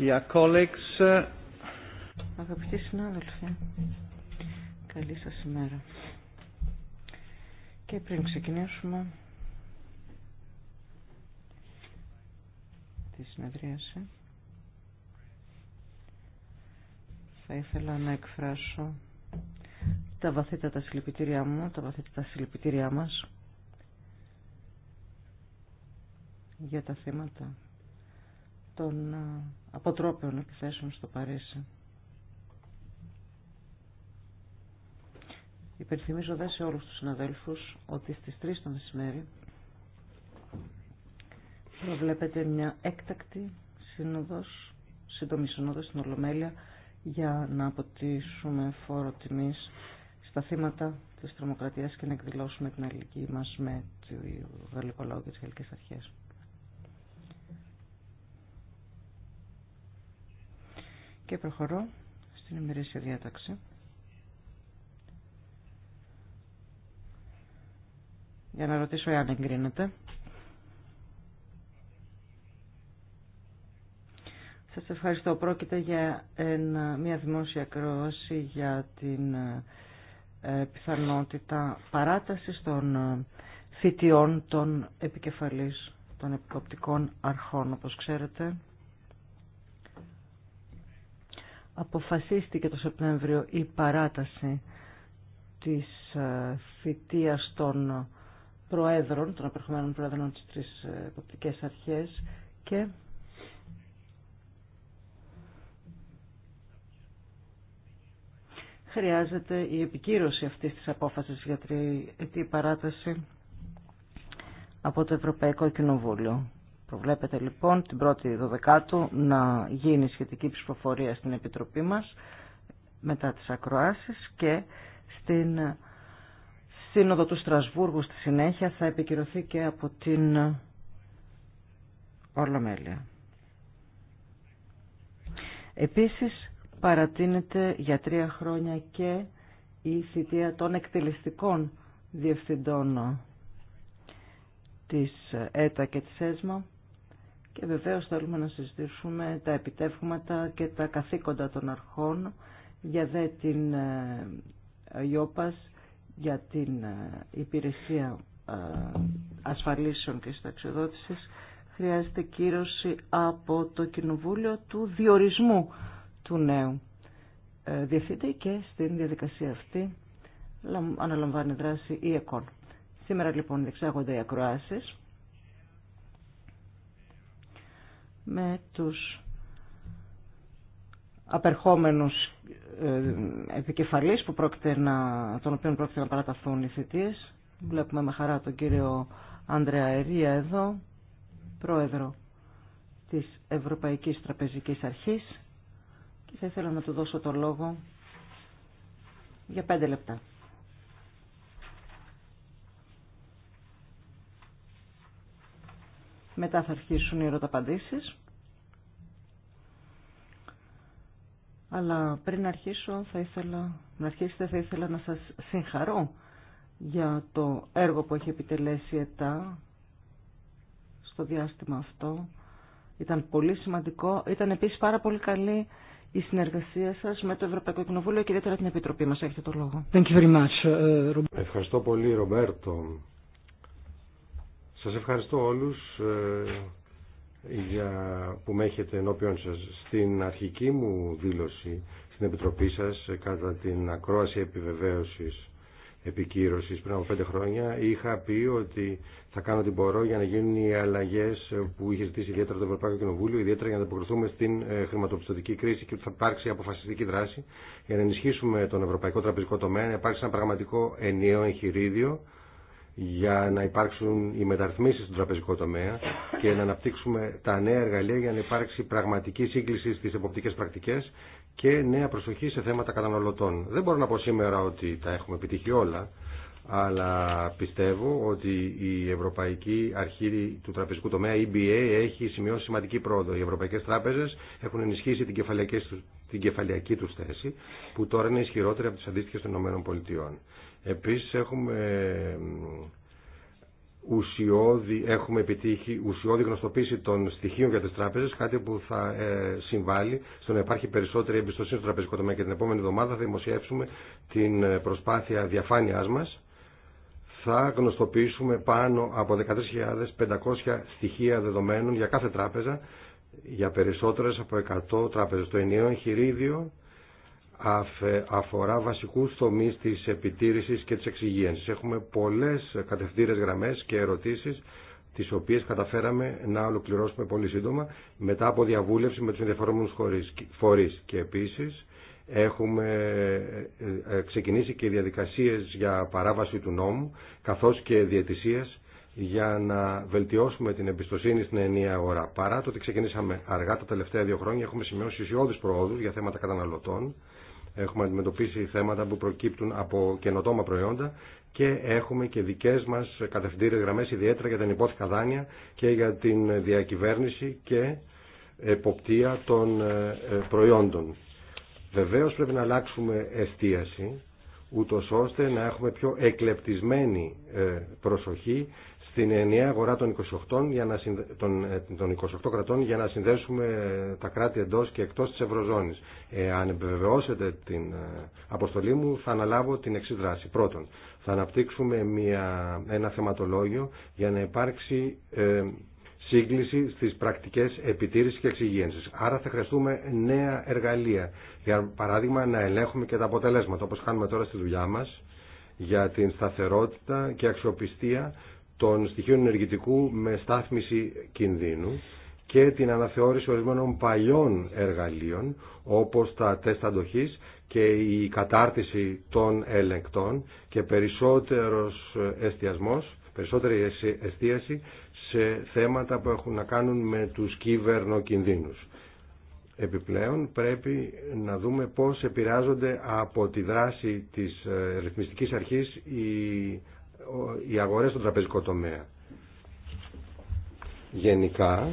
Dear colleagues. Uh, Αγαπητοί συνάδελφοι, καλή σα ημέρα. Και πριν ξεκινήσουμε τη συνεδρίαση, θα ήθελα να εκφράσω τα βαθύτατα συλληπιτήριά μου, τα βαθύτατα συλληπιτήριά μας για τα θέματα των ε, αποτρόπαιων επιθέσεων στο Παρίσι. Υπενθυμίζω δε σε όλους τους συναδέλφους ότι στις 3 το μεσημέρι προβλέπεται μια έκτακτη σύνοδος, σύντομη σύνοδος στην Ολομέλεια για να αποτίσουμε φόρο τιμής στα θύματα της τρομοκρατίας και να εκδηλώσουμε την αλληλική μας με το γαλλικό και τις γαλλικές αρχές. Και προχωρώ στην ημερήσια διάταξη. Για να ρωτήσω εάν εγκρίνεται. Σας ευχαριστώ. Πρόκειται για μια δημόσια κρόση για την ε, πιθανότητα παράτασης των ε, θητιών των επικεφαλής των επικοπτικών αρχών, όπως ξέρετε. αποφασίστηκε το Σεπτέμβριο η παράταση της ε, θητείας των προέδρων, των απερχομένων προέδρων της τρεις ε, εποπτικές αρχές και χρειάζεται η επικύρωση αυτής της απόφασης για τριετή παράταση από το Ευρωπαϊκό Κοινοβούλιο. Προβλέπετε λοιπόν την 1η Δωδεκάτου να γίνει σχετική ψηφοφορία στην Επιτροπή μας μετά τις ακροάσεις και στην Σύνοδο του Στρασβούργου στη συνέχεια θα επικυρωθεί και από την Ορλομέλεια. Επίσης παρατείνεται για τρία χρόνια και η θητεία των εκτελεστικών διευθυντών της ΕΤΑ και της ΕΣΜΑ και βεβαίως θέλουμε να συζητήσουμε τα επιτεύγματα και τα καθήκοντα των αρχών για δε την ε, ΙΟΠΑΣ, για την ε, υπηρεσία ε, ασφαλίσεων και συνταξιοδότησης χρειάζεται κύρωση από το Κοινοβούλιο του διορισμού του νέου διευθύντη και στην διαδικασία αυτή αναλαμβάνει δράση η ΕΚΟΝ. Σήμερα λοιπόν διεξάγονται οι ακροάσεις με τους απερχόμενους ε, επικεφαλής που πρόκειται να, των οποίων πρόκειται να παραταθούν οι θητείες. Βλέπουμε με χαρά τον κύριο Άντρεα Ερία εδώ, πρόεδρο της Ευρωπαϊκής Τραπεζικής Αρχής και θα ήθελα να του δώσω το λόγο για πέντε λεπτά. Μετά θα αρχίσουν οι ερωταπαντήσεις. Αλλά πριν αρχίσω θα ήθελα, να αρχίσετε θα ήθελα να σας συγχαρώ για το έργο που έχει επιτελέσει η ΕΤΑ στο διάστημα αυτό. Ήταν πολύ σημαντικό. Ήταν επίσης πάρα πολύ καλή η συνεργασία σας με το Ευρωπαϊκό Κοινοβούλιο και ιδιαίτερα την Επιτροπή μας. Έχετε το λόγο. Thank you ε, Ευχαριστώ πολύ, Ρομπέρτο. Σας ευχαριστώ όλους ε, για, που με έχετε ενώπιον σας στην αρχική μου δήλωση στην Επιτροπή σας κατά την ακρόαση επιβεβαίωσης επικύρωσης πριν από πέντε χρόνια είχα πει ότι θα κάνω την μπορώ για να γίνουν οι αλλαγές που είχε ζητήσει ιδιαίτερα το Ευρωπαϊκό Κοινοβούλιο ιδιαίτερα για να ανταποκριθούμε στην ε, χρηματοπιστωτική κρίση και ότι θα υπάρξει αποφασιστική δράση για να ενισχύσουμε τον Ευρωπαϊκό Τραπεζικό Τομέα να υπάρξει ένα πραγματικό ενιαίο εγχειρίδιο για να υπάρξουν οι μεταρρυθμίσεις στον τραπεζικό τομέα και να αναπτύξουμε τα νέα εργαλεία για να υπάρξει πραγματική σύγκληση στις εποπτικές πρακτικές και νέα προσοχή σε θέματα καταναλωτών. Δεν μπορώ να πω σήμερα ότι τα έχουμε επιτύχει όλα, αλλά πιστεύω ότι η Ευρωπαϊκή Αρχή του Τραπεζικού Τομέα, η EBA, έχει σημειώσει σημαντική πρόοδο. Οι Ευρωπαϊκές Τράπεζες έχουν ενισχύσει την κεφαλιακή, την θέση, που τώρα είναι ισχυρότερη από τις αντίστοιχες των ΗΠΑ. Επίσης έχουμε ουσιώδη, έχουμε επιτύχει ουσιώδη γνωστοποίηση των στοιχείων για τις τράπεζες, κάτι που θα ε, συμβάλλει στο να υπάρχει περισσότερη εμπιστοσύνη στο τραπεζικό τομέα και την επόμενη εβδομάδα θα δημοσιεύσουμε την ε, προσπάθεια διαφάνειάς μας. Θα γνωστοποιήσουμε πάνω από 13.500 στοιχεία δεδομένων για κάθε τράπεζα, για περισσότερες από 100 τράπεζες. Το ενιαίο εγχειρίδιο αφορά βασικούς τομείς της επιτήρησης και της εξυγίανσης. Έχουμε πολλές κατευθύνες γραμμές και ερωτήσεις τις οποίες καταφέραμε να ολοκληρώσουμε πολύ σύντομα μετά από διαβούλευση με τους ενδιαφερόμενους φορείς. Και επίσης έχουμε ε, ε, ξεκινήσει και διαδικασίες για παράβαση του νόμου καθώς και διαιτησίες για να βελτιώσουμε την εμπιστοσύνη στην ενιαία αγορά. Παρά το ότι ξεκινήσαμε αργά τα τελευταία δύο χρόνια, έχουμε σημειώσει ισιώδεις προόδου για θέματα καταναλωτών έχουμε αντιμετωπίσει θέματα που προκύπτουν από καινοτόμα προϊόντα και έχουμε και δικέ μα κατευθυντήριε γραμμέ, ιδιαίτερα για την υπόθηκα δάνεια και για την διακυβέρνηση και εποπτεία των ε, ε, προϊόντων. Βεβαίω πρέπει να αλλάξουμε εστίαση ούτω ώστε να έχουμε πιο εκλεπτισμένη ε, προσοχή στην ενιαία αγορά των 28, για να, των 28 ε, κρατών για να συνδέσουμε ε, τα κράτη εντός και εκτός της Ευρωζώνης. αν επιβεβαιώσετε την αποστολή μου θα αναλάβω την εξή δράση. Πρώτον, θα αναπτύξουμε μια, ένα θεματολόγιο για να υπάρξει σύγκληση στις πρακτικές επιτήρησης και εξυγίανση. Άρα θα χρειαστούμε νέα εργαλεία. Για παράδειγμα να ελέγχουμε και τα αποτελέσματα όπως κάνουμε τώρα στη δουλειά μας για την σταθερότητα και αξιοπιστία των στοιχείων ενεργητικού με στάθμιση κινδύνου και την αναθεώρηση ορισμένων παλιών εργαλείων όπως τα τεστ αντοχής και η κατάρτιση των ελεγκτών και περισσότερος εστιασμός, περισσότερη εστίαση σε θέματα που έχουν να κάνουν με τους κυβερνοκινδύνους. Επιπλέον πρέπει να δούμε πώς επηρεάζονται από τη δράση της ε, ρυθμιστικής αρχής οι, οι αγορές στον τραπεζικό τομέα. Γενικά,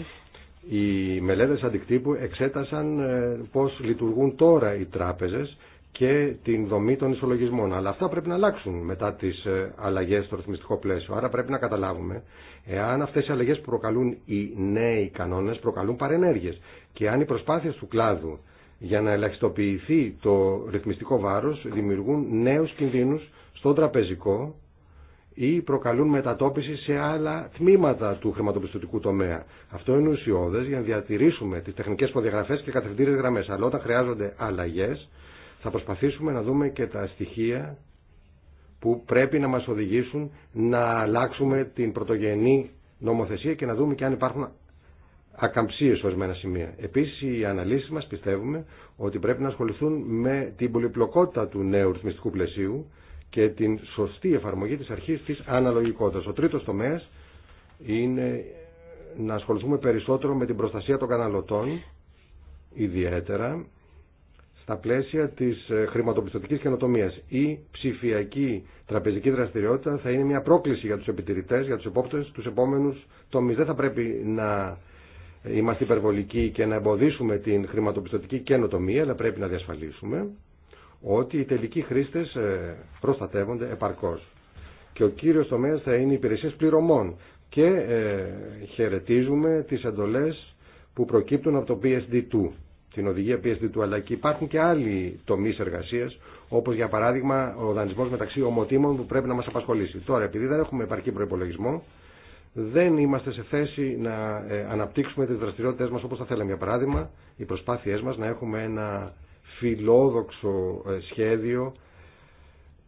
οι μελέτες αντικτύπου εξέτασαν ε, πώς λειτουργούν τώρα οι τράπεζες και την δομή των ισολογισμών. Αλλά αυτά πρέπει να αλλάξουν μετά τις ε, αλλαγές στο ρυθμιστικό πλαίσιο. Άρα πρέπει να καταλάβουμε Εάν αυτέ οι αλλαγέ που προκαλούν οι νέοι κανόνε προκαλούν παρενέργειε και αν οι προσπάθειε του κλάδου για να ελαχιστοποιηθεί το ρυθμιστικό βάρο δημιουργούν νέου κινδύνου στον τραπεζικό ή προκαλούν μετατόπιση σε άλλα τμήματα του χρηματοπιστωτικού τομέα. Αυτό είναι ουσιώδε για να διατηρήσουμε τι τεχνικέ προδιαγραφέ και κατευθυντήριε γραμμέ. Αλλά όταν χρειάζονται αλλαγέ, θα προσπαθήσουμε να δούμε και τα στοιχεία που πρέπει να μας οδηγήσουν να αλλάξουμε την πρωτογενή νομοθεσία και να δούμε και αν υπάρχουν ακαμψίες ορισμένα σημεία. Επίσης οι αναλύσεις μας πιστεύουμε ότι πρέπει να ασχοληθούν με την πολυπλοκότητα του νέου ρυθμιστικού πλαισίου και την σωστή εφαρμογή της αρχής της αναλογικότητας. Ο τρίτος τομέας είναι να ασχοληθούμε περισσότερο με την προστασία των καναλωτών, ιδιαίτερα στα πλαίσια τη ε, χρηματοπιστωτική καινοτομία. Η ψηφιακή τραπεζική δραστηριότητα θα είναι μια πρόκληση για του επιτηρητέ, για του επόπτε, του επόμενου τομεί. Δεν θα πρέπει να είμαστε υπερβολικοί και να εμποδίσουμε την χρηματοπιστωτική καινοτομία, αλλά πρέπει να διασφαλίσουμε ότι οι τελικοί χρήστε ε, προστατεύονται επαρκώ. Και ο κύριο τομέα θα είναι οι υπηρεσίες πληρωμών. Και ε, χαιρετίζουμε τι εντολέ που προκύπτουν από το PSD2 την οδηγία PSD του, αλλά και υπάρχουν και άλλοι τομεί εργασία, όπω για παράδειγμα ο δανεισμό μεταξύ ομοτήμων που πρέπει να μα απασχολήσει. Τώρα, επειδή δεν έχουμε επαρκή προπολογισμό, δεν είμαστε σε θέση να ε, αναπτύξουμε τι δραστηριότητέ μα όπω θα θέλαμε. Για παράδειγμα, οι προσπάθειέ μα να έχουμε ένα φιλόδοξο ε, σχέδιο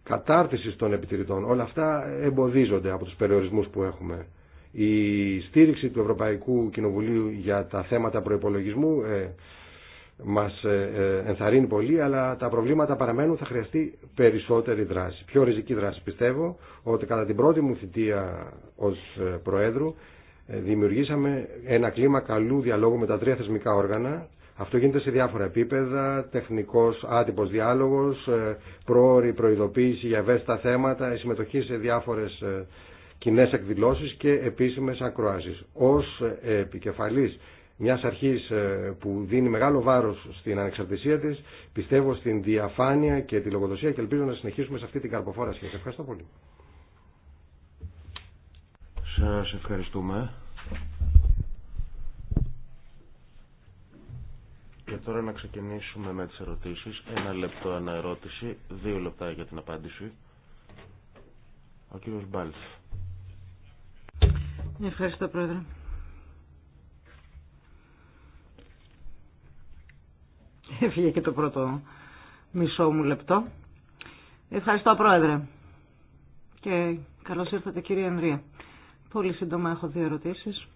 κατάρτισης των επιτηρητών. Όλα αυτά εμποδίζονται από τους περιορισμούς που έχουμε. Η στήριξη του Ευρωπαϊκού Κοινοβουλίου για τα θέματα προϋπολογισμού ε, μας ε, ε, ενθαρρύνει πολύ, αλλά τα προβλήματα παραμένουν, θα χρειαστεί περισσότερη δράση, πιο ριζική δράση. Πιστεύω ότι κατά την πρώτη μου θητεία ως ε, Προέδρου δημιουργήσαμε ένα κλίμα καλού διαλόγου με τα τρία θεσμικά όργανα. Αυτό γίνεται σε διάφορα επίπεδα, τεχνικός άτυπος διάλογος, πρόορη προειδοποίηση για ευαίσθητα θέματα, συμμετοχή σε διάφορες κοινέ εκδηλώσεις και επίσημες ακροάσεις. Ως επικεφαλής μια αρχή ε, που δίνει μεγάλο βάρος στην ανεξαρτησία της, πιστεύω στην διαφάνεια και τη λογοδοσία και ελπίζω να συνεχίσουμε σε αυτή την καρποφόρα σχέση. Ευχαριστώ πολύ. Σας ευχαριστούμε. Και τώρα να ξεκινήσουμε με τις ερωτήσεις. Ένα λεπτό αναερώτηση, δύο λεπτά για την απάντηση. Ο κύριος Μπάλτ. Ευχαριστώ, Πρόεδρε. Έφυγε και το πρώτο μισό μου λεπτό. Ευχαριστώ Πρόεδρε. Και καλώς ήρθατε κύριε Ανδρία. Πολύ σύντομα έχω δύο ερωτήσεις.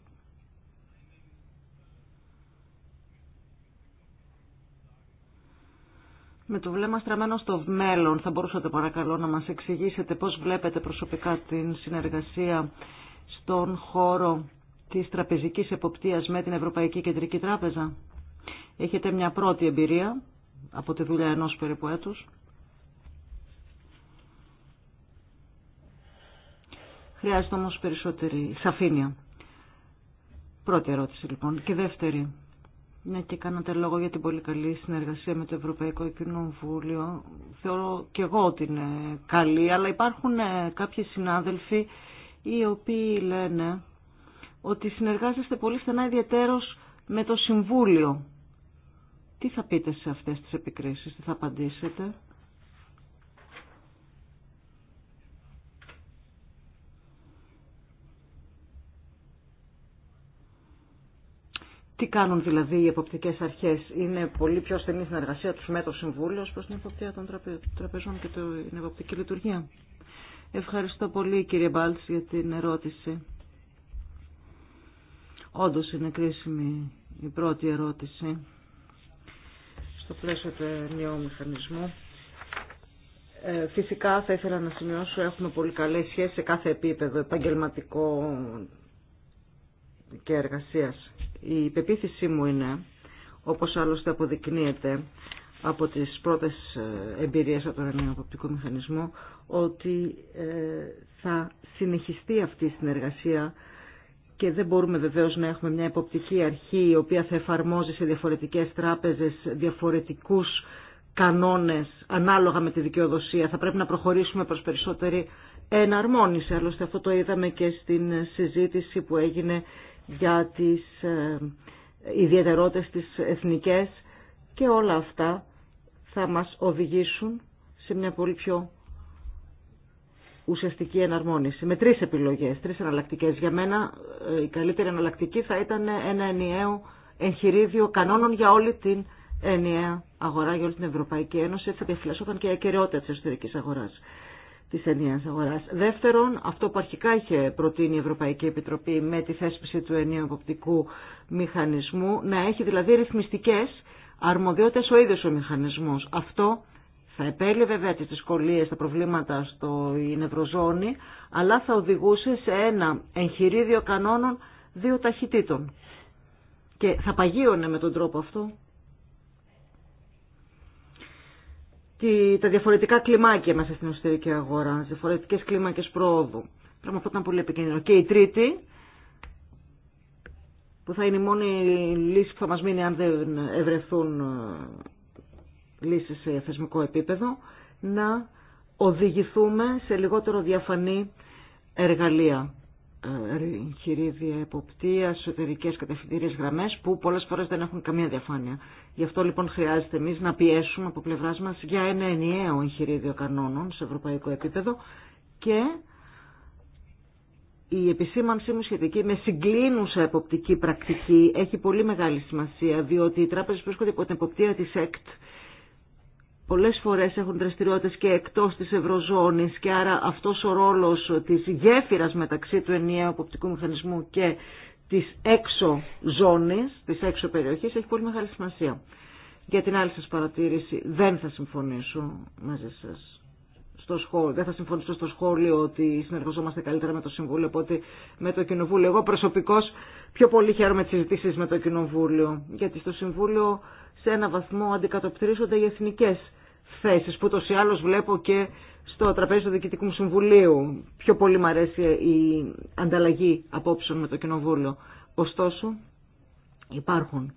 Με το βλέμμα στραμμένο στο μέλλον θα μπορούσατε παρακαλώ να μας εξηγήσετε πώς βλέπετε προσωπικά την συνεργασία στον χώρο της τραπεζικής εποπτείας με την Ευρωπαϊκή Κεντρική Τράπεζα. Έχετε μια πρώτη εμπειρία από τη δουλειά ενός περίπου έτους. Χρειάζεται όμως περισσότερη σαφήνεια. Πρώτη ερώτηση λοιπόν. Και δεύτερη. Ναι, και κάνατε λόγο για την πολύ καλή συνεργασία με το Ευρωπαϊκό Κοινοβούλιο. Θεωρώ και εγώ ότι είναι καλή, αλλά υπάρχουν ε, κάποιοι συνάδελφοι οι οποίοι λένε ότι συνεργάζεστε πολύ στενά ιδιαίτερος με το Συμβούλιο. Τι θα πείτε σε αυτές τις επικρίσεις, τι θα απαντήσετε. Τι κάνουν δηλαδή οι εποπτικές αρχές, είναι πολύ πιο στενή συνεργασία τους με το Συμβούλιο προς την εποπτεία των τραπεζών και την εποπτική λειτουργία. Ευχαριστώ πολύ κύριε Μπάλτς για την ερώτηση. Όντως είναι κρίσιμη η πρώτη ερώτηση στο πλαίσιο του νέου μηχανισμού. Ε, φυσικά θα ήθελα να σημειώσω έχουμε πολύ καλέ σχέσει σε κάθε επίπεδο επαγγελματικό και εργασίας. Η πεποίθησή μου είναι, όπως άλλωστε αποδεικνύεται από τις πρώτες ε, εμπειρίες από τον αποπτικό μηχανισμό, ότι ε, θα συνεχιστεί αυτή η συνεργασία και δεν μπορούμε βεβαίω να έχουμε μια εποπτική αρχή η οποία θα εφαρμόζει σε διαφορετικές τράπεζες διαφορετικούς κανόνες ανάλογα με τη δικαιοδοσία. Θα πρέπει να προχωρήσουμε προς περισσότερη εναρμόνιση. Άλλωστε αυτό το είδαμε και στην συζήτηση που έγινε για τις ε, ιδιαιτερότητες τις εθνικές και όλα αυτά θα μας οδηγήσουν σε μια πολύ πιο ουσιαστική εναρμόνιση. Με τρεις επιλογές, τρεις εναλλακτικές. Για μένα ε, η καλύτερη εναλλακτική θα ήταν ένα ενιαίο εγχειρίδιο κανόνων για όλη την ενιαία αγορά, για όλη την Ευρωπαϊκή Ένωση. Έτσι θα διαφυλασσόταν και η ακαιρεότητα της εσωτερικής αγοράς τη ενιαία αγορά. Δεύτερον, αυτό που αρχικά είχε προτείνει η Ευρωπαϊκή Επιτροπή με τη θέσπιση του ενιαίου εποπτικού μηχανισμού, να έχει δηλαδή ρυθμιστικέ αρμοδιότητε ο ίδιο ο μηχανισμό. Αυτό θα επέλυε βέβαια τις δυσκολίες, τα προβλήματα στην νευροζώνη, αλλά θα οδηγούσε σε ένα εγχειρίδιο κανόνων δύο ταχυτήτων. Και θα παγίωνε με τον τρόπο αυτό και τα διαφορετικά κλιμάκια μέσα στην εσωτερική αγορά, τις διαφορετικές κλίμακες πρόοδου. Πράγμα αυτό ήταν πολύ επικίνδυνο. Και η τρίτη, που θα είναι η μόνη λύση που θα μας μείνει αν δεν ευρεθούν ε, λύσεις σε θεσμικό επίπεδο, να οδηγηθούμε σε λιγότερο διαφανή εργαλεία ε, εγχειρίδια εποπτεία, εσωτερικέ κατευθυντήριε γραμμέ που πολλέ φορέ δεν έχουν καμία διαφάνεια. Γι' αυτό λοιπόν χρειάζεται εμεί να πιέσουμε από πλευρά μα για ένα ενιαίο εγχειρίδιο κανόνων σε ευρωπαϊκό επίπεδο και η επισήμανσή μου σχετική με συγκλίνουσα εποπτική πρακτική έχει πολύ μεγάλη σημασία διότι οι τράπεζε βρίσκονται υπό την εποπτεία τη ΕΚΤ πολλές φορές έχουν δραστηριότητες και εκτός της Ευρωζώνης και άρα αυτός ο ρόλος της γέφυρας μεταξύ του ενιαίου αποπτικού μηχανισμού και της έξω ζώνης, της έξω περιοχής, έχει πολύ μεγάλη σημασία. Για την άλλη σας παρατήρηση δεν θα συμφωνήσω μαζί σας. Στο σχόλιο. Δεν θα συμφωνήσω στο σχόλιο ότι συνεργαζόμαστε καλύτερα με το Συμβούλιο από ότι με το Κοινοβούλιο. Εγώ προσωπικώς πιο πολύ χαίρομαι τις συζητήσεις με το Κοινοβούλιο. Γιατί στο Συμβούλιο σε ένα βαθμό αντικατοπτρίζονται οι εθνικέ θέσει, που τόσοι άλλω βλέπω και στο τραπέζι του Διοικητικού Συμβουλίου. Πιο πολύ μου αρέσει η ανταλλαγή απόψεων με το Κοινοβούλιο. Ωστόσο υπάρχουν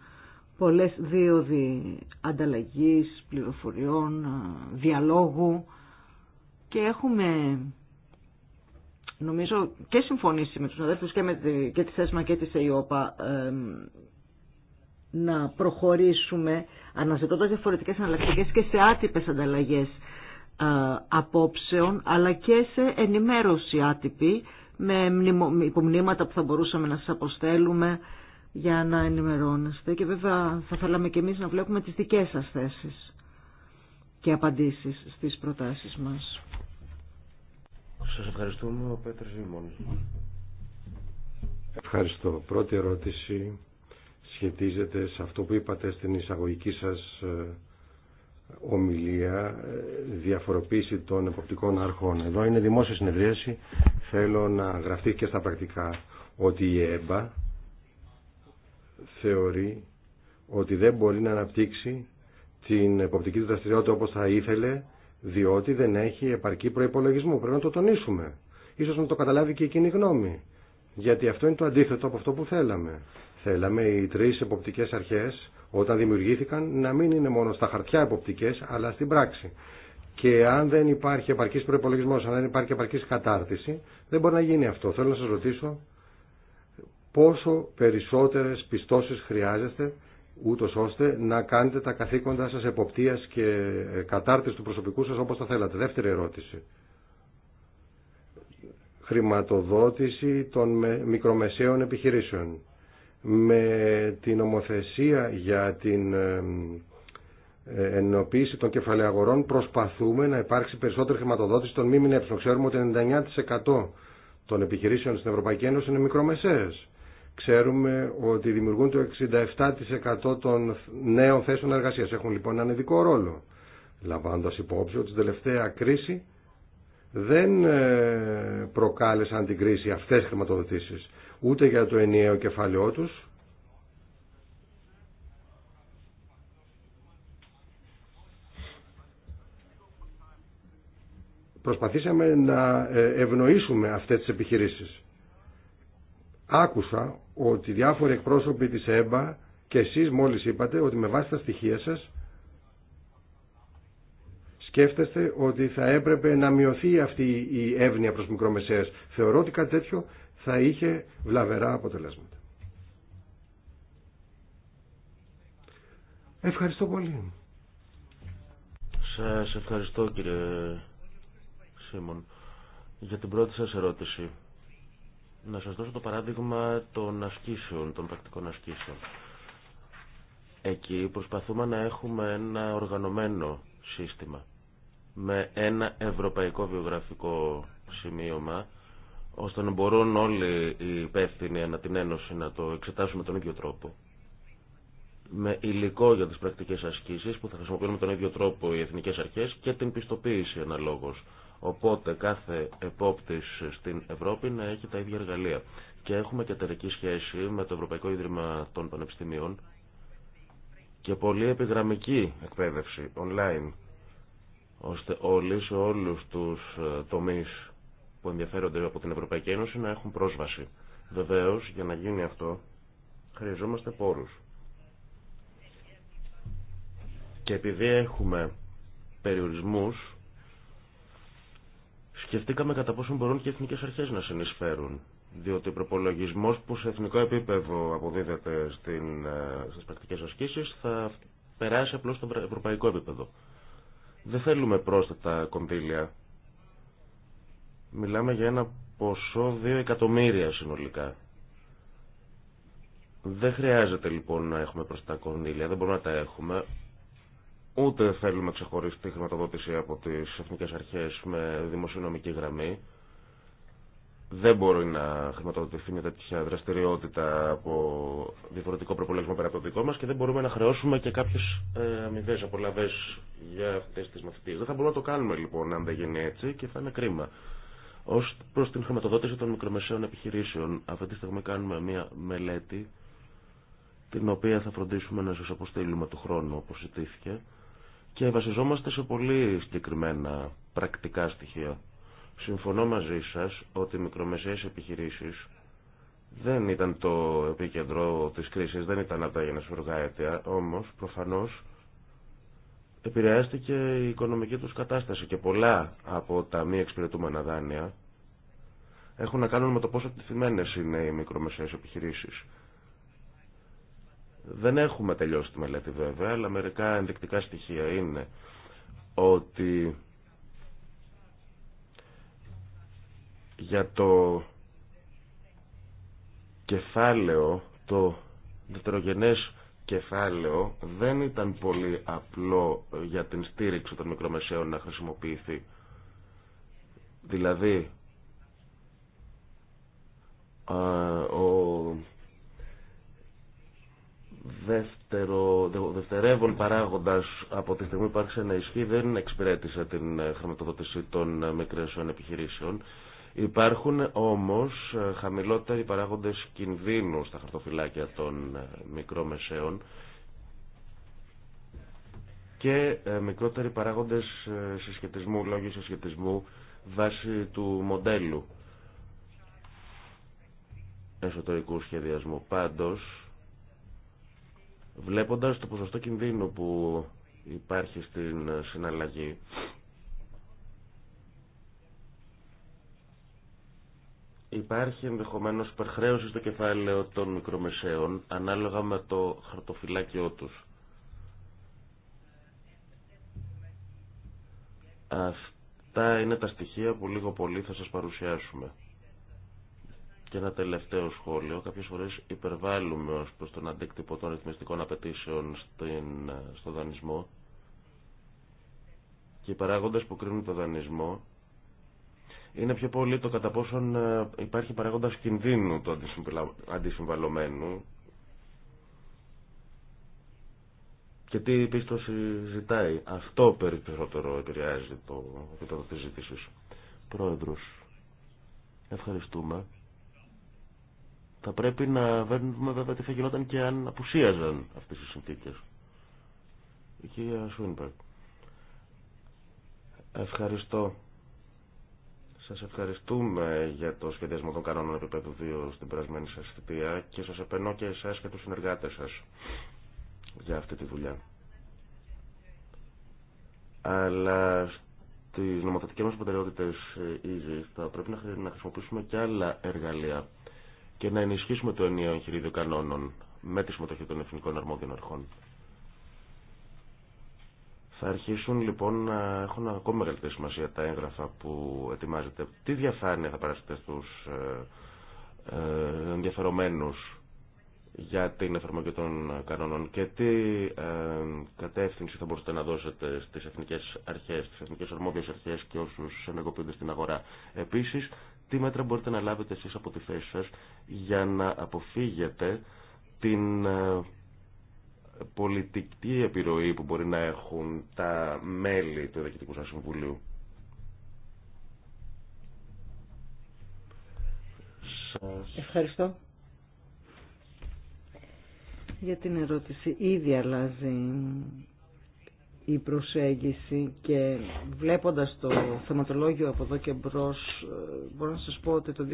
πολλές δίωδοι ανταλλαγής, πληροφοριών, διαλόγου και έχουμε νομίζω και συμφωνήσει με τους αδέρφους και, με τη, και τη ΣΕΣΜΑ και τη ΕΙΟΠΑ να προχωρήσουμε αναζητώντας διαφορετικές αναλλακτικές και σε άτυπες ανταλλαγές απόψεων αλλά και σε ενημέρωση άτυπη με υπομνήματα που θα μπορούσαμε να σας αποστέλουμε για να ενημερώνεστε και βέβαια θα θέλαμε και εμείς να βλέπουμε τις δικές σας θέσεις και απαντήσεις στις προτάσεις μας. Σας ευχαριστούμε ο Πέτρος Ευχαριστώ. Πρώτη ερώτηση σχετίζεται σε αυτό που είπατε στην εισαγωγική σας ε, ομιλία ε, διαφοροποίηση των εποπτικών αρχών. Εδώ είναι δημόσια συνεδρίαση. Θέλω να γραφτεί και στα πρακτικά ότι η ΕΜΠΑ θεωρεί ότι δεν μπορεί να αναπτύξει την εποπτική του δραστηριότητα όπως θα ήθελε διότι δεν έχει επαρκή προϋπολογισμό. Πρέπει να το τονίσουμε. Ίσως να το καταλάβει και εκείνη η γνώμη. Γιατί αυτό είναι το αντίθετο από αυτό που θέλαμε. Θέλαμε οι τρεις εποπτικές αρχές όταν δημιουργήθηκαν να μην είναι μόνο στα χαρτιά εποπτικές αλλά στην πράξη. Και αν δεν υπάρχει επαρκής προπολογισμό, αν δεν υπάρχει επαρκής κατάρτιση, δεν μπορεί να γίνει αυτό. Θέλω να σας ρωτήσω πόσο περισσότερες πιστώσει χρειάζεστε ούτως ώστε να κάνετε τα καθήκοντά σας εποπτείας και κατάρτιση του προσωπικού σας όπως τα θέλατε. Δεύτερη ερώτηση. Χρηματοδότηση των μικρομεσαίων επιχειρήσεων με την ομοθεσία για την ε, ενοποίηση των κεφαλαίων προσπαθούμε να υπάρξει περισσότερη χρηματοδότηση των ΜΜΕ. Ξέρουμε ότι 99% των επιχειρήσεων στην Ευρωπαϊκή Ένωση είναι μικρομεσαίες. Ξέρουμε ότι δημιουργούν το 67% των νέων θέσεων εργασίας. Έχουν λοιπόν έναν ειδικό ρόλο. Λαμβάνοντας υπόψη ότι στην τελευταία κρίση δεν ε, προκάλεσαν την κρίση αυτές οι χρηματοδοτήσεις ούτε για το ενιαίο κεφάλαιό τους. Προσπαθήσαμε να ε, ευνοήσουμε αυτές τις επιχειρήσεις. Άκουσα ότι διάφοροι εκπρόσωποι της ΕΜΠΑ και εσείς μόλις είπατε ότι με βάση τα στοιχεία σας σκέφτεστε ότι θα έπρεπε να μειωθεί αυτή η εύνοια προς μικρομεσαίες. Θεωρώ ότι κάτι τέτοιο θα είχε βλαβερά αποτελέσματα. Ευχαριστώ πολύ. Σας ευχαριστώ κύριε Σίμων για την πρώτη σας ερώτηση. Να σας δώσω το παράδειγμα των ασκήσεων, των πρακτικών ασκήσεων. Εκεί προσπαθούμε να έχουμε ένα οργανωμένο σύστημα με ένα ευρωπαϊκό βιογραφικό σημείωμα ώστε να μπορούν όλοι οι υπεύθυνοι ανά την Ένωση να το εξετάσουν με τον ίδιο τρόπο. Με υλικό για τις πρακτικές ασκήσεις που θα χρησιμοποιούν με τον ίδιο τρόπο οι εθνικές αρχές και την πιστοποίηση αναλόγως. Οπότε κάθε επόπτης στην Ευρώπη να έχει τα ίδια εργαλεία. Και έχουμε και εταιρική σχέση με το Ευρωπαϊκό Ίδρυμα των Πανεπιστημίων και πολύ επιγραμμική εκπαίδευση online ώστε όλοι σε όλους τους τομείς που ενδιαφέρονται από την Ευρωπαϊκή Ένωση να έχουν πρόσβαση. Βεβαίω, για να γίνει αυτό, χρειαζόμαστε πόρου. Και επειδή έχουμε περιορισμούς, σκεφτήκαμε κατά πόσο μπορούν και οι εθνικές αρχές να συνεισφέρουν. Διότι ο προπολογισμό που σε εθνικό επίπεδο αποδίδεται στι ε, στις πρακτικές ασκήσεις θα περάσει απλώς στο ευρωπαϊκό επίπεδο. Δεν θέλουμε πρόσθετα κονδύλια Μιλάμε για ένα ποσό 2 εκατομμύρια συνολικά. Δεν χρειάζεται λοιπόν να έχουμε προς τα κονδύλια, δεν μπορούμε να τα έχουμε. Ούτε θέλουμε ξεχωριστή χρηματοδότηση από τις εθνικές αρχές με δημοσιονομική γραμμή. Δεν μπορεί να χρηματοδοτηθεί μια τέτοια δραστηριότητα από διαφορετικό προπολογισμό πέρα από το δικό μα και δεν μπορούμε να χρεώσουμε και κάποιε αμοιβέ, απολαυέ για αυτέ τι μαθητείε. Δεν θα μπορούμε να το κάνουμε λοιπόν αν δεν γίνει έτσι και θα είναι κρίμα. Ω προ την χρηματοδότηση των μικρομεσαίων επιχειρήσεων, αυτή τη στιγμή κάνουμε μια μελέτη, την οποία θα φροντίσουμε να σα αποστείλουμε του χρόνου, όπω ζητήθηκε, και βασιζόμαστε σε πολύ συγκεκριμένα πρακτικά στοιχεία. Συμφωνώ μαζί σα ότι οι μικρομεσαίε επιχειρήσει δεν ήταν το επίκεντρο τη κρίση, δεν ήταν από τα αίτια, όμω προφανώ επηρεάστηκε η οικονομική τους κατάσταση και πολλά από τα μη εξυπηρετούμενα δάνεια έχουν να κάνουν με το πόσο τεθειμένες είναι οι μικρομεσαίες επιχειρήσεις. Δεν έχουμε τελειώσει τη μελέτη βέβαια, αλλά μερικά ενδεικτικά στοιχεία είναι ότι για το κεφάλαιο, το δευτερογενές κεφάλαιο δεν ήταν πολύ απλό για την στήριξη των μικρομεσαίων να χρησιμοποιηθεί. Δηλαδή, ο δεύτερο, δευτερεύον παράγοντας από τη στιγμή που άρχισε να ισχύει δεν εξυπηρέτησε την χρηματοδότηση των μικρομεσαίων επιχειρήσεων Υπάρχουν όμως ε, χαμηλότεροι παράγοντες κινδύνου στα χαρτοφυλάκια των ε, μικρομεσαίων και ε, μικρότεροι παράγοντες συσχετισμού, λόγοι συσχετισμού βάσει του μοντέλου εσωτερικού σχεδιασμού. Πάντως, βλέποντας το ποσοστό κινδύνου που υπάρχει στην συναλλαγή, Υπάρχει ενδεχομένω υπερχρέωση στο κεφάλαιο των μικρομεσαίων ανάλογα με το χαρτοφυλάκιό τους. Αυτά είναι τα στοιχεία που λίγο πολύ θα σας παρουσιάσουμε. Και ένα τελευταίο σχόλιο. Κάποιες φορές υπερβάλλουμε ως προς τον αντίκτυπο των ρυθμιστικών απαιτήσεων στην, ε, στο δανεισμό και οι παράγοντες που κρίνουν το δανεισμό είναι πιο πολύ το κατά πόσον ε, υπάρχει παράγοντας κινδύνου του αντισυμβαλωμένου και τι πίστοση ζητάει. Αυτό περισσότερο επηρεάζει το επίπεδο της ζήτησης. Πρόεδρος, ευχαριστούμε. Θα πρέπει να βέρνουμε βέβαια τι θα γινόταν και αν απουσίαζαν αυτές οι συνθήκες. Η κυρία Σούνπερ. Ευχαριστώ σας ευχαριστούμε για το σχεδιασμό των κανόνων επίπεδου 2 στην περασμένη σας θητεία και σας επενώ και εσάς και του συνεργάτες σας για αυτή τη δουλειά. Αλλά στις νομοθετικές μας προτεραιότητες ε, ήδη θα πρέπει να χρησιμοποιήσουμε και άλλα εργαλεία και να ενισχύσουμε το ενιαίο εγχειρίδιο κανόνων με τη συμμετοχή των εθνικών αρμόδιων αρχών. Θα αρχίσουν λοιπόν να έχουν ακόμη μεγαλύτερη σημασία τα έγγραφα που ετοιμάζεται. Τι διαφάνεια θα παράσετε στους ε, ε ενδιαφερομένους για την εφαρμογή των κανόνων και τι ε, κατεύθυνση θα μπορούσατε να δώσετε στις εθνικές αρχές, στις εθνικές αρμόδιες αρχές και όσους ενεργοποιούνται στην αγορά. Επίσης, τι μέτρα μπορείτε να λάβετε εσείς από τη θέση σας για να αποφύγετε την ε, πολιτική επιρροή που μπορεί να έχουν τα μέλη του Διοικητικού σας Συμβουλίου. Ευχαριστώ για την ερώτηση. Ήδη αλλάζει η προσέγγιση και βλέποντας το θεματολόγιο από εδώ και μπρος μπορώ να σας πω ότι το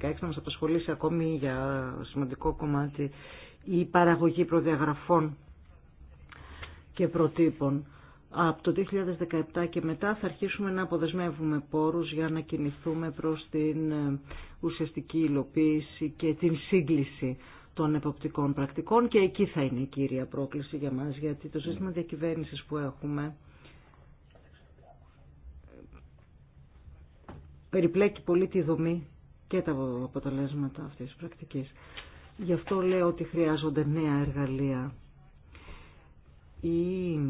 2016 μας απασχολήσει ακόμη για σημαντικό κομμάτι η παραγωγή προδιαγραφών και προτύπων. Από το 2017 και μετά θα αρχίσουμε να αποδεσμεύουμε πόρους για να κινηθούμε προς την ε, ουσιαστική υλοποίηση και την σύγκληση των εποπτικών πρακτικών και εκεί θα είναι η κύρια πρόκληση για μας γιατί το σύστημα διακυβέρνησης που έχουμε περιπλέκει πολύ τη δομή και τα αποτελέσματα αυτής της πρακτικής. Γι' αυτό λέω ότι χρειάζονται νέα εργαλεία η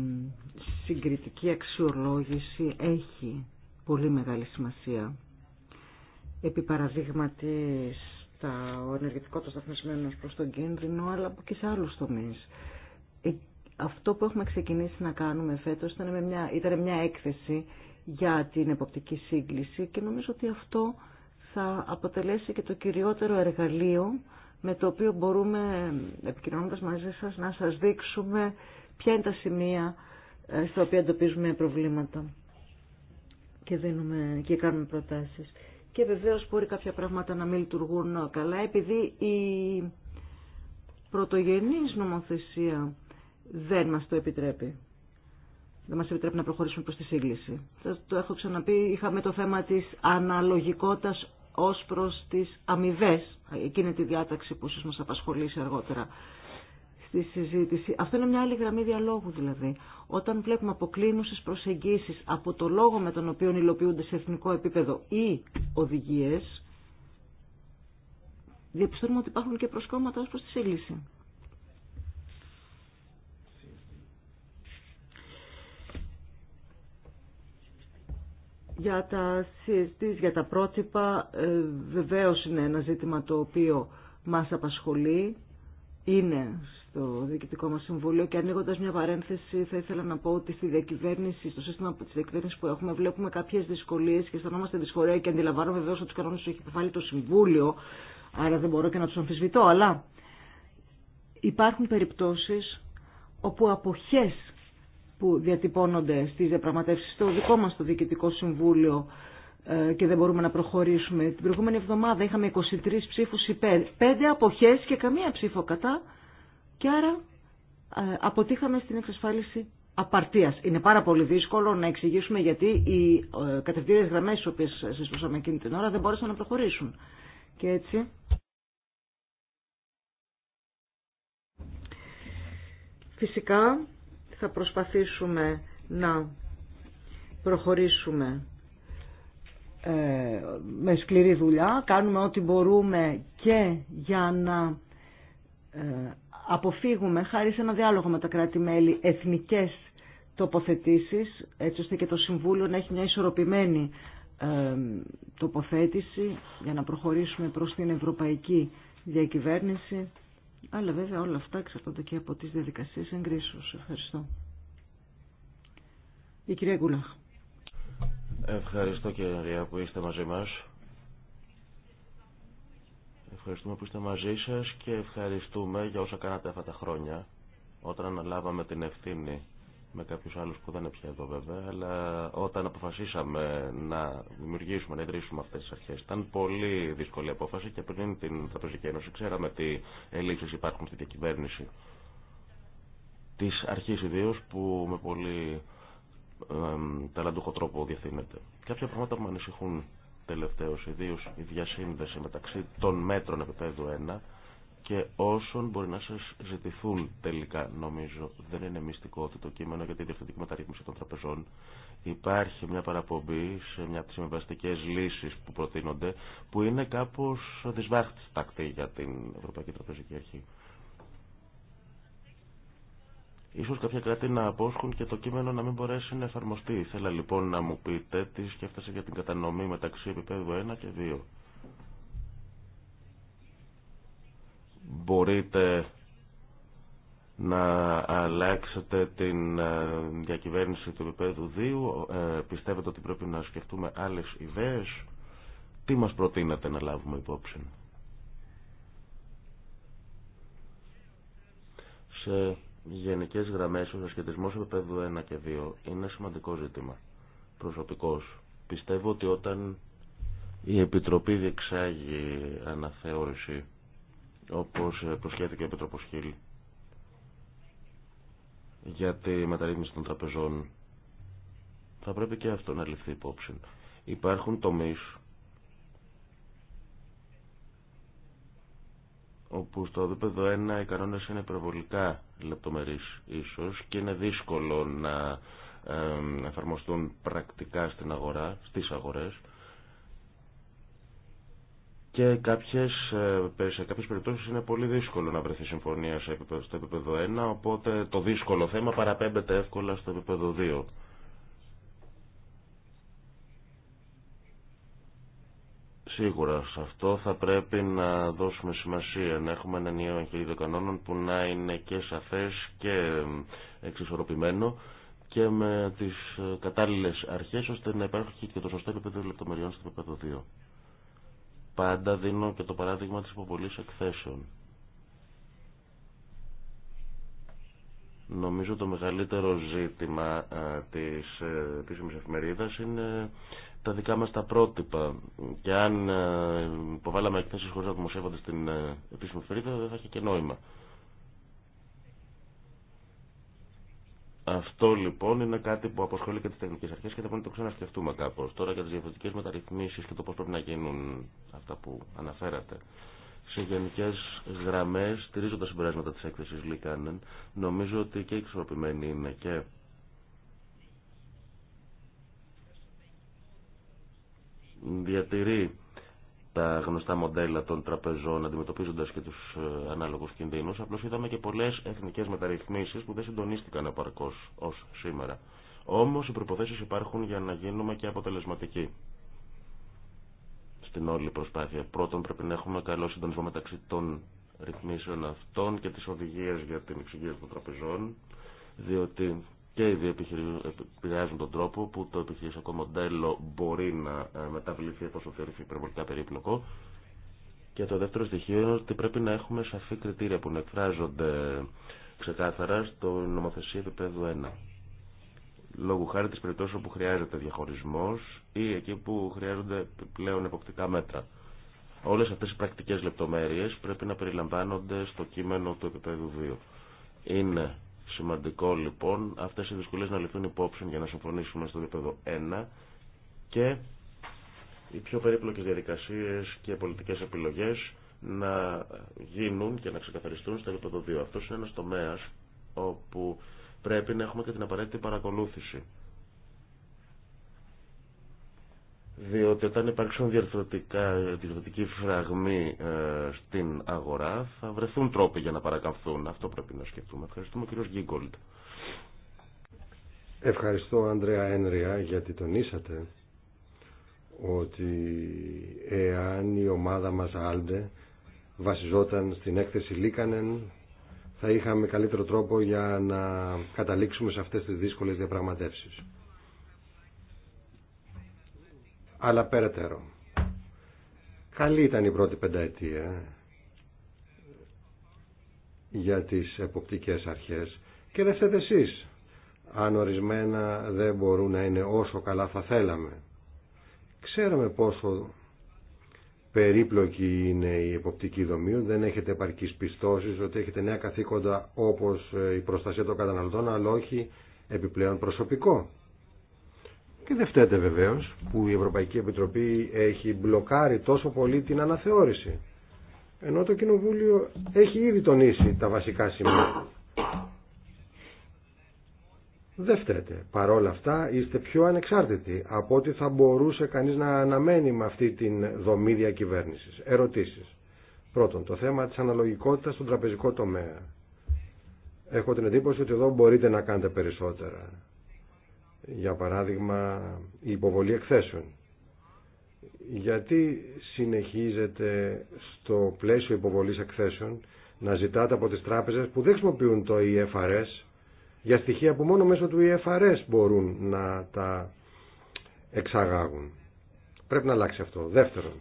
συγκριτική αξιολόγηση έχει πολύ μεγάλη σημασία. Επί παραδείγματι στα, ο ενεργητικό το σταθμισμένο προς τον κίνδυνο, αλλά και σε άλλους τομείς. Ε, αυτό που έχουμε ξεκινήσει να κάνουμε φέτος ήταν μια, ήταν μια έκθεση για την εποπτική σύγκληση και νομίζω ότι αυτό θα αποτελέσει και το κυριότερο εργαλείο με το οποίο μπορούμε, επικοινωνώντας μαζί σας, να σας δείξουμε ποια είναι τα σημεία ε, στα οποία εντοπίζουμε προβλήματα και, δίνουμε, και κάνουμε προτάσεις. Και βεβαίως μπορεί κάποια πράγματα να μην λειτουργούν καλά επειδή η πρωτογενής νομοθεσία δεν μας το επιτρέπει. Δεν μας επιτρέπει να προχωρήσουμε προς τη σύγκληση. Θα το έχω ξαναπεί, είχαμε το θέμα της αναλογικότητας ως προς τις αμοιβέ, εκείνη τη διάταξη που ίσως μας απασχολήσει αργότερα στη συζήτηση. Αυτό είναι μια άλλη γραμμή διαλόγου δηλαδή. Όταν βλέπουμε αποκλίνουσες προσεγγίσεις από το λόγο με τον οποίο υλοποιούνται σε εθνικό επίπεδο ή οδηγίες, διαπιστώνουμε ότι υπάρχουν και προσκόμματα ω προς τη σύγκληση. Για τα για τα πρότυπα, ε, βεβαίως είναι ένα ζήτημα το οποίο μας απασχολεί. Είναι στο Διοικητικό μα Συμβούλιο και ανοίγοντα μια παρένθεση θα ήθελα να πω ότι στη διακυβέρνηση, στο σύστημα τη διακυβέρνηση που έχουμε βλέπουμε κάποιε δυσκολίε και αισθανόμαστε δυσφορία και αντιλαμβάνομαι βεβαίω ότι του κανόνε τους έχει επιβάλει το Συμβούλιο άρα δεν μπορώ και να του αμφισβητώ αλλά υπάρχουν περιπτώσει όπου αποχέ που διατυπώνονται στι διαπραγματεύσει. στο δικό μα το Διοικητικό Συμβούλιο ε, και δεν μπορούμε να προχωρήσουμε. Την προηγούμενη εβδομάδα είχαμε 23 ψήφους υπέρ, 5 αποχές και καμία ψήφο κατά και άρα ε, αποτύχαμε στην εξασφάλιση απαρτίας. Είναι πάρα πολύ δύσκολο να εξηγήσουμε γιατί οι ε, κατευθύνες γραμμές τις οποίες εκείνη την ώρα δεν μπόρεσαν να προχωρήσουν. Και έτσι... Φυσικά θα προσπαθήσουμε να προχωρήσουμε ε, με σκληρή δουλειά, κάνουμε ό,τι μπορούμε και για να ε, αποφύγουμε χάρη σε ένα διάλογο με τα κράτη-μέλη εθνικές τοποθετήσεις, έτσι ώστε και το Συμβούλιο να έχει μια ισορροπημένη τοποθέτηση για να προχωρήσουμε προς την ευρωπαϊκή διακυβέρνηση. Αλλά βέβαια όλα αυτά εξαρτώνται και από τις διαδικασίες εγκρίσεως. Ευχαριστώ. Η κυρία Γκουλάχ. Ευχαριστώ κυρία που είστε μαζί μας. Ευχαριστούμε που είστε μαζί σα και ευχαριστούμε για όσα κάνατε αυτά τα χρόνια όταν αναλάβαμε την ευθύνη με κάποιου άλλου που δεν είναι πια εδώ βέβαια, αλλά όταν αποφασίσαμε να δημιουργήσουμε, να ιδρύσουμε αυτέ τι αρχέ. ήταν πολύ δύσκολη απόφαση και πριν την Τραπεζική Ένωση ξέραμε τι ελλείψει υπάρχουν στη διακυβέρνηση τη αρχή ιδίω που με πολύ ε, ταλαντούχο τρόπο διευθύνεται. Κάποια πράγματα που με ανησυχούν τελευταίως, ιδίως η διασύνδεση μεταξύ των μέτρων επίπεδου 1 και όσων μπορεί να σας ζητηθούν τελικά, νομίζω. Δεν είναι μυστικό ότι το κείμενο για τη διευθυντική μεταρρύθμιση των τραπεζών υπάρχει μια παραπομπή σε μια από τις συμβαστικές λύσεις που προτείνονται, που είναι κάπως δυσβάχτης τακτή για την Ευρωπαϊκή Τραπεζική Αρχή. Ίσως κάποια κράτη να απόσχουν και το κείμενο να μην μπορέσει να εφαρμοστεί. Θέλω λοιπόν να μου πείτε τι σκέφτεσαι για την κατανομή μεταξύ επίπεδου 1 και 2. Μπορείτε να αλλάξετε την ε, διακυβέρνηση του επίπεδου 2. Ε, πιστεύετε ότι πρέπει να σκεφτούμε άλλες ιδέες. Τι μας προτείνατε να λάβουμε υπόψη. Σε Γενικέ γραμμές, ο ασχετισμό επίπεδου 1 και 2 είναι σημαντικό ζήτημα. Προσωπικός. Πιστεύω ότι όταν η Επιτροπή διεξάγει αναθεώρηση, όπω προσχέθηκε ο Επιτροπό Χίλ, για τη μεταρρύθμιση των τραπεζών, θα πρέπει και αυτό να ληφθεί υπόψη. Υπάρχουν τομείς όπου στο επίπεδο 1 οι κανόνες είναι υπερβολικά λεπτομερείς ίσως και είναι δύσκολο να εφαρμοστούν πρακτικά στην αγορά, στις αγορές και κάποιες, ε, σε κάποιες περιπτώσεις είναι πολύ δύσκολο να βρεθεί συμφωνία στο επίπεδο 1 οπότε το δύσκολο θέμα παραπέμπεται εύκολα στο επίπεδο 2 Σίγουρα σε αυτό θα πρέπει να δώσουμε σημασία, να έχουμε ένα νέο εγχειρίδιο κανόνων που να είναι και σαφές και εξισορροπημένο και με τις ε, κατάλληλες αρχές ώστε να υπάρχει και το σωστό επίπεδο λεπτομεριών στο επίπεδο 2. Πάντα δίνω και το παράδειγμα της υποβολής εκθέσεων. Νομίζω το μεγαλύτερο ζήτημα ε, της επίσημης εφημερίδας είναι τα δικά μας τα πρότυπα και αν ε, υποβάλαμε εκθέσεις χωρίς να δημοσιεύονται στην ε, επίσημη φυρίδα δεν θα είχε και νόημα. Αυτό λοιπόν είναι κάτι που αποσχολεί και τι τεχνικέ αρχέ και θα πρέπει να το ξανασκεφτούμε κάπως Τώρα για τι διαφορετικέ μεταρρυθμίσεις και το πώ πρέπει να γίνουν αυτά που αναφέρατε. Σε γενικέ γραμμέ, στηρίζοντα συμπεράσματα τη έκθεση Λίκανεν, νομίζω ότι και εξορροπημένοι είναι και διατηρεί τα γνωστά μοντέλα των τραπεζών αντιμετωπίζοντα και του ε, ανάλογου κινδύνου. Απλώ είδαμε και πολλέ εθνικέ μεταρρυθμίσει που δεν συντονίστηκαν επαρκώ ω σήμερα. Όμω οι προποθέσει υπάρχουν για να γίνουμε και αποτελεσματικοί στην όλη προσπάθεια. Πρώτον, πρέπει να έχουμε καλό συντονισμό μεταξύ των ρυθμίσεων αυτών και τι οδηγίε για την εξυγίαση των τραπεζών, διότι και οι δύο επηρεάζουν τον τρόπο που το επιχειρησιακό μοντέλο μπορεί να ε, μεταβληθεί εφόσον θεωρηθεί υπερβολικά περίπλοκο. Και το δεύτερο στοιχείο είναι ότι πρέπει να έχουμε σαφή κριτήρια που να εκφράζονται ξεκάθαρα στο νομοθεσία επίπεδο 1. Λόγω χάρη τη περιπτώσει όπου χρειάζεται διαχωρισμό ή εκεί που χρειάζονται πλέον εποπτικά μέτρα. Όλε αυτέ οι πρακτικέ λεπτομέρειε πρέπει να περιλαμβάνονται στο κείμενο του επίπεδου 2. Είναι Σημαντικό λοιπόν αυτές οι δυσκολίες να ληφθούν υπόψη για να συμφωνήσουμε στο επίπεδο 1 και οι πιο περίπλοκες διαδικασίες και πολιτικές επιλογές να γίνουν και να ξεκαθαριστούν στο επίπεδο 2. Αυτός είναι ένας τομέας όπου πρέπει να έχουμε και την απαραίτητη παρακολούθηση διότι όταν υπάρξουν διαρθρωτικοί φραγμοί ε, στην αγορά θα βρεθούν τρόποι για να παρακαμφθούν. Αυτό πρέπει να σκεφτούμε. Ευχαριστούμε κύριο Γκίγκολντ. Ευχαριστώ Ανδρέα Ένρια γιατί τονίσατε ότι εάν η ομάδα μας Άλντε βασιζόταν στην έκθεση Λίκανεν θα είχαμε καλύτερο τρόπο για να καταλήξουμε σε αυτές τις δύσκολες διαπραγματεύσεις αλλά περαιτέρω. Καλή ήταν η πρώτη πενταετία για τις εποπτικές αρχές και δε θέτε εσείς αν ορισμένα δεν μπορούν να είναι όσο καλά θα θέλαμε. Ξέρουμε πόσο περίπλοκη είναι η εποπτική δομή, δεν έχετε επαρκείς πιστώσεις, ότι έχετε νέα καθήκοντα όπως η προστασία των καταναλωτών, αλλά όχι επιπλέον προσωπικό. Και δεν φταίτε βεβαίω που η Ευρωπαϊκή Επιτροπή έχει μπλοκάρει τόσο πολύ την αναθεώρηση. Ενώ το Κοινοβούλιο έχει ήδη τονίσει τα βασικά σημεία. Δεν φταίτε. Παρόλα αυτά είστε πιο ανεξάρτητοι από ό,τι θα μπορούσε κανείς να αναμένει με αυτή την δομή διακυβέρνηση. Ερωτήσεις. Πρώτον, το θέμα της αναλογικότητας στον τραπεζικό τομέα. Έχω την εντύπωση ότι εδώ μπορείτε να κάνετε περισσότερα για παράδειγμα η υποβολή εκθέσεων. Γιατί συνεχίζεται στο πλαίσιο υποβολής εκθέσεων να ζητάτε από τις τράπεζες που δεν χρησιμοποιούν το EFRS για στοιχεία που μόνο μέσω του EFRS μπορούν να τα εξαγάγουν. Πρέπει να αλλάξει αυτό. Δεύτερον,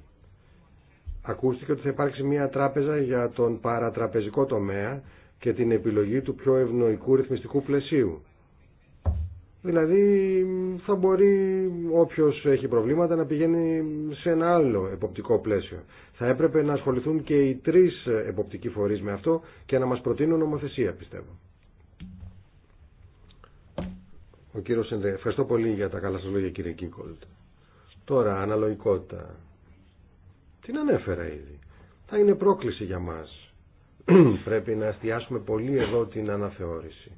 ακούστηκε ότι θα υπάρξει μια τράπεζα για τον παρατραπεζικό τομέα και την επιλογή του πιο ευνοϊκού ρυθμιστικού πλαισίου. Δηλαδή θα μπορεί όποιος έχει προβλήματα να πηγαίνει σε ένα άλλο εποπτικό πλαίσιο. Θα έπρεπε να ασχοληθούν και οι τρεις εποπτικοί φορείς με αυτό και να μας προτείνουν νομοθεσία πιστεύω. Ο κύριος Ενδε... Ευχαριστώ πολύ για τα καλά σας λόγια κύριε Κίκολτ. Τώρα αναλογικότητα. Την ανέφερα ήδη. Θα είναι πρόκληση για μας. Πρέπει να εστιάσουμε πολύ εδώ την αναθεώρηση.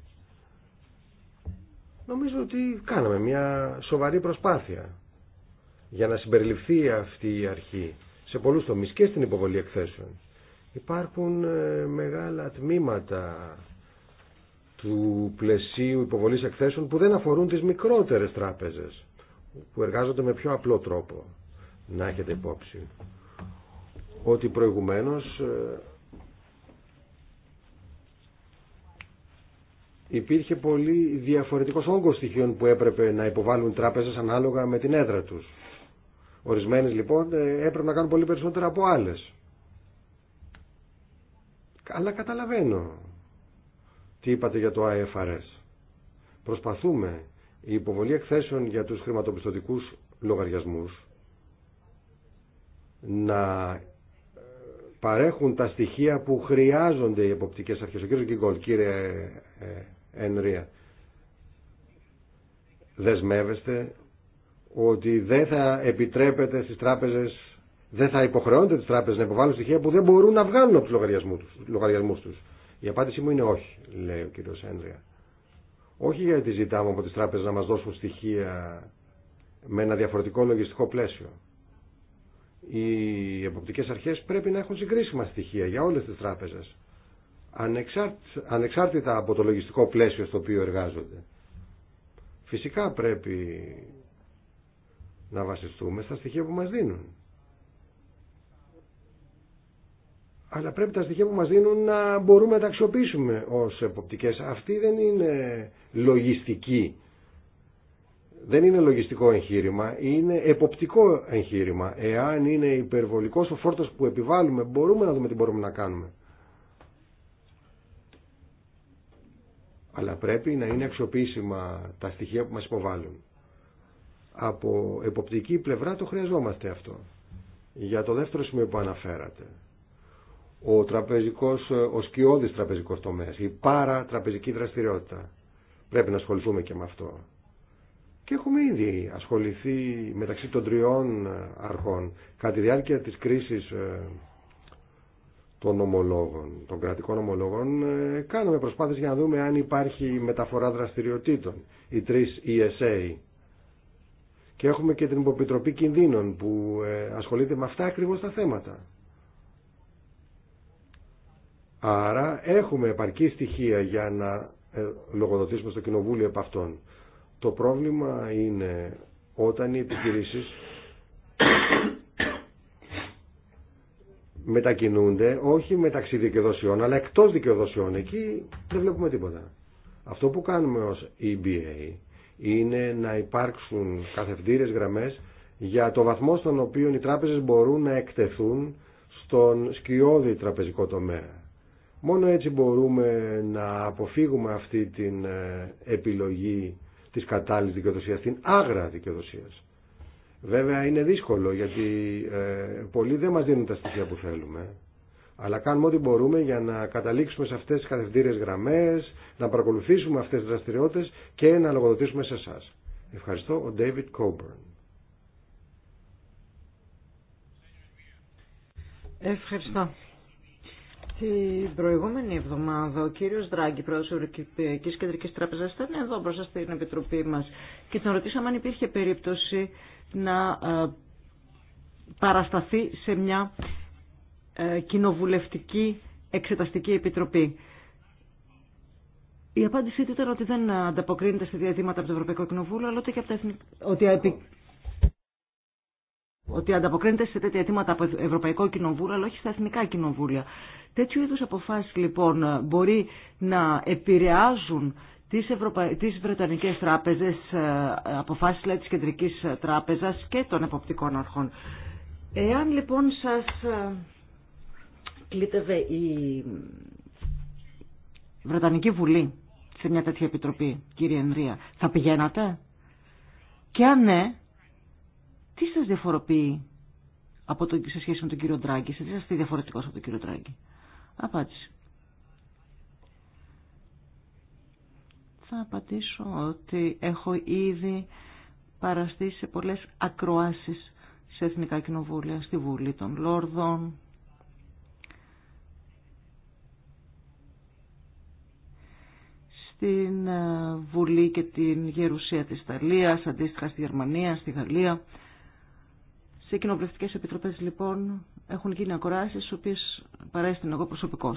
Νομίζω ότι κάναμε μια σοβαρή προσπάθεια για να συμπεριληφθεί αυτή η αρχή σε πολλούς τομείς και στην υποβολή εκθέσεων. Υπάρχουν ε, μεγάλα τμήματα του πλαισίου υποβολής εκθέσεων που δεν αφορούν τις μικρότερες τράπεζες που εργάζονται με πιο απλό τρόπο. Να έχετε υπόψη ότι προηγουμένως ε, υπήρχε πολύ διαφορετικός όγκος στοιχείων που έπρεπε να υποβάλουν τράπεζες ανάλογα με την έδρα τους. Ορισμένες λοιπόν ε, έπρεπε να κάνουν πολύ περισσότερα από άλλες. Αλλά καταλαβαίνω τι είπατε για το IFRS. Προσπαθούμε η υποβολή εκθέσεων για τους χρηματοπιστωτικούς λογαριασμούς να ε, παρέχουν τα στοιχεία που χρειάζονται οι εποπτικές αρχές. Ο κύριος κύριε ε, ΕΝΡΙΑ. Δεσμεύεστε ότι δεν θα επιτρέπετε στις τράπεζες, δεν θα υποχρεώνετε τις τράπεζες να υποβάλουν στοιχεία που δεν μπορούν να βγάλουν από τους λογαριασμούς τους. Η απάντησή μου είναι όχι, λέει ο κύριος Ένρια. Όχι γιατί ζητάμε από τις τράπεζες να μας δώσουν στοιχεία με ένα διαφορετικό λογιστικό πλαίσιο. Οι εποπτικές αρχές πρέπει να έχουν συγκρίσιμα στοιχεία για όλες τις τράπεζες ανεξάρτητα από το λογιστικό πλαίσιο στο οποίο εργάζονται. Φυσικά πρέπει να βασιστούμε στα στοιχεία που μας δίνουν. Αλλά πρέπει τα στοιχεία που μας δίνουν να μπορούμε να τα αξιοποιήσουμε ως εποπτικές. Αυτή δεν είναι λογιστική. Δεν είναι λογιστικό εγχείρημα, είναι εποπτικό εγχείρημα. Εάν είναι υπερβολικός ο φόρτος που επιβάλλουμε, μπορούμε να δούμε τι μπορούμε να κάνουμε. αλλά πρέπει να είναι αξιοποιήσιμα τα στοιχεία που μας υποβάλλουν. Από εποπτική πλευρά το χρειαζόμαστε αυτό. Για το δεύτερο σημείο που αναφέρατε, ο, τραπεζικός, ο σκιώδης τραπεζικός τομέας, η τραπεζική δραστηριότητα. Πρέπει να ασχοληθούμε και με αυτό. Και έχουμε ήδη ασχοληθεί μεταξύ των τριών αρχών. Κατά τη διάρκεια της κρίσης ε, των ομολόγων, των κρατικών ομολόγων, ε, κάνουμε προσπάθειες για να δούμε αν υπάρχει μεταφορά δραστηριοτήτων, οι τρεις ESA. Και έχουμε και την Υποπιτροπή Κινδύνων που ε, ασχολείται με αυτά ακριβώς τα θέματα. Άρα έχουμε επαρκή στοιχεία για να ε, λογοδοτήσουμε στο Κοινοβούλιο επ' αυτών. Το πρόβλημα είναι όταν οι επιχειρήσεις μετακινούνται όχι μεταξύ δικαιοδοσιών αλλά εκτός δικαιοδοσιών. Εκεί δεν βλέπουμε τίποτα. Αυτό που κάνουμε ως EBA είναι να υπάρξουν καθευτήρες γραμμές για το βαθμό στον οποίο οι τράπεζες μπορούν να εκτεθούν στον σκιώδη τραπεζικό τομέα. Μόνο έτσι μπορούμε να αποφύγουμε αυτή την ε, επιλογή της κατάλληλης δικαιοδοσίας, την άγρα δικαιοδοσίας. Βέβαια είναι δύσκολο γιατί ε, πολλοί δεν μας δίνουν τα στοιχεία που θέλουμε. Αλλά κάνουμε ό,τι μπορούμε για να καταλήξουμε σε αυτές τις κατευθύντηρες γραμμές, να παρακολουθήσουμε αυτές τις δραστηριότητες και να λογοδοτήσουμε σε εσά. Ευχαριστώ, ο David Coburn. Ευχαριστώ. Την προηγούμενη εβδομάδα ο κύριος Δράγκη, πρόεδρος Ευρωπαϊκής Κεντρικής Τράπεζας, ήταν εδώ μπροστά στην Επιτροπή μας και τον ρωτήσαμε αν υπήρχε περίπτωση να ε, παρασταθεί σε μια ε, κοινοβουλευτική εξεταστική επιτροπή. Η απάντησή του ήταν ότι δεν ε, ανταποκρίνεται σε διαδήματα από το Ευρωπαϊκό Κοινοβούλιο, αλλά ότι και από τα εθνικά ότι ανταποκρίνεται σε τέτοια αιτήματα από Ευρωπαϊκό Κοινοβούλιο, αλλά όχι στα Εθνικά Κοινοβούλια. Τέτοιου είδους αποφάσεις λοιπόν μπορεί να επηρεάζουν τις, Ευρωπα... τις Βρετανικές τράπεζες, ε, αποφάσεις λέει, της Τράπεζας και των εποπτικών αρχών. Εάν λοιπόν σας ε, κλείτευε η Βρετανική Βουλή σε μια τέτοια επιτροπή, κύριε Ενρία, θα πηγαίνατε? Και αν ναι, τι σας διαφοροποιεί από το, σε σχέση με τον κύριο Ντράγκη, σε τι είστε διαφορετικός από τον κύριο Ντράγκη. Απάντηση. Θα απαντήσω ότι έχω ήδη παραστεί σε πολλές ακροάσεις σε εθνικά κοινοβούλια, στη Βουλή των Λόρδων, στην ε, Βουλή και την Γερουσία της Ιταλίας, αντίστοιχα στη Γερμανία, στη Γαλλία. Σε κοινοβουλευτικέ επιτροπέ λοιπόν έχουν γίνει ακοράσεις, τι οποίε παρέστηνα εγώ προσωπικώ.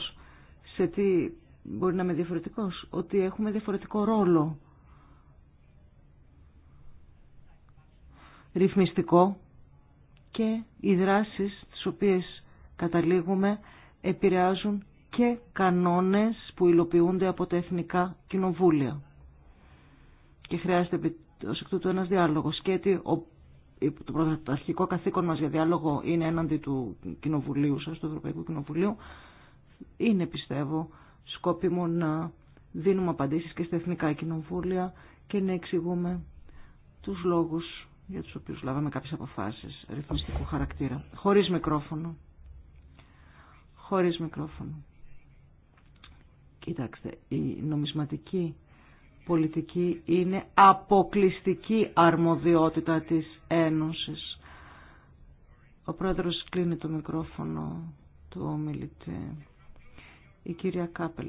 Σε τι μπορεί να είμαι διαφορετικό, ότι έχουμε διαφορετικό ρόλο. Ρυθμιστικό και οι δράσεις τι οποίε καταλήγουμε επηρεάζουν και κανόνες που υλοποιούνται από τα εθνικά κοινοβούλια. Και χρειάζεται ως εκ τούτου ένας διάλογος και ο το, αρχικό καθήκον μας για διάλογο είναι έναντι του Κοινοβουλίου σας, του Ευρωπαϊκού Κοινοβουλίου, είναι πιστεύω σκόπιμο να δίνουμε απαντήσεις και στα Εθνικά Κοινοβούλια και να εξηγούμε τους λόγους για τους οποίους λάβαμε κάποιες αποφάσεις ρυθμιστικού χαρακτήρα. Χωρίς μικρόφωνο. Χωρίς μικρόφωνο. Κοιτάξτε, η νομισματική πολιτική είναι αποκλειστική αρμοδιότητα της Ένωσης. Ο πρόεδρος κλείνει το μικρόφωνο του ομιλητή. Η κυρία Κάπελ,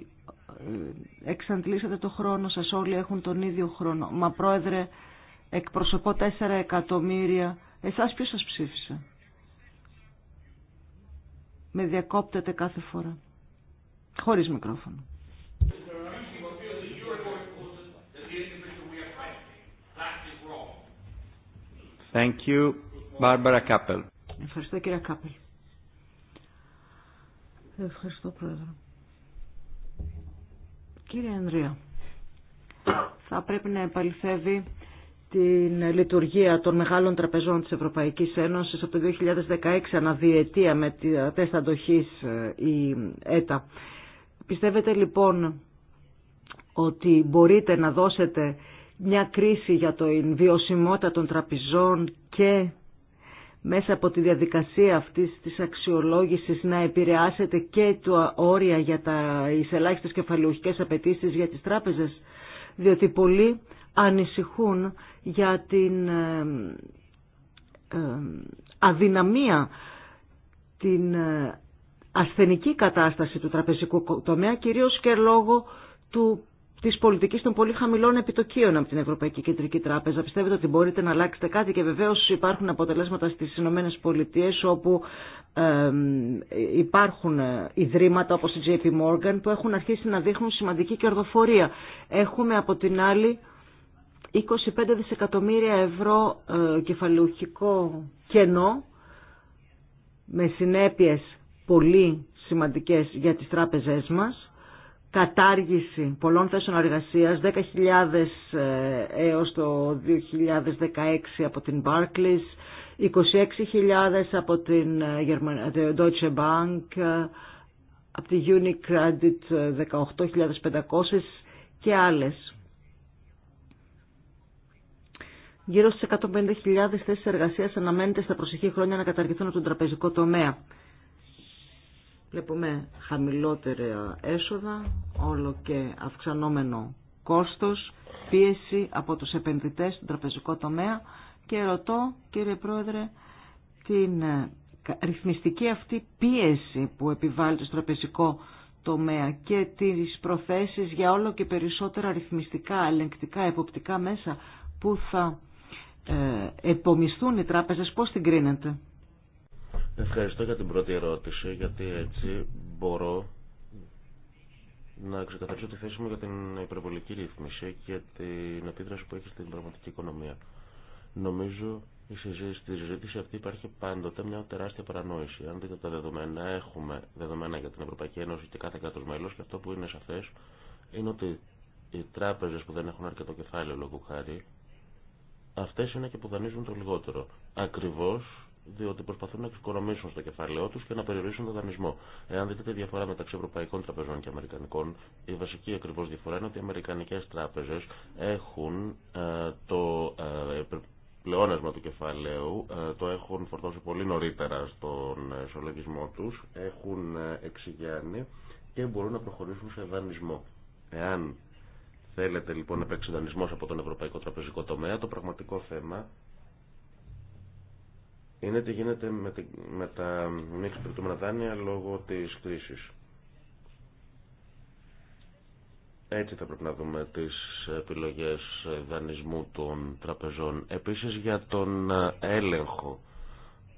ε, εξαντλήσατε το χρόνο σας, όλοι έχουν τον ίδιο χρόνο. Μα πρόεδρε, εκπροσωπώ 4 εκατομμύρια. Εσάς ποιος σας ψήφισε. Με διακόπτετε κάθε φορά. Χωρίς μικρόφωνο. Thank you. Barbara Ευχαριστώ κύριε Κάπελ. Ευχαριστώ πρόεδρε. Κύριε Ανδρία, θα πρέπει να επαληθεύει την λειτουργία των μεγάλων τραπεζών της Ευρωπαϊκής Ένωσης από το 2016 αναδιαιτία με τη τεστ η ΕΤΑ. Πιστεύετε λοιπόν ότι μπορείτε να δώσετε μια κρίση για το βιωσιμότητα των τραπεζών και μέσα από τη διαδικασία αυτής της αξιολόγησης να επηρεάσετε και το όρια για τα ελάχιστε κεφαλαιοχικές απαιτήσει για τις τράπεζες, διότι πολλοί ανησυχούν για την ε, ε, αδυναμία, την ε, ασθενική κατάσταση του τραπεζικού τομέα, κυρίως και λόγω του τη πολιτική των πολύ χαμηλών επιτοκίων από την Ευρωπαϊκή Κεντρική Τράπεζα. Πιστεύετε ότι μπορείτε να αλλάξετε κάτι και βεβαίω υπάρχουν αποτελέσματα στι Ηνωμένε Πολιτείε όπου υπάρχουν ε, ιδρύματα όπω η JP Morgan που έχουν αρχίσει να δείχνουν σημαντική κερδοφορία. Έχουμε από την άλλη 25 δισεκατομμύρια ευρώ ε, κεφαλαιοχικό κενό με συνέπειες πολύ σημαντικές για τις τράπεζές μας κατάργηση πολλών θέσεων εργασίας, 10.000 ε, έως το 2016 από την Barclays, 26.000 από την ε, ε, Deutsche Bank, από τη Unicredit 18.500 και άλλες. Γύρω στις 150.000 θέσεις εργασίας αναμένεται στα προσεχή χρόνια να καταργηθούν από τον τραπεζικό τομέα. Βλέπουμε χαμηλότερα έσοδα, όλο και αυξανόμενο κόστος, πίεση από τους επενδυτές στον τραπεζικό τομέα και ρωτώ κύριε Πρόεδρε την ε, ρυθμιστική αυτή πίεση που επιβάλλεται στο τραπεζικό τομέα και τις προθέσεις για όλο και περισσότερα ρυθμιστικά, ελεγκτικά, εποπτικά μέσα που θα ε, επομισθούν οι τράπεζες, πώς την κρίνεται. Ευχαριστώ για την πρώτη ερώτηση, γιατί έτσι μπορώ να ξεκαθαρίσω τη θέση μου για την υπερβολική ρύθμιση και την επίδραση που έχει στην πραγματική οικονομία. Νομίζω στη συζήτηση αυτή υπάρχει πάντοτε μια τεράστια παρανόηση. Αν δείτε τα δεδομένα, έχουμε δεδομένα για την Ευρωπαϊκή Ένωση και κάθε κράτο μέλο και αυτό που είναι σαφέ είναι ότι οι τράπεζε που δεν έχουν αρκετό κεφάλαιο λόγω χάρη, αυτέ είναι και που δανείζουν το λιγότερο. Ακριβώ διότι προσπαθούν να εξοικονομήσουν στο κεφάλαιό του και να περιορίσουν τον δανεισμό. Εάν δείτε τη διαφορά μεταξύ Ευρωπαϊκών Τραπεζών και Αμερικανικών, η βασική ακριβώ διαφορά είναι ότι οι Αμερικανικέ τράπεζε έχουν ε, το ε, πλεόνασμα του κεφαλαίου, ε, το έχουν φορτώσει πολύ νωρίτερα στον ισολογισμό του, έχουν εξηγιάνει και μπορούν να προχωρήσουν σε δανεισμό. Εάν θέλετε λοιπόν να παίξει δανεισμό από τον Ευρωπαϊκό Τραπεζικό Τομέα, το πραγματικό θέμα είναι τι γίνεται με, με τα μη εξυπηρετούμενα δάνεια λόγω της κρίσης. Έτσι θα πρέπει να δούμε τις επιλογές δανεισμού των τραπεζών. Επίσης για τον έλεγχο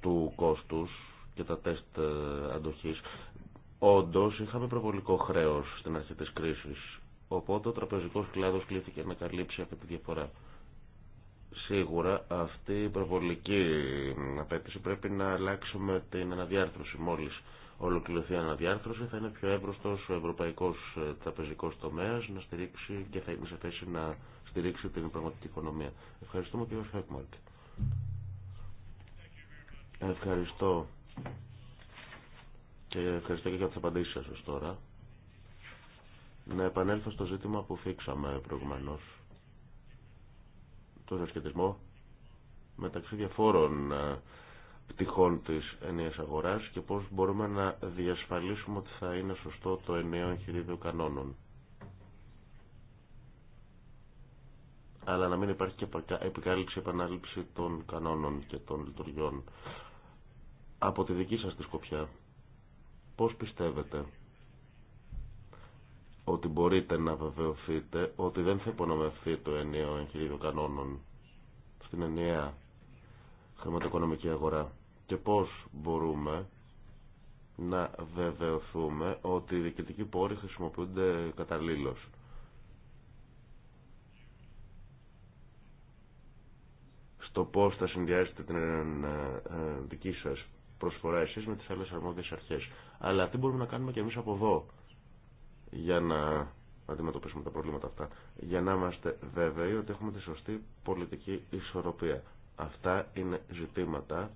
του κόστους και τα τεστ αντοχής. Όντως είχαμε προβολικό χρέος στην αρχή της κρίσης, οπότε ο τραπεζικός κλάδος κλείθηκε να καλύψει αυτή τη διαφορά. Σίγουρα αυτή η προβολική απέτηση πρέπει να αλλάξουμε την αναδιάρθρωση. Μόλις ολοκληρωθεί η αναδιάρθρωση θα είναι πιο εύρωστος ο ευρωπαϊκός ε, τραπεζικός τομέας να στηρίξει και θα είναι σε θέση να στηρίξει την πραγματική οικονομία. Ευχαριστούμε κύριο Φέκμαρκ Ευχαριστώ και ευχαριστώ και για τις απαντήσεις σας τώρα. Να επανέλθω στο ζήτημα που φίξαμε προηγουμένως τον ασχετισμό μεταξύ διαφόρων ε, πτυχών της ενιαίας αγοράς και πώς μπορούμε να διασφαλίσουμε ότι θα είναι σωστό το ενιαίο εγχειρίδιο κανόνων. αλλά να μην υπάρχει και επικάλυψη, επανάληψη των κανόνων και των λειτουργιών. Από τη δική σας τη σκοπιά, πώς πιστεύετε ότι μπορείτε να βεβαιωθείτε ότι δεν θα υπονομευθεί το ενιαίο εγχειρίδιο κανόνων στην ενιαία χρηματοοικονομική αγορά και πώς μπορούμε να βεβαιωθούμε ότι οι διοικητικοί πόροι χρησιμοποιούνται καταλήλως. Στο πώς θα συνδυάζετε την ε, ε, ε, δική σας προσφορά εσείς με τις άλλες αρμόδιες αρχές. Αλλά τι μπορούμε να κάνουμε και εμείς από εδώ για να αντιμετωπίσουμε τα προβλήματα αυτά. Για να είμαστε βέβαιοι ότι έχουμε τη σωστή πολιτική ισορροπία. Αυτά είναι ζητήματα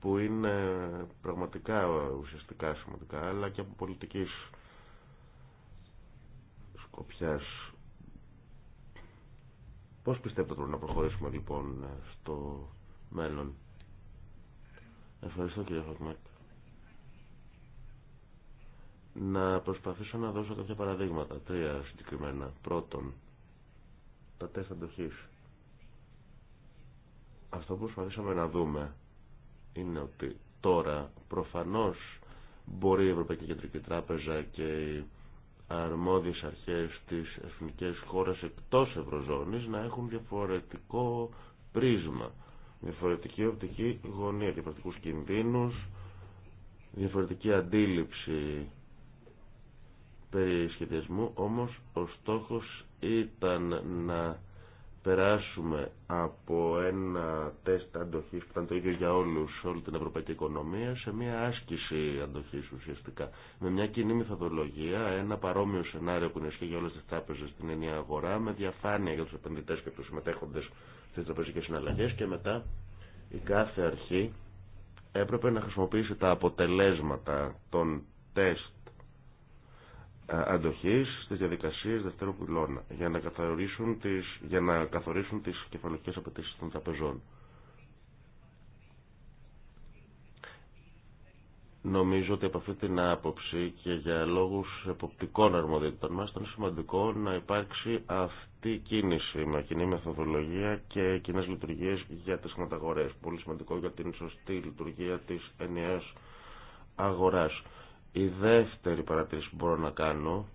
που είναι πραγματικά ουσιαστικά σημαντικά, αλλά και από πολιτικής σκοπιάς. Πώς πιστεύετε ότι να προχωρήσουμε λοιπόν στο μέλλον. Ευχαριστώ κύριε Φατμάκη. Να προσπαθήσω να δώσω κάποια παραδείγματα, τρία συγκεκριμένα. Πρώτον, τα τεστ αντοχή. Αυτό που προσπαθήσαμε να δούμε είναι ότι τώρα προφανώς μπορεί η Ευρωπαϊκή Κεντρική Τράπεζα και οι αρμόδιες αρχές της εθνικές χώρας εκτός Ευρωζώνης να έχουν διαφορετικό πρίσμα, διαφορετική οπτική γωνία, διαφορετικούς κινδύνους, διαφορετική αντίληψη περί σχεδιασμού, όμως ο στόχος ήταν να περάσουμε από ένα τεστ αντοχής που ήταν το ίδιο για όλους όλη την ευρωπαϊκή οικονομία σε μια άσκηση αντοχής ουσιαστικά με μια κοινή μυθοδολογία ένα παρόμοιο σενάριο που ενισχύει για όλες τις τράπεζες στην ενιαία αγορά με διαφάνεια για τους επενδυτές και τους συμμετέχοντες στις τραπεζικές συναλλαγές και μετά η κάθε αρχή έπρεπε να χρησιμοποιήσει τα αποτελέσματα των τεστ ε, αντοχής στις διαδικασίες δεύτερου πυλώνα για να καθορίσουν τις, για να τις κεφαλικές απαιτήσεις των τραπεζών. Νομίζω ότι από αυτή την άποψη και για λόγους εποπτικών αρμοδιότητων μας ήταν σημαντικό να υπάρξει αυτή η κίνηση με κοινή μεθοδολογία και κοινέ λειτουργίες για τις χρηματαγορές. Πολύ σημαντικό για την σωστή λειτουργία της ενιαίας αγοράς. Η δεύτερη παρατήρηση που μπορώ να κάνω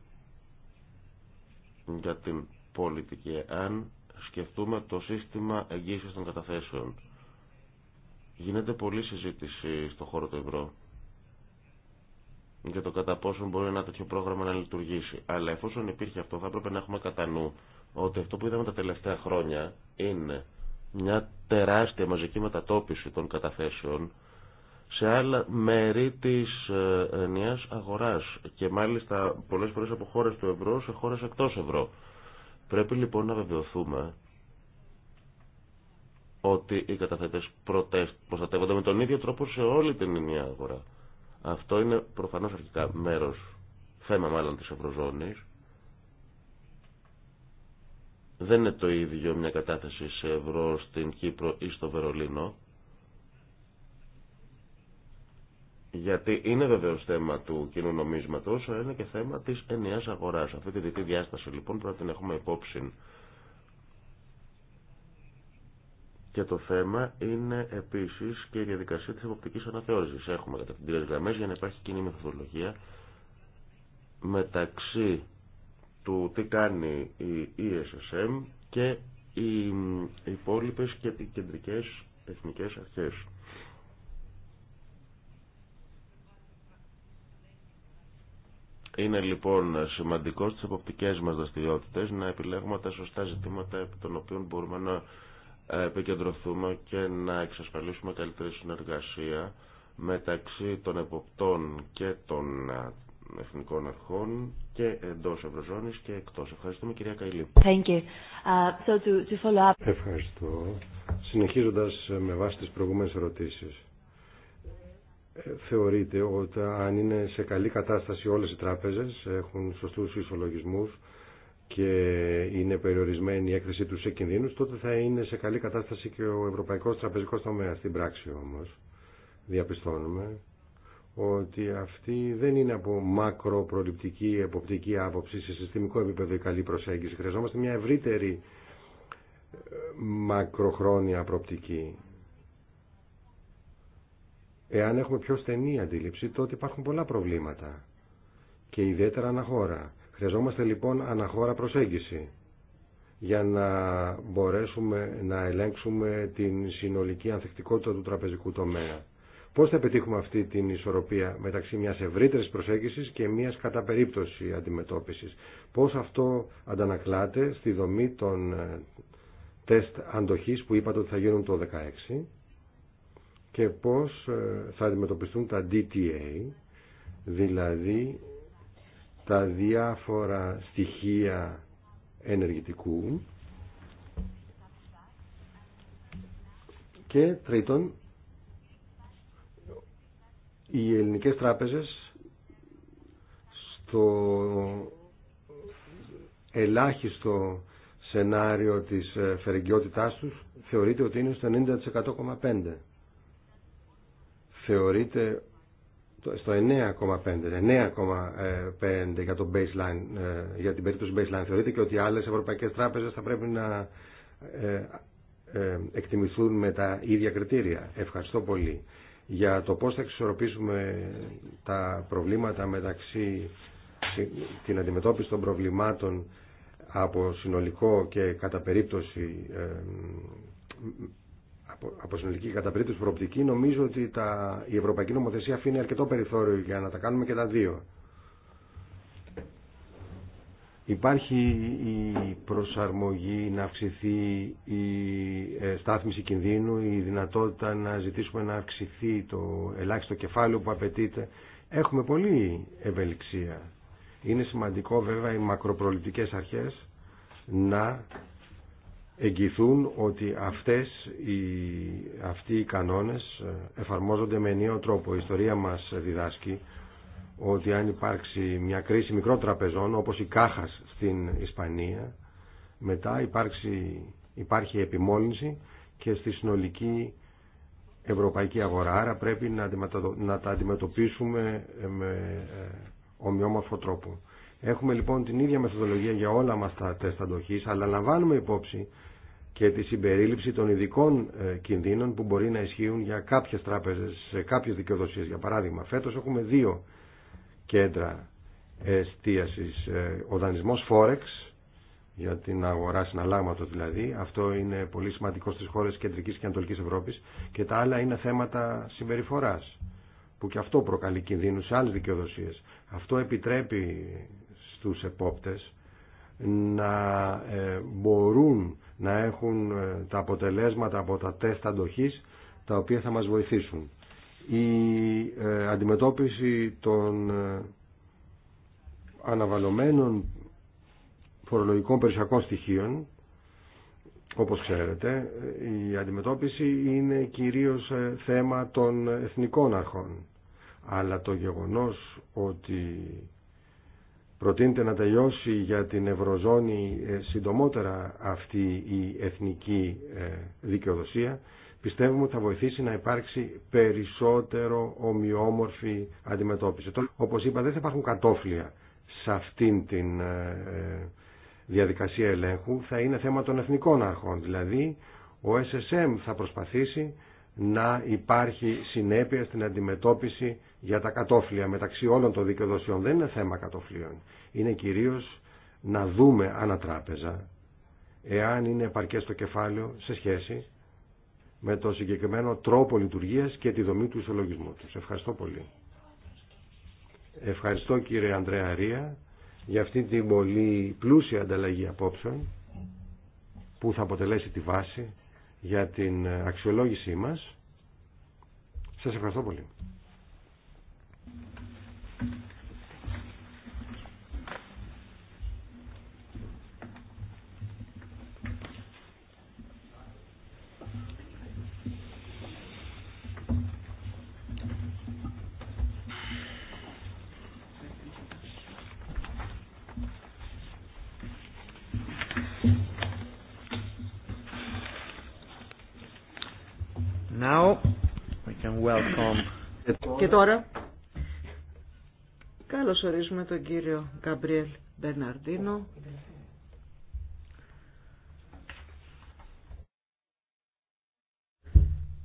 για την πολιτική, αν σκεφτούμε το σύστημα εγγύησης των καταθέσεων. Γίνεται πολλή συζήτηση στο χώρο του ευρώ για το κατά πόσο μπορεί ένα τέτοιο πρόγραμμα να λειτουργήσει. Αλλά εφόσον υπήρχε αυτό θα έπρεπε να έχουμε κατά νου ότι αυτό που είδαμε τα τελευταία χρόνια είναι μια τεράστια μαζική μετατόπιση των καταθέσεων σε άλλα μέρη της ε, νέας αγοράς και μάλιστα πολλές φορές από χώρες του ευρώ σε χώρες εκτός ευρώ. Πρέπει λοιπόν να βεβαιωθούμε ότι οι καταθέτες προστατεύονται με τον ίδιο τρόπο σε όλη την ενιαία αγορά. Αυτό είναι προφανώς αρχικά μέρος, θέμα μάλλον της Ευρωζώνης. Δεν είναι το ίδιο μια κατάθεση σε ευρώ στην Κύπρο ή στο Βερολίνο. Γιατί είναι βεβαίω θέμα του κοινού νομίσματο, αλλά είναι και θέμα τη ενιαία αγορά. Αυτή τη δική διάσταση λοιπόν πρέπει να την έχουμε υπόψη. Και το θέμα είναι επίση και η διαδικασία τη εποπτική αναθεώρηση. Έχουμε κατευθυντήρε γραμμέ για να υπάρχει κοινή μεθοδολογία μεταξύ του τι κάνει η ESSM και οι υπόλοιπε και οι κεντρικέ εθνικέ αρχέ. Είναι λοιπόν σημαντικό στις εποπτικές μας δραστηριότητε να επιλέγουμε τα σωστά ζητήματα από των οποίων μπορούμε να ε, επικεντρωθούμε και να εξασφαλίσουμε καλύτερη συνεργασία μεταξύ των εποπτών και των ε, εθνικών αρχών και εντός Ευρωζώνης και εκτός. Ευχαριστούμε κυρία Καϊλή. Thank you. Uh, so to, to follow up... Ευχαριστώ. Συνεχίζοντας ε, με βάση τις προηγούμενες ερωτήσεις θεωρείται ότι αν είναι σε καλή κατάσταση όλες οι τράπεζες, έχουν σωστούς ισολογισμούς και είναι περιορισμένη η έκθεσή τους σε κινδύνους, τότε θα είναι σε καλή κατάσταση και ο Ευρωπαϊκός Τραπεζικός Τομέας. Στην πράξη όμως διαπιστώνουμε ότι αυτή δεν είναι από μακροπροληπτική εποπτική άποψη σε συστημικό επίπεδο η καλή προσέγγιση. Χρειαζόμαστε μια ευρύτερη ε, μακροχρόνια προπτική Εάν έχουμε πιο στενή αντίληψη, τότε υπάρχουν πολλά προβλήματα. Και ιδιαίτερα αναχώρα. Χρειαζόμαστε λοιπόν αναχώρα προσέγγιση για να μπορέσουμε να ελέγξουμε την συνολική ανθεκτικότητα του τραπεζικού τομέα. Πώς θα πετύχουμε αυτή την ισορροπία μεταξύ μιας ευρύτερης προσέγγισης και μιας κατά περίπτωση αντιμετώπισης. Πώς αυτό αντανακλάται στη δομή των ε, τεστ αντοχής που είπατε ότι θα γίνουν το 2016 και πώς ε, θα αντιμετωπιστούν τα DTA, δηλαδή τα διάφορα στοιχεία ενεργητικού και τρίτον οι ελληνικές τράπεζες στο ελάχιστο σενάριο της ε, φερεγγιότητάς τους θεωρείται ότι είναι στο 90,5% θεωρείται στο 9,5 9,5 ναι, για, το baseline, ε, για την περίπτωση baseline θεωρείται και ότι άλλες ευρωπαϊκές τράπεζες θα πρέπει να ε, ε, εκτιμηθούν με τα ίδια κριτήρια. Ευχαριστώ πολύ. Για το πώς θα εξισορροπήσουμε τα προβλήματα μεταξύ την αντιμετώπιση των προβλημάτων από συνολικό και κατά περίπτωση από συνολική κατά προοπτική, νομίζω ότι τα, η Ευρωπαϊκή Νομοθεσία αφήνει αρκετό περιθώριο για να τα κάνουμε και τα δύο. Υπάρχει η προσαρμογή να αυξηθεί η ε, στάθμιση κινδύνου, η δυνατότητα να ζητήσουμε να αυξηθεί το ελάχιστο κεφάλαιο που απαιτείται. Έχουμε πολλή ευελιξία. Είναι σημαντικό βέβαια οι μακροπροληπτικές αρχές να εγγυηθούν ότι αυτές οι, αυτοί οι κανόνες ε, εφαρμόζονται με ενίο τρόπο. Η ιστορία μας διδάσκει ότι αν υπάρξει μια κρίση μικρών τραπεζών όπως η Κάχας στην Ισπανία μετά υπάρξει, υπάρχει επιμόλυνση και στη συνολική ευρωπαϊκή αγορά άρα πρέπει να, να τα αντιμετωπίσουμε ε, με ε, ομοιόμορφο τρόπο. Έχουμε λοιπόν την ίδια μεθοδολογία για όλα μας τα τεστ αντοχής αλλά λαμβάνουμε υπόψη και τη συμπερίληψη των ειδικών ε, κινδύνων που μπορεί να ισχύουν για κάποιες τράπεζες, σε κάποιες δικαιοδοσίες. Για παράδειγμα, φέτος έχουμε δύο κέντρα εστίασης. Ε, ο δανεισμός Forex, για την αγορά συναλλάγματος δηλαδή, αυτό είναι πολύ σημαντικό στις χώρες κεντρικής και ανατολικής Ευρώπης και τα άλλα είναι θέματα συμπεριφοράς, που και αυτό προκαλεί κινδύνους σε άλλες δικαιοδοσίες. Αυτό επιτρέπει στους επόπτες να ε, μπορούν να έχουν ε, τα αποτελέσματα από τα τεστ αντοχής τα οποία θα μας βοηθήσουν. Η ε, αντιμετώπιση των ε, αναβαλωμένων φορολογικών περιουσιακών στοιχείων όπως ξέρετε, η αντιμετώπιση είναι κυρίως θέμα των εθνικών αρχών. Αλλά το γεγονός ότι προτείνεται να τελειώσει για την Ευρωζώνη ε, συντομότερα αυτή η εθνική ε, δικαιοδοσία, πιστεύουμε ότι θα βοηθήσει να υπάρξει περισσότερο ομοιόμορφη αντιμετώπιση. Όπως είπα, δεν θα υπάρχουν κατόφλια σε αυτήν την ε, διαδικασία ελέγχου, θα είναι θέμα των εθνικών αρχών. Δηλαδή, ο SSM θα προσπαθήσει να υπάρχει συνέπεια στην αντιμετώπιση για τα κατόφλια μεταξύ όλων των δικαιοδοσιών δεν είναι θέμα κατοφλίων. Είναι κυρίως να δούμε ανατράπεζα εάν είναι επαρκές το κεφάλαιο σε σχέση με το συγκεκριμένο τρόπο λειτουργίας και τη δομή του ισολογισμού τους. Ευχαριστώ πολύ. Ευχαριστώ κύριε Ανδρέα Ρία για αυτή την πολύ πλούσια ανταλλαγή απόψεων που θα αποτελέσει τη βάση για την αξιολόγησή μας. Σας ευχαριστώ πολύ. Και τώρα καλώς ορίζουμε τον κύριο Γκαμπριέλ Μπερναρντίνο.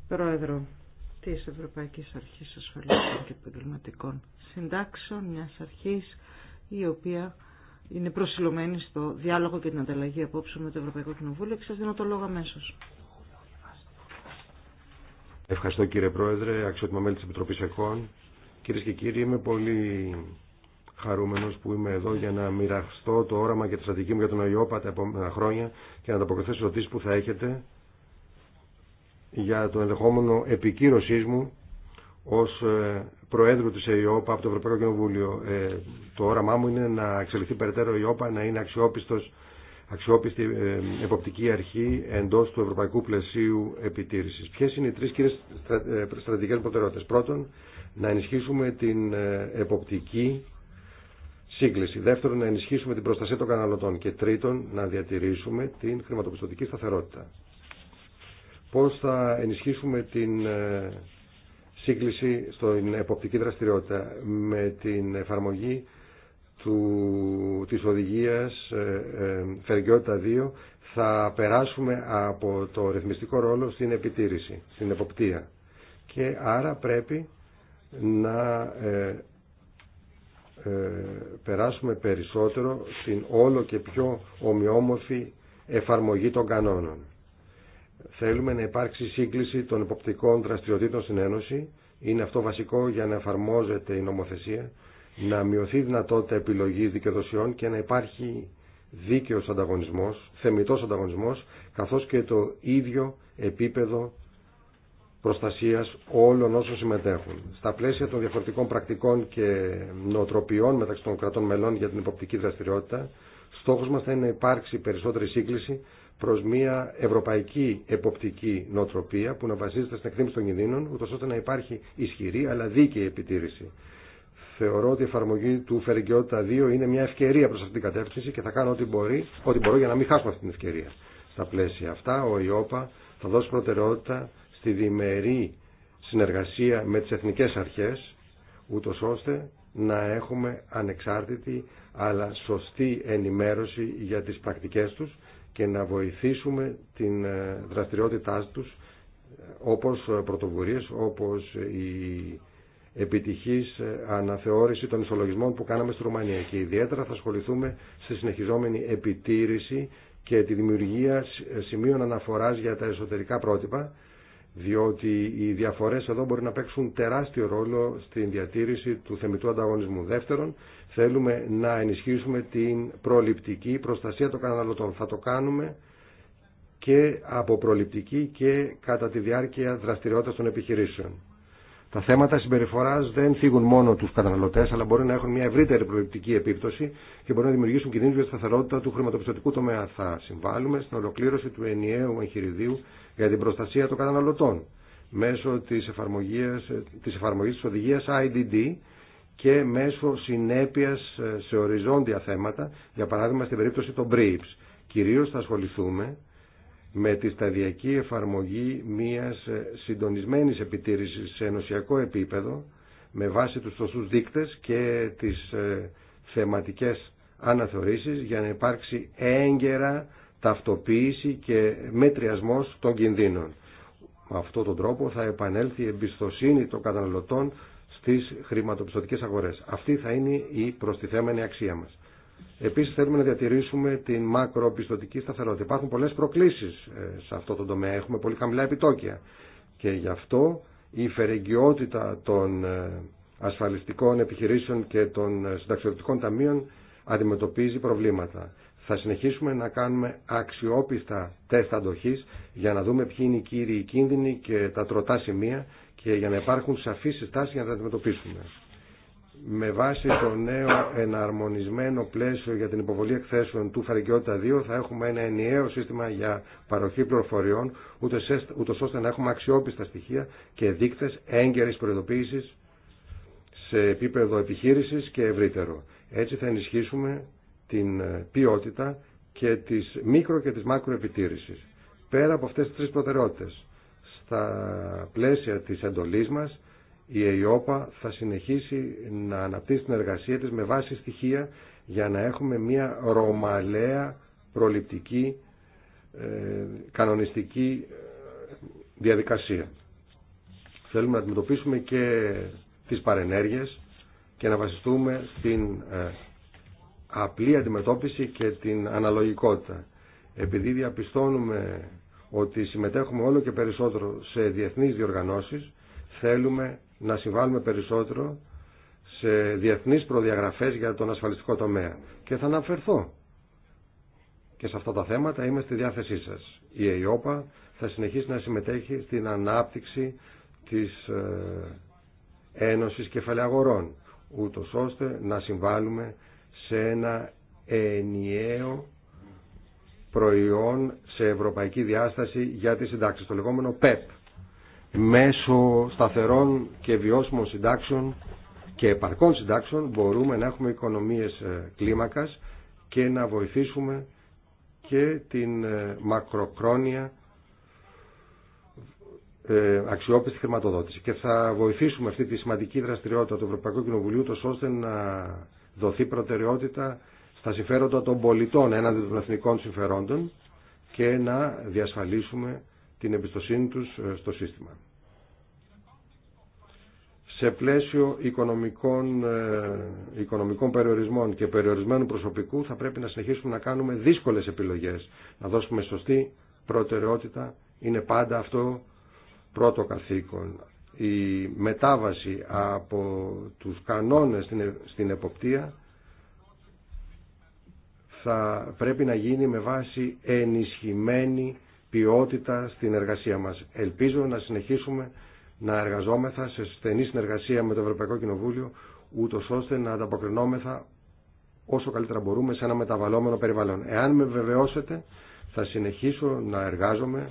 Πρόεδρο της Ευρωπαϊκής Αρχής Ασφαλιστικών και Επαγγελματικών Συντάξεων, μιας αρχής η οποία είναι προσιλωμένη στο διάλογο και την ανταλλαγή απόψεων με το Ευρωπαϊκό Κοινοβούλιο και σας δίνω το λόγο αμέσως. Ευχαριστώ κύριε Πρόεδρε, αξιότιμα μέλη της Επιτροπής ΕΚΟΝ. Κυρίε και κύριοι, είμαι πολύ χαρούμενος που είμαι εδώ για να μοιραστώ το όραμα και τη στρατηγική μου για τον ΑΙΟΠΑ τα επόμενα χρόνια και να ανταποκριθώ ερωτήσει που θα έχετε για το ενδεχόμενο επικύρωσή μου ως ε, Προέδρου της ΕΙΟΠΑ από το Ευρωπαϊκό Κοινοβούλιο. Ε, το όραμά μου είναι να εξελιχθεί περαιτέρω η ΕΟΠΑ, να είναι αξιόπιστος αξιόπιστη ε, εποπτική αρχή εντός του ευρωπαϊκού πλαισίου επιτήρησης. Ποιε είναι οι τρει κύριες ε, στρατηγικέ προτεραιότητε. Πρώτον, να ενισχύσουμε την ε, εποπτική σύγκληση. Δεύτερον, να ενισχύσουμε την προστασία των καναλωτών. Και τρίτον, να διατηρήσουμε την χρηματοπιστωτική σταθερότητα. Πώς θα ενισχύσουμε την σύγκληση στην εποπτική δραστηριότητα με την εφαρμογή του, της οδηγίας Φεργιότητα 2 ε, θα περάσουμε από το ρυθμιστικό ρόλο στην επιτήρηση, στην εποπτεία. Και άρα πρέπει να ε, ε, περάσουμε περισσότερο στην όλο και πιο ομοιόμορφη εφαρμογή των κανόνων. Θέλουμε να υπάρξει σύγκληση των εποπτικών δραστηριοτήτων στην Ένωση. Είναι αυτό βασικό για να εφαρμόζεται η νομοθεσία να μειωθεί η δυνατότητα επιλογής δικαιοδοσιών και να υπάρχει δίκαιος ανταγωνισμός, θεμητός ανταγωνισμός, καθώς και το ίδιο επίπεδο προστασίας όλων όσων συμμετέχουν. Στα πλαίσια των διαφορετικών πρακτικών και νοοτροπιών μεταξύ των κρατών μελών για την υποπτική δραστηριότητα, στόχος μας θα είναι να υπάρξει περισσότερη σύγκληση προς μια ευρωπαϊκή εποπτική νοοτροπία που να βασίζεται στην εκτίμηση των κινδύνων, ούτως ώστε να υπάρχει ισχυρή αλλά δίκαιη επιτήρηση. Θεωρώ ότι η εφαρμογή του Φερικιότητα 2 είναι μια ευκαιρία προ αυτή την κατεύθυνση και θα κάνω ό,τι, μπορεί, ό,τι μπορώ για να μην χάσουμε αυτή την ευκαιρία. Στα πλαίσια αυτά, ο ΙΟΠΑ θα δώσει προτεραιότητα στη διμερή συνεργασία με τι εθνικέ αρχέ, ούτω ώστε να έχουμε ανεξάρτητη αλλά σωστή ενημέρωση για τις πρακτικές τους και να βοηθήσουμε την ε, δραστηριότητά τους ε, όπως ε, πρωτοβουλίε, όπως η επιτυχής ε, αναθεώρηση των ισολογισμών που κάναμε στη Ρουμανία και ιδιαίτερα θα ασχοληθούμε στη συνεχιζόμενη επιτήρηση και τη δημιουργία ε, σημείων αναφοράς για τα εσωτερικά πρότυπα διότι οι διαφορές εδώ μπορεί να παίξουν τεράστιο ρόλο στην διατήρηση του θεμητού ανταγωνισμού. Δεύτερον, θέλουμε να ενισχύσουμε την προληπτική προστασία των καταναλωτών. Θα το κάνουμε και από προληπτική και κατά τη διάρκεια δραστηριότητας των επιχειρήσεων. Τα θέματα συμπεριφορά δεν θίγουν μόνο του καταναλωτέ, αλλά μπορεί να έχουν μια ευρύτερη προληπτική επίπτωση και μπορεί να δημιουργήσουν κινδύνους για τη σταθερότητα του χρηματοπιστωτικού τομέα. Θα συμβάλλουμε στην ολοκλήρωση του ενιαίου εγχειριδίου για την προστασία των καταναλωτών μέσω τη εφαρμογή τη οδηγία IDD και μέσω συνέπεια σε οριζόντια θέματα, για παράδειγμα στην περίπτωση των BRIPS. Κυρίω θα ασχοληθούμε με τη σταδιακή εφαρμογή μιας ε, συντονισμένης επιτήρησης σε ενωσιακό επίπεδο με βάση τους σωστούς δείκτες και τις ε, θεματικές αναθεωρήσεις για να υπάρξει έγκαιρα ταυτοποίηση και μετριασμός των κινδύνων. Με αυτόν τον τρόπο θα επανέλθει η εμπιστοσύνη των καταναλωτών στις χρηματοπιστωτικές αγορές. Αυτή θα είναι η προστιθέμενη αξία μας. Επίσης θέλουμε να διατηρήσουμε την μακροπιστωτική σταθερότητα. Υπάρχουν πολλές προκλήσεις ε, σε αυτό το τομέα. Έχουμε πολύ χαμηλά επιτόκια. Και γι' αυτό η φερεγγιότητα των ε, ασφαλιστικών επιχειρήσεων και των ε, συνταξιωτικών ταμείων αντιμετωπίζει προβλήματα. Θα συνεχίσουμε να κάνουμε αξιόπιστα τεστ αντοχή για να δούμε ποιοι είναι οι κύριοι κίνδυνοι και τα τροτά σημεία και για να υπάρχουν σαφείς συστάσει για να τα αντιμετωπίσουμε με βάση το νέο εναρμονισμένο πλαίσιο για την υποβολή εκθέσεων του Φαρικιότητα 2 θα έχουμε ένα ενιαίο σύστημα για παροχή πληροφοριών ούτως ώστε να έχουμε αξιόπιστα στοιχεία και δείκτες έγκαιρης προειδοποίησης σε επίπεδο επιχείρησης και ευρύτερο. Έτσι θα ενισχύσουμε την ε, ποιότητα και της μικρο και της μάκρο επιτήρησης. Πέρα από αυτές τις τρεις προτεραιότητες, στα πλαίσια της εντολής μας η ΕΙΟΠΑ θα συνεχίσει να αναπτύσσει την εργασία της με βάση στοιχεία για να έχουμε μια ρωμαλαία προληπτική ε, κανονιστική ε, διαδικασία. Θέλουμε να αντιμετωπίσουμε και τις παρενέργειες και να βασιστούμε στην ε, απλή αντιμετώπιση και την αναλογικότητα. Επειδή διαπιστώνουμε ότι συμμετέχουμε όλο και περισσότερο σε διεθνείς διοργανώσεις, θέλουμε να συμβάλλουμε περισσότερο σε διεθνείς προδιαγραφές για τον ασφαλιστικό τομέα. Και θα αναφερθώ και σε αυτά τα θέματα είμαι στη διάθεσή σας. Η ΕΙΟΠΑ θα συνεχίσει να συμμετέχει στην ανάπτυξη της ε, Ένωσης Κεφαλαιαγορών, ούτω ώστε να συμβάλλουμε σε ένα ενιαίο προϊόν σε ευρωπαϊκή διάσταση για τις συντάξεις, το λεγόμενο ΠΕΠ μέσω σταθερών και βιώσιμων συντάξεων και επαρκών συντάξεων μπορούμε να έχουμε οικονομίες ε, κλίμακας και να βοηθήσουμε και την ε, μακροκρόνια ε, αξιόπιστη χρηματοδότηση. Και θα βοηθήσουμε αυτή τη σημαντική δραστηριότητα του Ευρωπαϊκού Κοινοβουλίου τόσο ώστε να δοθεί προτεραιότητα στα συμφέροντα των πολιτών έναντι των εθνικών συμφερόντων και να διασφαλίσουμε την εμπιστοσύνη τους στο σύστημα σε πλαίσιο οικονομικών, ε, οικονομικών περιορισμών και περιορισμένου προσωπικού θα πρέπει να συνεχίσουμε να κάνουμε δύσκολες επιλογές. Να δώσουμε σωστή προτεραιότητα είναι πάντα αυτό πρώτο καθήκον. Η μετάβαση από τους κανόνες στην ε, εποπτεία θα πρέπει να γίνει με βάση ενισχυμένη ποιότητα στην εργασία μας. Ελπίζω να συνεχίσουμε να εργαζόμεθα σε στενή συνεργασία με το Ευρωπαϊκό Κοινοβούλιο, ούτω ώστε να ανταποκρινόμεθα όσο καλύτερα μπορούμε σε ένα μεταβαλλόμενο περιβάλλον. Εάν με βεβαιώσετε, θα συνεχίσω να εργάζομαι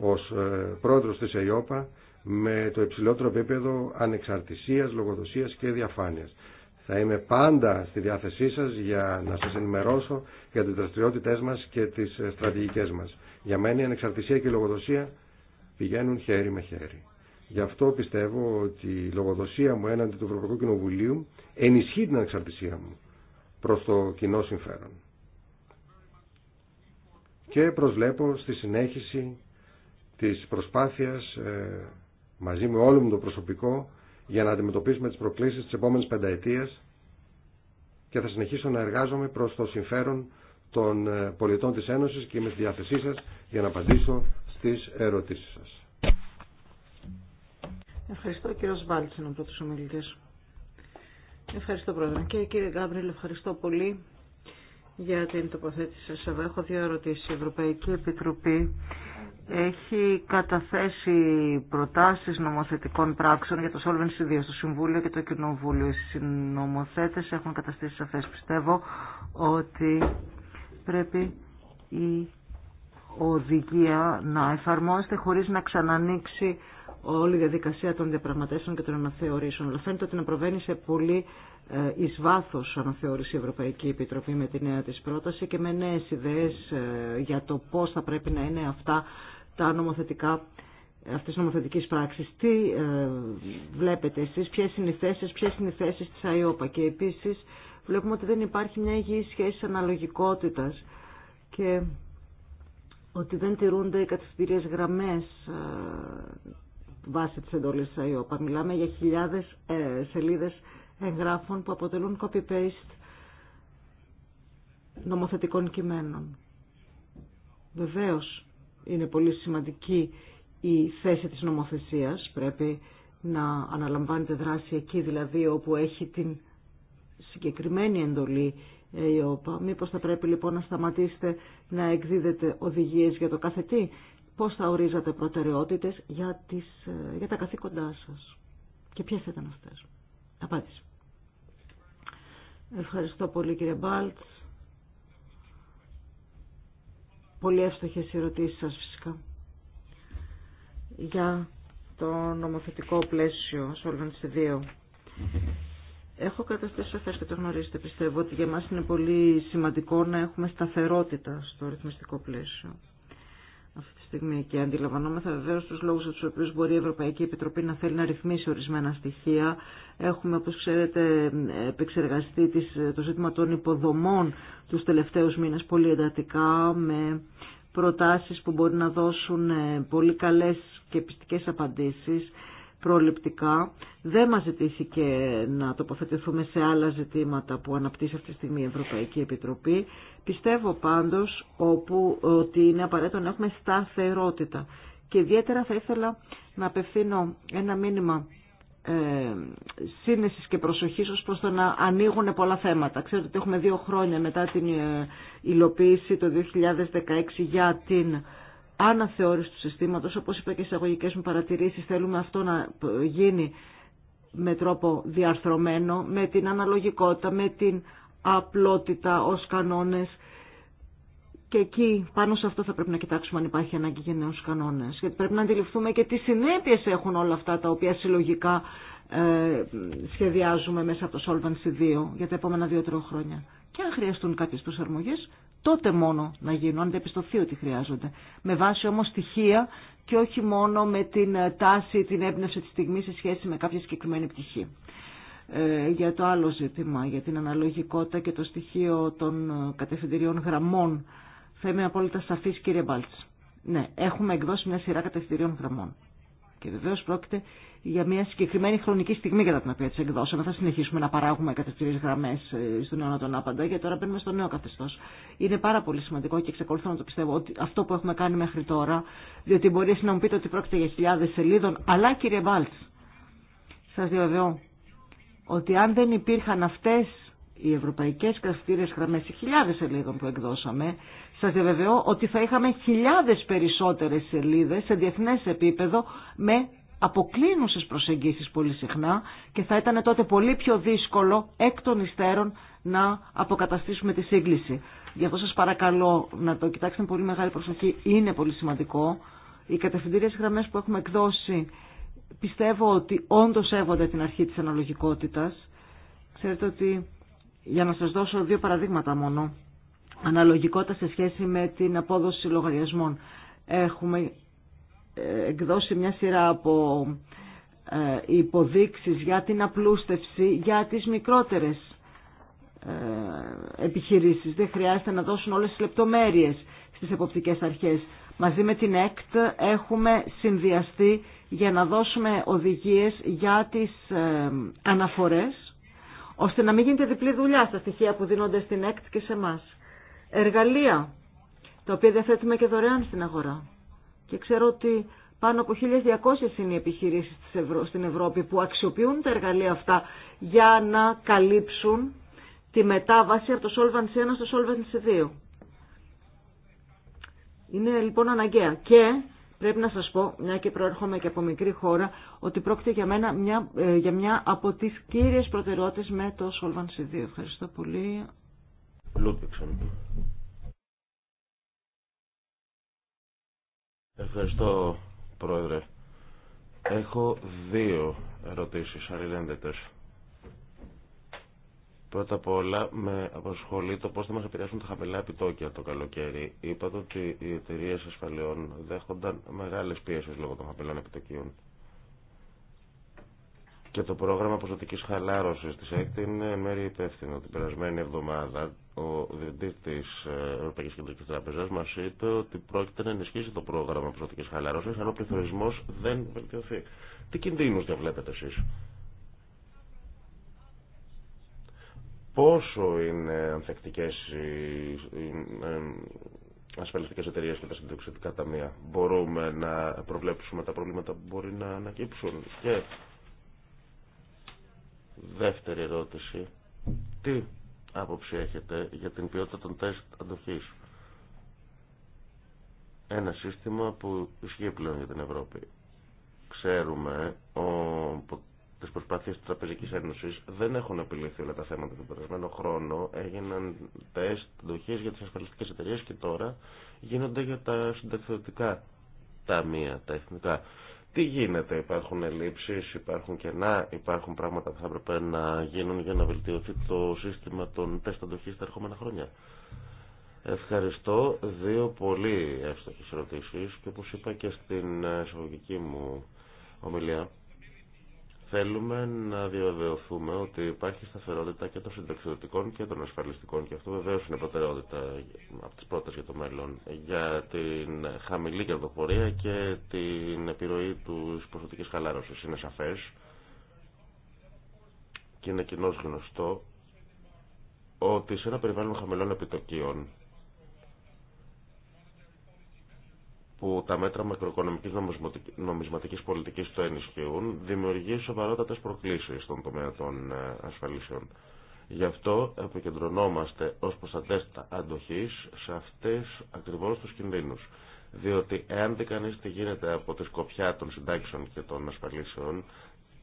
ως ε, πρόεδρος της ΕΙΟΠΑ με το υψηλότερο επίπεδο ανεξαρτησίας, λογοδοσίας και διαφάνειας. Θα είμαι πάντα στη διάθεσή σας για να σας ενημερώσω για τις δραστηριότητές μας και τις ε, στρατηγικές μας. Για μένα η ανεξαρτησία και η λογοδοσία πηγαίνουν χέρι με χέρι. Γι' αυτό πιστεύω ότι η λογοδοσία μου έναντι του Ευρωπαϊκού Κοινοβουλίου ενισχύει την ανεξαρτησία μου προς το κοινό συμφέρον. Και προσβλέπω στη συνέχιση της προσπάθειας ε, μαζί με όλο μου το προσωπικό για να αντιμετωπίσουμε τις προκλήσεις της επόμενης πενταετίας και θα συνεχίσω να εργάζομαι προς το συμφέρον των ε, πολιτών της Ένωσης και είμαι στη διάθεσή σας για να απαντήσω στις ερωτήσεις σας. Ευχαριστώ. κύριος Βάλτς είναι ο πρώτος ομιλητής. Ευχαριστώ πρόεδρε. Και κύριε Γκάμπριλ, ευχαριστώ πολύ για την τοποθέτηση σας εδώ. Έχω δύο ερωτήσεις. Η Ευρωπαϊκή Επιτροπή έχει καταθέσει προτάσεις νομοθετικών πράξεων για το Solvency 2 στο Συμβούλιο και το Κοινοβούλιο. Οι συνομοθέτες έχουν καταστήσει σαφές. Πιστεύω ότι πρέπει η οδηγία να εφαρμόζεται χωρίς να ξανανοίξει όλη η διαδικασία των διαπραγματεύσεων και των αναθεωρήσεων. Αλλά φαίνεται ότι να προβαίνει σε πολύ ε, ει βάθο αναθεώρηση η Ευρωπαϊκή Επιτροπή με τη νέα τη πρόταση και με νέε ιδέε ε, για το πώ θα πρέπει να είναι αυτά τα νομοθετικά αυτής της νομοθετικής πράξης. Τι ε, βλέπετε εσείς, ποιες είναι οι θέσεις, ποιες είναι οι θέσεις της ΑΙΟΠΑ και επίσης βλέπουμε ότι δεν υπάρχει μια υγιή σχέση αναλογικότητας και ότι δεν τηρούνται οι κατευθυντήριες γραμμές βάσει της εντολής ΑΙΟΠΑ. Μιλάμε για χιλιάδες ε, σελίδες εγγράφων που αποτελούν copy-paste νομοθετικών κειμένων. Βεβαίως είναι πολύ σημαντική η θέση της νομοθεσίας, πρέπει να αναλαμβάνεται δράση εκεί δηλαδή όπου έχει την συγκεκριμένη εντολή η ΟΠΑ. Μήπως θα πρέπει λοιπόν να σταματήσετε να εκδίδετε οδηγίες για το κάθε τι πώς θα ορίζατε προτεραιότητες για, τις, ε, για τα καθήκοντά σας και ποιες θα ήταν αυτές. Απάντηση. Ευχαριστώ πολύ κύριε Μπάλτς. Πολύ εύστοχες οι ερωτήσεις σας φυσικά. Για το νομοθετικό πλαίσιο σε όλων Έχω καταστήσει σαφές και το γνωρίζετε πιστεύω ότι για μας είναι πολύ σημαντικό να έχουμε σταθερότητα στο ρυθμιστικό πλαίσιο αυτή τη στιγμή και αντιλαμβανόμεθα βεβαίω του λόγου για του οποίου μπορεί η Ευρωπαϊκή Επιτροπή να θέλει να ρυθμίσει ορισμένα στοιχεία. Έχουμε, όπω ξέρετε, επεξεργαστεί το ζήτημα των υποδομών του τελευταίου μήνε πολύ εντατικά με προτάσεις που μπορεί να δώσουν ε, πολύ καλές και πιστικές απαντήσεις προληπτικά. Δεν μας ζητήθηκε να τοποθετηθούμε σε άλλα ζητήματα που αναπτύσσει αυτή τη στιγμή η Ευρωπαϊκή Επιτροπή. Πιστεύω πάντως όπου, ότι είναι απαραίτητο να έχουμε σταθερότητα. Και ιδιαίτερα θα ήθελα να απευθύνω ένα μήνυμα ε, σύνεσης και προσοχής ως προς το να ανοίγουν πολλά θέματα. Ξέρετε ότι έχουμε δύο χρόνια μετά την ε, υλοποίηση το 2016 για την αναθεώρηση του συστήματο, όπω είπα και στι αγωγικέ μου παρατηρήσει, θέλουμε αυτό να γίνει με τρόπο διαρθρωμένο, με την αναλογικότητα, με την απλότητα ω κανόνε και εκεί πάνω σε αυτό θα πρέπει να κοιτάξουμε αν υπάρχει ανάγκη για νέους κανόνες. Γιατί πρέπει να αντιληφθούμε και τι συνέπειε έχουν όλα αυτά τα οποία συλλογικά ε, σχεδιάζουμε μέσα από το Solvency 2 για τα επομενα δυο 2-3 χρόνια. Και αν χρειαστούν κάποιε προσαρμογέ, τότε μόνο να γίνουν, αν διαπιστωθεί ότι χρειάζονται. Με βάση όμως στοιχεία και όχι μόνο με την ε, τάση, την έμπνευση της στιγμής σε σχέση με κάποια συγκεκριμένη πτυχή. Ε, για το άλλο ζήτημα, για την αναλογικότητα και το στοιχείο των ε, κατευθυντηριών γραμμών, θα είμαι απόλυτα σαφής κύριε Μπάλτς. Ναι, έχουμε εκδώσει μια σειρά κατευθυντηριών γραμμών. Και βεβαίω πρόκειται για μια συγκεκριμένη χρονική στιγμή κατά την οποία τι εκδώσαμε. Θα συνεχίσουμε να παράγουμε κατευθυντήριε γραμμέ ε, στον αιώνα των άπαντα, γιατί τώρα μπαίνουμε στο νέο καθεστώ. Είναι πάρα πολύ σημαντικό και εξακολουθώ να το πιστεύω ότι αυτό που έχουμε κάνει μέχρι τώρα, διότι μπορεί να μου πείτε ότι πρόκειται για χιλιάδε σελίδων, αλλά κύριε Μπάλτ, σα διαβεβαιώ ότι αν δεν υπήρχαν αυτέ οι ευρωπαϊκέ καθητήριε γραμμέ, οι χιλιάδε σελίδων που εκδώσαμε, σα διαβεβαιώ ότι θα είχαμε χιλιάδε περισσότερε σελίδε σε διεθνέ επίπεδο με αποκλίνουσες προσεγγίσεις πολύ συχνά και θα ήταν τότε πολύ πιο δύσκολο εκ των υστέρων να αποκαταστήσουμε τη σύγκληση. Γι' αυτό σας παρακαλώ να το κοιτάξετε με πολύ μεγάλη προσοχή, είναι πολύ σημαντικό. Οι κατευθυντήριες γραμμές που έχουμε εκδώσει πιστεύω ότι όντως σέβονται την αρχή της αναλογικότητας. Ξέρετε ότι, για να σας δώσω δύο παραδείγματα μόνο, αναλογικότητα σε σχέση με την απόδοση λογαριασμών. Έχουμε εκδώσει μια σειρά από ε, υποδείξεις για την απλούστευση για τις μικρότερες ε, επιχειρήσεις. Δεν χρειάζεται να δώσουν όλες τις λεπτομέρειες στις εποπτικές αρχές. Μαζί με την ΕΚΤ έχουμε συνδυαστεί για να δώσουμε οδηγίες για τις ε, αναφορές ώστε να μην γίνεται διπλή δουλειά στα στοιχεία που δίνονται στην ΕΚΤ και σε εμά. Εργαλεία, τα οποία διαθέτουμε και δωρεάν στην αγορά και ξέρω ότι πάνω από 1.200 είναι οι επιχειρήσεις στην Ευρώπη που αξιοποιούν τα εργαλεία αυτά για να καλύψουν τη μετάβαση από το Solvency 1 στο Solvency 2. Είναι λοιπόν αναγκαία. Και πρέπει να σας πω, μια και προέρχομαι και από μικρή χώρα, ότι πρόκειται για, μια, ε, για μια από τις κύριες προτεραιότητες με το Solvency 2. Ευχαριστώ πολύ. Ευχαριστώ, Πρόεδρε. Έχω δύο ερωτήσεις αλληλένδετες. Πρώτα απ' όλα με απασχολεί το πώς θα μας επηρεάσουν τα χαμηλά επιτόκια το καλοκαίρι. Είπατε ότι οι εταιρείε ασφαλιών δέχονταν μεγάλες πίεσεις λόγω των χαμηλών επιτοκίων. Και το πρόγραμμα προσωπικής χαλάρωσης της ΕΚΤ είναι μέρη υπεύθυνο την περασμένη εβδομάδα ο διευθυντή τη ε, Ευρωπαϊκή Κεντρική Τράπεζα μα είπε ότι πρόκειται να ενισχύσει το πρόγραμμα προσωπική χαλαρώση, αν ο πληθωρισμό δεν βελτιωθεί. Τι κινδύνου διαβλέπετε εσεί, Πόσο είναι ανθεκτικέ οι ε, ασφαλιστικέ εταιρείε και τα συνταξιδοτικά ταμεία, Μπορούμε να προβλέψουμε τα προβλήματα που μπορεί να ανακύψουν, Και δεύτερη ερώτηση. Τι άποψη έχετε για την ποιότητα των τεστ αντοχής. Ένα σύστημα που ισχύει πλέον για την Ευρώπη. Ξέρουμε ότι τι προσπάθειε τη Τραπεζική Ένωση δεν έχουν επιλύθει όλα τα θέματα. Τον περασμένο χρόνο έγιναν τεστ αντοχή για τι ασφαλιστικέ εταιρείε και τώρα γίνονται για τα συνταξιδοτικά ταμεία, τα εθνικά. Τι γίνεται, υπάρχουν ελλείψεις, υπάρχουν κενά, υπάρχουν πράγματα που θα έπρεπε να γίνουν για να βελτιωθεί το σύστημα των τεστ αντοχής τα ερχόμενα χρόνια. Ευχαριστώ. Δύο πολύ εύστοχε ερωτήσει και όπως είπα και στην εισαγωγική μου ομιλία Θέλουμε να διαβεβαιωθούμε ότι υπάρχει σταθερότητα και των συνταξιδοτικών και των ασφαλιστικών και αυτό βεβαίω είναι προτεραιότητα από τι πρώτε για το μέλλον. Για την χαμηλή κερδοφορία και την επιρροή του προσωπικής χαλάρωση είναι σαφέ και είναι κοινώ γνωστό ότι σε ένα περιβάλλον χαμηλών επιτοκίων που τα μέτρα μακροοικονομικής νομισματικής πολιτικής το ενισχύουν, δημιουργεί σοβαρότατες προκλήσεις στον τομέα των ε, ασφαλίσεων. Γι' αυτό επικεντρωνόμαστε ω προστατέστα αντοχής σε αυτές ακριβώς του κινδύνους. Διότι εάν δει κανεί τι γίνεται από τη σκοπιά των συντάξεων και των ασφαλίσεων,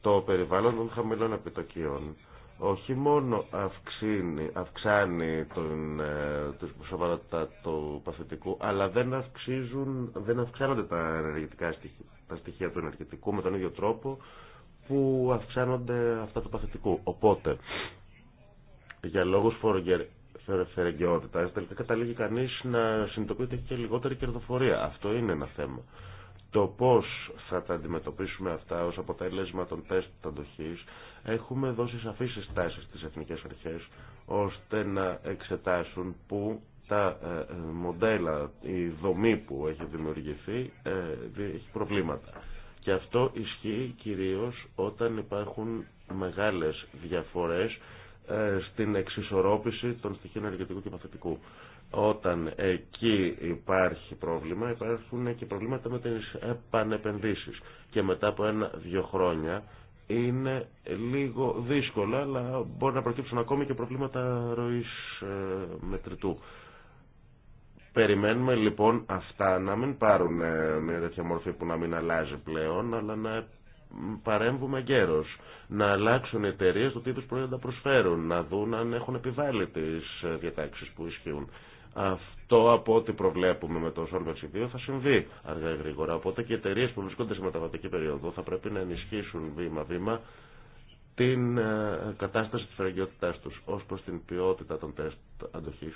το περιβάλλον των χαμηλών επιτοκίων όχι μόνο αυξάνει τον, ε, τους σοβαρότητα του παθητικού, αλλά δεν, αυξίζουν, δεν αυξάνονται τα, ενεργητικά στοιχεία, τα στοιχεία του ενεργητικού με τον ίδιο τρόπο που αυξάνονται αυτά του παθητικού. Οπότε, για λόγους φερεγγιότητας, τελικά καταλήγει κανείς να συνειδητοποιείται και λιγότερη κερδοφορία. Αυτό είναι ένα θέμα το πώς θα τα αντιμετωπίσουμε αυτά ως αποτέλεσμα των τεστ αντοχής έχουμε δώσει σαφείς συστάσεις στις εθνικές αρχές ώστε να εξετάσουν που τα ε, ε, μοντέλα, η δομή που έχει δημιουργηθεί ε, έχει προβλήματα. Και αυτό ισχύει κυρίως όταν υπάρχουν μεγάλες διαφορές στην εξισορρόπηση των στοιχείων ενεργητικού και παθητικού. Όταν εκεί υπάρχει πρόβλημα, υπάρχουν και προβλήματα με τις επανεπενδύσεις. Και μετά από ένα-δύο χρόνια είναι λίγο δύσκολα, αλλά μπορεί να προκύψουν ακόμη και προβλήματα ροής ε, μετρητού. Περιμένουμε λοιπόν αυτά να μην πάρουν ε, μια τέτοια μορφή που να μην αλλάζει πλέον, αλλά να παρέμβουμε γέρο. Να αλλάξουν οι εταιρείε το τι τους προϊόντα προσφέρουν, να δουν αν έχουν επιβάλει τις ε, διατάξει που ισχύουν. Αυτό από ό,τι προβλέπουμε με το Solvency 2 θα συμβεί αργά ή γρήγορα. Οπότε και οι εταιρείε που βρίσκονται σε μεταβατική περίοδο θα πρέπει να ενισχύσουν βήμα-βήμα την ε, κατάσταση τη φραγκιότητά του ω προ την ποιότητα των τεστ αντοχή.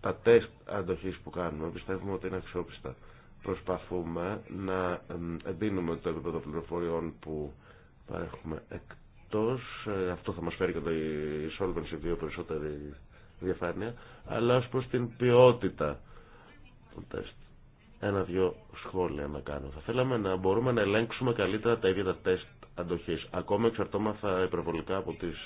Τα τεστ αντοχή που κάνουμε πιστεύουμε ότι είναι αξιόπιστα. Προσπαθούμε να ε, εντείνουμε το επίπεδο πληροφοριών που παρέχουμε εκτός. Ε, αυτό θα μα φέρει και το Solvency 2 περισσότερη διαφάνεια, αλλά ως προς την ποιότητα του τεστ. Ένα-δυο σχόλια να κάνω. Θα θέλαμε να μπορούμε να ελέγξουμε καλύτερα τα ίδια τα τεστ αντοχής. Ακόμα εξαρτώμαθα υπερβολικά από τις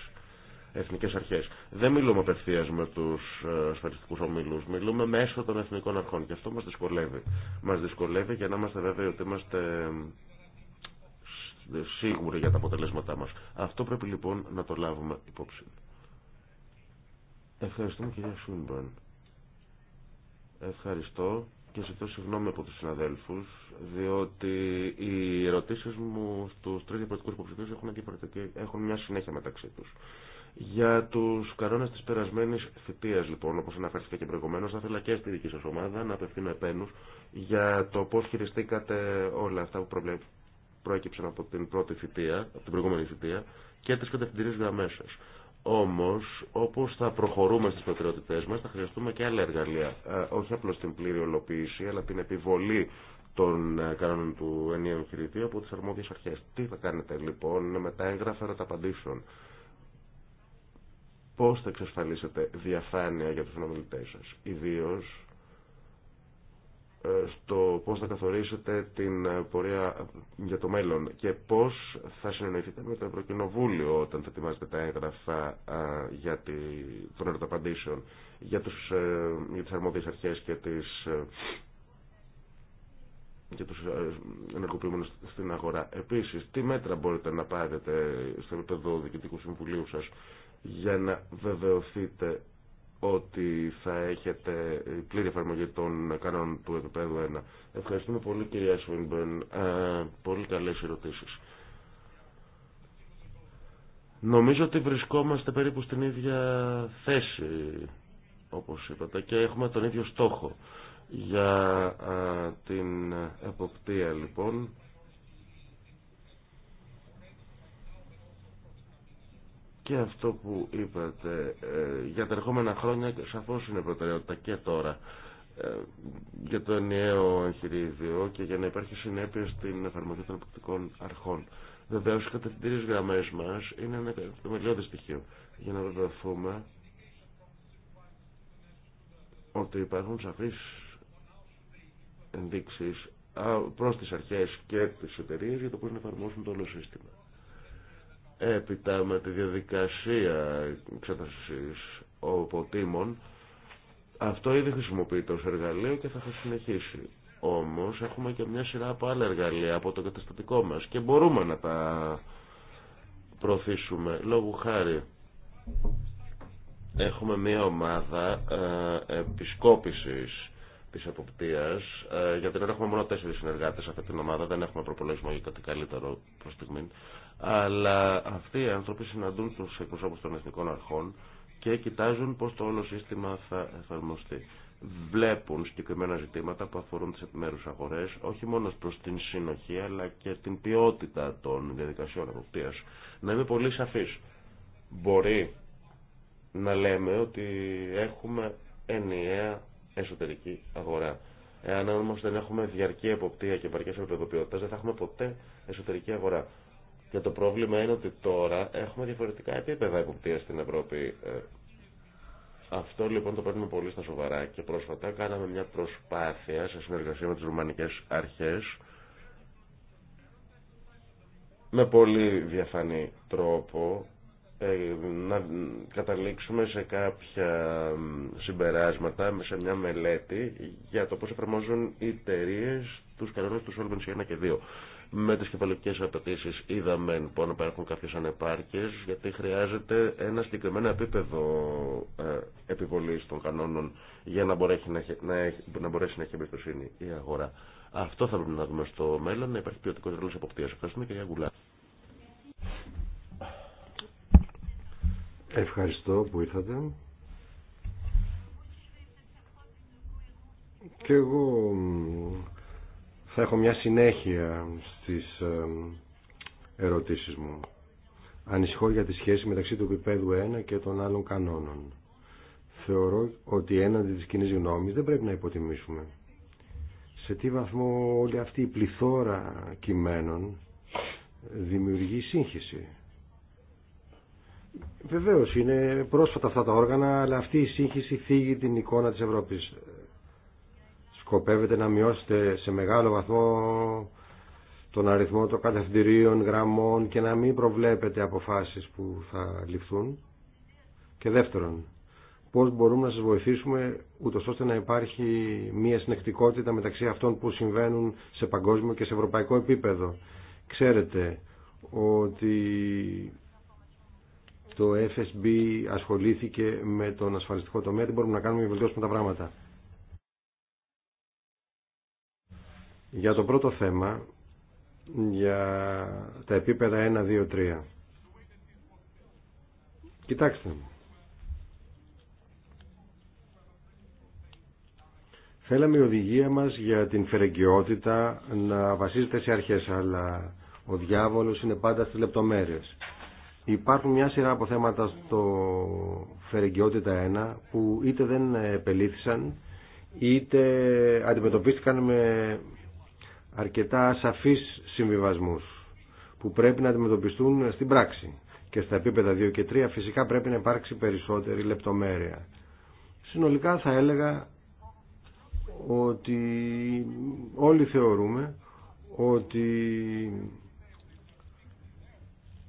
εθνικές αρχές. Δεν μιλούμε απευθεία με τους ε, ασφαλιστικούς ομίλους, μιλούμε μέσω των εθνικών αρχών και αυτό μας δυσκολεύει. Μας δυσκολεύει για να είμαστε βέβαιοι ότι είμαστε ε, σίγουροι για τα αποτελέσματά μας. Αυτό πρέπει λοιπόν να το λάβουμε υπόψη. Ευχαριστούμε κυρία Σούιμπαν. Ευχαριστώ και ζητώ συγγνώμη από τους συναδέλφους, διότι οι ερωτήσεις μου στους τρεις διαφορετικούς υποψηφίους έχουν, έχουν μια συνέχεια μεταξύ τους. Για του κανόνε τη περασμένη θητείας, λοιπόν, όπω αναφέρθηκε και προηγουμένω, θα ήθελα και στη δική σας ομάδα να απευθύνω επένους για το πώς χειριστήκατε όλα αυτά που προέκυψαν από την πρώτη θητεία, από την προηγούμενη θητεία και τις κατευθυντήριε γραμμές σας. Όμως, όπως θα προχωρούμε στις προτεραιότητέ μας, θα χρειαστούμε και άλλα εργαλεία. Ε, όχι απλώς την πλήρη ολοποίηση, αλλά την επιβολή των ε, κανόνων του ενιαίου χειριτή από τις αρμόδιες αρχές. Τι θα κάνετε λοιπόν με τα έγγραφα τα απαντήσεων. Πώς θα εξασφαλίσετε διαφάνεια για τους συνομιλητές σας, ιδίως ε, στο πώς θα καθορίσετε την ε, πορεία ε, για το μέλλον και πώς θα συνεννοηθείτε με το Ευρωκοινοβούλιο όταν θα ετοιμάζετε τα έγγραφα για τη, των ερωταπαντήσεων για, τους, για τις αρμόδιες αρχές και τις και τους ενεργοποιούμενους στην αγορά. Επίσης, τι μέτρα μπορείτε να πάρετε στο επίπεδο Διοικητικού Συμβουλίου σας για να βεβαιωθείτε ότι θα έχετε πλήρη εφαρμογή των κανόνων του επίπεδου 1. Ευχαριστούμε πολύ κυρία Σουίνμπεν. Ε, πολύ καλές ερωτήσεις. Νομίζω ότι βρισκόμαστε περίπου στην ίδια θέση, όπως είπατε, και έχουμε τον ίδιο στόχο για ε, την εποπτεία, λοιπόν. Και αυτό που είπατε ε, για τα ερχόμενα χρόνια σαφώς είναι προτεραιότητα και τώρα ε, για το ενιαίο εγχειρίδιο και για να υπάρχει συνέπεια στην εφαρμογή των αποκτικών αρχών. Βεβαίω, οι κατευθυντήριε γραμμέ μα είναι ένα θεμελιώδη στοιχείο για να βεβαιωθούμε ότι υπάρχουν σαφεί ενδείξει προ τι αρχέ και τι εταιρείε για το πώ να εφαρμόσουν το όλο σύστημα. Έπειτα με τη διαδικασία εξέτασης οποτήμων, αυτό ήδη χρησιμοποιείται ως εργαλείο και θα, θα συνεχίσει. Όμως έχουμε και μια σειρά από άλλα εργαλεία από το καταστατικό μας και μπορούμε να τα προωθήσουμε. Λόγου χάρη έχουμε μια ομάδα ε, επισκόπησης της εποπτείας. Ε, για έχουμε μόνο τέσσερις συνεργάτες σε αυτή την ομάδα, δεν έχουμε προπολογισμό για κάτι καλύτερο προς στιγμή αλλά αυτοί οι άνθρωποι συναντούν του εκπροσώπους των εθνικών αρχών και κοιτάζουν πώ το όλο σύστημα θα εφαρμοστεί. Βλέπουν συγκεκριμένα ζητήματα που αφορούν τι επιμέρου αγορέ, όχι μόνο προ την συνοχή, αλλά και την ποιότητα των διαδικασιών αποκτία. Να είμαι πολύ σαφή. Μπορεί να λέμε ότι έχουμε ενιαία εσωτερική αγορά. Εάν όμω δεν έχουμε διαρκή εποπτεία και βαριέ επίπεδο δεν θα έχουμε ποτέ εσωτερική αγορά. Και το πρόβλημα είναι ότι τώρα έχουμε διαφορετικά επίπεδα εποπτείας στην Ευρώπη. Ε, αυτό λοιπόν το παίρνουμε πολύ στα σοβαρά και πρόσφατα κάναμε μια προσπάθεια σε συνεργασία με τις ρουμανικές αρχές με πολύ διαφανή τρόπο ε, να καταλήξουμε σε κάποια συμπεράσματα σε μια μελέτη για το πώς εφαρμόζουν οι εταιρείε τους κανόνες του Solvency 1 και 2 με τις κεφαλικές απαιτήσει είδαμε που αν λοιπόν, υπάρχουν κάποιες ανεπάρκειες γιατί χρειάζεται ένα συγκεκριμένο επίπεδο ε, επιβολής των κανόνων για να μπορέσει να έχει, να μπορέσει να έχει εμπιστοσύνη η αγορά. Αυτό θα πρέπει να δούμε στο μέλλον, να υπάρχει ποιοτικό ρόλο εποπτείας. Ευχαριστούμε κυρία Γκουλά. Ευχαριστώ που ήρθατε. Και εγώ θα έχω μια συνέχεια στις ε, ερωτήσεις μου. Ανησυχώ για τη σχέση μεταξύ του επίπεδου 1 και των άλλων κανόνων. Θεωρώ ότι έναντι της κοινή γνώμης δεν πρέπει να υποτιμήσουμε. Σε τι βαθμό όλη αυτή η πληθώρα κειμένων δημιουργεί σύγχυση. Βεβαίως, είναι πρόσφατα αυτά τα όργανα, αλλά αυτή η σύγχυση θίγει την εικόνα της Ευρώπης σκοπεύετε να μειώσετε σε μεγάλο βαθμό τον αριθμό των κατευθυντηρίων γραμμών και να μην προβλέπετε αποφάσεις που θα ληφθούν. Και δεύτερον, πώς μπορούμε να σας βοηθήσουμε ούτως ώστε να υπάρχει μια συνεκτικότητα μεταξύ αυτών που συμβαίνουν σε παγκόσμιο και σε ευρωπαϊκό επίπεδο. Ξέρετε ότι το FSB ασχολήθηκε με τον ασφαλιστικό τομέα, τι μπορούμε να κάνουμε να βελτιώσουμε τα πράγματα. Για το πρώτο θέμα, για τα επίπεδα 1, 2, 3. Κοιτάξτε. Θέλαμε η οδηγία μας για την φερεγκαιότητα να βασίζεται σε αρχές, αλλά ο διάβολος είναι πάντα στις λεπτομέρειες. Υπάρχουν μια σειρά από θέματα στο φερεγκαιότητα 1 που είτε δεν επελήθησαν είτε αντιμετωπίστηκαν με αρκετά ασαφείς συμβιβασμούς που πρέπει να αντιμετωπιστούν στην πράξη και στα επίπεδα 2 και 3 φυσικά πρέπει να υπάρξει περισσότερη λεπτομέρεια. Συνολικά θα έλεγα ότι όλοι θεωρούμε ότι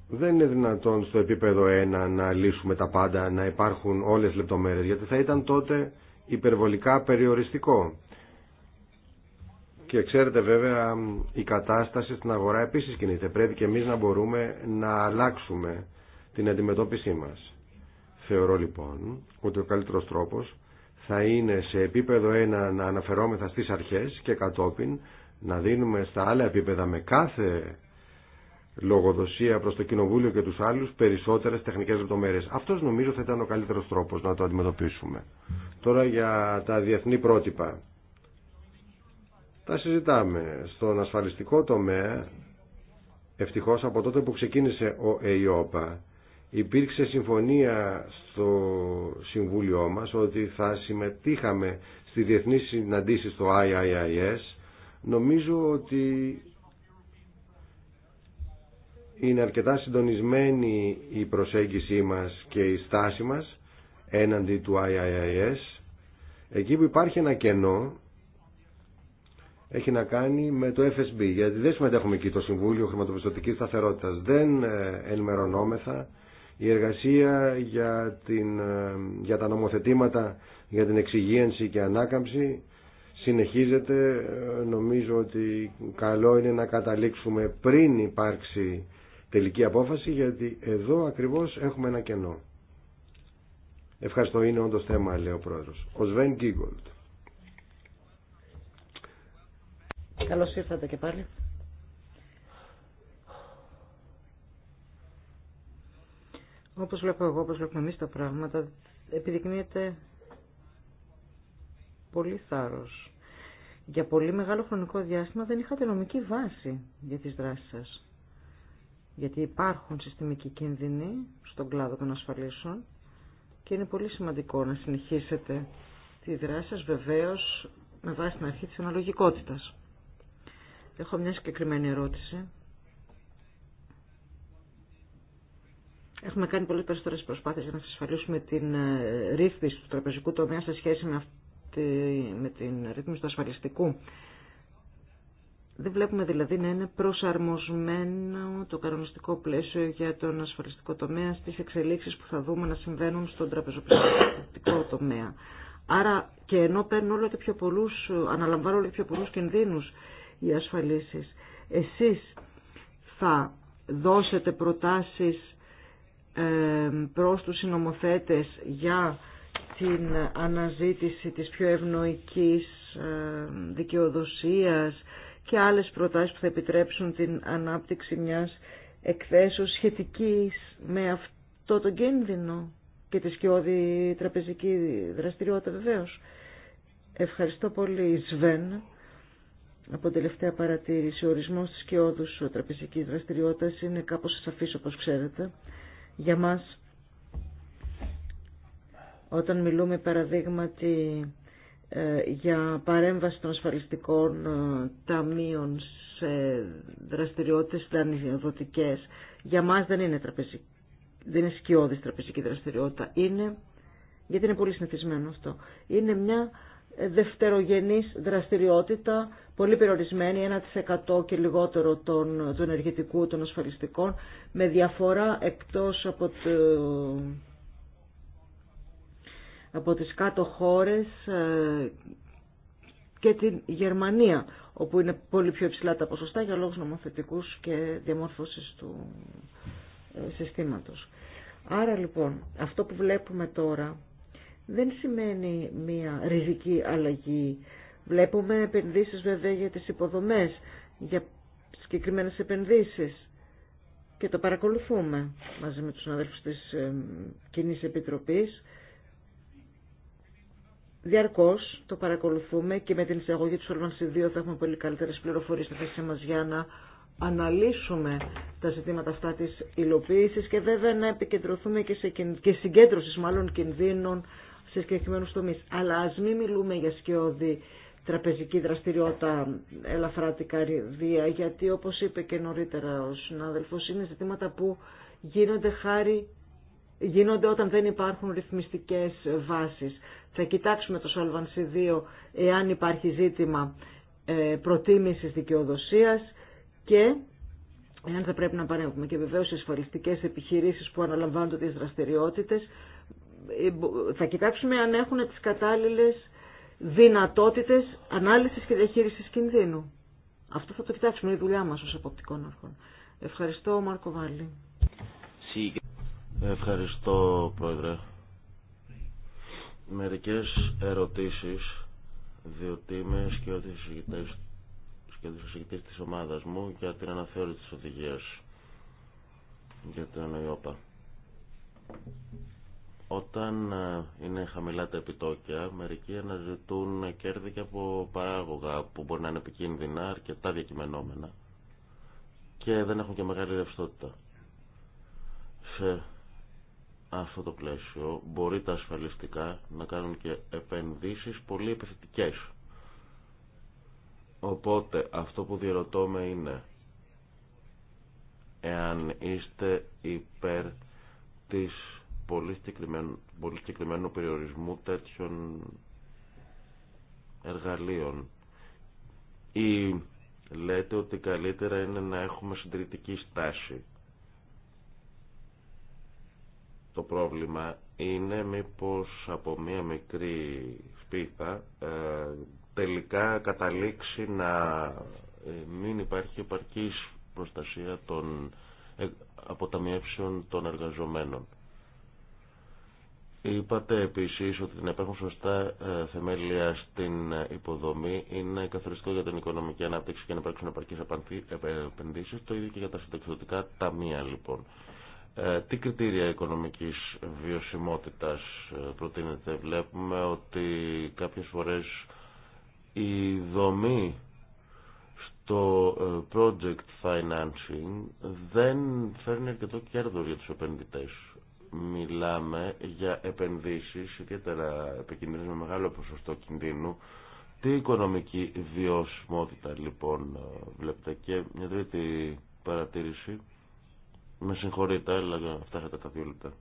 δεν είναι δυνατόν στο επίπεδο 1 να λύσουμε τα πάντα, να υπάρχουν όλες λεπτομέρειες, γιατί θα ήταν τότε υπερβολικά περιοριστικό. Και ξέρετε βέβαια η κατάσταση στην αγορά επίσης κινείται. Πρέπει και εμείς να μπορούμε να αλλάξουμε την αντιμετώπιση μας. Θεωρώ λοιπόν ότι ο καλύτερος τρόπος θα είναι σε επίπεδο ένα να αναφερόμεθα στις αρχές και κατόπιν να δίνουμε στα άλλα επίπεδα με κάθε λογοδοσία προς το Κοινοβούλιο και τους άλλους περισσότερες τεχνικές λεπτομέρειε. Αυτός νομίζω θα ήταν ο καλύτερος τρόπος να το αντιμετωπίσουμε. Τώρα για τα διεθνή πρότυπα τα συζητάμε. Στον ασφαλιστικό τομέα, ευτυχώς από τότε που ξεκίνησε ο ΕΙΟΠΑ, υπήρξε συμφωνία στο Συμβούλιο μας ότι θα συμμετείχαμε στη διεθνή συναντήση στο IIIS. Νομίζω ότι είναι αρκετά συντονισμένη η προσέγγιση μας και η στάση μας έναντι του IIIS. Εκεί που υπάρχει ένα κενό έχει να κάνει με το FSB, γιατί δεν συμμετέχουμε εκεί το Συμβούλιο Χρηματοπιστωτικής Σταθερότητας. Δεν ε, ενημερωνόμεθα. Η εργασία για, την, ε, για τα νομοθετήματα για την εξυγίανση και ανάκαμψη συνεχίζεται. Ε, νομίζω ότι καλό είναι να καταλήξουμε πριν υπάρξει τελική απόφαση, γιατί εδώ ακριβώς έχουμε ένα κενό. Ευχαριστώ, είναι όντως θέμα, λέει ο Πρόεδρος. Ο Σβέν Γκίγκολτ. Καλώς ήρθατε και πάλι. Όπως βλέπω εγώ, όπως βλέπουμε εμείς τα πράγματα, επιδεικνύεται πολύ θάρρος. Για πολύ μεγάλο χρονικό διάστημα δεν είχατε νομική βάση για τις δράσεις σας. Γιατί υπάρχουν συστημικοί κίνδυνοι στον κλάδο των ασφαλίσεων και είναι πολύ σημαντικό να συνεχίσετε τη δράση σας βεβαίως με βάση την αρχή της αναλογικότητας. Έχω μια συγκεκριμένη ερώτηση. Έχουμε κάνει πολλές περισσότερες προσπάθειες για να εξασφαλίσουμε την ε, ρύθμιση του τραπεζικού τομέα σε σχέση με, αυτή, με την ρύθμιση του ασφαλιστικού. Δεν βλέπουμε δηλαδή να είναι προσαρμοσμένο το κανονιστικό πλαίσιο για τον ασφαλιστικό τομέα στις εξελίξεις που θα δούμε να συμβαίνουν στον τραπεζοπιστικό τομέα. Άρα και ενώ παίρνω όλο και πιο πολλούς, αναλαμβάνω όλο και πιο πολλούς κινδύνους οι ασφαλίσεις. Εσείς θα δώσετε προτάσεις προς τους συνομοθέτες για την αναζήτηση της πιο ευνοϊκής δικαιοδοσίας και άλλες προτάσεις που θα επιτρέψουν την ανάπτυξη μιας εκθέσεως σχετικής με αυτό το κίνδυνο και τη σκιώδη τραπεζική δραστηριότητα βεβαίως. Ευχαριστώ πολύ Σβέν από τελευταία παρατήρηση, ο ορισμός της κοιόδους τραπεζικής δραστηριότητας είναι κάπως σαφής όπως ξέρετε. Για μας, όταν μιλούμε παραδείγματι ε, για παρέμβαση των ασφαλιστικών ε, ταμείων σε δραστηριότητες δανειοδοτικές, για μας δεν είναι, τραπεζική, δεν είναι σκιώδης τραπεζική δραστηριότητα. Είναι, γιατί είναι πολύ συνηθισμένο αυτό, είναι μια δευτερογενής δραστηριότητα, πολύ περιορισμένη, 1% και λιγότερο των, του ενεργητικού, των ασφαλιστικών, με διαφορά εκτός από, το, από τις κάτω χώρες ε, και την Γερμανία, όπου είναι πολύ πιο υψηλά τα ποσοστά για λόγους νομοθετικούς και διαμόρφωσης του ε, συστήματος. Άρα λοιπόν, αυτό που βλέπουμε τώρα δεν σημαίνει μία ριζική αλλαγή. Βλέπουμε επενδύσεις βέβαια για τις υποδομές, για συγκεκριμένες επενδύσεις και το παρακολουθούμε μαζί με τους αδέλφους της ε, Κοινής Επιτροπής. Διαρκώς το παρακολουθούμε και με την εισαγωγή του ΟΡΜΑΝΣΗ 2 θα έχουμε πολύ καλύτερες πληροφορίες στη θέση μας για να αναλύσουμε τα ζητήματα αυτά της υλοποίησης και βέβαια να επικεντρωθούμε και, σε, και συγκέντρωσης μάλλον κινδύνων σε συγκεκριμένου τομεί. Αλλά α μην μιλούμε για σκιώδη τραπεζική δραστηριότητα ελαφρά την καρδία, γιατί όπω είπε και νωρίτερα ο συνάδελφο είναι ζητήματα που γίνονται χάρη γίνονται όταν δεν υπάρχουν ρυθμιστικές βάσεις. Θα κοιτάξουμε το Solvency 2 εάν υπάρχει ζήτημα ε, προτίμησης δικαιοδοσίας και εάν θα πρέπει να παρέχουμε και βεβαίως οι ασφαλιστικές επιχειρήσεις που αναλαμβάνονται τις δραστηριότητες ε, θα κοιτάξουμε αν έχουν τις κατάλληλες δυνατότητες ανάλυσης και διαχείρισης κινδύνου. Αυτό θα το κοιτάξουμε, η δουλειά μας ως αποπτικών αρχών. Ευχαριστώ, Μάρκο Βάλλη. Ευχαριστώ, Πρόεδρε. Μερικές ερωτήσεις, διότι είμαι ο εισηγητής της ομάδας μου για την αναθεώρηση της οδηγίας για την ΕΟΠΑ. Όταν ε, είναι χαμηλά τα επιτόκια, μερικοί αναζητούν κέρδη και από παράγωγα που μπορεί να είναι επικίνδυνα, αρκετά διακειμενόμενα και δεν έχουν και μεγάλη ρευστότητα. Σε αυτό το πλαίσιο μπορεί τα ασφαλιστικά να κάνουν και επενδύσεις πολύ επιθετικές. Οπότε αυτό που διερωτώ είναι εάν είστε υπέρ της πολύ συγκεκριμένου, πολύ περιορισμού τέτοιων εργαλείων. Ή λέτε ότι καλύτερα είναι να έχουμε συντηρητική στάση. Το πρόβλημα είναι μήπως από μία μικρή σπίθα ε, τελικά καταλήξει να ε, μην υπάρχει επαρκής προστασία των ε, αποταμιεύσεων των εργαζομένων. Είπατε επίσης ότι να υπάρχουν σωστά ε, θεμέλια στην ε, υποδομή είναι καθοριστικό για την οικονομική ανάπτυξη και να υπάρξουν επαρκείς επενδύσεις, το ίδιο και για τα συνταξιδοτικά ταμεία λοιπόν. Ε, τι κριτήρια οικονομικής βιωσιμότητας προτείνεται. Βλέπουμε ότι κάποιες φορές η δομή στο project financing δεν φέρνει αρκετό κέρδο για τους επενδυτές μιλάμε για επενδύσεις, ιδιαίτερα επικίνδυνες με μεγάλο ποσοστό κινδύνου. Τι οικονομική βιωσιμότητα λοιπόν ε, βλέπετε και μια τρίτη παρατήρηση. Με συγχωρείτε, αλλά φτάσατε τα δύο λεπτά.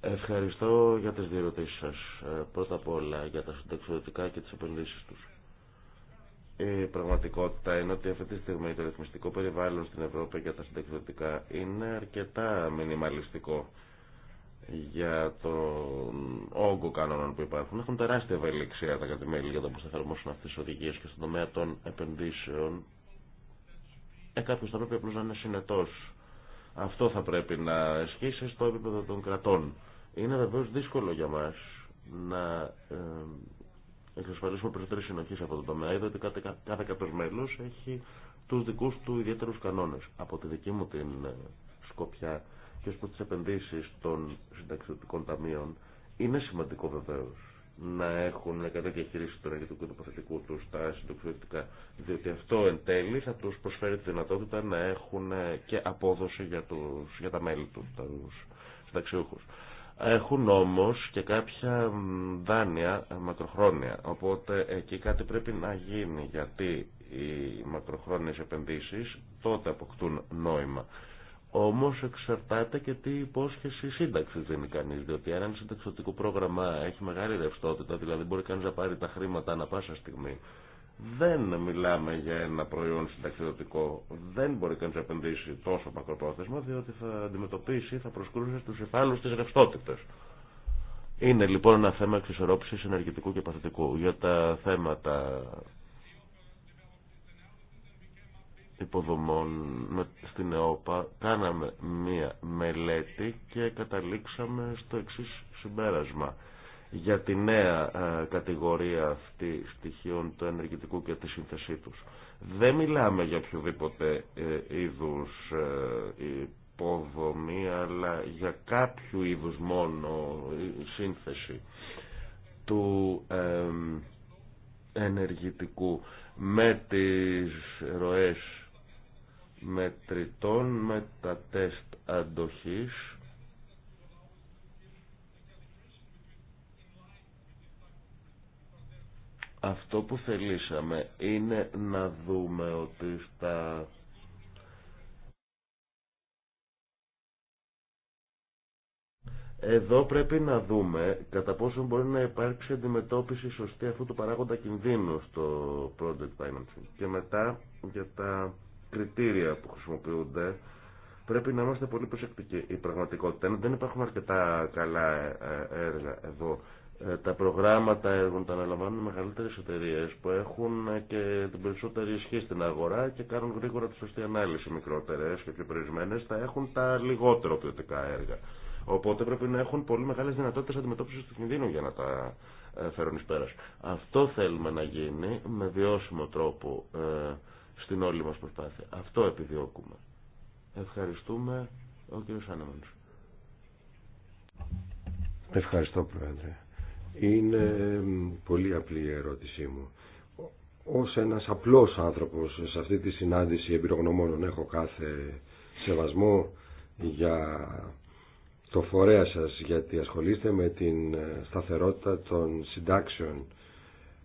Ευχαριστώ για τις διερωτήσεις σας. Ε, πρώτα απ' όλα για τα συντεξοδοτικά και τις επενδύσεις τους. Η πραγματικότητα είναι ότι αυτή τη στιγμή το ρυθμιστικό περιβάλλον στην Ευρώπη για τα συνταξιδοτικά είναι αρκετά μινιμαλιστικό για τον όγκο κανόνων που υπάρχουν. Έχουν τεράστια ευελιξία τα κατημέλη για το πώ θα εφαρμόσουν αυτέ τι οδηγίε και στον τομέα των επενδύσεων. Ε, κάποιο θα πρέπει απλώ να είναι συνετό. Αυτό θα πρέπει να ισχύσει στο επίπεδο των κρατών. Είναι βεβαίω δύσκολο για μα να ε, εξασφαλίσουμε περισσότερη συνοχή σε αυτό το τομέα. Είδα ότι κάθε, κάθε μέλο έχει του δικού του ιδιαίτερου κανόνε. Από τη δική μου την ε, σκοπιά και ω προ τι επενδύσει των συνταξιδοτικών ταμείων, είναι σημαντικό βεβαίω να έχουν κατά καλή διαχείριση του ενεργητικού του του στα συνταξιωτικά, διότι αυτό εν τέλει θα του προσφέρει τη δυνατότητα να έχουν ε, και απόδοση για, τους, για τα μέλη του, του συνταξιούχου. Έχουν όμως και κάποια δάνεια ε, μακροχρόνια, οπότε εκεί κάτι πρέπει να γίνει, γιατί οι μακροχρόνιες επενδύσεις τότε αποκτούν νόημα. Όμως εξαρτάται και τι υπόσχεση σύνταξη δίνει κανείς. Διότι αν ένα συνταξιωτικό πρόγραμμα έχει μεγάλη ρευστότητα, δηλαδή μπορεί κανείς να πάρει τα χρήματα ανά πάσα στιγμή, δεν μιλάμε για ένα προϊόν συνταξιδοτικό. Δεν μπορεί κανεί να επενδύσει τόσο μακροπρόθεσμα, διότι θα αντιμετωπίσει, θα προσκρούσε στους υφάλου τη ρευστότητα. Είναι λοιπόν ένα θέμα εξισορρόπησης ενεργητικού και παθητικού. Για τα θέματα υποδομών στην ΕΟΠΑ κάναμε μία μελέτη και καταλήξαμε στο εξή συμπέρασμα για τη νέα ε, κατηγορία αυτή στοιχείων του ενεργητικού και τη σύνθεσή τους. Δεν μιλάμε για οποιοδήποτε ε, είδους ε, υποδομή, αλλά για κάποιο είδους μόνο σύνθεση του ενεργητικού με τις ροές μετρητών, με τα τεστ αντοχής Αυτό που θελήσαμε είναι να δούμε ότι στα Εδώ πρέπει να δούμε κατά πόσο μπορεί να υπάρξει αντιμετώπιση σωστή αυτού του παράγοντα κινδύνου στο project financing. Και μετά για τα κριτήρια που χρησιμοποιούνται πρέπει να είμαστε πολύ προσεκτικοί. Η πραγματικότητα είναι ότι δεν υπάρχουν αρκετά καλά ε, ε, έργα εδώ ε, τα προγράμματα έργων τα αναλαμβάνουν οι μεγαλύτερε εταιρείε που έχουν ε, και την περισσότερη ισχύ στην αγορά και κάνουν γρήγορα τη σωστή ανάλυση. Μικρότερε και πιο περιορισμένε θα έχουν τα λιγότερο ποιοτικά έργα. Οπότε πρέπει να έχουν πολύ μεγάλε δυνατότητε αντιμετώπιση του κινδύνου για να τα ε, φέρουν ει πέρα. Αυτό θέλουμε να γίνει με βιώσιμο τρόπο στην όλη μα προσπάθεια. Αυτό επιδιώκουμε. Ευχαριστούμε ο κ. Σάνεμαν. Ευχαριστώ, Πρόεδρε. Είναι πολύ απλή η ερώτησή μου. Ως ένας απλός άνθρωπος σε αυτή τη συνάντηση εμπειρογνωμόνων έχω κάθε σεβασμό για το φορέα σας γιατί ασχολείστε με την ε, σταθερότητα των συντάξεων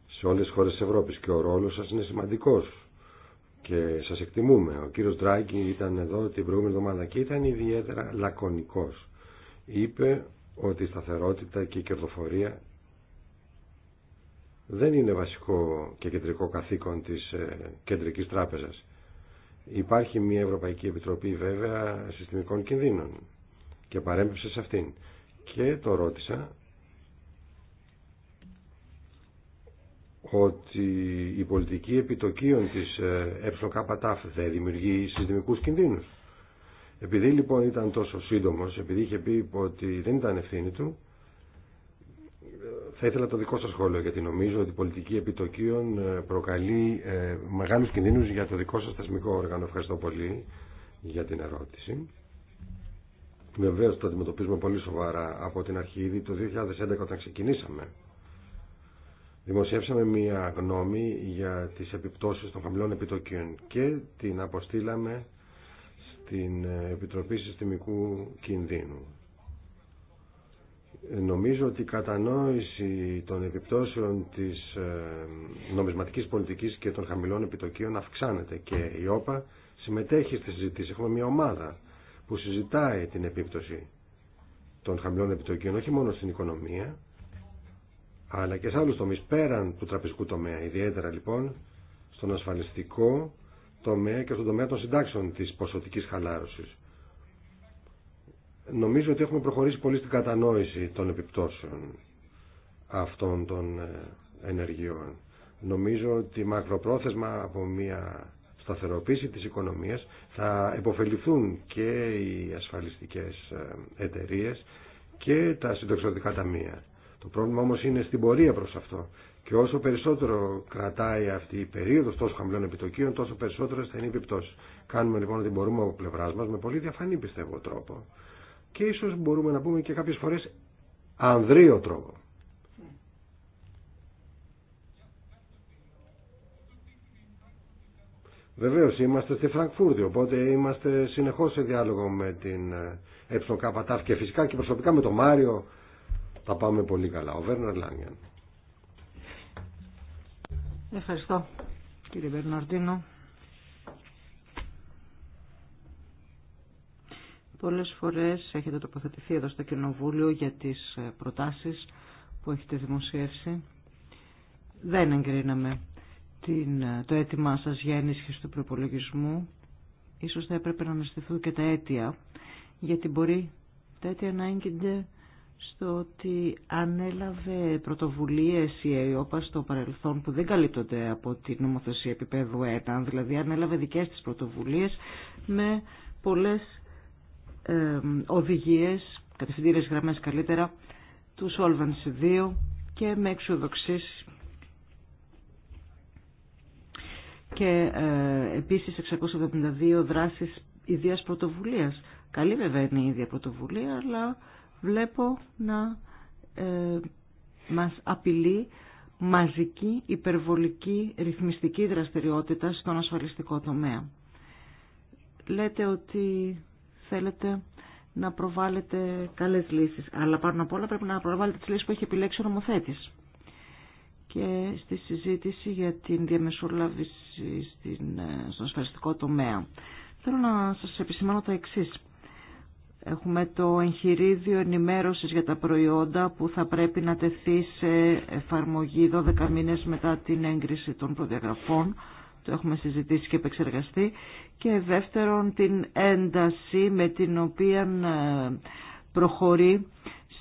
σε όλες τις χώρες της Ευρώπης και ο ρόλος σας είναι σημαντικός και σας εκτιμούμε. Ο κύριος Ντράγκη ήταν εδώ την προηγούμενη εβδομάδα και ήταν ιδιαίτερα λακωνικός. Είπε ότι η σταθερότητα και η κερδοφορία δεν είναι βασικό και κεντρικό καθήκον της ε, Κεντρικής Τράπεζας. Υπάρχει μια Ευρωπαϊκή Επιτροπή βέβαια συστημικών κινδύνων και παρέμπεψε σε αυτήν. Και το ρώτησα ότι η πολιτική επιτοκίων της ε, ΕΚΤΑΦ δεν δημιουργεί συστημικούς κινδύνους. Επειδή λοιπόν ήταν τόσο σύντομος, επειδή είχε πει ότι δεν ήταν ευθύνη του, θα ήθελα το δικό σας σχόλιο γιατί νομίζω ότι η πολιτική επιτοκίων ε, προκαλεί ε, μεγάλους κινδύνους για το δικό σας θεσμικό όργανο. Ευχαριστώ πολύ για την ερώτηση. Βεβαίω το αντιμετωπίζουμε πολύ σοβαρά από την αρχή ήδη το 2011 όταν ξεκινήσαμε. Δημοσιεύσαμε μια γνώμη για τις επιπτώσεις των χαμηλών επιτοκίων και την αποστήλαμε στην ε, Επιτροπή Συστημικού Κινδύνου. Νομίζω ότι η κατανόηση των επιπτώσεων της ε, νομισματικής πολιτικής και των χαμηλών επιτοκίων αυξάνεται και η ΟΠΑ συμμετέχει στη συζήτηση. Έχουμε μια ομάδα που συζητάει την επίπτωση των χαμηλών επιτοκίων όχι μόνο στην οικονομία αλλά και σε άλλους τομείς πέραν του τραπεζικού τομέα, ιδιαίτερα λοιπόν στον ασφαλιστικό τομέα και στον τομέα των συντάξεων της ποσοτικής χαλάρωσης. Νομίζω ότι έχουμε προχωρήσει πολύ στην κατανόηση των επιπτώσεων αυτών των ε, ενεργειών. Νομίζω ότι μακροπρόθεσμα από μια σταθεροποίηση της οικονομίας θα επωφεληθούν και οι ασφαλιστικές ε, εταιρείες και τα συντοξιωτικά ταμεία. Το πρόβλημα όμως είναι στην πορεία προς αυτό. Και όσο περισσότερο κρατάει αυτή η περίοδος τόσο χαμηλών επιτοκίων, τόσο περισσότερο θα είναι οι επιπτώσεις. Κάνουμε λοιπόν ότι μπορούμε από πλευρά μας με πολύ διαφανή πιστεύω τρόπο και ίσως μπορούμε να πούμε και κάποιες φορές ανδρείο τρόπο. Βεβαίως είμαστε στη Φραγκφούρδη, οπότε είμαστε συνεχώς σε διάλογο με την ΕΚΤ και φυσικά και προσωπικά με τον Μάριο τα πάμε πολύ καλά. Ο Βέρναρ Λάνιαν. Ευχαριστώ κύριε Βερναρντίνο. Πολλές φορές έχετε τοποθετηθεί εδώ στο Κοινοβούλιο για τις ε, προτάσεις που έχετε δημοσιεύσει. Δεν εγκρίναμε την, ε, το αίτημά σας για ενίσχυση του προπολογισμού. Ίσως θα έπρεπε να αναστηθούν και τα αίτια, γιατί μπορεί τα αίτια να έγκυνται στο ότι ανέλαβε πρωτοβουλίες η ΕΙΟΠΑ στο παρελθόν που δεν καλύπτονται από την νομοθεσία επίπεδου 1, δηλαδή ανέλαβε δικές της πρωτοβουλίες με πολλές οδηγίες, κατευθυντήριες γραμμές καλύτερα, του Solvency 2 και με εξουδοξής και ε, επίσης 672 δράσεις ιδίας πρωτοβουλίας. Καλή βέβαια είναι η ίδια πρωτοβουλία, αλλά βλέπω να ε, μας απειλεί μαζική υπερβολική ρυθμιστική δραστηριότητα στον ασφαλιστικό τομέα. Λέτε ότι θέλετε να προβάλλετε καλές λύσεις. Αλλά πάνω απ' όλα πρέπει να προβάλλετε τις λύσεις που έχει επιλέξει ο νομοθέτης. Και στη συζήτηση για την διαμεσολάβηση στην, στον ασφαλιστικό τομέα. Θέλω να σας επισημάνω τα εξής. Έχουμε το εγχειρίδιο ενημέρωσης για τα προϊόντα που θα πρέπει να τεθεί σε εφαρμογή 12 μήνες μετά την έγκριση των προδιαγραφών το έχουμε συζητήσει και επεξεργαστεί και δεύτερον την ένταση με την οποία ε, προχωρεί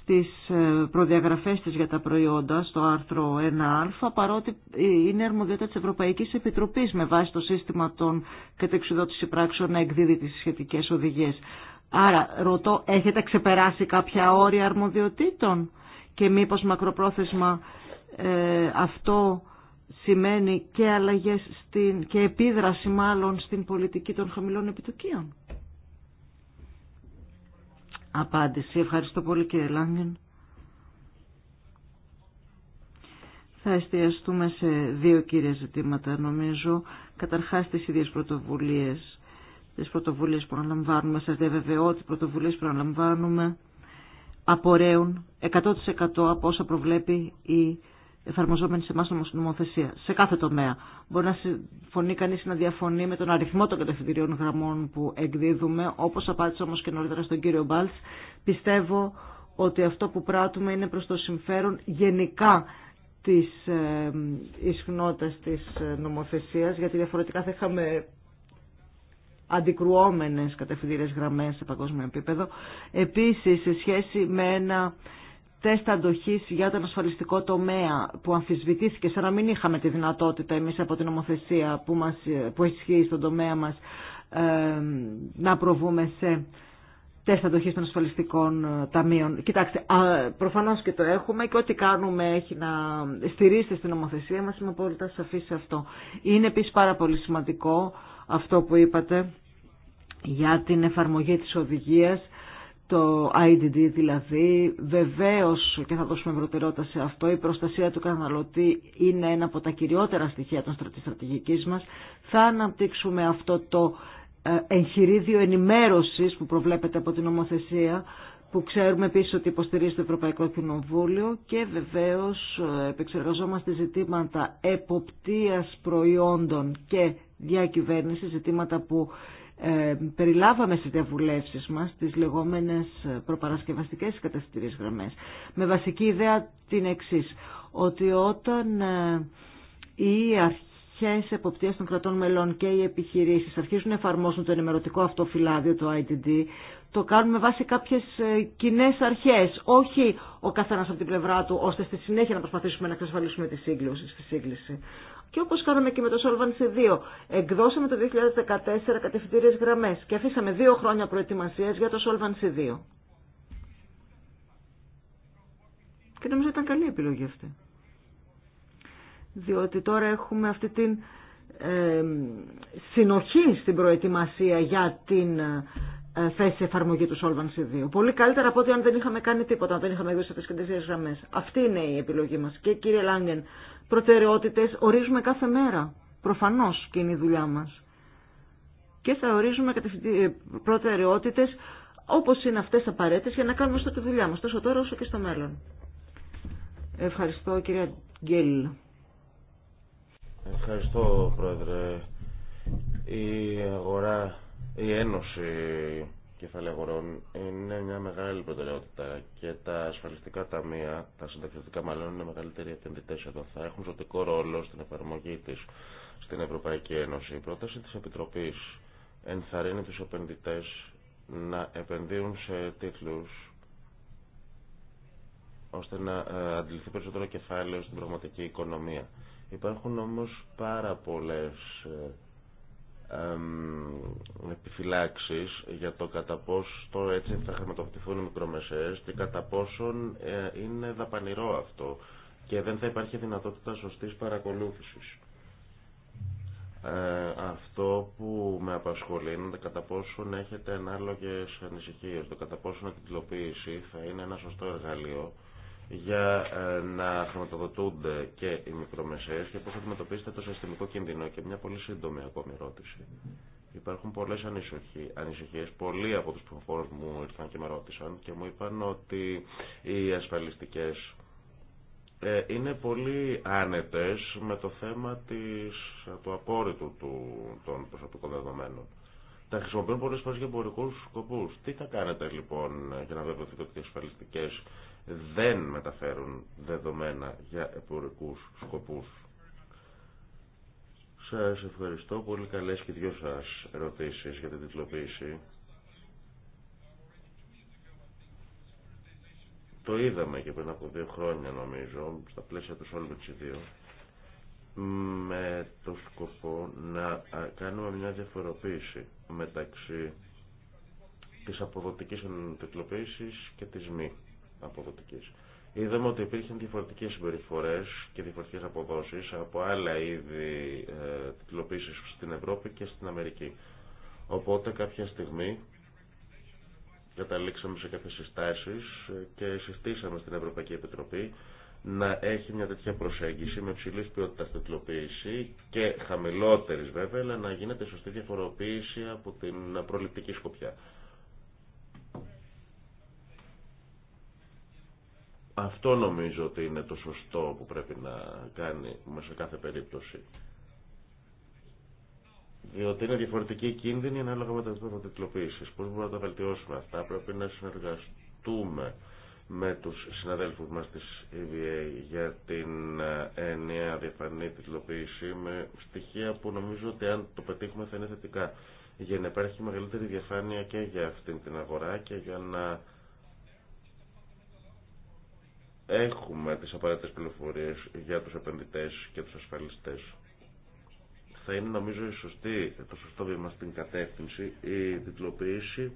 στις ε, προδιαγραφές της για τα προϊόντα στο άρθρο 1α παρότι ε, είναι αρμοδιότητα της Ευρωπαϊκής Επιτροπής με βάση το σύστημα των κατεξουδότηση πράξεων να εκδίδει τις σχετικές οδηγίες. Άρα ρωτώ, έχετε ξεπεράσει κάποια όρια αρμοδιοτήτων και μήπως μακροπρόθεσμα αυτό σημαίνει και αλλαγές στην, και επίδραση μάλλον στην πολιτική των χαμηλών επιτοκίων. Απάντηση. Ευχαριστώ πολύ κύριε Λάγκεν. Θα εστιαστούμε σε δύο κύρια ζητήματα νομίζω. Καταρχάς τις ίδιες πρωτοβουλίες. Τις πρωτοβουλίες που αναλαμβάνουμε. Σας διαβεβαιώ ότι οι πρωτοβουλίες που αναλαμβάνουμε απορρέουν 100% από όσα προβλέπει η εφαρμοζόμενη σε εμά νομοθεσία, σε κάθε τομέα. Μπορεί να συμφωνεί κανεί να διαφωνεί με τον αριθμό των κατευθυντηρίων γραμμών που εκδίδουμε. Όπω απάντησα όμω και νωρίτερα στον κύριο Μπάλτ, πιστεύω ότι αυτό που πράττουμε είναι προ το συμφέρον γενικά της ε, ισχνότητας τη ε, νομοθεσία, γιατί διαφορετικά θα είχαμε αντικρουόμενες κατευθυντήρες γραμμές σε παγκόσμιο επίπεδο. Επίσης, σε σχέση με ένα τεστ αντοχή για τον ασφαλιστικό τομέα που αμφισβητήθηκε σαν να μην είχαμε τη δυνατότητα εμεί από την νομοθεσία που, μας, που ισχύει στον τομέα μας να προβούμε σε τεστ αντοχή των ασφαλιστικών ε, ταμείων. Κοιτάξτε, προφανώ και το έχουμε και ό,τι κάνουμε έχει να στηρίζεται στην νομοθεσία μα είμαι απόλυτα σαφή σε αυτό. Είναι επίση πάρα πολύ σημαντικό αυτό που είπατε για την εφαρμογή της οδηγίας το IDD δηλαδή, βεβαίως και θα δώσουμε ευρωτερότητα σε αυτό, η προστασία του καταναλωτή είναι ένα από τα κυριότερα στοιχεία των στρατηγικής μας. Θα αναπτύξουμε αυτό το ε, εγχειρίδιο ενημέρωσης που προβλέπεται από την νομοθεσία, που ξέρουμε επίσης ότι υποστηρίζει το Ευρωπαϊκό Κοινοβούλιο και βεβαίως ε, επεξεργαζόμαστε ζητήματα εποπτείας προϊόντων και διακυβέρνησης, ζητήματα που ε, περιλάβαμε σε διαβουλεύσεις μας τις λεγόμενες προπαρασκευαστικές καταστηρίες γραμμές. Με βασική ιδέα την εξής, ότι όταν ε, οι αρχές εποπτείας των κρατών μελών και οι επιχειρήσεις αρχίζουν να εφαρμόσουν το ενημερωτικό αυτό φυλάδιο, το ITD, το κάνουν με βάση κάποιες ε, κοινέ αρχές, όχι ο καθένας από την πλευρά του, ώστε στη συνέχεια να προσπαθήσουμε να εξασφαλίσουμε τη σύγκληση και όπω κάναμε και με το Solvency 2. Εκδώσαμε το 2014 κατευθυντήριε γραμμέ και αφήσαμε δύο χρόνια προετοιμασία για το Solvency 2. Και νομίζω ήταν καλή επιλογή αυτή. Διότι τώρα έχουμε αυτή την ε, συνοχή στην προετοιμασία για την ε, θέση εφαρμογή του Solvency 2. Πολύ καλύτερα από ότι αν δεν είχαμε κάνει τίποτα, αν δεν είχαμε δώσει τι τις γραμμέ. Αυτή είναι η επιλογή μα. Και κύριε Λάγκεν, προτεραιότητες ορίζουμε κάθε μέρα. Προφανώς και είναι η δουλειά μας. Και θα ορίζουμε ε, προτεραιότητες όπως είναι αυτές απαραίτητες για να κάνουμε στο τη δουλειά μας, τόσο τώρα όσο και στο μέλλον. Ευχαριστώ κυρία Γκέλ. Ευχαριστώ πρόεδρε. Η αγορά, η ένωση κεφάλαια αγορών είναι μια μεγάλη προτεραιότητα και τα ασφαλιστικά ταμεία, τα συνταξιδευτικά μάλλον, είναι μεγαλύτεροι επενδυτέ εδώ. Θα έχουν ζωτικό ρόλο στην εφαρμογή τη στην Ευρωπαϊκή Ένωση. Η πρόταση τη Επιτροπή ενθαρρύνει του επενδυτέ να επενδύουν σε τίτλου ώστε να ε, αντιληφθεί περισσότερο κεφάλαιο στην πραγματική οικονομία. Υπάρχουν όμως πάρα πολλές ε, επιφυλάξεις για το κατά πόσο έτσι θα χρηματοδοτηθούν οι μικρομεσαίες και κατά πόσον ε, είναι δαπανηρό αυτό και δεν θα υπάρχει δυνατότητα σωστής παρακολούθησης. Ε, αυτό που με απασχολεί είναι το κατά πόσο έχετε ανάλογες ανησυχίες, το κατά πόσο η τυπλοποίηση θα είναι ένα σωστό εργαλείο για ε, να χρηματοδοτούνται και οι μικρομεσαίες και πώς αντιμετωπίσετε το συστημικό κίνδυνο. Και μια πολύ σύντομη ακόμη ερώτηση. Υπάρχουν πολλές ανησυχίες. Πολλοί από τους προφόρους μου ήρθαν και με ρώτησαν και μου είπαν ότι οι ασφαλιστικές ε, είναι πολύ άνετες με το θέμα της, του απόρριτου του, των προσωπικών δεδομένων. Τα χρησιμοποιούν πολλές φορές για εμπορικού σκοπούς. Τι θα κάνετε λοιπόν για να βεβαιωθείτε ότι οι ασφαλιστικές δεν μεταφέρουν δεδομένα για επορικούς σκοπούς. Σας ευχαριστώ. Πολύ καλές και δυο σας ερωτήσεις για την τυπλοποίηση. Το είδαμε και πριν από δύο χρόνια νομίζω, στα πλαίσια του Solvency 2, με το σκοπό να κάνουμε μια διαφοροποίηση μεταξύ της αποδοτικής τυπλοποίησης και της μη αποδοτικής. Είδαμε ότι υπήρχαν διαφορετικέ συμπεριφορέ και διαφορετικέ αποδόσει από άλλα είδη ε, στην Ευρώπη και στην Αμερική. Οπότε κάποια στιγμή καταλήξαμε σε κάποιε συστάσει ε, και συστήσαμε στην Ευρωπαϊκή Επιτροπή να έχει μια τέτοια προσέγγιση με ψηλή ποιότητα τυπλοποίηση και χαμηλότερη βέβαια, αλλά να γίνεται σωστή διαφοροποίηση από την προληπτική σκοπιά. Αυτό νομίζω ότι είναι το σωστό που πρέπει να κάνει μέσα σε κάθε περίπτωση. Διότι είναι διαφορετική κίνδυνη ανάλογα με τα τυπλοποίηση. Πώ μπορούμε να τα βελτιώσουμε αυτά, πρέπει να συνεργαστούμε με του συναδέλφου μα τη EVA για την ε, ενιαία διαφανή τυπλοποίηση με στοιχεία που νομίζω ότι αν το πετύχουμε θα είναι θετικά. Για να υπάρχει μεγαλύτερη διαφάνεια και για αυτή την αγορά και για να έχουμε τις απαραίτητες πληροφορίες για τους επενδυτές και τους ασφαλιστές. Θα είναι νομίζω η σωστή, το σωστό βήμα στην κατεύθυνση η διπλοποίηση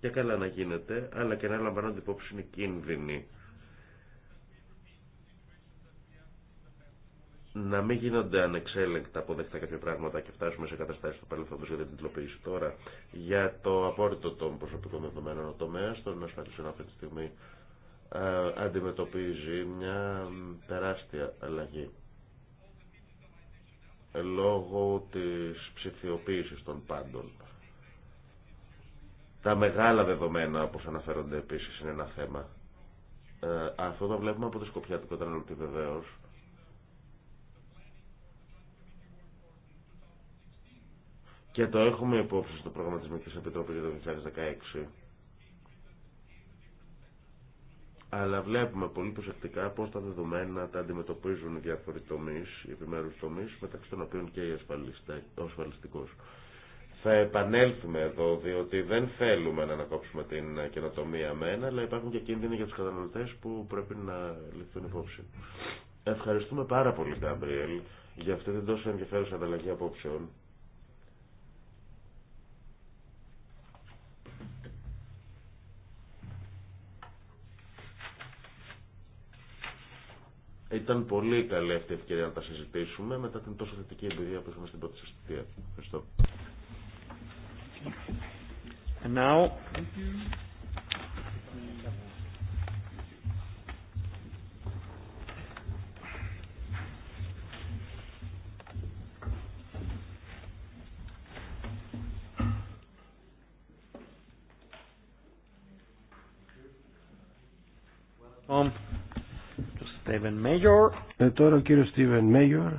και καλά να γίνεται, αλλά και να λαμβάνονται υπόψη είναι κίνδυνοι. Να μην γίνονται ανεξέλεγκτα αποδεκτά κάποια πράγματα και φτάσουμε σε καταστάσεις του παρελθόντος για την τυπλοποίηση τώρα. Για το απόρριτο των προσωπικών δεδομένων, ο τομέα των ασφαλιστών αυτή τη στιγμή ε, αντιμετωπίζει μια τεράστια αλλαγή λόγω της ψηφιοποίησης των πάντων. Τα μεγάλα δεδομένα, όπως αναφέρονται επίσης, είναι ένα θέμα. Ε, αυτό το βλέπουμε από τη σκοπιά του καταναλωτή βεβαίω. Και το έχουμε υπόψη στο πρόγραμμα της Μικρής Επιτροπής για το 2016 αλλά βλέπουμε πολύ προσεκτικά πώς τα δεδομένα τα αντιμετωπίζουν οι διάφοροι τομείς, οι επιμέρους τομείς, μεταξύ των οποίων και ο ασφαλιστικός. Θα επανέλθουμε εδώ, διότι δεν θέλουμε να ανακόψουμε την καινοτομία με ένα, αλλά υπάρχουν και κίνδυνοι για τους καταναλωτές που πρέπει να ληφθούν υπόψη. Ευχαριστούμε πάρα πολύ, Γκάμπριελ, για αυτή την τόσο ενδιαφέρουσα ανταλλαγή απόψεων. Ήταν πολύ καλή αυτή η ευκαιρία να τα συζητήσουμε μετά την τόσο θετική εμπειρία που είχαμε στην πρώτη συστητία. Ευχαριστώ. And now... Steven Major. Ε, τώρα ο κύριος Steven Major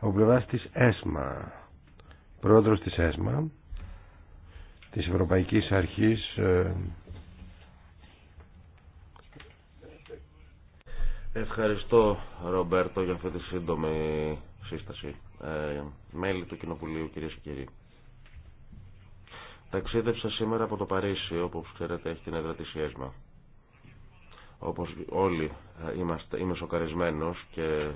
ο πλευρά της ΕΣΜΑ, πρόεδρος της ΕΣΜΑ, της Ευρωπαϊκής Αρχής ε, Ευχαριστώ Ρομπέρτο για αυτή τη σύντομη σύσταση. Ε, μέλη του Κοινοβουλίου κυρίες και κύριοι. Ταξίδευσα σήμερα από το Παρίσι, όπου ξέρετε έχει την έδρα της ΕΣΜΑ. Όπως όλοι ε, είμαστε, είμαι σοκαρισμένος και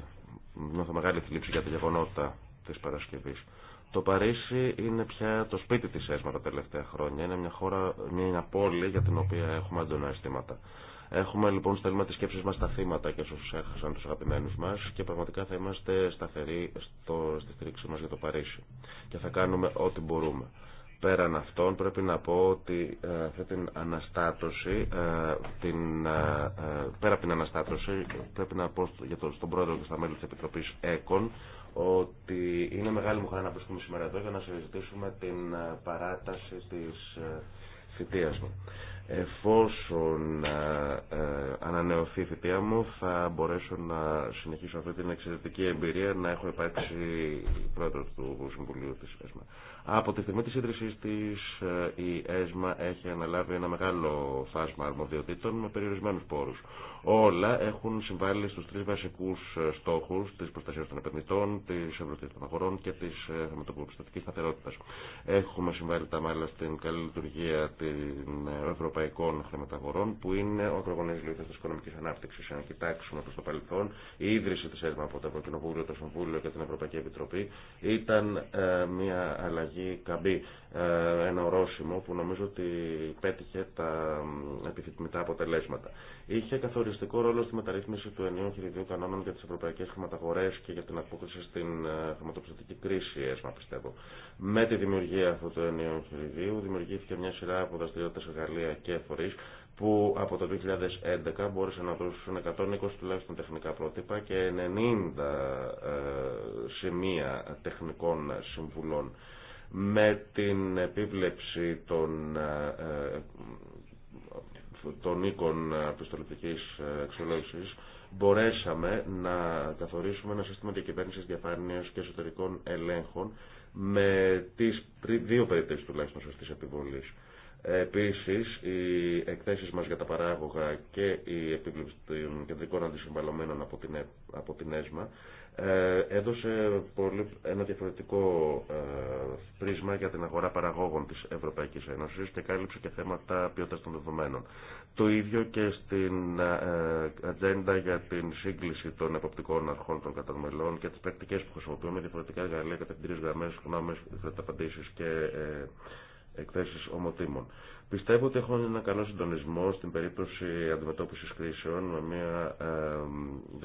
νιώθω μεγάλη θλίψη για τη γεγονότα της Παρασκευής. Το Παρίσι είναι πια το σπίτι της ΕΣΜΑ τα τελευταία χρόνια. Είναι μια χώρα, μια πόλη για την οποία έχουμε έντονα αισθήματα. Έχουμε λοιπόν στέλνουμε τις σκέψεις μας στα θύματα και όσους έχασαν τους αγαπημένους μας και πραγματικά θα είμαστε σταθεροί στο, στη στήριξή μας για το Παρίσι και θα κάνουμε ό,τι μπορούμε πέραν αυτών πρέπει να πω ότι ε, αυτή την αναστάτωση, ε, την, ε, πέρα από την αναστάτωση, πρέπει να πω για το, στον πρόεδρο και στα μέλη της Επιτροπής ΕΚΟΝ ότι είναι μεγάλη μου χαρά να βρίσκουμε σήμερα εδώ για να συζητήσουμε την παράταση της θητείας μου. Εφόσον ανανεωθεί η θητεία μου θα μπορέσω να συνεχίσω αυτή την εξαιρετική εμπειρία να έχω υπάρξει πρόεδρο του Συμβουλίου της ΕΣΜΑ. Από τη στιγμή της ίδρυσης της ε, η ΕΣΜΑ έχει αναλάβει ένα μεγάλο φάσμα αρμοδιοτήτων με περιορισμένους πόρους. Όλα έχουν συμβάλει στους τρεις βασικούς ε, στόχους της προστασίας των επενδυτών, της ευρωτικής των αγορών και της θεματοποιητικής σταθερότητας. Έχουμε συμβάλει τα μάλλα στην καλή λειτουργία των ε, ευρωπαϊκών χρηματαγορών που είναι ο ακρογωνής λίθος της οικονομικής ανάπτυξης. Αν κοιτάξουμε προς το παρελθόν, η ίδρυση της ΕΣΜΑ από το Ευρωκοινοβούλιο, το Συμβούλιο και την Ευρωπαϊκή Επιτροπή ήταν μια αλλαγή αλλαγή Καμπή, ε, ένα ορόσημο που νομίζω ότι πέτυχε τα επιθυμητά αποτελέσματα. Είχε καθοριστικό ρόλο στη μεταρρύθμιση του ενίου χειριδίου κανόνων για τι ευρωπαϊκέ χρηματαγορέ και για την απόκριση στην ε, χρηματοπιστωτική κρίση, έσμα πιστεύω. Με τη δημιουργία αυτού του ενίου χειριδίου δημιουργήθηκε μια σειρά από δραστηριότητε εργαλεία και φορεί που από το 2011 μπόρεσαν να δώσουν 120 τουλάχιστον τεχνικά πρότυπα και 90 ε, σημεία τεχνικών συμβουλών με την επίβλεψη των, ε, ε, των οίκων ε, πιστοληπτικής αξιολόγησης μπορέσαμε να καθορίσουμε ένα σύστημα διακυβέρνησης διαφάνειας και εσωτερικών ελέγχων με τις δύο περιπτώσεις τουλάχιστον σωστής επιβολής. Επίσης, οι εκθέσεις μας για τα παράγωγα και η επίβλεψη των κεντρικών αντισυμβαλωμένων από την, ε, από την ΕΣΜΑ ε, έδωσε πολύ, ένα διαφορετικό ε, πρίσμα για την αγορά παραγόγων της Ευρωπαϊκής Ένωσης και κάλυψε και θέματα ποιότητας των δεδομένων. Το ίδιο και στην ατζέντα για την σύγκληση των εποπτικών αρχών των κατανομελών και τις πρακτικές που χρησιμοποιούμε διαφορετικά εργαλεία, τρεις γραμμές, γνώμες, απαντήσεις και εκθέσεις ομοτήμων. Πιστεύω ότι έχουν ένα καλό συντονισμό στην περίπτωση αντιμετώπιση κρίσεων με μια ε,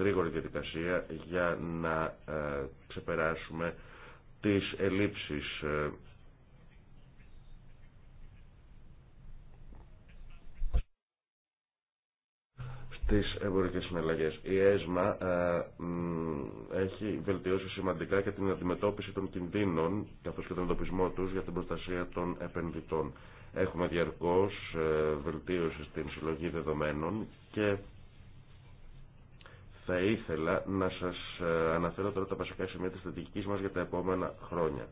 γρήγορη διαδικασία για να ε, ξεπεράσουμε τις ελλείψεις ε, τις εμπορικές συναλλαγές. Η ΕΣΜΑ ε, έχει βελτιώσει σημαντικά και την αντιμετώπιση των κινδύνων καθώς και τον εντοπισμό τους για την προστασία των επενδυτών. Έχουμε διαρκώς ε, βελτίωση στην συλλογή δεδομένων και θα ήθελα να σας ε, αναφέρω τώρα τα βασικά σημεία της θετικής μας για τα επόμενα χρόνια.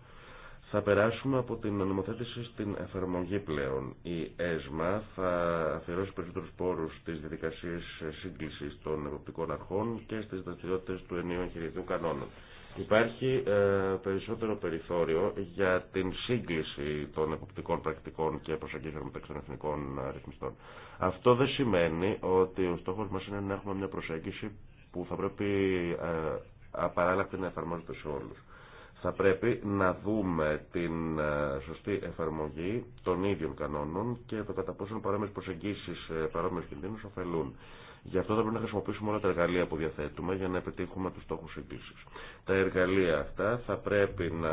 Θα περάσουμε από την νομοθέτηση στην εφαρμογή πλέον. Η ΕΣΜΑ θα αφιερώσει περισσότερου πόρου στι διαδικασίε σύγκληση των εποπτικών αρχών και στι δραστηριότητε του ενίου εγχειριδίου κανόνων. Υπάρχει ε, περισσότερο περιθώριο για την σύγκληση των εποπτικών πρακτικών και προσεγγίσεων μεταξύ των εθνικών αριθμιστών. Αυτό δεν σημαίνει ότι ο στόχο μα είναι να έχουμε μια προσέγγιση που θα πρέπει ε, απαράλλακτη να εφαρμόζεται σε όλου. Θα πρέπει να δούμε την ε, σωστή εφαρμογή των ίδιων κανόνων και το κατά παρόμοιε παρόμοιες προσεγγίσεις, ε, παρόμοιε κινδύνου ωφελούν. Γι' αυτό θα πρέπει να χρησιμοποιήσουμε όλα τα εργαλεία που διαθέτουμε για να επιτύχουμε του στόχου εγγύηση. Τα εργαλεία αυτά θα πρέπει να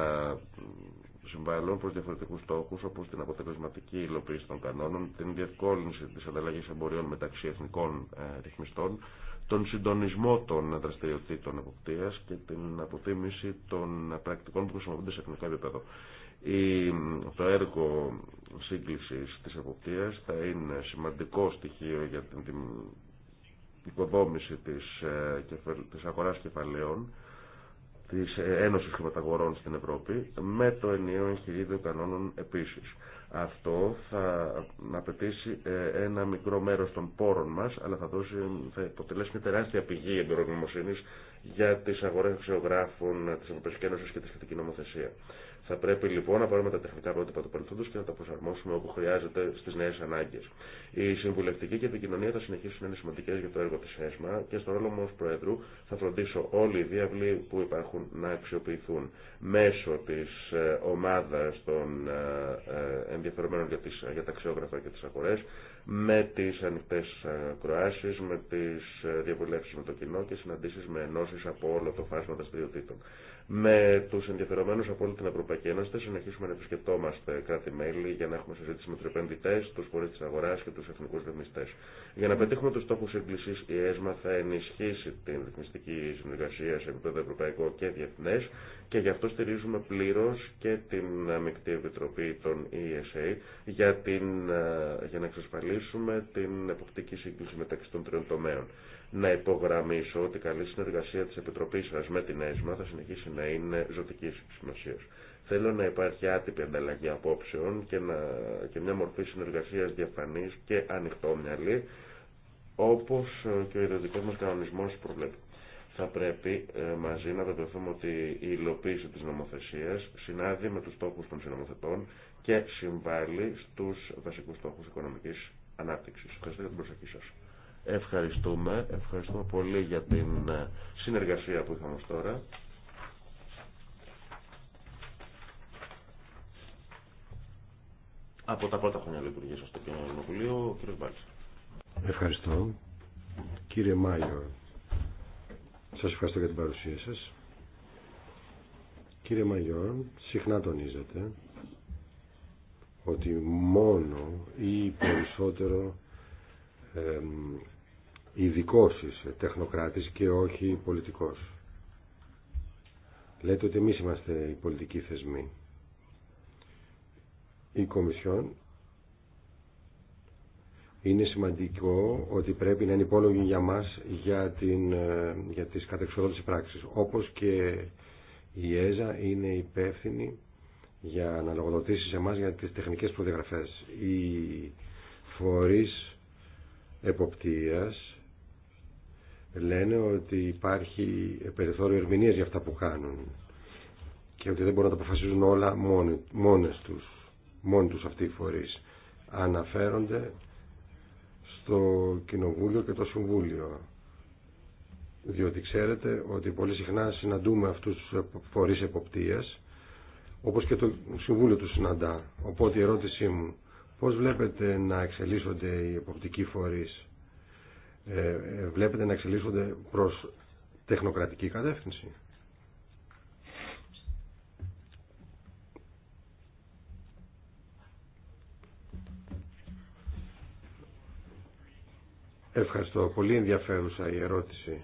συμβάλλουν προ διαφορετικού στόχου, όπω την αποτελεσματική υλοποίηση των κανόνων, την διευκόλυνση τη ανταλλαγή εμποριών μεταξύ εθνικών ε, ρυθμιστών, τον συντονισμό των δραστηριοτήτων εποπτεία και την αποτίμηση των πρακτικών που χρησιμοποιούνται σε εθνικό επίπεδο. το έργο σύγκληση τη εποπτεία θα είναι σημαντικό στοιχείο για την οικοδόμηση της, ε, της αγοράς κεφαλαίων της ε, Ένωσης Χρηματαγορών στην Ευρώπη με το ενιαίο εγχειρίδιο κανόνων επίση. Αυτό θα απαιτήσει ε, ένα μικρό μέρος των πόρων μας, αλλά θα, δώσει, θα αποτελέσει μια τεράστια πηγή εμπειρογνωμοσύνης για τις αγορές αξιογράφων ε, της Ευρωπαϊκής Ένωσης και τη σχετική νομοθεσία. Θα πρέπει λοιπόν να πάρουμε τα τεχνικά πρότυπα του παρελθόντο και να τα προσαρμόσουμε όπου χρειάζεται στι νέε ανάγκε. Η συμβουλευτική και η επικοινωνία θα συνεχίσουν να είναι σημαντικέ για το έργο τη ΕΣΜΑ και στο ρόλο μου ω Προέδρου θα φροντίσω όλοι οι διάβλοι που υπάρχουν να αξιοποιηθούν μέσω τη ε, ομάδα των ε, ε, ενδιαφερομένων για, τις, για τα αξιόγραφα και τι αγορέ, με τι ανοιχτέ κροάσει, με τι διαβουλεύσει με το κοινό και συναντήσει με ενώσει από όλο το φάσμα δραστηριοτήτων με του ενδιαφερομένου από όλη την Ευρωπαϊκή Ένωση. Θα συνεχίσουμε να επισκεπτόμαστε κράτη-μέλη για να έχουμε συζήτηση με του επενδυτέ, του φορεί τη αγορά και του εθνικού ρυθμιστέ. Για να πετύχουμε του στόχου σύγκληση, η ΕΣΜΑ θα ενισχύσει την ρυθμιστική συνεργασία σε επίπεδο ευρωπαϊκό και διεθνέ και γι' αυτό στηρίζουμε πλήρω και την αμυκτή Επιτροπή των ESA για, την, ε, για να εξασφαλίσουμε την εποπτική σύγκληση μεταξύ των τριών τομέων να υπογραμμίσω ότι η καλή συνεργασία της Επιτροπής σας με την ΕΣΜΑ θα συνεχίσει να είναι ζωτική σημασία. Θέλω να υπάρχει άτυπη ανταλλαγή απόψεων και, να, και μια μορφή συνεργασίας διαφανής και ανοιχτόμυαλη, όπως και ο ιδιωτικός μας κανονισμός προβλέπει. Θα πρέπει ε, μαζί να βεβαιωθούμε ότι η υλοποίηση της νομοθεσίας συνάδει με τους στόχους των συνομοθετών και συμβάλλει στους βασικούς στόχους οικονομικής ανάπτυξης. Ευχαριστώ για την προσοχή σας. Ευχαριστούμε. Ευχαριστούμε πολύ για την ε, συνεργασία που είχαμε τώρα. Από τα πρώτα χρόνια λειτουργίας στο κοινό Κοινοβουλίο, ο κ. Ευχαριστώ. Κύριε Μάιο, σας ευχαριστώ για την παρουσία σας. Κύριε Μαγιόρ, συχνά τονίζετε ότι μόνο ή περισσότερο ειδικό είσαι, τεχνοκράτης και όχι πολιτικός. Λέτε ότι εμείς είμαστε οι πολιτικοί θεσμοί. Η Κομισιόν είναι σημαντικό ότι πρέπει να είναι υπόλογη για μας για, την, για τις της πράξεις. Όπως και η ΕΖΑ είναι υπεύθυνη για να λογοδοτήσει σε εμάς για τις τεχνικές προδιαγραφές. Οι φορείς εποπτείας λένε ότι υπάρχει περιθώριο ερμηνείας για αυτά που κάνουν και ότι δεν μπορούν να τα αποφασίζουν όλα μόνοι, μόνες τους, μόνοι τους αυτοί οι φορείς. Αναφέρονται στο Κοινοβούλιο και το Συμβούλιο. Διότι ξέρετε ότι πολύ συχνά συναντούμε αυτούς τους φορείς εποπτείας, όπως και το Συμβούλιο του συναντά. Οπότε η ερώτησή μου, πώς βλέπετε να εξελίσσονται οι εποπτικοί φορείς ε, ε, βλέπετε να εξελίσσονται προς τεχνοκρατική κατεύθυνση. Ευχαριστώ. Πολύ ενδιαφέρουσα η ερώτηση.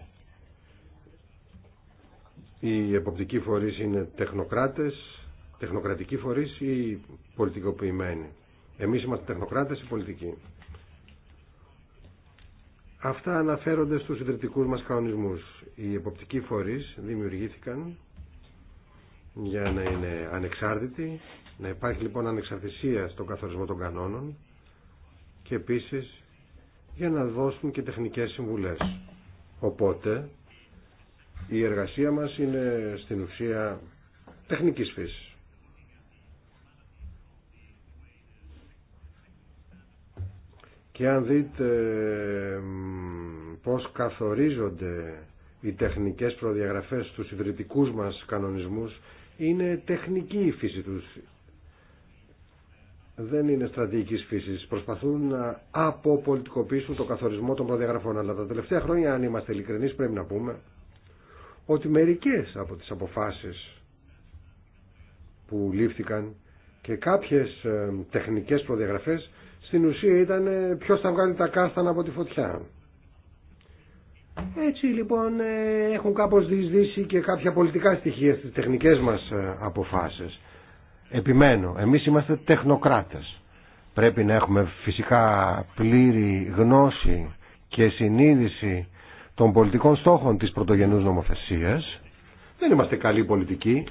Οι εποπτικοί φορείς είναι τεχνοκράτες, τεχνοκρατικοί φορείς ή πολιτικοποιημένοι. Εμείς είμαστε τεχνοκράτες ή πολιτικοί. Αυτά αναφέρονται στους ιδρυτικούς μας κανονισμούς. Οι εποπτικοί φορείς δημιουργήθηκαν για να είναι ανεξάρτητοι, να υπάρχει λοιπόν ανεξαρτησία στον καθορισμό των κανόνων και επίσης για να δώσουν και τεχνικές συμβουλές. Οπότε η εργασία μας είναι στην ουσία τεχνικής φύσης. Και αν δείτε πώς καθορίζονται οι τεχνικές προδιαγραφές στους ιδρυτικούς μας κανονισμούς, είναι τεχνική η φύση τους. Δεν είναι στρατηγική φύση. Προσπαθούν να αποπολιτικοποιήσουν το καθορισμό των προδιαγραφών. Αλλά τα τελευταία χρόνια, αν είμαστε ειλικρινεί, πρέπει να πούμε ότι μερικέ από τι αποφάσει που λήφθηκαν και κάποιε τεχνικέ προδιαγραφέ στην ουσία ήταν ε, ποιο θα βγάλει τα κάστανα από τη φωτιά. Έτσι λοιπόν ε, έχουν κάπως διεισδύσει και κάποια πολιτικά στοιχεία στις τεχνικές μας ε, αποφάσεις. Επιμένω, εμείς είμαστε τεχνοκράτες. Πρέπει να έχουμε φυσικά πλήρη γνώση και συνείδηση των πολιτικών στόχων της πρωτογενούς νομοθεσίας. Δεν είμαστε καλοί πολιτικοί,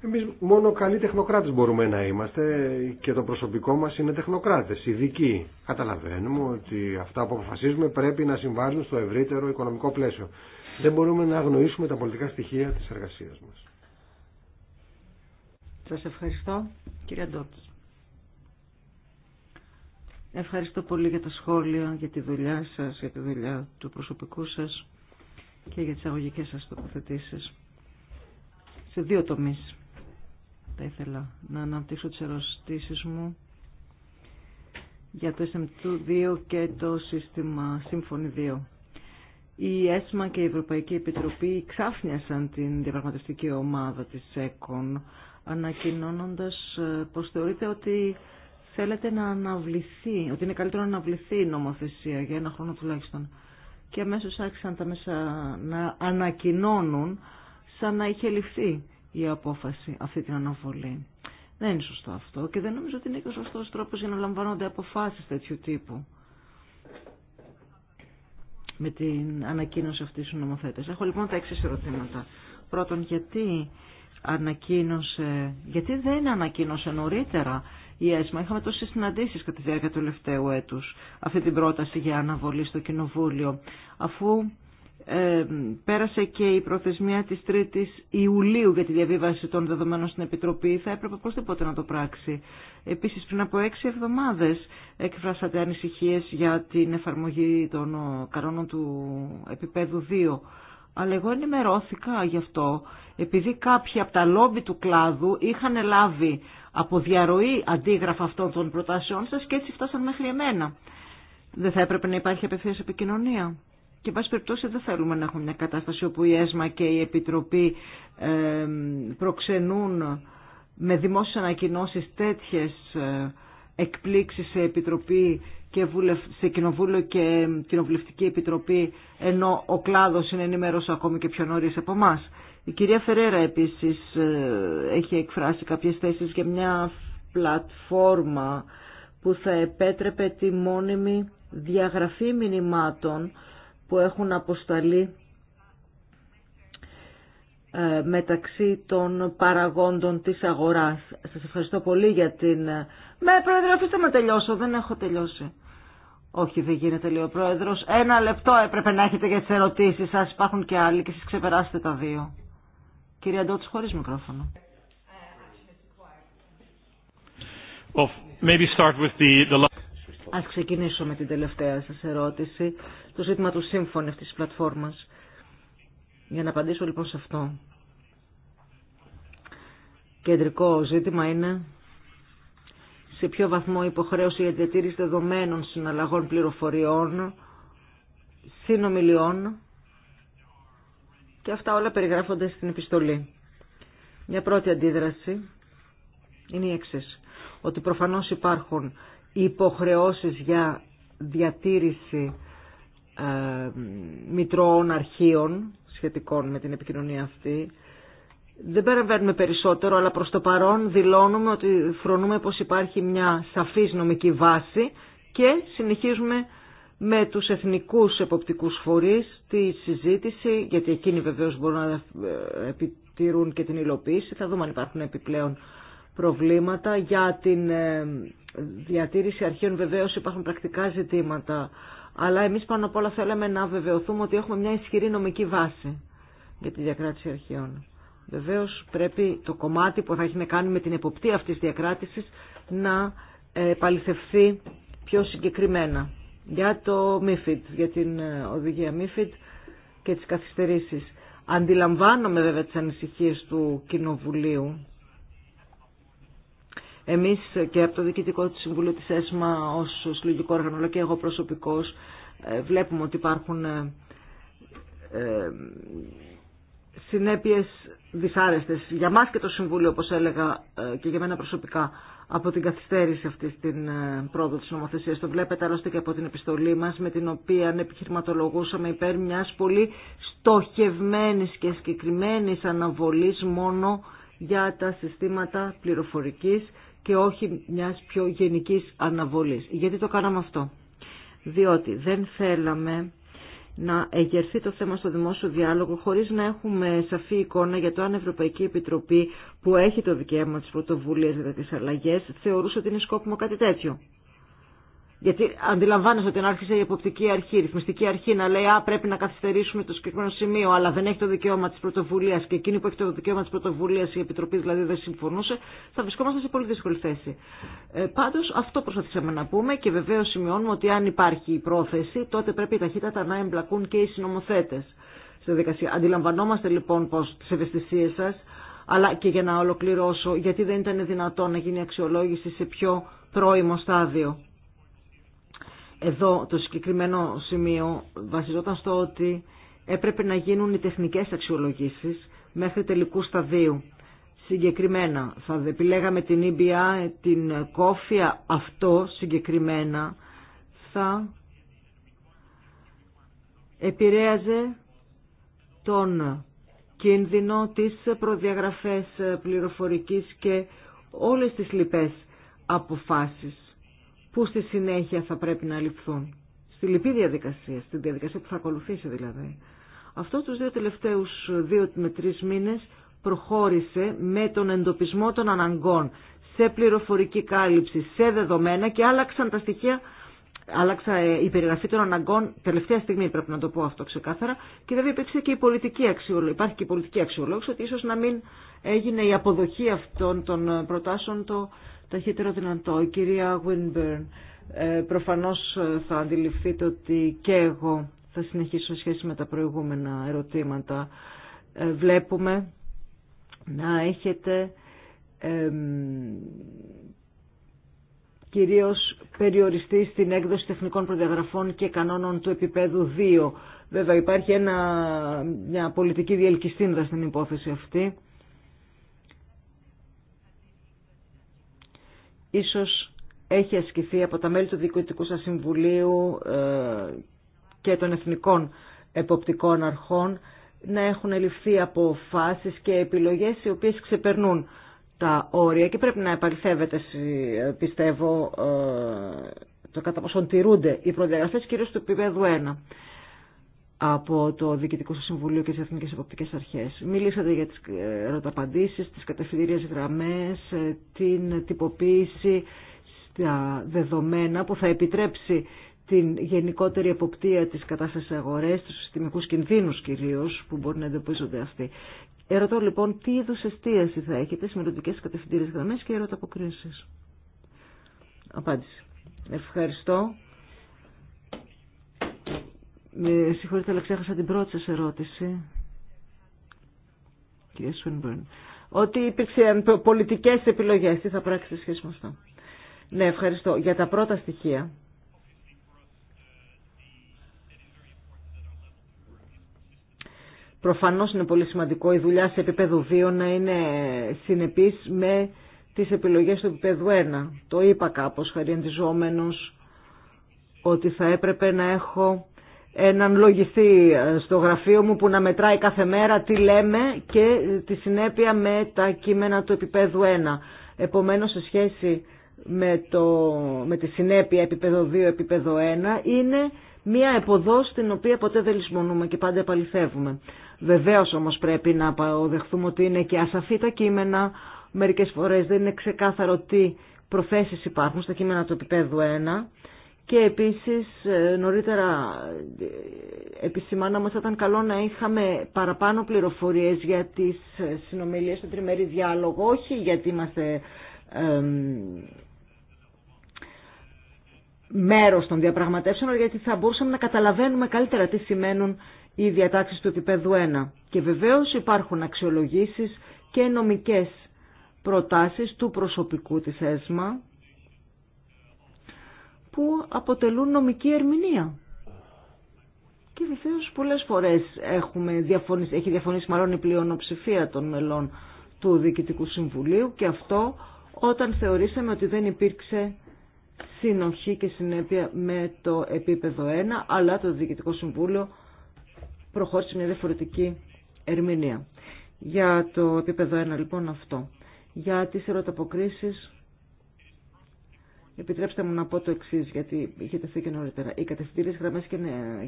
εμείς μόνο καλοί τεχνοκράτες μπορούμε να είμαστε και το προσωπικό μας είναι τεχνοκράτες, ειδικοί. Καταλαβαίνουμε ότι αυτά που αποφασίζουμε πρέπει να συμβάλλουν στο ευρύτερο οικονομικό πλαίσιο. Δεν μπορούμε να αγνοήσουμε τα πολιτικά στοιχεία της εργασίας μας. Σας ευχαριστώ, κύριε Αντώτης. Ευχαριστώ πολύ για τα σχόλια, για τη δουλειά σας, για τη δουλειά του προσωπικού σας και για τις αγωγικές σας τοποθετήσεις σε δύο τομείς. Θα ήθελα να αναπτύξω τις ερωτήσεις μου για το SM2 και το σύστημα Σύμφωνη 2. Η ΕΣΜΑ και η Ευρωπαϊκή Επιτροπή ξάφνιασαν την διαπραγματευτική ομάδα της ΕΚΟΝ ανακοινώνοντας ε, πως θεωρείται ότι θέλετε να αναβληθεί, ότι είναι καλύτερο να αναβληθεί η νομοθεσία για ένα χρόνο τουλάχιστον. Και αμέσω άρχισαν τα μέσα να ανακοινώνουν σαν να είχε ληφθεί η απόφαση αυτή την αναβολή. Δεν είναι σωστό αυτό και δεν νομίζω ότι είναι και ο σωστός τρόπος για να λαμβάνονται αποφάσεις τέτοιου τύπου με την ανακοίνωση αυτής του νομοθέτες. Έχω λοιπόν τα εξή ερωτήματα. Πρώτον, γιατί ανακοίνωσε, γιατί δεν ανακοίνωσε νωρίτερα η ΕΣΜΑ. Είχαμε τόσες συναντήσεις κατά τη διάρκεια του τελευταίου έτους αυτή την πρόταση για αναβολή στο Κοινοβούλιο, αφού ε, πέρασε και η προθεσμία της 3ης Ιουλίου για τη διαβίβαση των δεδομένων στην Επιτροπή, θα έπρεπε οπωσδήποτε να το πράξει. Επίσης πριν από έξι εβδομάδες εκφράσατε ανησυχίες για την εφαρμογή των ε, κανόνων του επίπεδου 2. Αλλά εγώ ενημερώθηκα γι' αυτό, επειδή κάποιοι από τα λόμπι του κλάδου είχαν λάβει από διαρροή αντίγραφα αυτών των προτάσεών σας και έτσι φτάσαν μέχρι εμένα. Δεν θα έπρεπε να υπάρχει απευθείας επικοινωνία. Και, βάση περιπτώσει, δεν θέλουμε να έχουμε μια κατάσταση όπου η ΕΣΜΑ και η Επιτροπή προξενούν με δημόσιες ανακοινώσεις τέτοιες ε, εκπλήξεις σε επιτροπή και σε κοινοβούλιο και κοινοβουλευτική επιτροπή ενώ ο κλάδος είναι ενημέρος ακόμη και πιο νωρίς από εμά. Η κυρία Φερέρα επίσης ε, έχει εκφράσει κάποιες θέσεις για μια πλατφόρμα που θα επέτρεπε τη μόνιμη διαγραφή μηνυμάτων που έχουν αποσταλεί ε, μεταξύ των παραγόντων της αγοράς. Σας ευχαριστώ πολύ για την... Με πρόεδρε αφήστε με τελειώσω, δεν έχω τελειώσει. Όχι, δεν γίνεται, λέει ο πρόεδρο. Ένα λεπτό έπρεπε να έχετε για τι ερωτήσει σα. Υπάρχουν και άλλοι και εσεί ξεπεράσετε τα δύο. Κυρία Ντότ, χωρί μικρόφωνο. Well, maybe start with the... Ας ξεκινήσω με την τελευταία σας ερώτηση το ζήτημα του σύμφωνη αυτής της πλατφόρμας. Για να απαντήσω λοιπόν σε αυτό. Κεντρικό ζήτημα είναι σε ποιο βαθμό υποχρέωση για διατήρηση δεδομένων συναλλαγών πληροφοριών, συνομιλιών και αυτά όλα περιγράφονται στην επιστολή. Μια πρώτη αντίδραση είναι η εξή. ότι προφανώς υπάρχουν υποχρεώσεις για διατήρηση ε, μητρώων αρχείων σχετικών με την επικοινωνία αυτή. Δεν παραβαίνουμε περισσότερο, αλλά προς το παρόν δηλώνουμε ότι φρονούμε πως υπάρχει μια σαφής νομική βάση και συνεχίζουμε με τους εθνικούς εποπτικούς φορείς τη συζήτηση, γιατί εκείνοι βεβαίως μπορούν να ε, επιτηρούν και την υλοποίηση. Θα δούμε αν υπάρχουν επιπλέον προβλήματα. Για την ε, διατήρηση αρχείων βεβαίως υπάρχουν πρακτικά ζητήματα αλλά εμείς πάνω απ' όλα θέλαμε να βεβαιωθούμε ότι έχουμε μια ισχυρή νομική βάση για τη διακράτηση αρχείων. Βεβαίως πρέπει το κομμάτι που θα έχει να κάνει με την εποπτεία αυτής της διακράτησης να παληθευθεί πιο συγκεκριμένα για το MIFID, για την ε, οδηγία MIFID και τις καθυστερήσεις. Αντιλαμβάνομαι βέβαια τις ανησυχίες του Κοινοβουλίου εμείς και από το Διοικητικό του Συμβουλίου της ΕΣΜΑ ως συλλογικό όργανο, αλλά και εγώ προσωπικώς, ε, βλέπουμε ότι υπάρχουν ε, ε, συνέπειες δυσάρεστες για μας και το Συμβούλιο, όπως έλεγα, και για μένα προσωπικά, από την καθυστέρηση αυτή την πρόοδο της νομοθεσίας. Το βλέπετε άλλωστε και από την επιστολή μας με την οποία επιχειρηματολογούσαμε υπέρ μιας πολύ στοχευμένης και συγκεκριμένη αναβολής μόνο για τα συστήματα πληροφορικής και όχι μιας πιο γενικής αναβολής. Γιατί το κάναμε αυτό. Διότι δεν θέλαμε να εγερθεί το θέμα στο δημόσιο διάλογο χωρίς να έχουμε σαφή εικόνα για το αν Ευρωπαϊκή Επιτροπή που έχει το δικαίωμα της πρωτοβουλίας για τις αλλαγές θεωρούσε ότι είναι σκόπιμο κάτι τέτοιο. Γιατί αντιλαμβάνεσαι ότι αν άρχισε η εποπτική αρχή, η ρυθμιστική αρχή να λέει Α, πρέπει να καθυστερήσουμε το συγκεκριμένο σημείο, αλλά δεν έχει το δικαίωμα τη πρωτοβουλία και εκείνη που έχει το δικαίωμα τη πρωτοβουλία, η Επιτροπή δηλαδή δεν συμφωνούσε, θα βρισκόμαστε σε πολύ δύσκολη θέση. Ε, Πάντω αυτό προσπαθήσαμε να πούμε και βεβαίω σημειώνουμε ότι αν υπάρχει η πρόθεση, τότε πρέπει η ταχύτατα να εμπλακούν και οι συνομοθέτε στη δικασία. Αντιλαμβανόμαστε λοιπόν πω τι ευαισθησίε σα, αλλά και για να ολοκληρώσω, γιατί δεν ήταν δυνατόν να γίνει αξιολόγηση σε πιο πρώιμο στάδιο εδώ το συγκεκριμένο σημείο βασιζόταν στο ότι έπρεπε να γίνουν οι τεχνικές αξιολογήσεις μέχρι τελικού σταδίου. Συγκεκριμένα θα επιλέγαμε την EBA, την κόφια, αυτό συγκεκριμένα θα επηρέαζε τον κίνδυνο, της προδιαγραφές πληροφορικής και όλες τις λοιπές αποφάσεις που στη συνέχεια θα πρέπει να ληφθούν. Στη λυπή διαδικασία, στη διαδικασία που θα ακολουθήσει δηλαδή. Αυτό τους δύο τελευταίους δύο με τρεις μήνες προχώρησε με τον εντοπισμό των αναγκών σε πληροφορική κάλυψη, σε δεδομένα και άλλαξαν τα στοιχεία άλλαξα ε, η περιγραφή των αναγκών τελευταία στιγμή, πρέπει να το πω αυτό ξεκάθαρα, και βέβαια υπήρξε και η πολιτική αξιολόγηση. Υπάρχει και η πολιτική αξιολόγηση ότι ίσως να μην έγινε η αποδοχή αυτών των προτάσεων το ταχύτερο δυνατό. Η κυρία Γουινμπέρν, ε, προφανώς ε, θα αντιληφθείτε ότι και εγώ θα συνεχίσω σχέση με τα προηγούμενα ερωτήματα. Ε, βλέπουμε να έχετε ε, κυρίως περιοριστεί στην έκδοση τεχνικών προδιαγραφών και κανόνων του επίπεδου 2. Βέβαια υπάρχει ένα, μια πολιτική διελκυστίνδα στην υπόθεση αυτή ίσως έχει ασκηθεί από τα μέλη του Διοικητικού σας Συμβουλίου ε, και των Εθνικών Εποπτικών Αρχών να έχουν ληφθεί φάσεις και επιλογές οι οποίες ξεπερνούν τα όρια και πρέπει να επαληθεύεται, ε, πιστεύω, ε, το κατά πόσον τηρούνται οι προδιαγραφές κυρίως του επίπεδου 1 από το Διοικητικό Συμβουλίο και τις Εθνικές Εποπτικές Αρχές. Μιλήσατε για τις ε, ερωταπαντήσεις, τις κατευθυντήριες γραμμές, ε, την τυποποίηση στα δεδομένα που θα επιτρέψει την γενικότερη εποπτεία της κατάστασης αγορές, τους συστημικούς κινδύνους κυρίως που μπορεί να εντοπίζονται αυτοί. Ερωτώ λοιπόν τι είδου εστίαση θα έχετε στις μελλοντικές κατευθυντήριες γραμμές και ερωταποκρίσεις. Απάντηση. Ευχαριστώ. Με συγχωρείτε, αλλά ξέχασα την πρώτη σας ερώτηση. Κύριε Σουίνμπερν. Ότι υπήρξαν ε, πολιτικές επιλογές. Τι θα πράξει σχέση με αυτό. Ναι, ευχαριστώ. Για τα πρώτα στοιχεία. Προφανώς είναι πολύ σημαντικό η δουλειά σε επίπεδο 2 να είναι συνεπής με τις επιλογές του επίπεδου 1. Το είπα κάπως χαριεντιζόμενος ότι θα έπρεπε να έχω έναν λογιστή ε, στο γραφείο μου που να μετράει κάθε μέρα τι λέμε και ε, τη συνέπεια με τα κείμενα του επίπεδου 1. Επομένως, σε σχέση με, το, με τη συνέπεια επίπεδο 2, επίπεδο 1, είναι μία εποδός την οποία ποτέ δεν λησμονούμε και πάντα επαληθεύουμε. Βεβαίως όμως πρέπει να αποδεχθούμε ότι είναι και ασαφή τα κείμενα, μερικές φορές δεν είναι ξεκάθαρο τι προθέσεις υπάρχουν στα κείμενα του επίπεδου 1 και επίσης ε, νωρίτερα ε, επισημάναμε ότι ήταν καλό να είχαμε παραπάνω πληροφορίες για τις ε, συνομιλίες στο τριμερή διάλογο, όχι γιατί είμαστε ε, μέρος των διαπραγματεύσεων, γιατί θα μπορούσαμε να καταλαβαίνουμε καλύτερα τι σημαίνουν οι διατάξεις του επίπεδου 1. Και βεβαίως υπάρχουν αξιολογήσεις και νομικές προτάσεις του προσωπικού της ΕΣΜΑ, που αποτελούν νομική ερμηνεία. Και βεβαίω πολλές φορές έχουμε διαφωνήσει, έχει διαφωνήσει μάλλον η πλειονοψηφία των μελών του Διοικητικού Συμβουλίου και αυτό όταν θεωρήσαμε ότι δεν υπήρξε συνοχή και συνέπεια με το επίπεδο 1, αλλά το Διοικητικό Συμβούλιο προχώρησε μια διαφορετική ερμηνεία. Για το επίπεδο 1 λοιπόν αυτό. Για τις ερωταποκρίσεις Επιτρέψτε μου να πω το εξή, γιατί είχε τεθεί και νωρίτερα. Οι κατευθυντήριε γραμμέ και,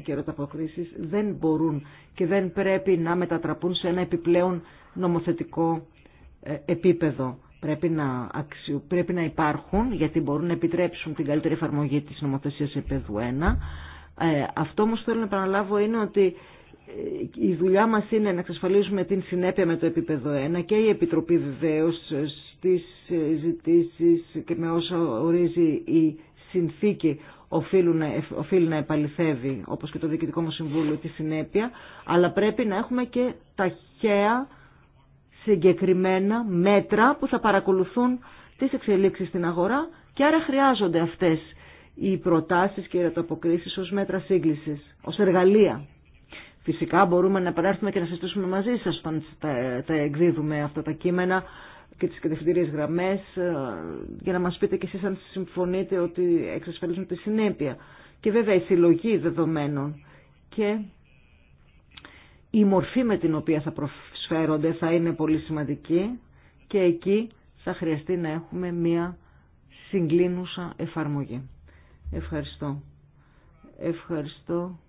και ερωταποκρίσει δεν μπορούν και δεν πρέπει να μετατραπούν σε ένα επιπλέον νομοθετικό ε, επίπεδο. Πρέπει να, πρέπει να υπάρχουν, γιατί μπορούν να επιτρέψουν την καλύτερη εφαρμογή τη νομοθεσία επίπεδου 1. Ε, αυτό όμω θέλω να επαναλάβω είναι ότι ε, η δουλειά μα είναι να εξασφαλίζουμε την συνέπεια με το επίπεδο 1 και η Επιτροπή βεβαίω τις ζητήσεις και με όσα ορίζει η συνθήκη οφείλουν, οφείλει να επαληθεύει, όπως και το Διοικητικό μου Συμβούλιο, τη συνέπεια, αλλά πρέπει να έχουμε και ταχαία συγκεκριμένα μέτρα που θα παρακολουθούν τις εξελίξεις στην αγορά και άρα χρειάζονται αυτές οι προτάσεις και οι ερωταποκρίσεις ως μέτρα σύγκλησης, ως εργαλεία. Φυσικά μπορούμε να επανέλθουμε και να συζητήσουμε μαζί σας όταν τα εκδίδουμε αυτά τα κείμενα και τις κατευθυντήριες γραμμές ε, για να μας πείτε κι εσείς αν συμφωνείτε ότι εξασφαλίζουν τη συνέπεια. Και βέβαια η συλλογή δεδομένων και η μορφή με την οποία θα προσφέρονται θα είναι πολύ σημαντική και εκεί θα χρειαστεί να έχουμε μία συγκλίνουσα εφαρμογή. Ευχαριστώ. Ευχαριστώ.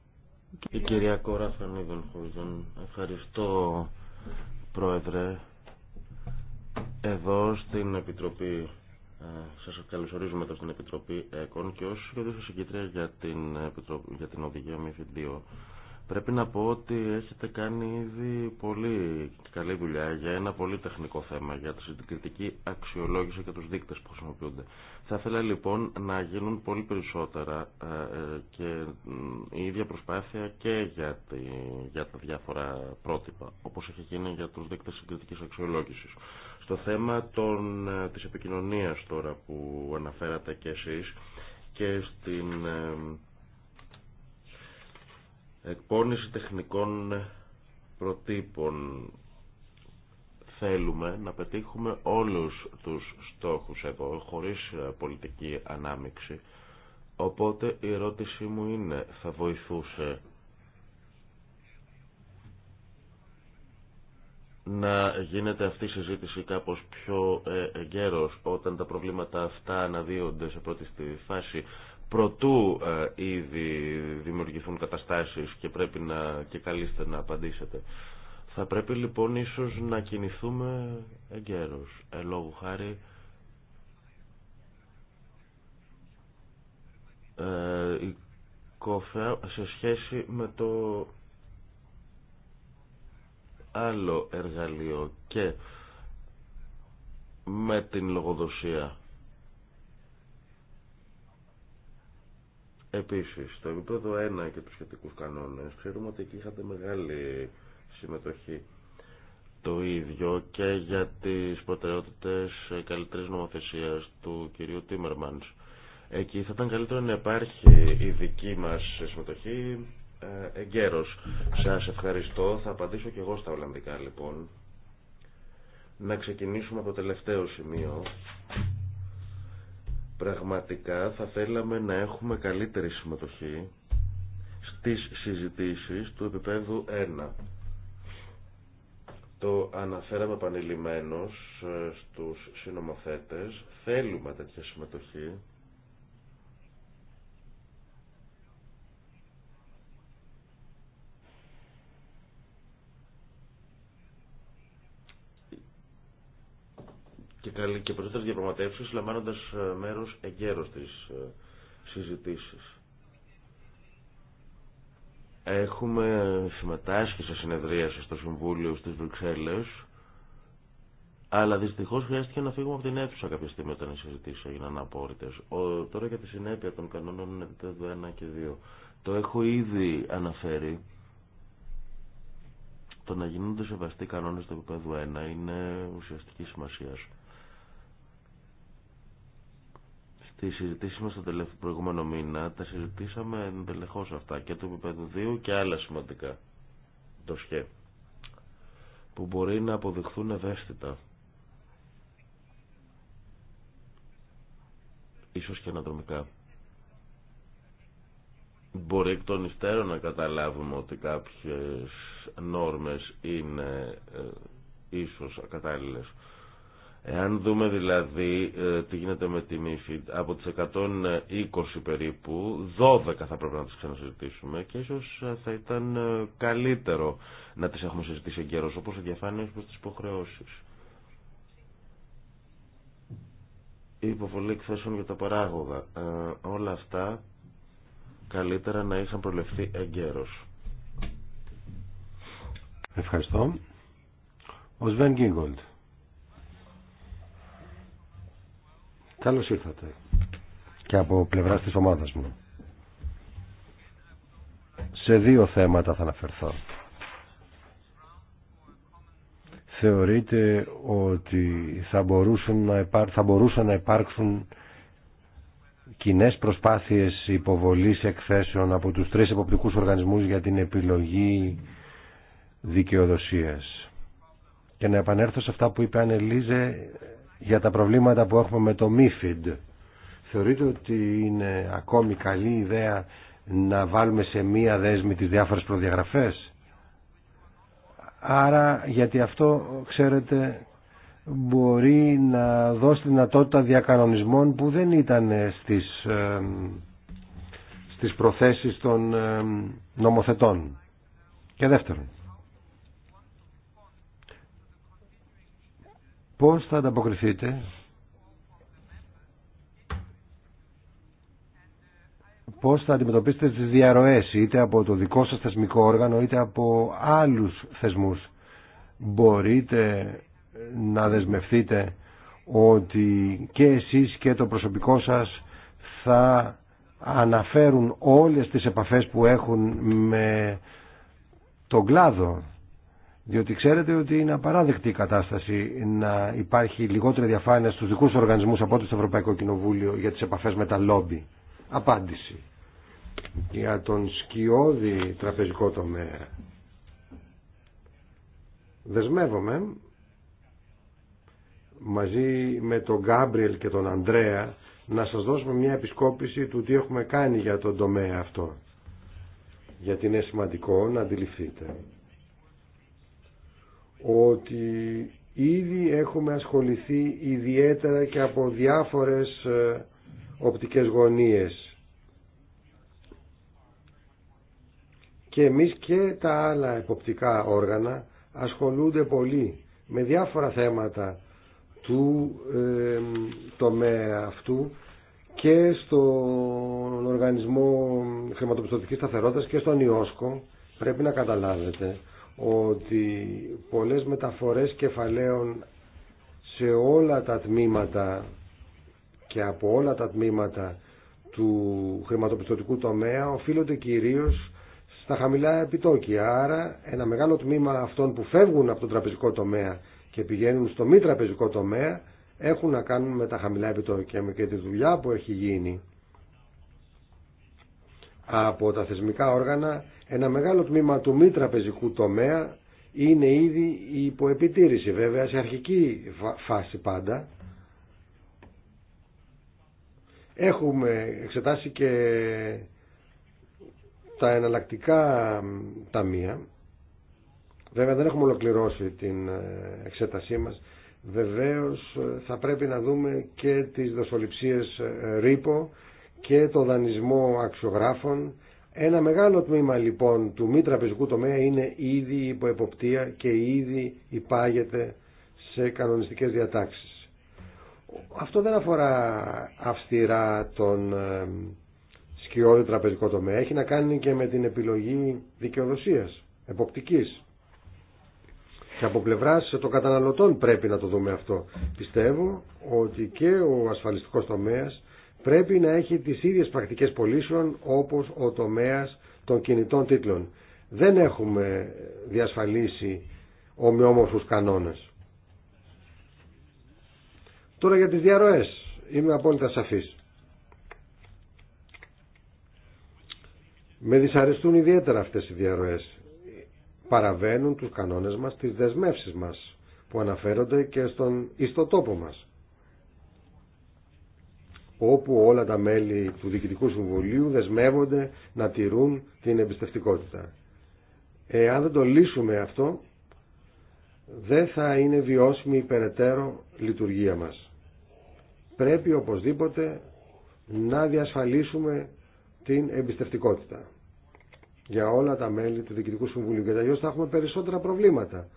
Η κυρία Κόρα Φανίδων Ευχαριστώ, Πρόεδρε. Εδώ στην Επιτροπή, ε, σας καλωσορίζουμε εδώ στην Επιτροπή ΕΚΟΝ και ως σχεδόν συγκήτρια για την, για την οδηγία 2 Πρέπει να πω ότι έχετε κάνει ήδη πολύ καλή δουλειά για ένα πολύ τεχνικό θέμα, για τη συγκριτική αξιολόγηση και τους δείκτες που χρησιμοποιούνται. Θα ήθελα λοιπόν να γίνουν πολύ περισσότερα ε, ε, και η ίδια προσπάθεια και για, τη, για τα διάφορα πρότυπα, όπως έχει γίνει για τους δείκτες συγκριτικής αξιολόγησης. Στο θέμα των, ε, της επικοινωνίας τώρα που αναφέρατε και εσείς και στην ε, εκπόνηση τεχνικών προτύπων θέλουμε να πετύχουμε όλους τους στόχους εδώ χωρίς ε, πολιτική ανάμειξη. Οπότε η ερώτησή μου είναι θα βοηθούσε να γίνεται αυτή η συζήτηση κάπως πιο ε, εγκαίρος όταν τα προβλήματα αυτά αναδύονται σε πρώτη στη φάση προτού ε, ήδη δημιουργηθούν καταστάσεις και πρέπει να και καλείστε να απαντήσετε. Θα πρέπει λοιπόν ίσως να κινηθούμε εγκαίρος Ε, λόγου χάρη ε, κόφεα σε σχέση με το άλλο εργαλείο και με την λογοδοσία. Επίσης, στο επίπεδο 1 και τους σχετικούς κανόνες, ξέρουμε ότι εκεί είχατε μεγάλη συμμετοχή. Το ίδιο και για τις προτεραιότητες καλύτερης νομοθεσίας του κυρίου Τίμερμανς. Εκεί θα ήταν καλύτερο να υπάρχει η δική μας συμμετοχή ε, εγκαίρως. Σας ευχαριστώ. Θα απαντήσω και εγώ στα Ολλανδικά λοιπόν. Να ξεκινήσουμε από το τελευταίο σημείο. Πραγματικά θα θέλαμε να έχουμε καλύτερη συμμετοχή στις συζητήσεις του επίπεδου 1. Το αναφέραμε επανειλημμένως ε, στους συνομοθέτες. Θέλουμε τέτοια συμμετοχή και, και περισσότερες διαπραγματεύσεις λαμβάνοντας ε, μέρος εγκαίρως της ε, συζητήσεις. Έχουμε συμμετάσχει σε συνεδρία στο Συμβούλιο στις Βρυξέλλες αλλά δυστυχώ χρειάστηκε να φύγουμε από την αίθουσα κάποια στιγμή όταν οι συζητήσει έγιναν απόρριτε. Τώρα για τη συνέπεια των κανόνων επίπεδου 1 και 2. Το έχω ήδη αναφέρει. Το να γίνονται σεβαστοί κανόνε στο επίπεδο 1 είναι ουσιαστική σημασία. Στι συζητήσει μα τον προηγούμενο μήνα τα συζητήσαμε εντελεχώ αυτά και του επίπεδου 2 και άλλα σημαντικά. Το ΣΧΕ. Που μπορεί να αποδειχθούν ευαίσθητα. Ίσως και αναδρομικά. Μπορεί εκ των υστέρων να καταλάβουμε ότι κάποιες νόρμες είναι ε, ίσως ακατάλληλες Εάν δούμε δηλαδή ε, τι γίνεται με τη MIFID, από τις 120 περίπου, 12 θα πρέπει να τις ξανασυζητήσουμε και ίσως ε, θα ήταν ε, καλύτερο να τις έχουμε συζητήσει εγκαίρως, όπως οι διαφάνειες προς τις υποχρεώσεις. Η υποβολή εκθέσεων για τα παράγωγα. όλα αυτά καλύτερα να είχαν προλευθεί εγκαίρως. Ευχαριστώ. Ο Σβέν Γκίγκολτ. Καλώ ήρθατε και από πλευρά της ομάδας μου. Σε δύο θέματα θα αναφερθώ. Θεωρείτε ότι θα, μπορούσαν να υπάρ... θα να υπάρξουν κοινέ προσπάθειες υποβολής εκθέσεων από τους τρεις εποπτικούς οργανισμούς για την επιλογή δικαιοδοσίας. Και να επανέλθω σε αυτά που είπε Ανελίζε για τα προβλήματα που έχουμε με το MIFID. Θεωρείτε ότι είναι ακόμη καλή ιδέα να βάλουμε σε μία δέσμη τις διάφορες προδιαγραφές. Άρα, γιατί αυτό, ξέρετε, μπορεί να δώσει δυνατότητα διακανονισμών που δεν ήταν στις, στις προθέσεις των νομοθετών. Και δεύτερον, πώς θα ανταποκριθείτε πώς θα αντιμετωπίσετε τις διαρροές είτε από το δικό σας θεσμικό όργανο είτε από άλλους θεσμούς μπορείτε να δεσμευτείτε ότι και εσείς και το προσωπικό σας θα αναφέρουν όλες τις επαφές που έχουν με τον κλάδο διότι ξέρετε ότι είναι απαράδεκτη η κατάσταση να υπάρχει λιγότερη διαφάνεια στους δικούς οργανισμούς από ό,τι στο Ευρωπαϊκό Κοινοβούλιο για τις επαφές με τα λόμπι. Απάντηση. Για τον σκιώδη τραπεζικό τομέα. Δεσμεύομαι μαζί με τον Γκάμπριελ και τον Ανδρέα να σας δώσουμε μια επισκόπηση του τι έχουμε κάνει για τον τομέα αυτό. Γιατί είναι σημαντικό να αντιληφθείτε ότι ήδη έχουμε ασχοληθεί ιδιαίτερα και από διάφορες ε, οπτικές γωνίες. Και εμείς και τα άλλα εποπτικά όργανα ασχολούνται πολύ με διάφορα θέματα του τομέα αυτού και στον Οργανισμό Χρηματοπιστωτικής Σταθερότητας και στον ΙΟΣΚΟ πρέπει να καταλάβετε ότι πολλές μεταφορές κεφαλαίων σε όλα τα τμήματα και από όλα τα τμήματα του χρηματοπιστωτικού τομέα οφείλονται κυρίως στα χαμηλά επιτόκια. Άρα ένα μεγάλο τμήμα αυτών που φεύγουν από τον τραπεζικό τομέα και πηγαίνουν στο μη τραπεζικό τομέα έχουν να κάνουν με τα χαμηλά επιτόκια και τη δουλειά που έχει γίνει από τα θεσμικά όργανα ένα μεγάλο τμήμα του μη τραπεζικού τομέα είναι ήδη υπό επιτήρηση βέβαια σε αρχική φάση πάντα έχουμε εξετάσει και τα εναλλακτικά ταμεία βέβαια δεν έχουμε ολοκληρώσει την ε, εξέτασή μας βεβαίως ε, θα πρέπει να δούμε και τις δοσοληψίες ε, ρήπο και το δανεισμό αξιογράφων. Ένα μεγάλο τμήμα λοιπόν του μη τραπεζικού τομέα είναι ήδη υπό εποπτεία και ήδη υπάγεται σε κανονιστικές διατάξεις. Αυτό δεν αφορά αυστηρά τον ε, σκιώδη τραπεζικό τομέα. Έχει να κάνει και με την επιλογή δικαιοδοσίας, εποπτικής. Και από πλευρά των καταναλωτών πρέπει να το δούμε αυτό. Πιστεύω ότι και ο ασφαλιστικός τομέας πρέπει να έχει τις ίδιες πρακτικές πωλήσεων όπως ο τομέας των κινητών τίτλων. Δεν έχουμε διασφαλίσει ομοιόμορφους κανόνες. Τώρα για τις διαρροές. Είμαι απόλυτα σαφής. Με δυσαρεστούν ιδιαίτερα αυτές οι διαρροές. Παραβαίνουν τους κανόνες μας, τις δεσμεύσεις μας που αναφέρονται και στον ιστοτόπο μας όπου όλα τα μέλη του Διοικητικού Συμβουλίου δεσμεύονται να τηρούν την εμπιστευτικότητα. Εάν δεν το λύσουμε αυτό, δεν θα είναι βιώσιμη η περαιτέρω λειτουργία μας. Πρέπει οπωσδήποτε να διασφαλίσουμε την εμπιστευτικότητα για όλα τα μέλη του Διοικητικού Συμβουλίου γιατί θα έχουμε περισσότερα προβλήματα.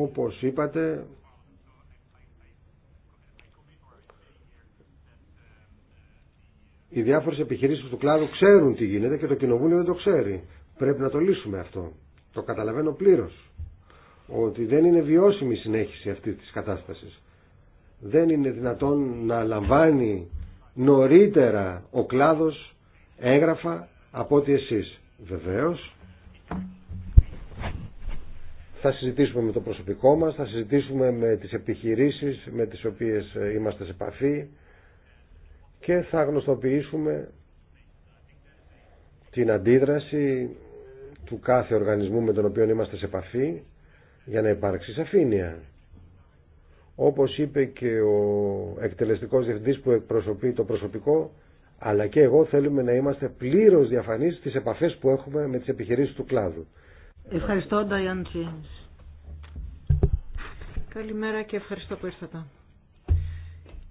Όπως είπατε, οι διάφορε επιχειρήσεις του κλάδου ξέρουν τι γίνεται και το κοινοβούλιο δεν το ξέρει. Πρέπει να το λύσουμε αυτό. Το καταλαβαίνω πλήρω. Ότι δεν είναι βιώσιμη η συνέχιση αυτή της κατάστασης. Δεν είναι δυνατόν να λαμβάνει νωρίτερα ο κλάδος έγγραφα από ότι εσείς. Βεβαίω, θα συζητήσουμε με το προσωπικό μας, θα συζητήσουμε με τις επιχειρήσεις με τις οποίες είμαστε σε επαφή, και θα γνωστοποιήσουμε την αντίδραση του κάθε οργανισμού με τον οποίο είμαστε σε επαφή για να υπάρξει σαφήνεια. Όπως είπε και ο εκτελεστικός διευθυντής που εκπροσωπεί το προσωπικό, αλλά και εγώ θέλουμε να είμαστε πλήρως διαφανείς στις επαφές που έχουμε με τις επιχειρήσεις του κλάδου. Ευχαριστώ, Νταϊάν Καλημέρα και ευχαριστώ που ήρθατε.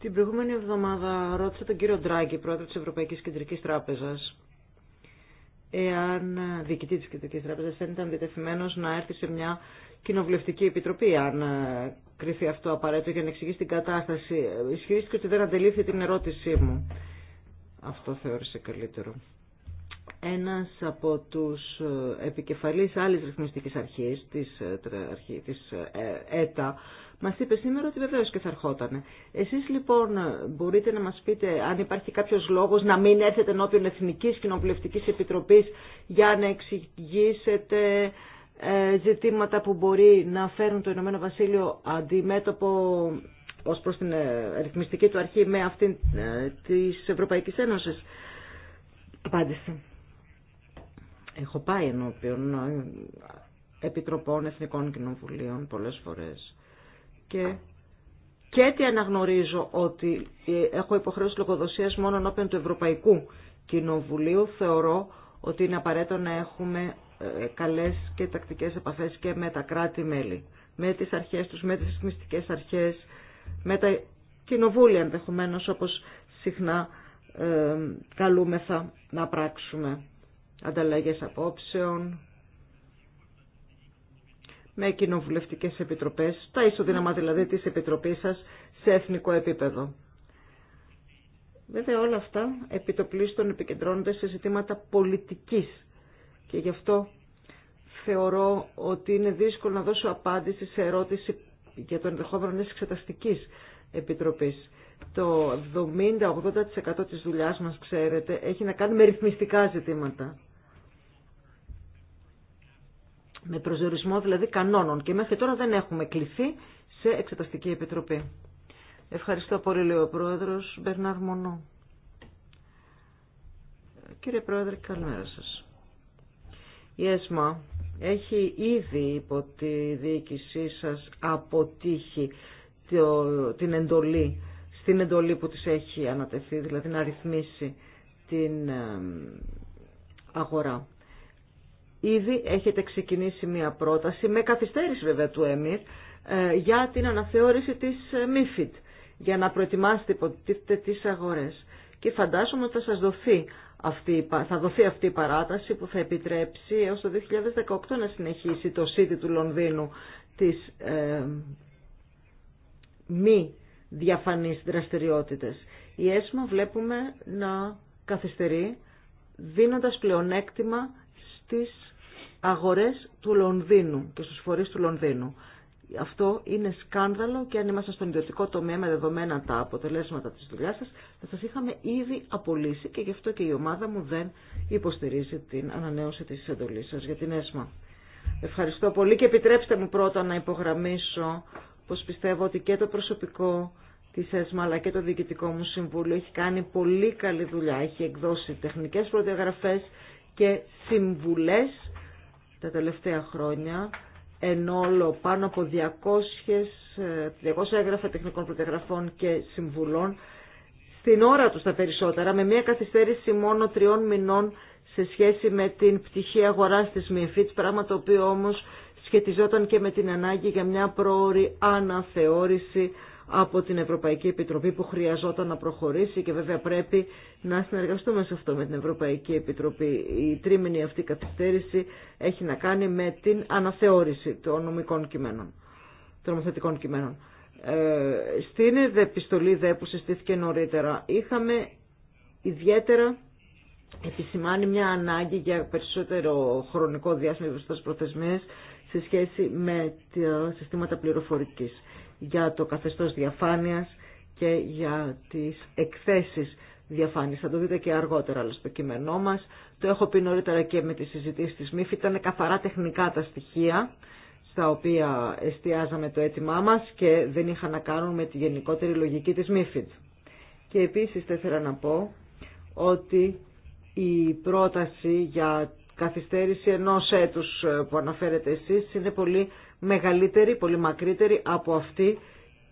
Την προηγούμενη εβδομάδα ρώτησα τον κύριο Ντράγκη, πρόεδρο της Ευρωπαϊκής Κεντρικής Τράπεζας, εάν διοικητή της Κεντρικής Τράπεζας δεν ήταν διτεθειμένος να έρθει σε μια κοινοβουλευτική επιτροπή, αν ε, κρυθεί αυτό απαραίτητο για να εξηγήσει την κατάσταση. Ισχυρίστηκε ότι δεν αντελήφθη την ερώτησή μου. Αυτό θεώρησε καλύτερο. Ένας από τους ε, επικεφαλής άλλης ρυθμιστικής ε, αρχή, της ΕΤΑ, Μα είπε σήμερα ότι βεβαίω και θα ερχόταν. Εσεί λοιπόν μπορείτε να μα πείτε αν υπάρχει κάποιο λόγο να μην έρθετε ενώπιον Εθνική Κοινοβουλευτική Επιτροπή για να εξηγήσετε ε, ζητήματα που μπορεί να φέρουν το Ηνωμένο Βασίλειο αντιμέτωπο ως προς την ε, ρυθμιστική του αρχή με αυτήν ε, της Ευρωπαϊκής Ένωσης. Απάντησε. Έχω πάει ενώπιον επιτροπών εθνικών κοινοβουλίων πολλές φορές και και τι αναγνωρίζω ότι ε, έχω υποχρέωση λογοδοσίας μόνο ενώπιον του Ευρωπαϊκού Κοινοβουλίου. Θεωρώ ότι είναι απαραίτητο να έχουμε ε, καλές και τακτικές επαφές και με τα κράτη-μέλη, με τις αρχές τους, με τις μυστικές αρχές, με τα κοινοβούλια ενδεχομένω όπως συχνά ε, καλούμεθα να πράξουμε ανταλλαγές απόψεων, με κοινοβουλευτικέ επιτροπέ, τα ισοδυναμά δηλαδή τη επιτροπή σα σε εθνικό επίπεδο. Βέβαια όλα αυτά επιτοπλίστων επικεντρώνονται σε ζητήματα πολιτικής και γι' αυτό θεωρώ ότι είναι δύσκολο να δώσω απάντηση σε ερώτηση για το ενδεχόμενο μιας εξεταστικής επιτροπής. Το 70-80% της δουλειάς μας, ξέρετε, έχει να κάνει με ρυθμιστικά ζητήματα με προσδιορισμό δηλαδή κανόνων και μέχρι τώρα δεν έχουμε κληθεί σε εξεταστική επιτροπή. Ευχαριστώ πολύ, λέει ο Πρόεδρος Μπερνάρ Μονό. Κύριε Πρόεδρε, καλημέρα σα. Η ΕΣΜΑ έχει ήδη υπό τη διοίκησή σας αποτύχει την εντολή, στην εντολή που της έχει ανατεθεί, δηλαδή να ρυθμίσει την αγορά. Ήδη έχετε ξεκινήσει μία πρόταση, με καθυστέρηση βέβαια του ΕΜΙΡ, ε, για την αναθεώρηση της ε, ΜΥΦΙΤ, για να προετοιμάσετε υποτίθεται τις αγορές. Και φαντάζομαι ότι θα σας δοθεί αυτή, θα δοθεί αυτή η παράταση που θα επιτρέψει έως το 2018 να συνεχίσει το City του Λονδίνου τις ε, μη διαφανείς δραστηριότητες. Η ΕΣΜΑ βλέπουμε να καθυστερεί δίνοντας πλεονέκτημα στις αγορές του Λονδίνου και στους φορείς του Λονδίνου. Αυτό είναι σκάνδαλο και αν είμαστε στον ιδιωτικό τομέα με δεδομένα τα αποτελέσματα της δουλειά σας θα σας είχαμε ήδη απολύσει και γι' αυτό και η ομάδα μου δεν υποστηρίζει την ανανέωση της εντολής σας για την ΕΣΜΑ. Ευχαριστώ πολύ και επιτρέψτε μου πρώτα να υπογραμμίσω πως πιστεύω ότι και το προσωπικό της ΕΣΜΑ αλλά και το Διοικητικό μου Συμβούλιο έχει κάνει πολύ καλή δουλειά. Έχει εκδώσει τεχνικές προδιαγραφές και συμβουλές τα τελευταία χρόνια, εν πάνω από 200, 200 ε, έγγραφα τεχνικών προτεγραφών και συμβουλών, στην ώρα τους τα περισσότερα, με μια καθυστέρηση μόνο τριών μηνών σε σχέση με την πτυχή αγορά της ΜΕΦΙΤ, πράγμα το οποίο όμως σχετιζόταν και με την ανάγκη για μια πρόορη αναθεώρηση από την Ευρωπαϊκή Επιτροπή που χρειαζόταν να προχωρήσει και βέβαια πρέπει να συνεργαστούμε σε αυτό με την Ευρωπαϊκή Επιτροπή. Η τρίμηνη αυτή καθυστέρηση έχει να κάνει με την αναθεώρηση των νομικών κειμένων, των νομοθετικών κειμένων. Ε, στην επιστολή δε που συστήθηκε νωρίτερα είχαμε ιδιαίτερα επισημάνει μια ανάγκη για περισσότερο χρονικό διάστημα προθεσμίες σε σχέση με τα συστήματα πληροφορικής για το καθεστώς διαφάνειας και για τις εκθέσεις διαφάνειας. Θα το δείτε και αργότερα αλλά στο κείμενό μας. Το έχω πει νωρίτερα και με τις συζητήσεις της ΜΥΦ. Ήταν καθαρά τεχνικά τα στοιχεία στα οποία εστιάζαμε το αίτημά μας και δεν είχαν να κάνουν με τη γενικότερη λογική της ΜΥΦΙΤ. Και επίσης ήθελα να πω ότι η πρόταση για καθυστέρηση ενός έτους που αναφέρετε εσείς είναι πολύ μεγαλύτερη, πολύ μακρύτερη από αυτή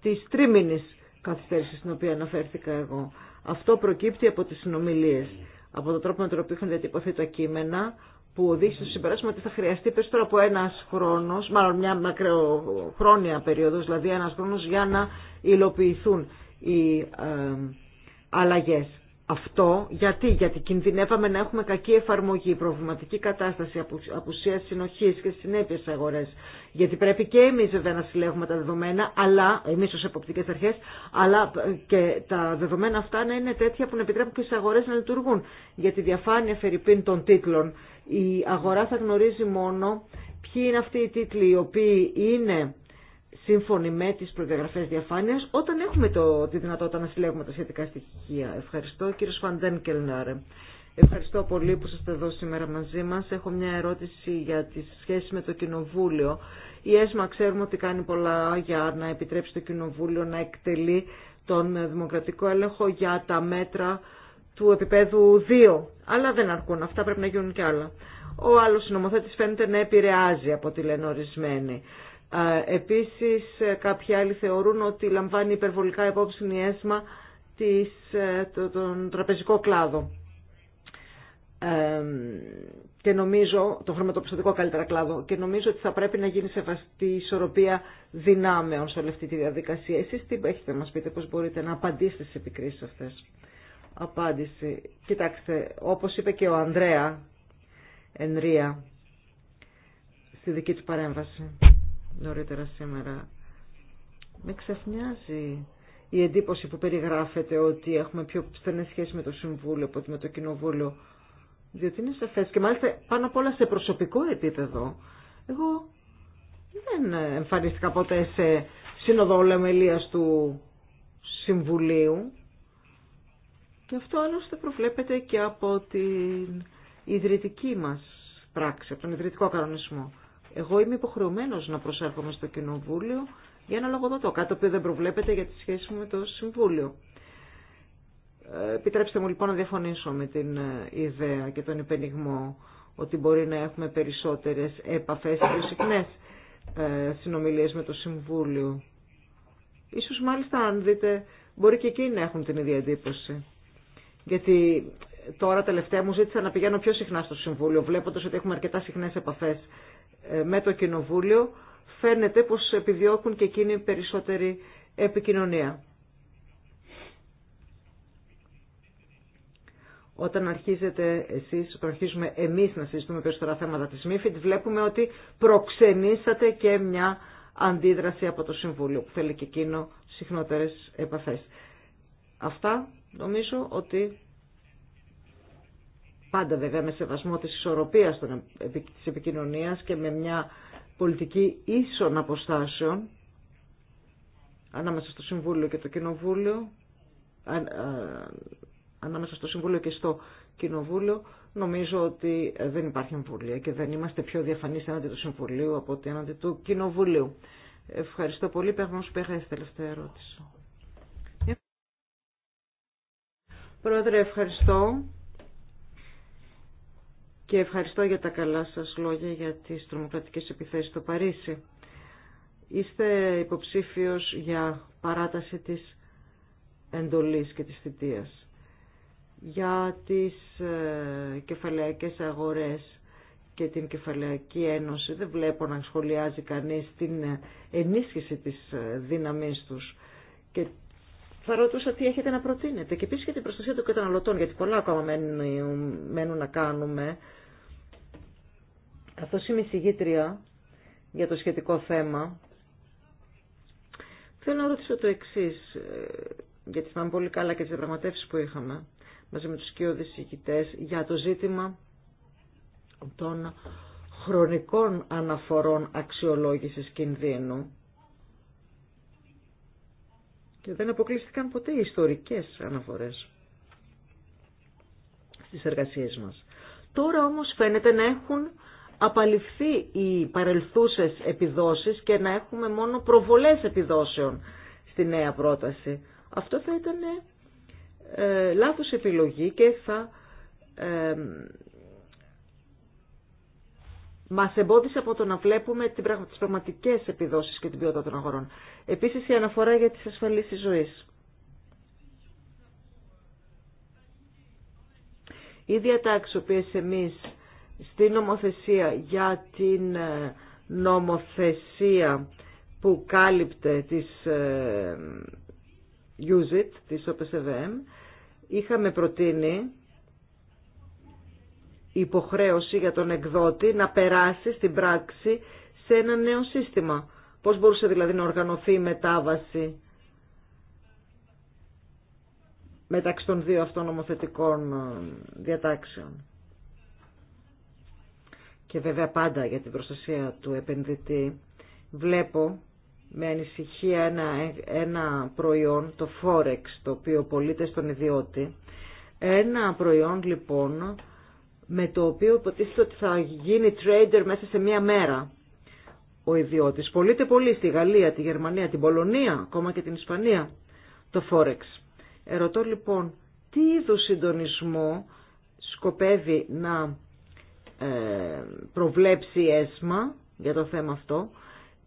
της τρίμηνης καθυστέρησης στην οποία αναφέρθηκα εγώ. Αυτό προκύπτει από τις συνομιλίες, από τον τρόπο με τον οποίο είχαν διατυπωθεί τα κείμενα, που οδήγησε στο συμπεράσμα ότι θα χρειαστεί περισσότερο από ένα χρόνο, μάλλον μια μακροχρόνια περίοδο, δηλαδή ένα χρόνο για να υλοποιηθούν οι ε, αλλαγέ αυτό γιατί, γιατί κινδυνεύαμε να έχουμε κακή εφαρμογή, προβληματική κατάσταση, απουσία συνοχή και συνέπειε σε αγορέ. Γιατί πρέπει και εμεί βέβαια να συλλέγουμε τα δεδομένα, αλλά εμεί ω εποπτικέ αρχέ, αλλά ε, και τα δεδομένα αυτά να είναι τέτοια που να επιτρέπουν και στι αγορέ να λειτουργούν. Γιατί διαφάνεια φερειπίν των τίτλων, η αγορά θα γνωρίζει μόνο ποιοι είναι αυτοί οι τίτλοι οι οποίοι είναι σύμφωνοι με τις προδιαγραφές διαφάνειας όταν έχουμε το, τη δυνατότητα να συλλέγουμε τα σχετικά στοιχεία. Ευχαριστώ κύριο Φαντέν Κελνάρε. Ευχαριστώ πολύ που είστε εδώ σήμερα μαζί μα. Έχω μια ερώτηση για τις σχέσεις με το Κοινοβούλιο. Η ΕΣΜΑ ξέρουμε ότι κάνει πολλά για να επιτρέψει το Κοινοβούλιο να εκτελεί τον δημοκρατικό έλεγχο για τα μέτρα του επίπεδου 2. Αλλά δεν αρκούν. Αυτά πρέπει να γίνουν κι άλλα. Ο άλλο νομοθέτη φαίνεται να επηρεάζει από τη λένε ορισμένοι. Επίσης ε, κάποιοι άλλοι θεωρούν ότι λαμβάνει υπερβολικά υπόψη η ΕΣΜΑ της, ε, το, τον τραπεζικό κλάδο. Ε, και νομίζω, το χρηματοπιστωτικό καλύτερα κλάδο, και νομίζω ότι θα πρέπει να γίνει σεβαστή ισορροπία δυνάμεων σε όλη αυτή τη διαδικασία. Εσείς τι έχετε να μας πείτε, πώς μπορείτε να απαντήσετε στις επικρίσεις αυτές. Απάντηση. Κοιτάξτε, όπως είπε και ο Ανδρέα Ενρία, στη δική του παρέμβαση νωρίτερα σήμερα. Με ξεφνιάζει η εντύπωση που περιγράφεται ότι έχουμε πιο στενές σχέσεις με το Συμβούλιο από ότι με το Κοινοβούλιο. Διότι είναι σαφές και μάλιστα πάνω απ' όλα σε προσωπικό επίπεδο. Εγώ δεν εμφανίστηκα ποτέ σε σύνοδο ολεμελίας του Συμβουλίου. Και αυτό άλλωστε προβλέπεται και από την ιδρυτική μας πράξη, από τον ιδρυτικό κανονισμό. Εγώ είμαι υποχρεωμένο να προσέρχομαι στο Κοινοβούλιο για να λογοδοτώ, κάτι το οποίο δεν προβλέπεται για τη σχέση μου με το Συμβούλιο. Ε, επιτρέψτε μου λοιπόν να διαφωνήσω με την ε, ιδέα και τον υπενιγμό ότι μπορεί να έχουμε περισσότερες επαφές και συχνές ε, συνομιλίες με το Συμβούλιο. Ίσως μάλιστα αν δείτε μπορεί και εκείνοι να έχουν την ίδια εντύπωση. Γιατί τώρα τελευταία μου ζήτησα να πηγαίνω πιο συχνά στο Συμβούλιο βλέποντας ότι έχουμε αρκετά συχνέ επαφέ. Ε, με το Κοινοβούλιο φαίνεται πως επιδιώκουν και εκείνοι περισσότερη επικοινωνία. Όταν αρχίζετε εσείς, αρχίζουμε εμείς να συζητούμε περισσότερα θέματα της ΜΥΦΙΤ, βλέπουμε ότι προξενήσατε και μια αντίδραση από το Συμβούλιο που θέλει και εκείνο συχνότερες επαφές. Αυτά νομίζω ότι πάντα βέβαια με σεβασμό της ισορροπίας της επικοινωνίας και με μια πολιτική ίσων αποστάσεων ανάμεσα στο Συμβούλιο και το Κοινοβούλιο, ανάμεσα στο Συμβούλιο και στο Κοινοβούλιο, νομίζω ότι δεν υπάρχει εμβολία και δεν είμαστε πιο διαφανείς έναντι του Συμβουλίου από ότι έναντι του Κοινοβουλίου. Ευχαριστώ πολύ. Πέχμα σου πέχα τελευταία ερώτηση. Πρόεδρε, ευχαριστώ και ευχαριστώ για τα καλά σας λόγια για τις τρομοκρατικές επιθέσεις στο Παρίσι. Είστε υποψήφιος για παράταση της εντολής και της θητείας. Για τις ε, κεφαλαϊκές αγορές και την κεφαλαϊκή ένωση δεν βλέπω να σχολιάζει κανείς την ε, ενίσχυση της ε, δύναμής τους και θα ρωτούσα τι έχετε να προτείνετε και επίσης για την προστασία των καταναλωτών γιατί πολλά ακόμα μένουν να κάνουμε Καθώς είμαι συγγήτρια για το σχετικό θέμα, θέλω να ρωτήσω το εξή, ε, γιατί θυμάμαι πολύ καλά και τις διαπραγματεύσεις που είχαμε μαζί με τους κοιόδης συγγητές για το ζήτημα των χρονικών αναφορών αξιολόγησης κινδύνου. Και δεν αποκλείστηκαν ποτέ οι ιστορικές αναφορές στις εργασίες μας. Τώρα όμως φαίνεται να έχουν απαλληφθεί οι παρελθούσες επιδόσεις και να έχουμε μόνο προβολές επιδόσεων στη νέα πρόταση. Αυτό θα ήταν ε, ε λάθος επιλογή και θα ε, μας εμπόδισε από το να βλέπουμε τις πραγματικές επιδόσεις και την ποιότητα των αγορών. Επίσης η αναφορά για τις ασφαλίσεις ζωής. Οι διατάξεις οποίες εμείς Στη νομοθεσία για την ε, νομοθεσία που κάλυπτε της ε, USIT, της OPSVM, είχαμε προτείνει υποχρέωση για τον εκδότη να περάσει στην πράξη σε ένα νέο σύστημα. Πώς μπορούσε δηλαδή να οργανωθεί η μετάβαση μεταξύ των δύο αυτών νομοθετικών ε, διατάξεων και βέβαια πάντα για την προστασία του επενδυτή, βλέπω με ανησυχία ένα, ένα προϊόν, το Forex, το οποίο πωλείται στον ιδιώτη. Ένα προϊόν λοιπόν με το οποίο υποτίθεται ότι θα γίνει trader μέσα σε μία μέρα ο ιδιώτης. Πωλείται πολύ στη Γαλλία, τη Γερμανία, την Πολωνία, ακόμα και την Ισπανία το Forex. Ερωτώ λοιπόν τι είδους συντονισμό σκοπεύει να ε, προβλέψει ΕΣΜΑ για το θέμα αυτό,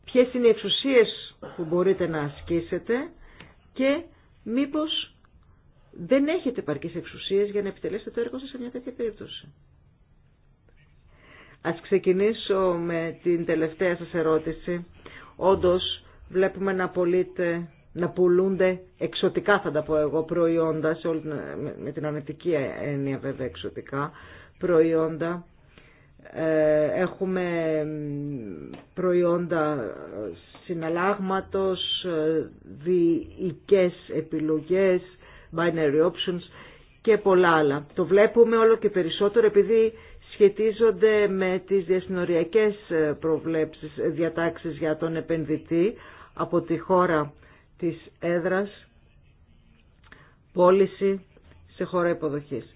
ποιες είναι οι εξουσίες που μπορείτε να ασκήσετε και μήπως δεν έχετε επαρκείς εξουσίες για να επιτελέσετε το έργο σας σε μια τέτοια περίπτωση. Ας ξεκινήσω με την τελευταία σας ερώτηση. Όντως βλέπουμε να να πουλούνται εξωτικά θα τα πω εγώ προϊόντα, όλη, με την ανετική έννοια βέβαια εξωτικά προϊόντα ε, έχουμε προϊόντα ε, συναλλάγματος, ε, διοικές επιλογές, binary options και πολλά άλλα. Το βλέπουμε όλο και περισσότερο επειδή σχετίζονται με τις διασυνοριακές προβλέψεις, διατάξεις για τον επενδυτή από τη χώρα της έδρας, πώληση σε χώρα υποδοχής.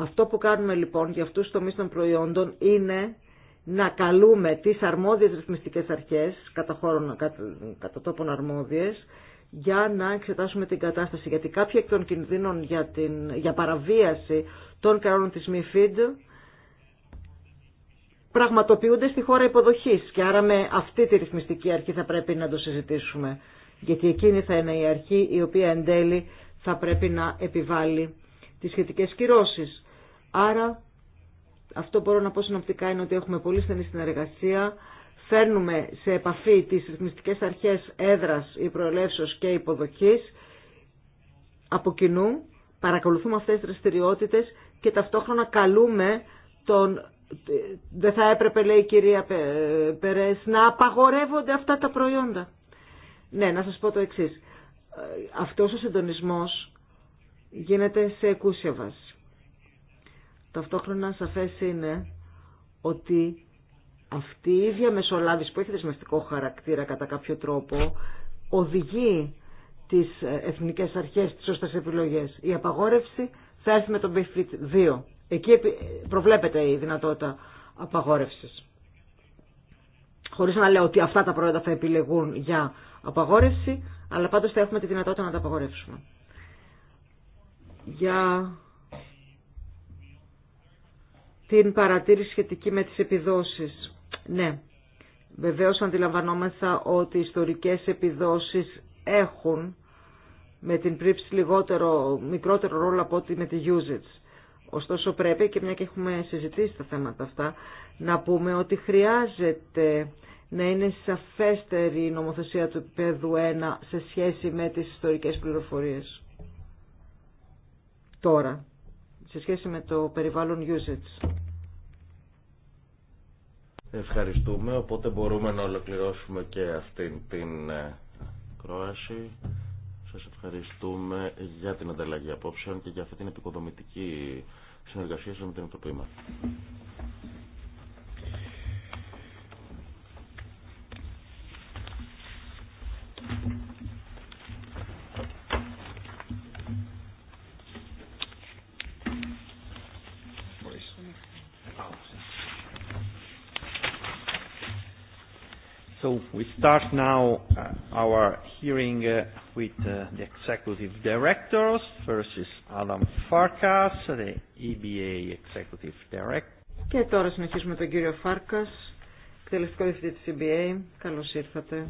Αυτό που κάνουμε λοιπόν για αυτούς τους τομείς των προϊόντων είναι να καλούμε τις αρμόδιες ρυθμιστικές αρχές, κατά, χώρο, κατά, κατά τόπον αρμόδιες, για να εξετάσουμε την κατάσταση. Γιατί κάποιοι εκ των κινδύνων για, την, για παραβίαση των κανόνων της MIFID πραγματοποιούνται στη χώρα υποδοχής και άρα με αυτή τη ρυθμιστική αρχή θα πρέπει να το συζητήσουμε. Γιατί εκείνη θα είναι η αρχή η οποία εν τέλει θα πρέπει να επιβάλλει τις σχετικές κυρώσεις. Άρα αυτό μπορώ να πω συνοπτικά είναι ότι έχουμε πολύ στενή συνεργασία. Φέρνουμε σε επαφή τις ρυθμιστικές αρχές έδρας, προελεύσεως και υποδοχής από κοινού. Παρακολουθούμε αυτές τις δραστηριότητε και ταυτόχρονα καλούμε τον... Δεν θα έπρεπε, λέει η κυρία Περές, να απαγορεύονται αυτά τα προϊόντα. Ναι, να σας πω το εξής. Ε, αυτός ο συντονισμός γίνεται σε εκούσια βάση Ταυτόχρονα σαφές είναι ότι αυτή η ίδια μεσολάβηση που έχει δεσμευτικό χαρακτήρα κατά κάποιο τρόπο οδηγεί τις εθνικές αρχές τις σωστές επιλογές. Η απαγόρευση θα έρθει με τον BFIT 2. Εκεί προβλέπεται η δυνατότητα απαγόρευσης. Χωρίς να λέω ότι αυτά τα προϊόντα θα επιλεγούν για απαγόρευση, αλλά πάντως θα έχουμε τη δυνατότητα να τα απαγορεύσουμε. Για την παρατήρηση σχετική με τις επιδόσεις. Ναι, βεβαίως αντιλαμβανόμεθα ότι οι ιστορικές επιδόσεις έχουν με την πρίψη λιγότερο, μικρότερο ρόλο από ότι με τη usage. Ωστόσο πρέπει και μια και έχουμε συζητήσει τα θέματα αυτά να πούμε ότι χρειάζεται να είναι σαφέστερη η νομοθεσία του επίπεδου 1 σε σχέση με τις ιστορικές πληροφορίες. Τώρα σε σχέση με το περιβάλλον usage. Ευχαριστούμε, οπότε μπορούμε να ολοκληρώσουμε και αυτήν την ε, κρόαση. Σας ευχαριστούμε για την ανταλλαγή απόψεων και για αυτή την επικοδομητική συνεργασία με την Επιτροπή So we start now uh, our hearing uh, with uh, the executive directors. First is Adam Farkas, the EBA executive director. Και τώρα συνεχίζουμε τον κύριο Φάρκας, εκτελεστικό διευθυντή της EBA. Καλώς ήρθατε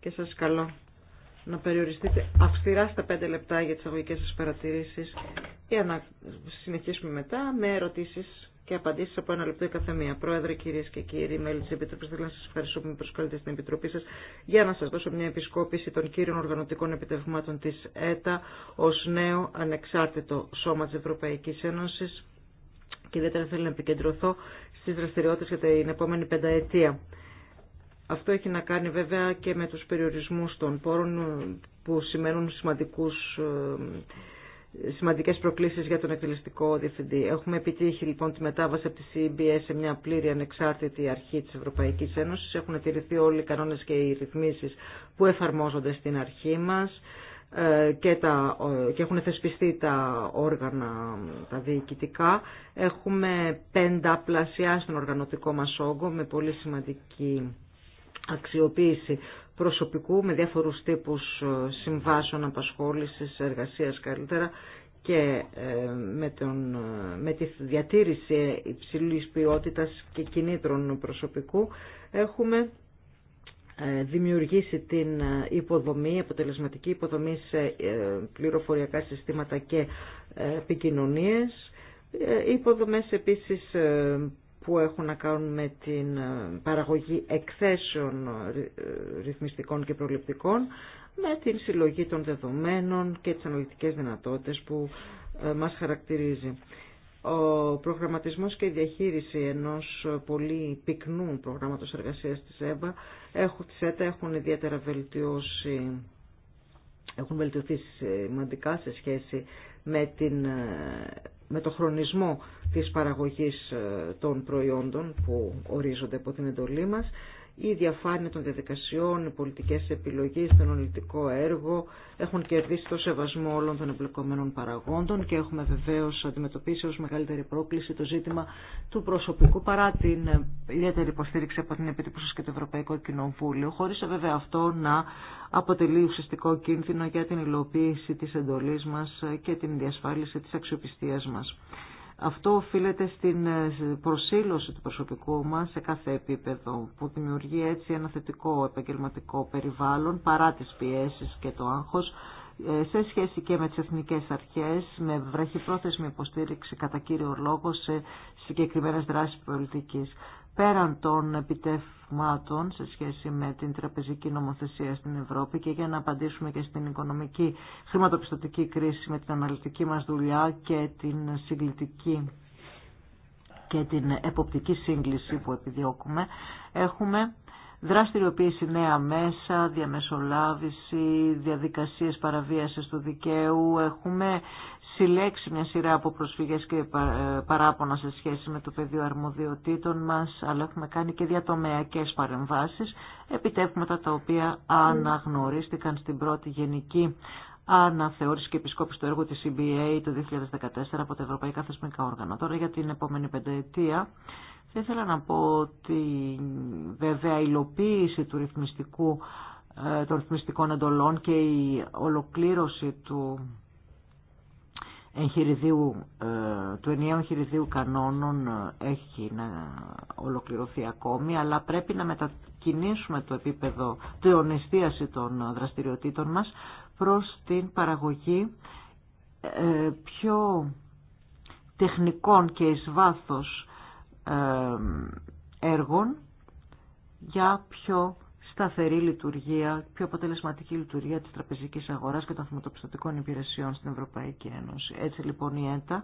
και σας καλώ να περιοριστείτε αυστηρά στα 5 λεπτά για τις αγωγικές σας παρατηρήσεις για να συνεχίσουμε μετά με ερωτήσεις και απαντήσει από ένα λεπτό η καθεμία. Πρόεδρε, κυρίε και κύριοι, μέλη τη Επιτροπή, θέλω να σα ευχαριστώ που με προσκαλείτε στην Επιτροπή σα για να σα δώσω μια επισκόπηση των κύριων οργανωτικών επιτευγμάτων τη ΕΤΑ ω νέο ανεξάρτητο σώμα τη Ευρωπαϊκή Ένωση και ιδιαίτερα θέλω να επικεντρωθώ στι δραστηριότητε για την επόμενη πενταετία. Αυτό έχει να κάνει βέβαια και με τους περιορισμούς των πόρων που σημαίνουν σημαντικούς ε, Σημαντικέ προκλήσεις για τον εκτελεστικό διευθυντή. Έχουμε επιτύχει λοιπόν τη μετάβαση από τη CBS σε μια πλήρη ανεξάρτητη αρχή της Ευρωπαϊκής Ένωσης. Έχουν τηρηθεί όλοι οι κανόνε και οι ρυθμίσεις που εφαρμόζονται στην αρχή μας ε, και, και έχουν θεσπιστεί τα όργανα, τα διοικητικά. Έχουμε πενταπλασιάσει τον οργανωτικό μα όγκο με πολύ σημαντική αξιοποίηση προσωπικού με διάφορους τύπους ε, συμβάσεων απασχόλησης, εργασίας καλύτερα και ε, με, ε, με τη διατήρηση υψηλής ποιότητας και κινήτρων προσωπικού έχουμε δημιουργήσει την υποδομή, αποτελεσματική υποδομή σε πληροφοριακά συστήματα και επικοινωνίες. Υποδομές επίσης που έχουν να κάνουν με την ε, παραγωγή εκθέσεων ε, ρυθμιστικών και προληπτικών, με την συλλογή των δεδομένων και τις αναλυτικές δυνατότητες που ε, μας χαρακτηρίζει. Ο προγραμματισμός και η διαχείριση ενός πολύ πυκνού προγράμματος εργασίας της ΕΒΑ έχουν, της έχουν ιδιαίτερα βελτιώσει, έχουν βελτιωθεί σημαντικά σε σχέση με την με το χρονισμό της παραγωγής ε, των προϊόντων που ορίζονται από την εντολή μας η διαφάνεια των διαδικασιών, οι πολιτικές επιλογές, το ενολυτικό έργο έχουν κερδίσει το σεβασμό όλων των εμπλεκομένων παραγόντων και έχουμε βεβαίως αντιμετωπίσει ως μεγαλύτερη πρόκληση το ζήτημα του προσωπικού παρά την ιδιαίτερη υποστήριξη από την Επιτύπωση και το Ευρωπαϊκό Κοινοβούλιο, χωρίς βέβαια αυτό να αποτελεί ουσιαστικό κίνδυνο για την υλοποίηση της εντολής μας και την διασφάλιση της αξιοπιστίας μας. Αυτό οφείλεται στην ε, προσήλωση του προσωπικού μας σε κάθε επίπεδο, που δημιουργεί έτσι ένα θετικό επαγγελματικό περιβάλλον παρά τις πιέσεις και το άγχος, ε, σε σχέση και με τις εθνικές αρχές, με βραχυπρόθεσμη υποστήριξη κατά κύριο λόγο σε συγκεκριμένες δράσεις πολιτικής πέραν των επιτεύγματων σε σχέση με την τραπεζική νομοθεσία στην Ευρώπη και για να απαντήσουμε και στην οικονομική χρηματοπιστωτική κρίση με την αναλυτική μας δουλειά και την συγκλητική και την εποπτική σύγκληση που επιδιώκουμε, έχουμε δραστηριοποίηση νέα μέσα, διαμεσολάβηση, διαδικασίες παραβίασης του δικαίου, έχουμε συλλέξει μια σειρά από προσφυγές και ε, παράπονα σε σχέση με το πεδίο αρμοδιοτήτων μας, αλλά έχουμε κάνει και διατομεακές παρεμβάσεις, επιτεύγματα τα οποία αναγνωρίστηκαν στην πρώτη γενική αναθεώρηση και επισκόπηση του έργου της CBA το 2014 από τα Ευρωπαϊκά Θεσμικά Όργανα. Τώρα για την επόμενη πενταετία θα ήθελα να πω ότι βέβαια η υλοποίηση του ρυθμιστικού, ε, των ρυθμιστικών εντολών και η ολοκλήρωση του εγχειριδίου, ε, του ενιαίου εγχειριδίου κανόνων ε, έχει να ολοκληρωθεί ακόμη, αλλά πρέπει να μετακινήσουμε το επίπεδο, του ονιστίαση των δραστηριοτήτων μας προς την παραγωγή ε, πιο τεχνικών και εις βάθος έργων για πιο σταθερή λειτουργία, πιο αποτελεσματική λειτουργία της τραπεζικής αγοράς και των χρηματοπιστωτικών υπηρεσιών στην Ευρωπαϊκή Ένωση. Έτσι λοιπόν η έντα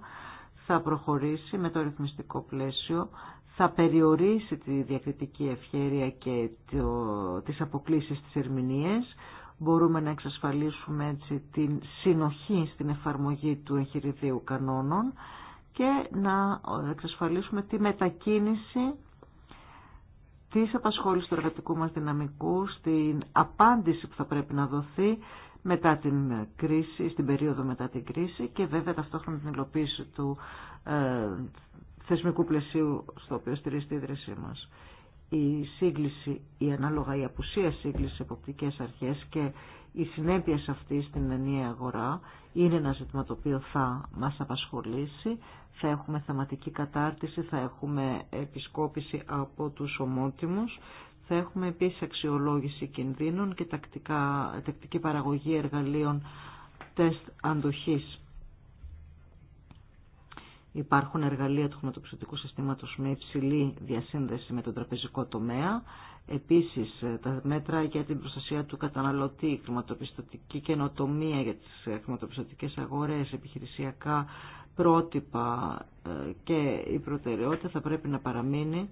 θα προχωρήσει με το ρυθμιστικό πλαίσιο, θα περιορίσει τη διακριτική ευχέρεια και το, τις αποκλήσεις της ερμηνείας, μπορούμε να εξασφαλίσουμε έτσι την συνοχή στην εφαρμογή του εγχειριδίου κανόνων και να εξασφαλίσουμε τη μετακίνηση της απασχόλησης του εργατικού μας δυναμικού, στην απάντηση που θα πρέπει να δοθεί μετά την κρίση, στην περίοδο μετά την κρίση και βέβαια ταυτόχρονα την υλοποίηση του ε, θεσμικού πλαισίου στο οποίο στηρίζεται η ίδρυσή μας η σύγκληση, η ανάλογα η απουσία σύγκληση εποπτικές αρχές και οι συνέπειε αυτή στην ενιαία αγορά είναι ένα ζήτημα το οποίο θα μας απασχολήσει. Θα έχουμε θεματική κατάρτιση, θα έχουμε επισκόπηση από τους ομότιμους, θα έχουμε επίσης αξιολόγηση κινδύνων και τακτική παραγωγή εργαλείων τεστ αντοχής Υπάρχουν εργαλεία του χρηματοπιστωτικού συστήματος με υψηλή διασύνδεση με τον τραπεζικό τομέα. Επίσης, τα μέτρα για την προστασία του καταναλωτή, η χρηματοπιστωτική καινοτομία για τις χρηματοπιστωτικές αγορές, επιχειρησιακά πρότυπα ε, και η προτεραιότητα θα πρέπει να παραμείνει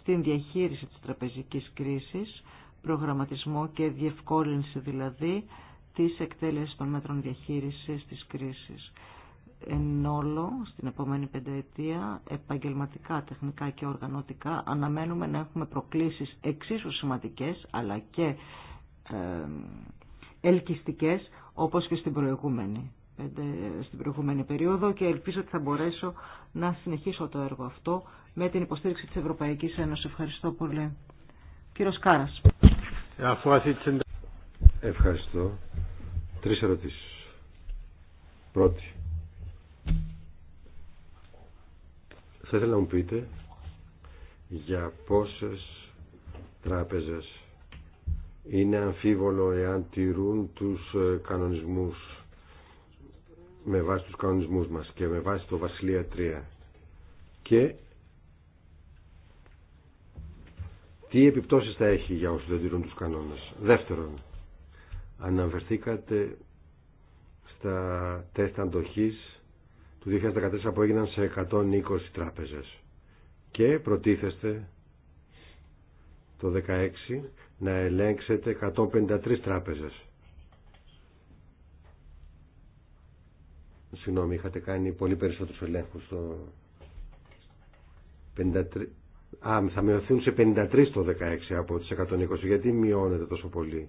στην διαχείριση της τραπεζικής κρίσης, προγραμματισμό και διευκόλυνση δηλαδή της εκτέλεσης των μέτρων διαχείρισης της κρίσης εν όλο στην επόμενη πενταετία επαγγελματικά, τεχνικά και οργανωτικά αναμένουμε να έχουμε προκλήσεις εξίσου σημαντικές αλλά και ελκυστικές όπως και στην προηγούμενη, στην προηγούμενη περίοδο και ελπίζω ότι θα μπορέσω να συνεχίσω το έργο αυτό με την υποστήριξη της Ευρωπαϊκής Ένωσης. Ευχαριστώ πολύ. Κύριος Κάρας. Ευχαριστώ. Τρεις ερωτήσεις. Πρώτη. Θα ήθελα να μου πείτε για πόσες τράπεζες είναι αμφίβολο εάν τηρούν τους ε, κανονισμούς με βάση τους κανονισμούς μας και με βάση το Βασιλεία 3 και τι επιπτώσεις θα έχει για όσους δεν τηρούν τους κανόνες. Δεύτερον, αναφερθήκατε στα τεστ αντοχής του 2014 που έγιναν σε 120 τράπεζες και προτίθεστε το 2016 να ελέγξετε 153 τράπεζες. Συγγνώμη, είχατε κάνει πολύ περισσότερους ελέγχους στο 53... Α, θα μειωθούν σε 53 το 16 από τις 120. Γιατί μειώνεται τόσο πολύ.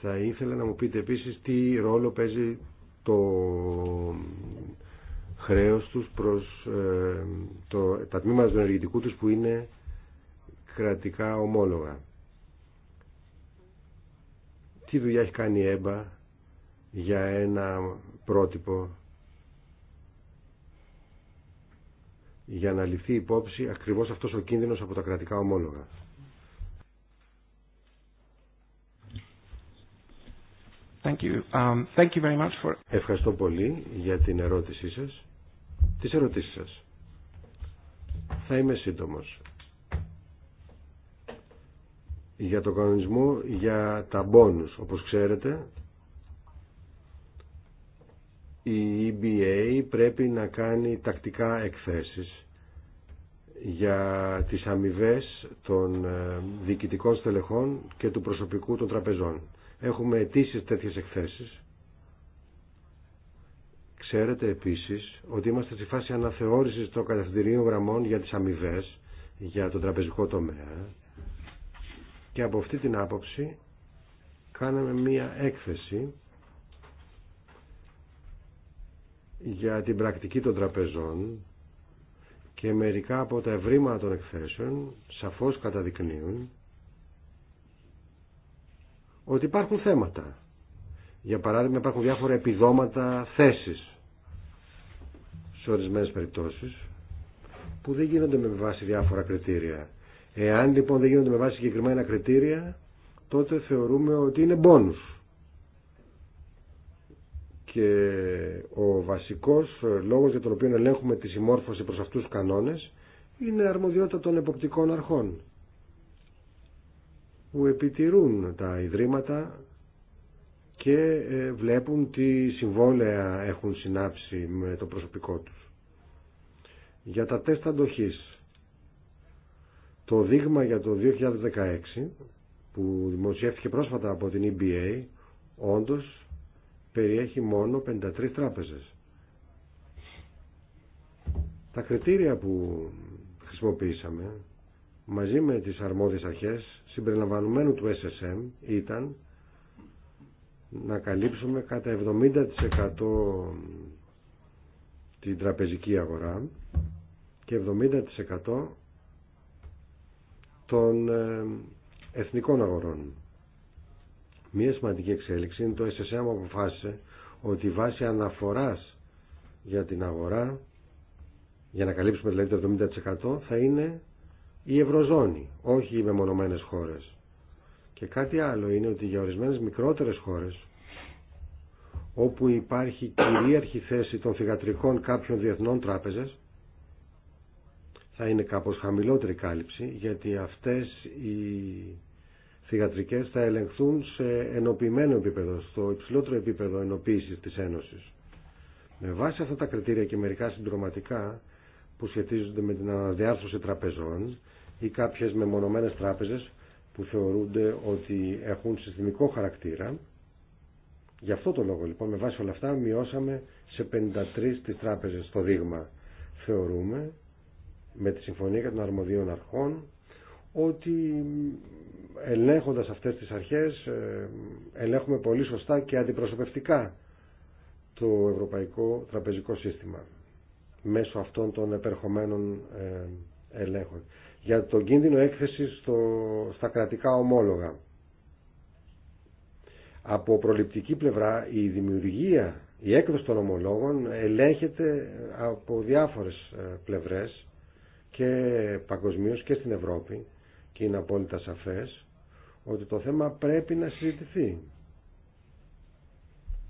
Θα ήθελα να μου πείτε επίσης τι ρόλο παίζει το χρέος τους προς ε, το, τα τμήματα του ενεργητικού τους που είναι κρατικά ομόλογα. Τι δουλειά έχει κάνει η ΕΜΠΑ για ένα πρότυπο για να ληφθεί υπόψη ακριβώς αυτός ο κίνδυνος από τα κρατικά ομόλογα. Thank you. Um, thank you Ευχαριστώ πολύ για την ερώτησή σας, τις ερωτήσεις σας. Θα είμαι σύντομος. Για το κανονισμό για τα μπόνους, όπως ξέρετε, η EBA πρέπει να κάνει τακτικά εκθέσεις για τις αμοιβέ των ε, διοικητικών στελεχών και του προσωπικού των τραπεζών. Έχουμε αιτήσει τέτοιες εκθέσεις. Ξέρετε επίσης ότι είμαστε στη φάση αναθεώρησης των κατευθυντηρίων γραμμών για τις αμοιβέ για τον τραπεζικό τομέα και από αυτή την άποψη κάναμε μία έκθεση για την πρακτική των τραπεζών και μερικά από τα ευρήματα των εκθέσεων σαφώς καταδεικνύουν ότι υπάρχουν θέματα. Για παράδειγμα υπάρχουν διάφορα επιδόματα θέσεις σε ορισμένες περιπτώσεις που δεν γίνονται με βάση διάφορα κριτήρια. Εάν λοιπόν δεν γίνονται με βάση συγκεκριμένα κριτήρια τότε θεωρούμε ότι είναι μπόνους. Και ο βασικός λόγος για τον οποίο ελέγχουμε τη συμμόρφωση προς αυτούς τους κανόνες είναι αρμοδιότητα των εποπτικών αρχών που επιτηρούν τα ιδρύματα και ε, βλέπουν τι συμβόλαια έχουν συνάψει με το προσωπικό τους. Για τα τεστ αντοχής, το δείγμα για το 2016 που δημοσιεύτηκε πρόσφατα από την EBA όντως περιέχει μόνο 53 τράπεζες. Τα κριτήρια που χρησιμοποίησαμε μαζί με τις αρμόδιες αρχές συμπεριλαμβανομένου του SSM ήταν να καλύψουμε κατά 70% την τραπεζική αγορά και 70% των ε, εθνικών αγορών. Μία σημαντική εξέλιξη είναι το SSM αποφάσισε ότι βάση αναφοράς για την αγορά για να καλύψουμε δηλαδή το 70% θα είναι η Ευρωζώνη, όχι οι μεμονωμένες χώρες. Και κάτι άλλο είναι ότι για ορισμένες μικρότερες χώρες, όπου υπάρχει κυρίαρχη θέση των θυγατρικών κάποιων διεθνών τράπεζες, θα είναι κάπως χαμηλότερη κάλυψη, γιατί αυτές οι θυγατρικές θα ελεγχθούν σε ενοποιημένο επίπεδο, στο υψηλότερο επίπεδο ενοποίησης της Ένωσης. Με βάση αυτά τα κριτήρια και μερικά συντροματικά, που σχετίζονται με την αναδιάρθρωση τραπεζών, ή κάποιες μεμονωμένες τράπεζες που θεωρούνται ότι έχουν συστημικό χαρακτήρα. Γι' αυτό το λόγο λοιπόν με βάση όλα αυτά μειώσαμε σε 53 τις τράπεζες το δείγμα. Θεωρούμε με τη Συμφωνία για των Αρμοδίων Αρχών ότι ελέγχοντας αυτές τις αρχές ε, ελέγχουμε πολύ σωστά και αντιπροσωπευτικά το ευρωπαϊκό τραπεζικό σύστημα μέσω αυτών των επερχομένων ε, ελέγχων για τον κίνδυνο έκθεση στο, στα κρατικά ομόλογα. Από προληπτική πλευρά η δημιουργία, η έκδοση των ομολόγων ελέγχεται από διάφορες ε, πλευρές και παγκοσμίως και στην Ευρώπη και είναι απόλυτα σαφές ότι το θέμα πρέπει να συζητηθεί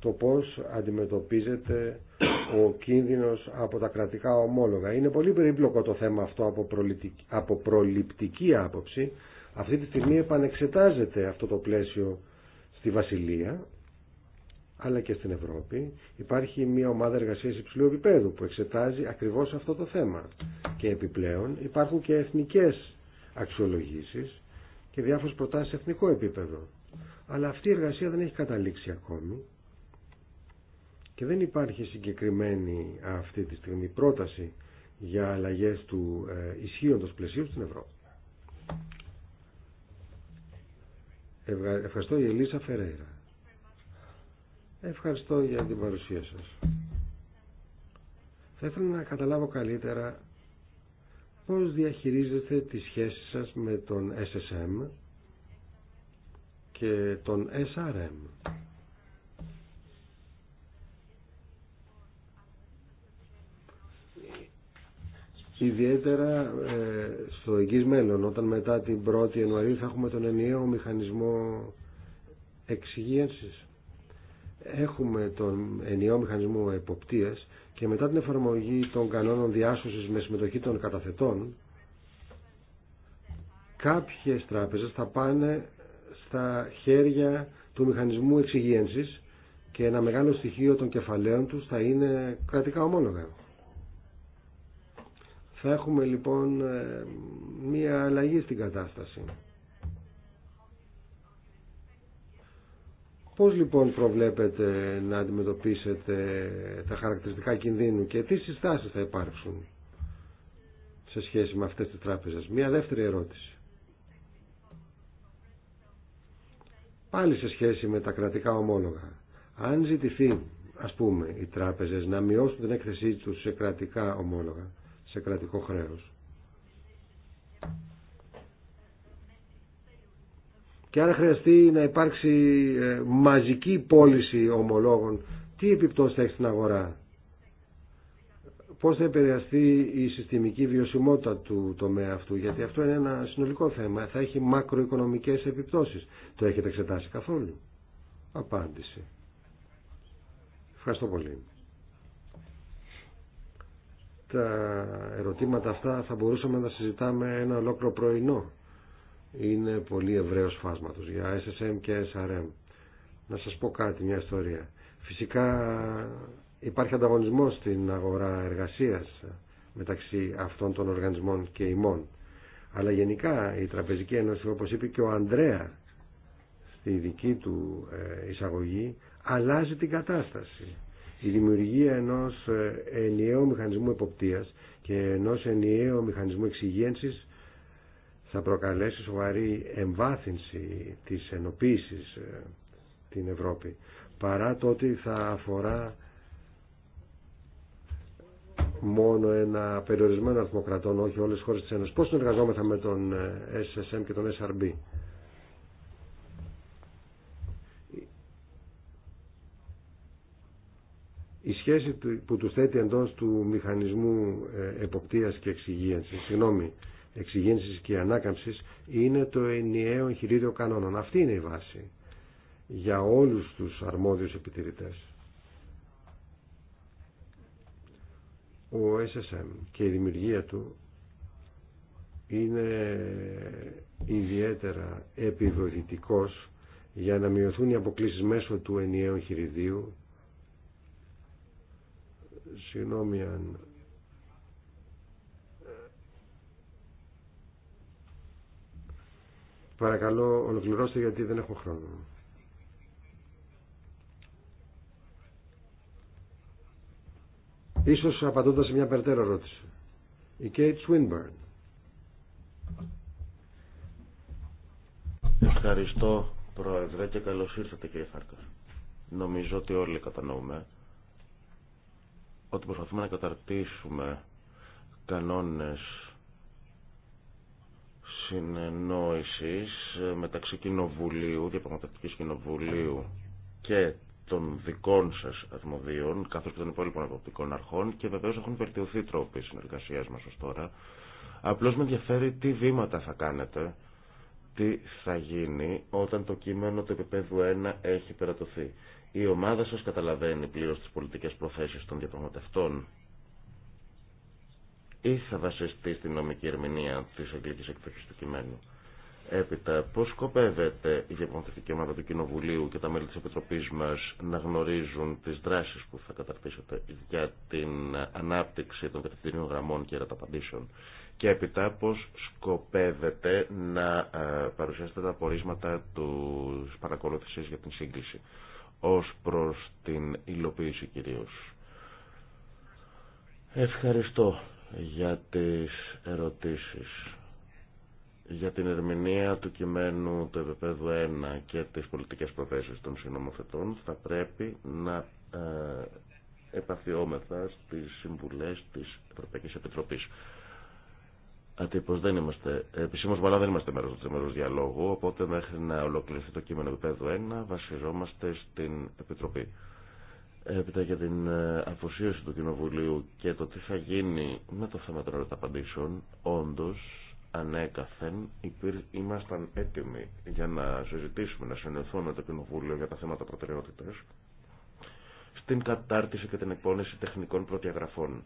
το πώς αντιμετωπίζεται ο κίνδυνος από τα κρατικά ομόλογα. Είναι πολύ περίπλοκο το θέμα αυτό από προληπτική άποψη. Αυτή τη στιγμή επανεξετάζεται αυτό το πλαίσιο στη Βασιλεία αλλά και στην Ευρώπη. Υπάρχει μια ομάδα εργασίας υψηλού επίπεδου που εξετάζει ακριβώς αυτό το θέμα. Και επιπλέον υπάρχουν και εθνικές αξιολογήσεις και διάφορες προτάσεις σε εθνικό επίπεδο. Αλλά αυτή η εργασία δεν έχει καταλήξει ακόμη και δεν υπάρχει συγκεκριμένη αυτή τη στιγμή πρόταση για αλλαγές του ε, ισχύοντος πλαισίου στην Ευρώπη. Ευχαριστώ η Ελίσσα Φερέιρα. Ευχαριστώ για την παρουσία σας. Θα ήθελα να καταλάβω καλύτερα πώς διαχειρίζεστε τις σχέσεις σας με τον SSM και τον SRM. ιδιαίτερα ε, στο εγγύς μέλλον όταν μετά την 1η Ιανουαρίου θα έχουμε τον ενιαίο μηχανισμό εξυγίανσης έχουμε τον ενιαίο μηχανισμό εποπτείας και μετά την εφαρμογή των κανόνων διάσωσης με συμμετοχή των καταθετών κάποιες τράπεζες θα πάνε στα χέρια του μηχανισμού εξυγίανσης και ένα μεγάλο στοιχείο των κεφαλαίων τους θα είναι κρατικά ομόλογα. Θα έχουμε λοιπόν ε, μία αλλαγή στην κατάσταση. Πώς λοιπόν προβλέπετε να αντιμετωπίσετε τα χαρακτηριστικά κινδύνου και τι συστάσεις θα υπάρξουν σε σχέση με αυτές τις τράπεζες. Μία δεύτερη ερώτηση. Πάλι σε σχέση με τα κρατικά ομόλογα. Αν ζητηθεί, ας πούμε, οι τράπεζες να μειώσουν την έκθεσή τους σε κρατικά ομόλογα, σε κρατικό χρέος. Και αν χρειαστεί να υπάρξει ε, μαζική πώληση ομολόγων, τι επιπτώσεις θα έχει στην αγορά. Πώς θα επηρεαστεί η συστημική βιωσιμότητα του τομέα αυτού, γιατί αυτό είναι ένα συνολικό θέμα. Θα έχει μακροοικονομικές επιπτώσεις. Το έχετε εξετάσει καθόλου. Απάντηση. Ευχαριστώ πολύ τα ερωτήματα αυτά θα μπορούσαμε να συζητάμε ένα ολόκληρο πρωινό. Είναι πολύ ευρέως φάσματος για SSM και SRM. Να σας πω κάτι, μια ιστορία. Φυσικά υπάρχει ανταγωνισμός στην αγορά εργασίας μεταξύ αυτών των οργανισμών και ημών. Αλλά γενικά η Τραπεζική Ένωση, όπως είπε και ο Ανδρέα στη δική του ε, εισαγωγή, αλλάζει την κατάσταση η δημιουργία ενός ε, ενιαίου μηχανισμού εποπτείας και ενός ενιαίου μηχανισμού εξυγένσης θα προκαλέσει σοβαρή εμβάθυνση της ενοποίησης ε, την Ευρώπη παρά το ότι θα αφορά μόνο ένα περιορισμένο αριθμό κρατών, όχι όλες τις χώρες της Ένωσης. Πώς συνεργαζόμεθα με τον ε, SSM και τον SRB. σχέση που τους θέτει εντό του μηχανισμού ε, εποπτείας και εξυγίανση, συγγνώμη, εξυγίανση και ανάκαμψης, είναι το ενιαίο εγχειρίδιο κανόνων. Αυτή είναι η βάση για όλους τους αρμόδιους επιτηρητές. Ο SSM και η δημιουργία του είναι ιδιαίτερα επιβοηθητικός για να μειωθούν οι αποκλήσεις μέσω του ενιαίου χειριδίου Συγγνώμη αν ε, Παρακαλώ ολοκληρώστε γιατί δεν έχω χρόνο. Ίσως απαντώντας σε μια περτέρα ερώτηση. Η Κέιτ Σουίνμπερν. Ευχαριστώ Πρόεδρε και καλώς ήρθατε κύριε Φάρκας. Νομίζω ότι όλοι κατανοούμε ότι προσπαθούμε να καταρτήσουμε κανόνες συνεννόησης μεταξύ κοινοβουλίου, διαπραγματευτικής κοινοβουλίου και των δικών σα αρμοδίων, καθώ και των υπόλοιπων αποπτικών αρχών και βεβαίω έχουν βελτιωθεί τρόποι συνεργασία μα ως τώρα. Απλώς με ενδιαφέρει τι βήματα θα κάνετε, τι θα γίνει όταν το κείμενο του επίπεδου 1 έχει περατωθεί. Η ομάδα σας καταλαβαίνει πλήρως τις πολιτικές προθέσεις των διαπραγματευτών ή θα βασιστεί στην νομική ερμηνεία της εγγλικής εκδοχής του κειμένου. Έπειτα, πώς σκοπεύεται η διαπραγματευτική ομάδα του Κοινοβουλίου και τα μέλη της Επιτροπής μας να γνωρίζουν τις δράσεις που θα καταρτήσετε για την ανάπτυξη των κατευθυντήριων γραμμών και ερωταπαντήσεων και έπειτα πώς σκοπεύετε να ε, παρουσιάσετε τα απορίσματα του παρακολούθησης για την σύγκληση ως προς την υλοποίηση κυρίως. Ευχαριστώ για τις ερωτήσεις για την ερμηνεία του κειμένου του επίπεδου 1 και τις πολιτικές προθέσεις των συνομοθετών θα πρέπει να ε, επαφιόμεθα στις συμβουλές της Ευρωπαϊκής Επιτροπής. Ατύπω δεν είμαστε, επισήμω μάλλον δεν είμαστε μέρο του τριμερού διαλόγου, οπότε μέχρι να ολοκληρωθεί το κείμενο επίπεδο 1 βασιζόμαστε στην Επιτροπή. Έπειτα για την ε, αφοσίωση του Κοινοβουλίου και το τι θα γίνει με το θέμα των ερωταπαντήσεων, όντω ανέκαθεν ήμασταν έτοιμοι για να συζητήσουμε, να συνεχθούμε με το Κοινοβούλιο για τα θέματα προτεραιότητε στην κατάρτιση και την εκπόνηση τεχνικών προδιαγραφών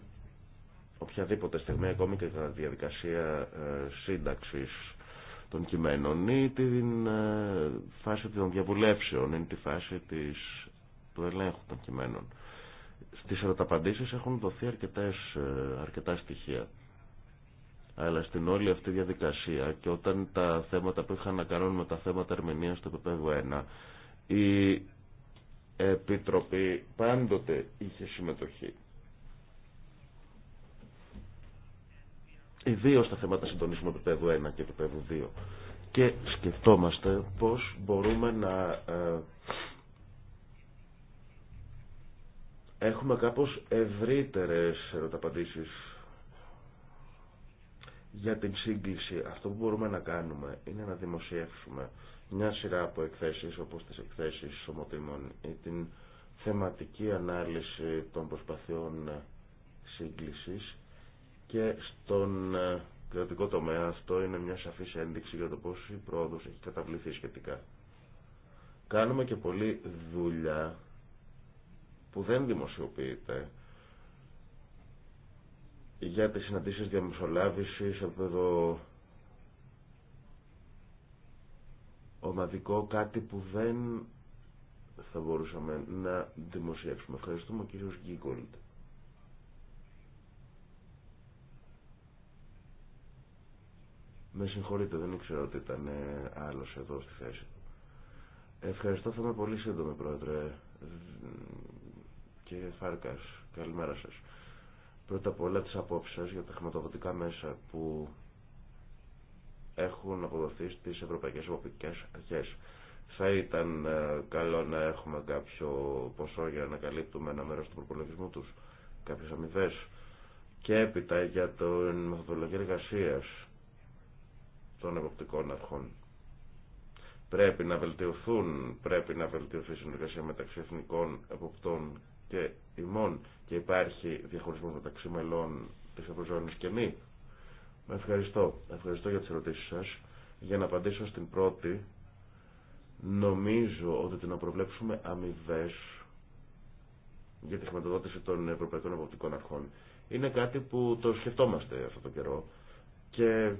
οποιαδήποτε στιγμή, ακόμη και κατά διαδικασία ε, σύνταξης των κειμένων ή την ε, φάση των διαβουλεύσεων ή τη φάση της, του ελέγχου των κειμένων. Στις ερωταπαντήσεις έχουν δοθεί ε, αρκετά στοιχεία. Αλλά στην όλη αυτή διαδικασία και όταν τα θέματα που είχαν να κάνουν με τα θέματα ερμηνείας στο επίπεδο 1 η Επιτροπή πάντοτε είχε συμμετοχή ιδίω τα θέματα συντονισμού επίπεδου 1 και του επίπεδου 2. Και σκεφτόμαστε πώς μπορούμε να ε, έχουμε κάπως ευρύτερες ερωταπαντήσεις για την σύγκληση. Αυτό που μπορούμε να κάνουμε είναι να δημοσιεύσουμε μια σειρά από εκθέσεις όπως τις εκθέσεις ομοτήμων ή την θεματική ανάλυση των προσπαθειών ε, σύγκλησης και στον ε, κρατικό τομέα αυτό είναι μια σαφής ένδειξη για το πώς η πρόοδος έχει καταβληθεί σχετικά. Κάνουμε και πολλή δουλειά που δεν δημοσιοποιείται για τις συναντήσεις διαμεσολάβησης σε επίπεδο ομαδικό, κάτι που δεν θα μπορούσαμε να δημοσιεύσουμε. Ευχαριστούμε ο κύριος Γκίγκολντ. Με συγχωρείτε, δεν ήξερα ότι ήταν ε, άλλο εδώ στη θέση του. Ευχαριστώ, θα είμαι πολύ σύντομη, Πρόεδρε. Κύριε Φάρκα, καλημέρα σα. Πρώτα απ' όλα τι απόψει σα για τα χρηματοδοτικά μέσα που έχουν αποδοθεί στι Ευρωπαϊκέ εποπτικέ αρχέ. Θα ήταν ε, καλό να έχουμε κάποιο ποσό για να καλύπτουμε ένα μέρο του προπολογισμού του. Κάποιε αμοιβέ. Και έπειτα για την μεθοδολογία εργασία των εποπτικών αρχών. Πρέπει να βελτιωθούν, πρέπει να βελτιωθεί η συνεργασία μεταξύ εθνικών εποπτών και ημών και υπάρχει διαχωρισμό μεταξύ μελών της Ευρωζώνης και μη. Ευχαριστώ. Ευχαριστώ για τις ερωτήσεις σας. Για να απαντήσω στην πρώτη, νομίζω ότι να προβλέψουμε αμοιβέ για τη χρηματοδότηση των Ευρωπαϊκών Εποπτικών Αρχών είναι κάτι που το σκεφτόμαστε αυτόν το καιρό και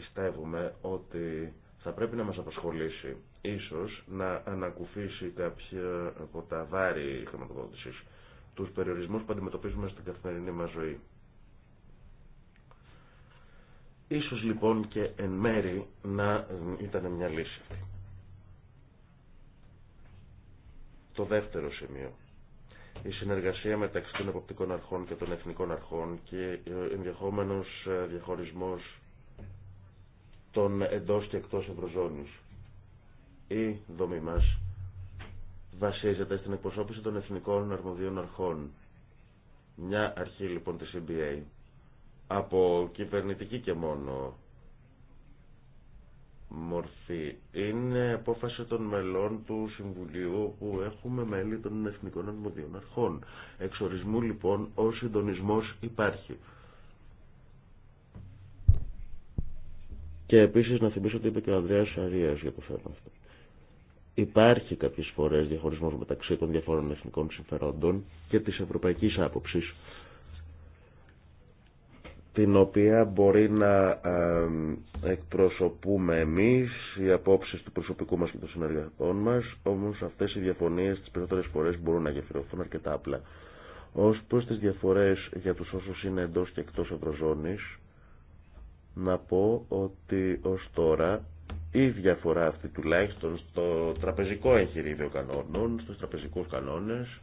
πιστεύουμε ότι θα πρέπει να μας απασχολήσει ίσως να ανακουφίσει κάποια από τα βάρη χρηματοδότησης τους περιορισμούς που αντιμετωπίζουμε στην καθημερινή μας ζωή. Ίσως λοιπόν και εν μέρη να ήταν μια λύση. Το δεύτερο σημείο. Η συνεργασία μεταξύ των εποπτικών αρχών και των εθνικών αρχών και ενδεχόμενος ε, διαχωρισμός των εντός και εκτός ευρωζώνης. Η δομή μας βασίζεται στην εκπροσώπηση των εθνικών αρμοδίων αρχών. Μια αρχή λοιπόν της EBA από κυβερνητική και μόνο μορφή είναι απόφαση των μελών του Συμβουλίου που έχουμε μέλη των εθνικών αρμοδίων αρχών. Εξορισμού λοιπόν ο συντονισμός υπάρχει. Και επίση να θυμίσω ότι είπε και ο Ανδρέα Αρία για το θέμα αυτό. Υπάρχει κάποιε φορέ διαχωρισμό μεταξύ των διαφόρων εθνικών συμφερόντων και τη ευρωπαϊκή άποψη, την οποία μπορεί να εκπροσωπούμε εμεί οι απόψει του προσωπικού μα και των συνεργατών μα, όμω αυτέ οι διαφωνίε τις περισσότερε φορέ μπορούν να γεφυρωθούν αρκετά απλά. Ως προ τι διαφορές για του όσου είναι εντό και εκτό ευρωζώνη, να πω ότι ως τώρα η διαφορά αυτή τουλάχιστον στο τραπεζικό εγχειρίδιο κανόνων, στους τραπεζικούς κανόνες,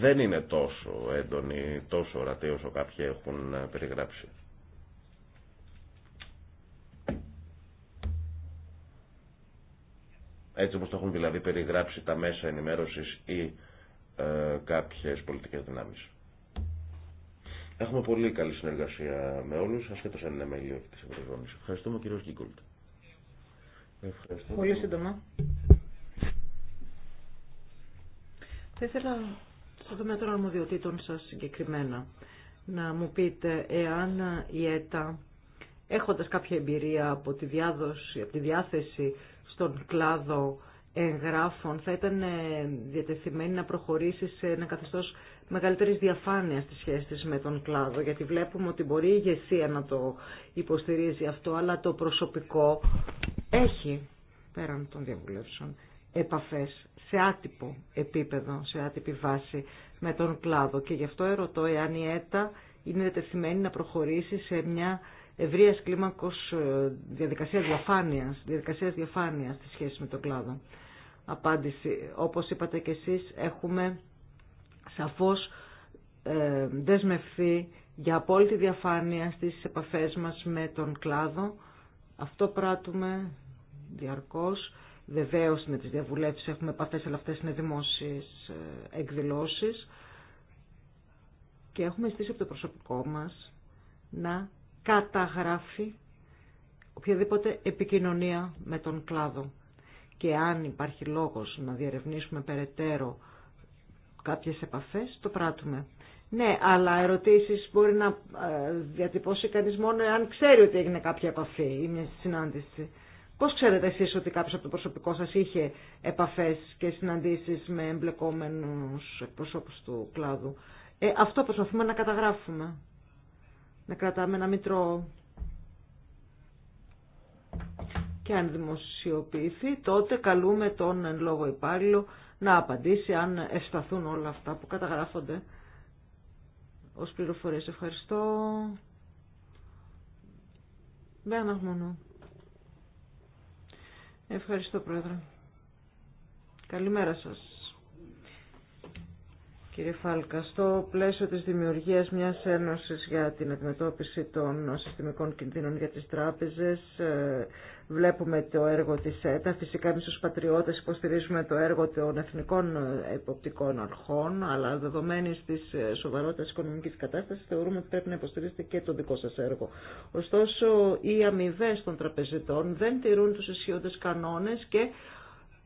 δεν είναι τόσο έντονη, τόσο ορατή όσο κάποιοι έχουν περιγράψει. Έτσι όπως το έχουν δηλαδή περιγράψει τα μέσα ενημέρωσης ή ε, κάποιες πολιτικές δυνάμεις. Έχουμε πολύ καλή συνεργασία με όλους, ασχέτως αν είναι μέλη της Ευρωζώνης. Ευχαριστούμε κύριο Γκίγκολτ. Πολύ σύντομα. Θα ήθελα στο τομέα των αρμοδιοτήτων σας συγκεκριμένα να μου πείτε εάν η ΕΤΑ έχοντας κάποια εμπειρία από τη, διάδοση, από τη διάθεση στον κλάδο εγγράφων θα ήταν ε, διατεθειμένη να προχωρήσει σε ένα καθεστώς μεγαλύτερη διαφάνεια στη σχέση της με τον κλάδο, γιατί βλέπουμε ότι μπορεί η ηγεσία να το υποστηρίζει αυτό, αλλά το προσωπικό έχει, πέραν των διαβουλεύσεων, επαφές σε άτυπο επίπεδο, σε άτυπη βάση με τον κλάδο. Και γι' αυτό ερωτώ εάν η ΕΤΑ είναι δετεθειμένη να προχωρήσει σε μια ευρεία κλίμακο ε, διαδικασία διαφάνεια διαδικασίας διαφάνειας στη σχέση με τον κλάδο. Απάντηση. Όπως είπατε και εσείς, έχουμε σαφώς ε, δεσμευθεί για απόλυτη διαφάνεια στις επαφές μας με τον κλάδο. Αυτό πράττουμε διαρκώς. Βεβαίω με τις διαβουλεύσεις έχουμε επαφές, αλλά αυτές είναι δημόσιες ε, εκδηλώσεις. Και έχουμε στήσει από το προσωπικό μας να καταγράφει οποιαδήποτε επικοινωνία με τον κλάδο. Και αν υπάρχει λόγος να διερευνήσουμε περαιτέρω κάποιες επαφές, το πράττουμε. Ναι, αλλά ερωτήσεις μπορεί να ε, διατυπώσει κανείς μόνο αν ξέρει ότι έγινε κάποια επαφή ή μια συνάντηση. Πώς ξέρετε εσείς ότι κάποιος από το προσωπικό σας είχε επαφές και συναντήσεις με εμπλεκόμενους προσώπους του κλάδου. Ε, αυτό προσπαθούμε να καταγράφουμε. Να κρατάμε ένα μητρό. Και αν δημοσιοποιηθεί τότε καλούμε τον εν λόγω υπάλληλο να απαντήσει αν ευσταθούν όλα αυτά που καταγράφονται ως πληροφορίες. Ευχαριστώ. Δεν μόνο. Ευχαριστώ Πρόεδρε. Καλημέρα σας. Κύριε Φάλκα, στο πλαίσιο της δημιουργίας μιας ένωσης για την αντιμετώπιση των συστημικών κινδύνων για τις τράπεζες, ε, βλέπουμε το έργο της ΕΤΑ. Φυσικά εμείς ως πατριώτες υποστηρίζουμε το έργο των εθνικών υποπτικών ε, αρχών, αλλά δεδομένη της ε, σοβαρότητας οικονομικής κατάστασης θεωρούμε ότι πρέπει να υποστηρίζετε και το δικό σας έργο. Ωστόσο, οι αμοιβέ των τραπεζιτών δεν τηρούν τους ισχύοντες κανόνες και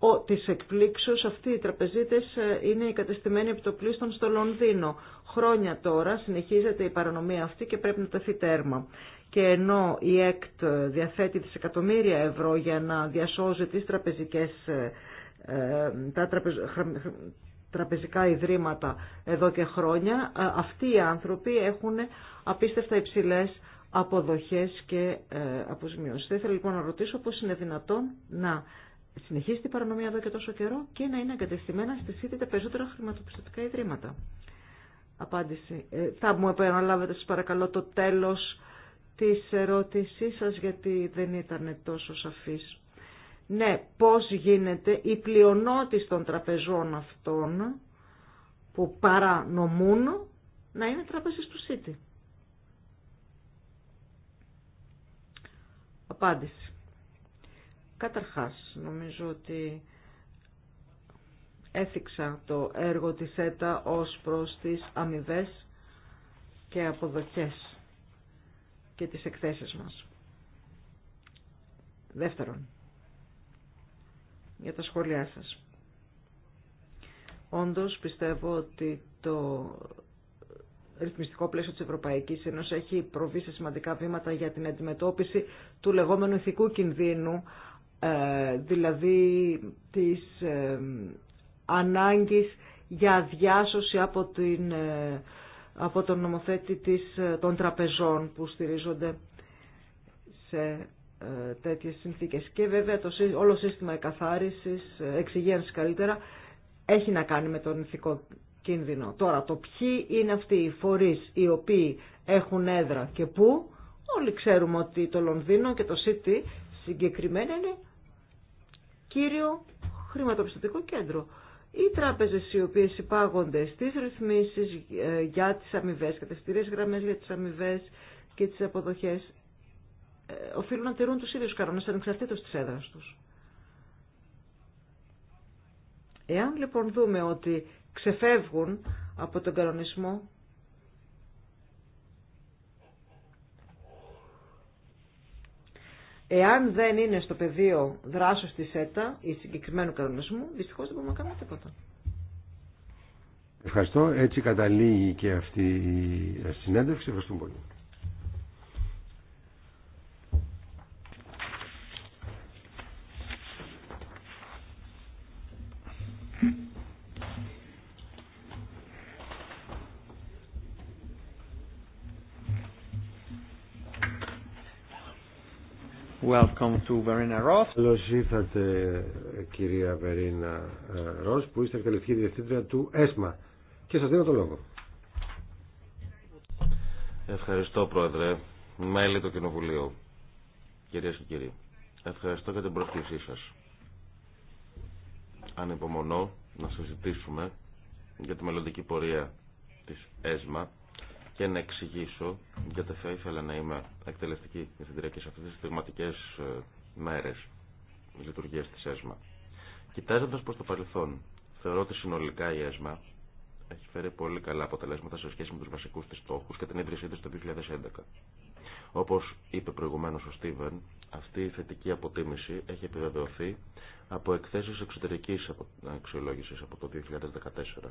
ο, της εκπλήξεως αυτοί οι τραπεζίτες ε, είναι οι κατεστημένοι επιτοπλίστων στο Λονδίνο. Χρόνια τώρα συνεχίζεται η παρανομία αυτή και πρέπει να τεθεί τέρμα. Και ενώ η ΕΚΤ διαθέτει δισεκατομμύρια ευρώ για να διασώζει τις τραπεζικές, ε, ε, τα τραπεζικά ιδρύματα εδώ και χρόνια, αυτοί οι άνθρωποι έχουν απίστευτα υψηλές αποδοχές και αποζημιώσεις. Θα ήθελα λοιπόν να ρωτήσω πώς είναι δυνατόν να Συνεχίζει την παρανομία εδώ και τόσο καιρό και να είναι εγκατεστημένα στη ΣΥΤΗ τα περισσότερα χρηματοπιστωτικά ιδρύματα. Απάντηση. Ε, θα μου επαναλάβετε σα παρακαλώ το τέλος της ερώτησής σα γιατί δεν ήταν τόσο σαφής. Ναι, πώς γίνεται η πλειονότητα των τραπεζών αυτών που παρανομούν να είναι τράπεζες του ΣΥΤΗ. Απάντηση. Καταρχάς, νομίζω ότι έθιξα το έργο της ΕΤΑ ως προς τις αμοιβέ και αποδοχές και τις εκθέσεις μας. Δεύτερον, για τα σχόλιά σας. Όντως πιστεύω ότι το ρυθμιστικό πλαίσιο της Ευρωπαϊκής Ένωσης έχει προβεί σε σημαντικά βήματα για την αντιμετώπιση του λεγόμενου ηθικού κινδύνου ε, δηλαδή της ε, ανάγκης για διάσωση από, την, ε, από τον νομοθέτη της, των τραπεζών που στηρίζονται σε τέτοιες συνθήκες. Και βέβαια το, όλο σύστημα εκαθάρισης, εξυγένσης καλύτερα, έχει να κάνει με τον ηθικό κίνδυνο. Τώρα, το ποιοι είναι αυτοί οι φορείς οι οποίοι έχουν έδρα και πού, όλοι ξέρουμε ότι το Λονδίνο και το City συγκεκριμένα είναι κύριο χρηματοπιστωτικό κέντρο. Οι τράπεζε οι οποίε υπάγονται στι ρυθμίσει ε, για τι αμοιβέ, κατευθυντήριε γραμμέ για τι αμοιβέ και τι αποδοχέ, ε, οφείλουν να τηρούν του ίδιου κανόνε ανεξαρτήτω τη έδρα του. Εάν λοιπόν δούμε ότι ξεφεύγουν από τον κανονισμό, Εάν δεν είναι στο πεδίο δράσεω τη ΕΤΑ ή συγκεκριμένου κανονισμού, δυστυχώς δεν μπορούμε να κάνουμε τίποτα. Ευχαριστώ. Έτσι καταλήγει και αυτή η συγκεκριμενου κανονισμου δυστυχω δεν μπορουμε να Ευχαριστούμε πολύ. Welcome Καλώς ήρθατε κυρία Βερίνα ε, Ρος που είστε εκτελεστική διευθύντρια του ΕΣΜΑ και σας δίνω το λόγο. Ευχαριστώ Πρόεδρε, μέλη του Κοινοβουλίου, κυρίες και κύριοι. Ευχαριστώ για την πρόσκλησή σας. Ανυπομονώ να συζητήσουμε για τη μελλοντική πορεία της ΕΣΜΑ και να εξηγήσω, γιατί θα ήθελα να είμαι εκτελεστική διευθυντήρια και σε αυτές τις στιγματικές ε, μέρες λειτουργίας της ΕΣΜΑ. Κοιτάζοντας προς το παρελθόν, θεωρώ ότι συνολικά η ΕΣΜΑ έχει φέρει πολύ καλά αποτελέσματα σε σχέση με τους βασικούς της στόχους και την ίδρυσή της το 2011. Όπως είπε προηγουμένως ο Στίβεν, αυτή η θετική αποτίμηση έχει επιβεβαιωθεί από εκθέσεις εξωτερικής αξιολόγησης από το 2014.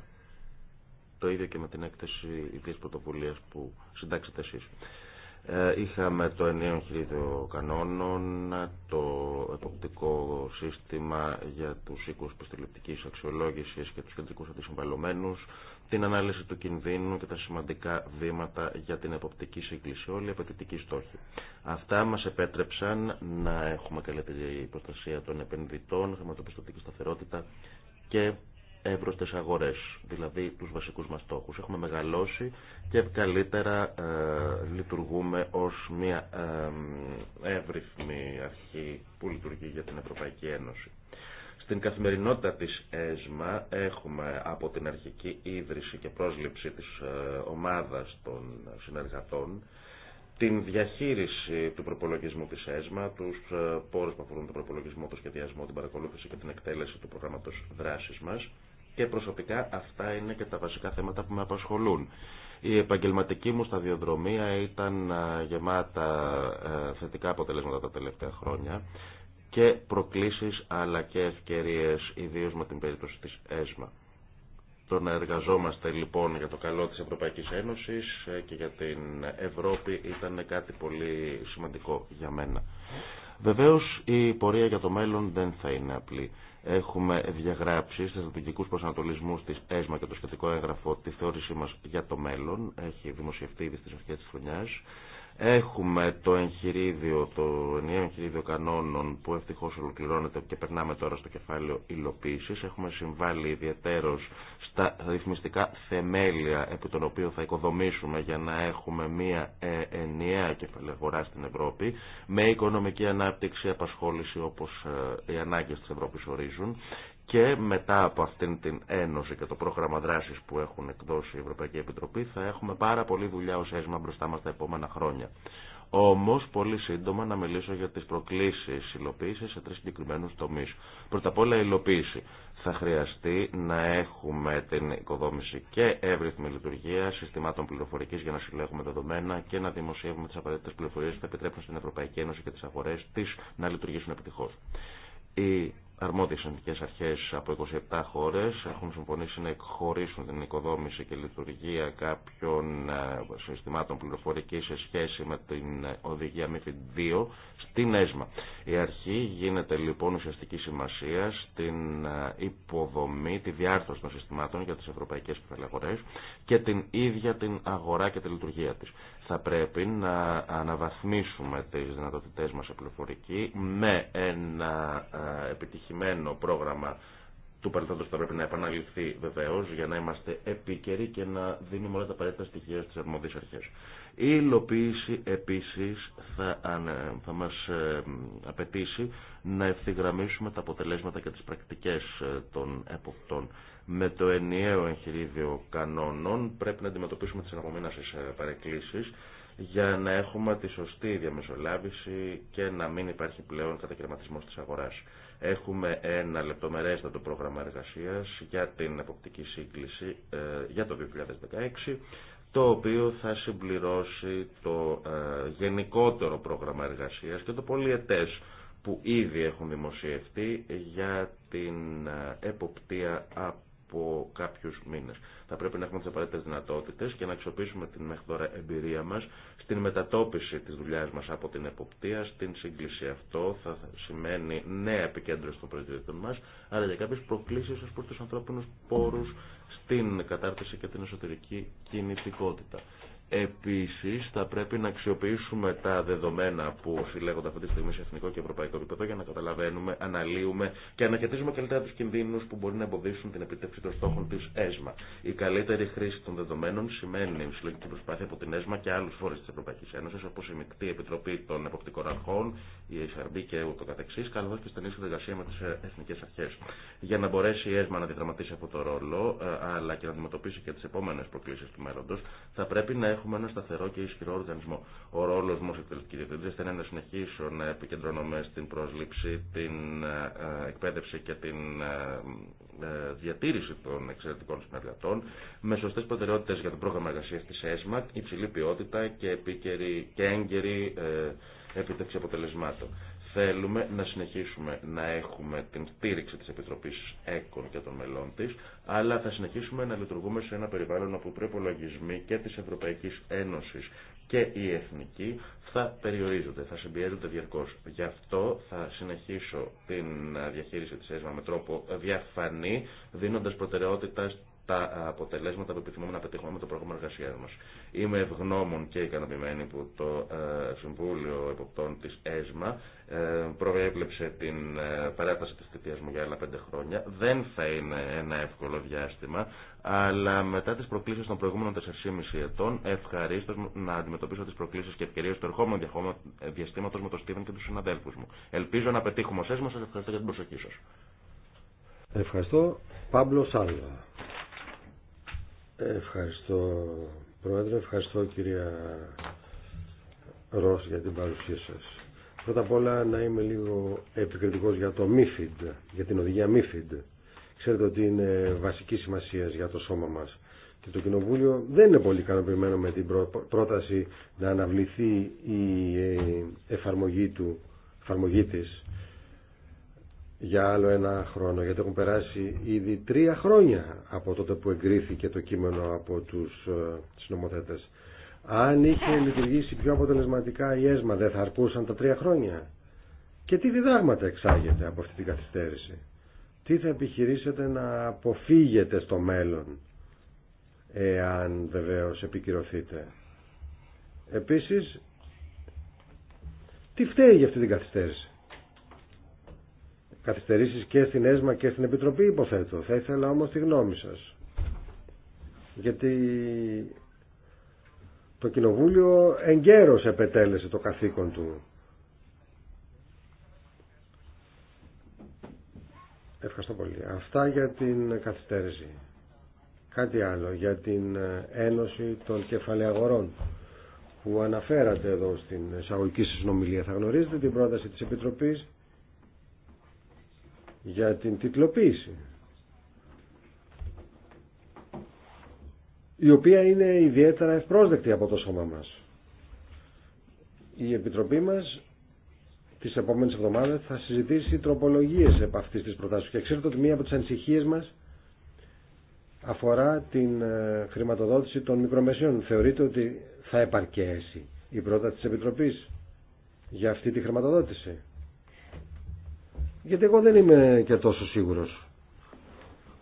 Το ίδιο και με την έκθεση τη πρωτοβουλίας που συντάξετε εσείς. Ε, είχαμε το ενιαίο χειρίδιο κανόνων, το εποπτικό σύστημα για τους οίκους πιστοληπτικής αξιολόγησης και τους κεντρικούς αντισυμβαλωμένους, την ανάλυση του κινδύνου και τα σημαντικά βήματα για την εποπτική σύγκληση. Όλοι απαιτητικοί στόχοι. Αυτά μας επέτρεψαν να έχουμε καλύτερη προστασία των επενδυτών, χρηματοπιστωτική σταθερότητα και εύρωστε αγορέ, δηλαδή του βασικού μα στόχου. Έχουμε μεγαλώσει και καλύτερα ε, λειτουργούμε ω μια ε, εύρυθμη αρχή που λειτουργεί για την Ευρωπαϊκή Ένωση. Στην καθημερινότητα της ΕΣΜΑ έχουμε από την αρχική ίδρυση και πρόσληψη της ε, ομάδας των συνεργατών την διαχείριση του προπολογισμού της ΕΣΜΑ, τους πόρους που αφορούν τον προπολογισμό, τον σχεδιασμό, την παρακολούθηση και την εκτέλεση του προγράμματος δράσης μας και προσωπικά αυτά είναι και τα βασικά θέματα που με απασχολούν. Η επαγγελματική μου σταδιοδρομία ήταν ε, γεμάτα ε, θετικά αποτελέσματα τα τελευταία χρόνια και προκλήσεις αλλά και ευκαιρίες ιδίως με την περίπτωση της ΕΣΜΑ. Το να εργαζόμαστε λοιπόν για το καλό της Ευρωπαϊκής Ένωσης ε, και για την Ευρώπη ήταν κάτι πολύ σημαντικό για μένα. Βεβαίως η πορεία για το μέλλον δεν θα είναι απλή. Έχουμε διαγράψει στου στρατηγικού προσανατολισμού της ΕΣΜΑ και το σχετικό έγγραφο τη θεώρησή μας για το μέλλον. Έχει δημοσιευτεί ήδη στις αρχές τη χρονιά. Έχουμε το εγχειρίδιο, το ενιαίο εγχειρίδιο κανόνων που ευτυχώ ολοκληρώνεται και περνάμε τώρα στο κεφάλαιο υλοποίηση. Έχουμε συμβάλει ιδιαίτερω στα ρυθμιστικά θεμέλια επί των οποίων θα οικοδομήσουμε για να έχουμε μία ε, ενιαία κεφαλαία αγορά στην Ευρώπη με οικονομική ανάπτυξη, απασχόληση όπω ε, οι ανάγκε τη Ευρώπη ορίζουν και μετά από αυτήν την ένωση και το πρόγραμμα δράσης που έχουν εκδώσει η Ευρωπαϊκή Επιτροπή θα έχουμε πάρα πολύ δουλειά ως έσμα μπροστά μας τα επόμενα χρόνια. Όμω, πολύ σύντομα να μιλήσω για τι προκλήσει υλοποίηση σε τρει συγκεκριμένου τομεί. Πρώτα απ' όλα, η υλοποίηση. Θα χρειαστεί να έχουμε την οικοδόμηση και εύρυθμη λειτουργία συστημάτων πληροφορική για να συλλέγουμε δεδομένα και να δημοσιεύουμε τι απαραίτητε πληροφορίε που θα επιτρέπουν στην Ευρωπαϊκή Ένωση και τι αγορέ τη να λειτουργήσουν επιτυχώ. Η αρμόδιες ελληνικέ αρχέ από 27 χώρε. έχουν συμφωνήσει να εκχωρήσουν την οικοδόμηση και λειτουργία κάποιων ε, συστημάτων πληροφορική σε σχέση με την οδηγία MIFID 2 στην ΕΣΜΑ. Η αρχή γίνεται λοιπόν ουσιαστική σημασία στην ε, υποδομή, τη διάρθρωση των συστημάτων για τις ευρωπαϊκές πυθαλαγορέ και την ίδια την αγορά και τη λειτουργία τη θα πρέπει να αναβαθμίσουμε τις δυνατότητές μας πληροφορική με ένα ε, επιτυχημένο πρόγραμμα του παρελθόντος θα πρέπει να επαναληφθεί βεβαίω για να είμαστε επίκαιροι και να δίνουμε όλα τα απαραίτητα στοιχεία στις αρμόδιες αρχές. Η υλοποίηση επίσης θα, ε, θα μας ε, απαιτήσει να ευθυγραμμίσουμε τα αποτελέσματα και τις πρακτικές των εποπτών. Με το ενιαίο εγχειρίδιο κανόνων πρέπει να αντιμετωπίσουμε τις αναπομένασεις ε, παρεκκλήσεις για να έχουμε τη σωστή διαμεσολάβηση και να μην υπάρχει πλέον κατακαιρματισμός της αγοράς. Έχουμε ένα λεπτομερέστατο πρόγραμμα εργασίας για την εποπτική σύγκληση ε, για το 2016 το οποίο θα συμπληρώσει το ε, γενικότερο πρόγραμμα εργασίας και το πολυετές που ήδη έχουν δημοσιευτεί για την εποπτεία από από κάποιους μήνες. Θα πρέπει να έχουμε τι απαραίτητες δυνατότητες και να αξιοποιήσουμε την μέχρι τώρα εμπειρία μας στην μετατόπιση της δουλειάς μας από την εποπτεία, στην σύγκληση αυτό θα σημαίνει νέα επικέντρωση των προτεραιότητων μας, αλλά για κάποιες προκλήσεις ως προς τους ανθρώπινους πόρους στην κατάρτιση και την εσωτερική κινητικότητα. Επίσης θα πρέπει να αξιοποιήσουμε τα δεδομένα που συλλέγονται αυτή τη στιγμή σε εθνικό και ευρωπαϊκό επίπεδο για να καταλαβαίνουμε, αναλύουμε και αναχαιτίζουμε καλύτερα τους κινδύνους που μπορεί να εμποδίσουν την επιτεύξη των στόχων της ΕΣΜΑ. Η καλύτερη χρήση των δεδομένων σημαίνει η συλλογική προσπάθεια από την ΕΣΜΑ και άλλους φορείς της ΕΕ, Ένωσης όπως η Μικτή Επιτροπή των Εποπτικών Αρχών, η ΕΣΑΡΜΠΗ και ούτω καθεξής, καθώς και στενή συνεργασία με τι ε, εθνικές αρχέ. Για να μπορέσει η ΕΣΜΑ να διαδραματίσει αυτό το ρόλο, ε, αλλά και να αντιμετωπίσει και τις επόμενες προκλήσεις του μέλλοντος, θα πρέπει να έχουμε ένα σταθερό και ισχυρό οργανισμό. Ο ρόλος μου ως εκτελεστική διευθυντής θα είναι να συνεχίσω να επικεντρωνομαι στην πρόσληψη, την ε, εκπαίδευση και την διατήρηση των εξαιρετικών συνεργατών, με σωστέ προτεραιότητε για το πρόγραμμα εργασία τη ΕΣΜΑ, υψηλή ποιότητα και, επίκαιρη, και έγκαιρη επίτευξη αποτελεσμάτων. Θέλουμε να συνεχίσουμε να έχουμε την στήριξη της Επιτροπής ΕΚΟΝ και των μελών της, αλλά θα συνεχίσουμε να λειτουργούμε σε ένα περιβάλλον όπου οι προπολογισμοί και της Ευρωπαϊκής Ένωσης και η Εθνική θα περιορίζονται, θα συμπιέζονται διαρκώς. Γι' αυτό θα συνεχίσω την διαχείριση της ΕΣΜΑ με τρόπο διαφανή, δίνοντας προτεραιότητα τα αποτελέσματα που επιθυμούμε να πετύχουμε με το πρόγραμμα εργασία μα. Είμαι ευγνώμων και ικανοποιημένη που το ε, Συμβούλιο Εποπτών τη ΕΣΜΑ ε, προέβλεψε την ε, παράταση τη θητεία μου για άλλα πέντε χρόνια. Δεν θα είναι ένα εύκολο διάστημα, αλλά μετά τι προκλήσει των προηγούμενων 4,5 ετών, ευχαρίστω να αντιμετωπίσω τι προκλήσει και ευκαιρίε του ερχόμενου διαστήματο με τον Στίβεν και του συναδέλφου μου. Ελπίζω να πετύχουμε ω ΕΣΜΑ. Σα ευχαριστώ για την προσοχή σα. Ευχαριστώ. Παύλο Σάλβα. Ευχαριστώ Πρόεδρε, ευχαριστώ κυρία Ρος για την παρουσία σας. Πρώτα απ' όλα να είμαι λίγο επικριτικός για το MIFID, για την οδηγία MIFID. Ξέρετε ότι είναι βασική σημασία για το σώμα μας. Και το Κοινοβούλιο δεν είναι πολύ ικανοποιημένο με την πρόταση να αναβληθεί η ε, εφαρμογή, του, εφαρμογή της για άλλο ένα χρόνο, γιατί έχουν περάσει ήδη τρία χρόνια από τότε που εγκρίθηκε το κείμενο από τους συνομοθέτες. Ε, Αν είχε λειτουργήσει πιο αποτελεσματικά η ΕΣΜΑ, δεν θα αρκούσαν τα τρία χρόνια. Και τι διδάγματα εξάγεται από αυτή την καθυστέρηση. Τι θα επιχειρήσετε να αποφύγετε στο μέλλον, εάν βεβαίως επικυρωθείτε. Επίσης, τι φταίει για αυτή την καθυστέρηση καθυστερήσεις και στην ΕΣΜΑ και στην Επιτροπή υποθέτω. Θα ήθελα όμως τη γνώμη σας. Γιατί το Κοινοβούλιο εγκαίρως επετέλεσε το καθήκον του. Ευχαριστώ πολύ. Αυτά για την καθυστέρηση. Κάτι άλλο για την Ένωση των Κεφαλαίων που αναφέρατε εδώ στην εισαγωγική συνομιλία. Θα γνωρίζετε την πρόταση της Επιτροπής για την τιτλοποίηση η οποία είναι ιδιαίτερα ευπρόσδεκτη από το σώμα μας. Η Επιτροπή μας τις επόμενες εβδομάδες θα συζητήσει τροπολογίες από αυτής της προτάσεις. και ξέρετε ότι μία από τις ανησυχίες μας αφορά την ε, χρηματοδότηση των μικρομεσιών. Θεωρείτε ότι θα επαρκέσει η πρόταση της Επιτροπής για αυτή τη χρηματοδότηση. Γιατί εγώ δεν είμαι και τόσο σίγουρος.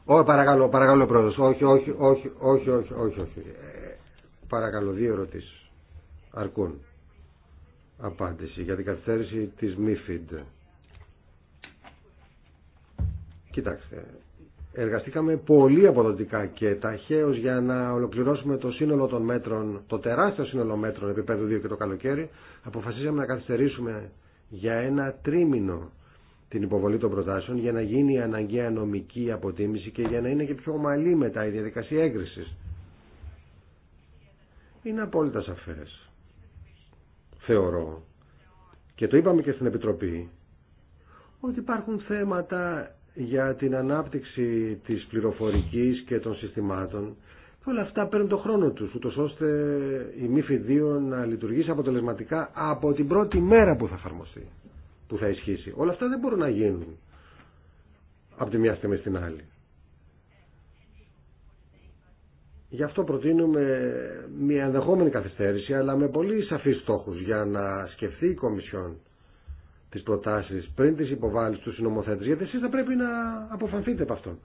Όχι παρακαλώ, παρακαλώ πρόεδρο. Όχι, όχι, όχι, όχι, όχι, όχι. όχι. Ε, παρακαλώ, δύο ερωτήσει. Αρκούν. Απάντηση για την καθυστέρηση της ΜΥΦΙΔ. Κοιτάξτε, εργαστήκαμε πολύ αποδοτικά και ταχαίως για να ολοκληρώσουμε το σύνολο των μέτρων, το τεράστιο σύνολο μέτρων επίπεδου 2 και το καλοκαίρι, αποφασίσαμε να καθυστερήσουμε για ένα τρίμηνο την υποβολή των προτάσεων για να γίνει η αναγκαία νομική αποτίμηση και για να είναι και πιο ομαλή μετά η διαδικασία έγκρισης. Είναι απόλυτα σαφέ, Θεωρώ. Και το είπαμε και στην Επιτροπή ότι υπάρχουν θέματα για την ανάπτυξη της πληροφορικής και των συστημάτων και όλα αυτά παίρνουν τον χρόνο τους ούτως ώστε η ΜΥΦΙ 2 να λειτουργήσει αποτελεσματικά από την πρώτη μέρα που θα εφαρμοστεί που θα ισχύσει. Όλα αυτά δεν μπορούν να γίνουν από τη μια στιγμή στην άλλη. Γι' αυτό προτείνουμε μια ενδεχόμενη καθυστέρηση, αλλά με πολύ σαφείς στόχους για να σκεφτεί η Κομισιόν τις προτάσεις πριν τις υποβάλει στους συνομοθέτες, γιατί εσείς θα πρέπει να αποφανθείτε από αυτόν.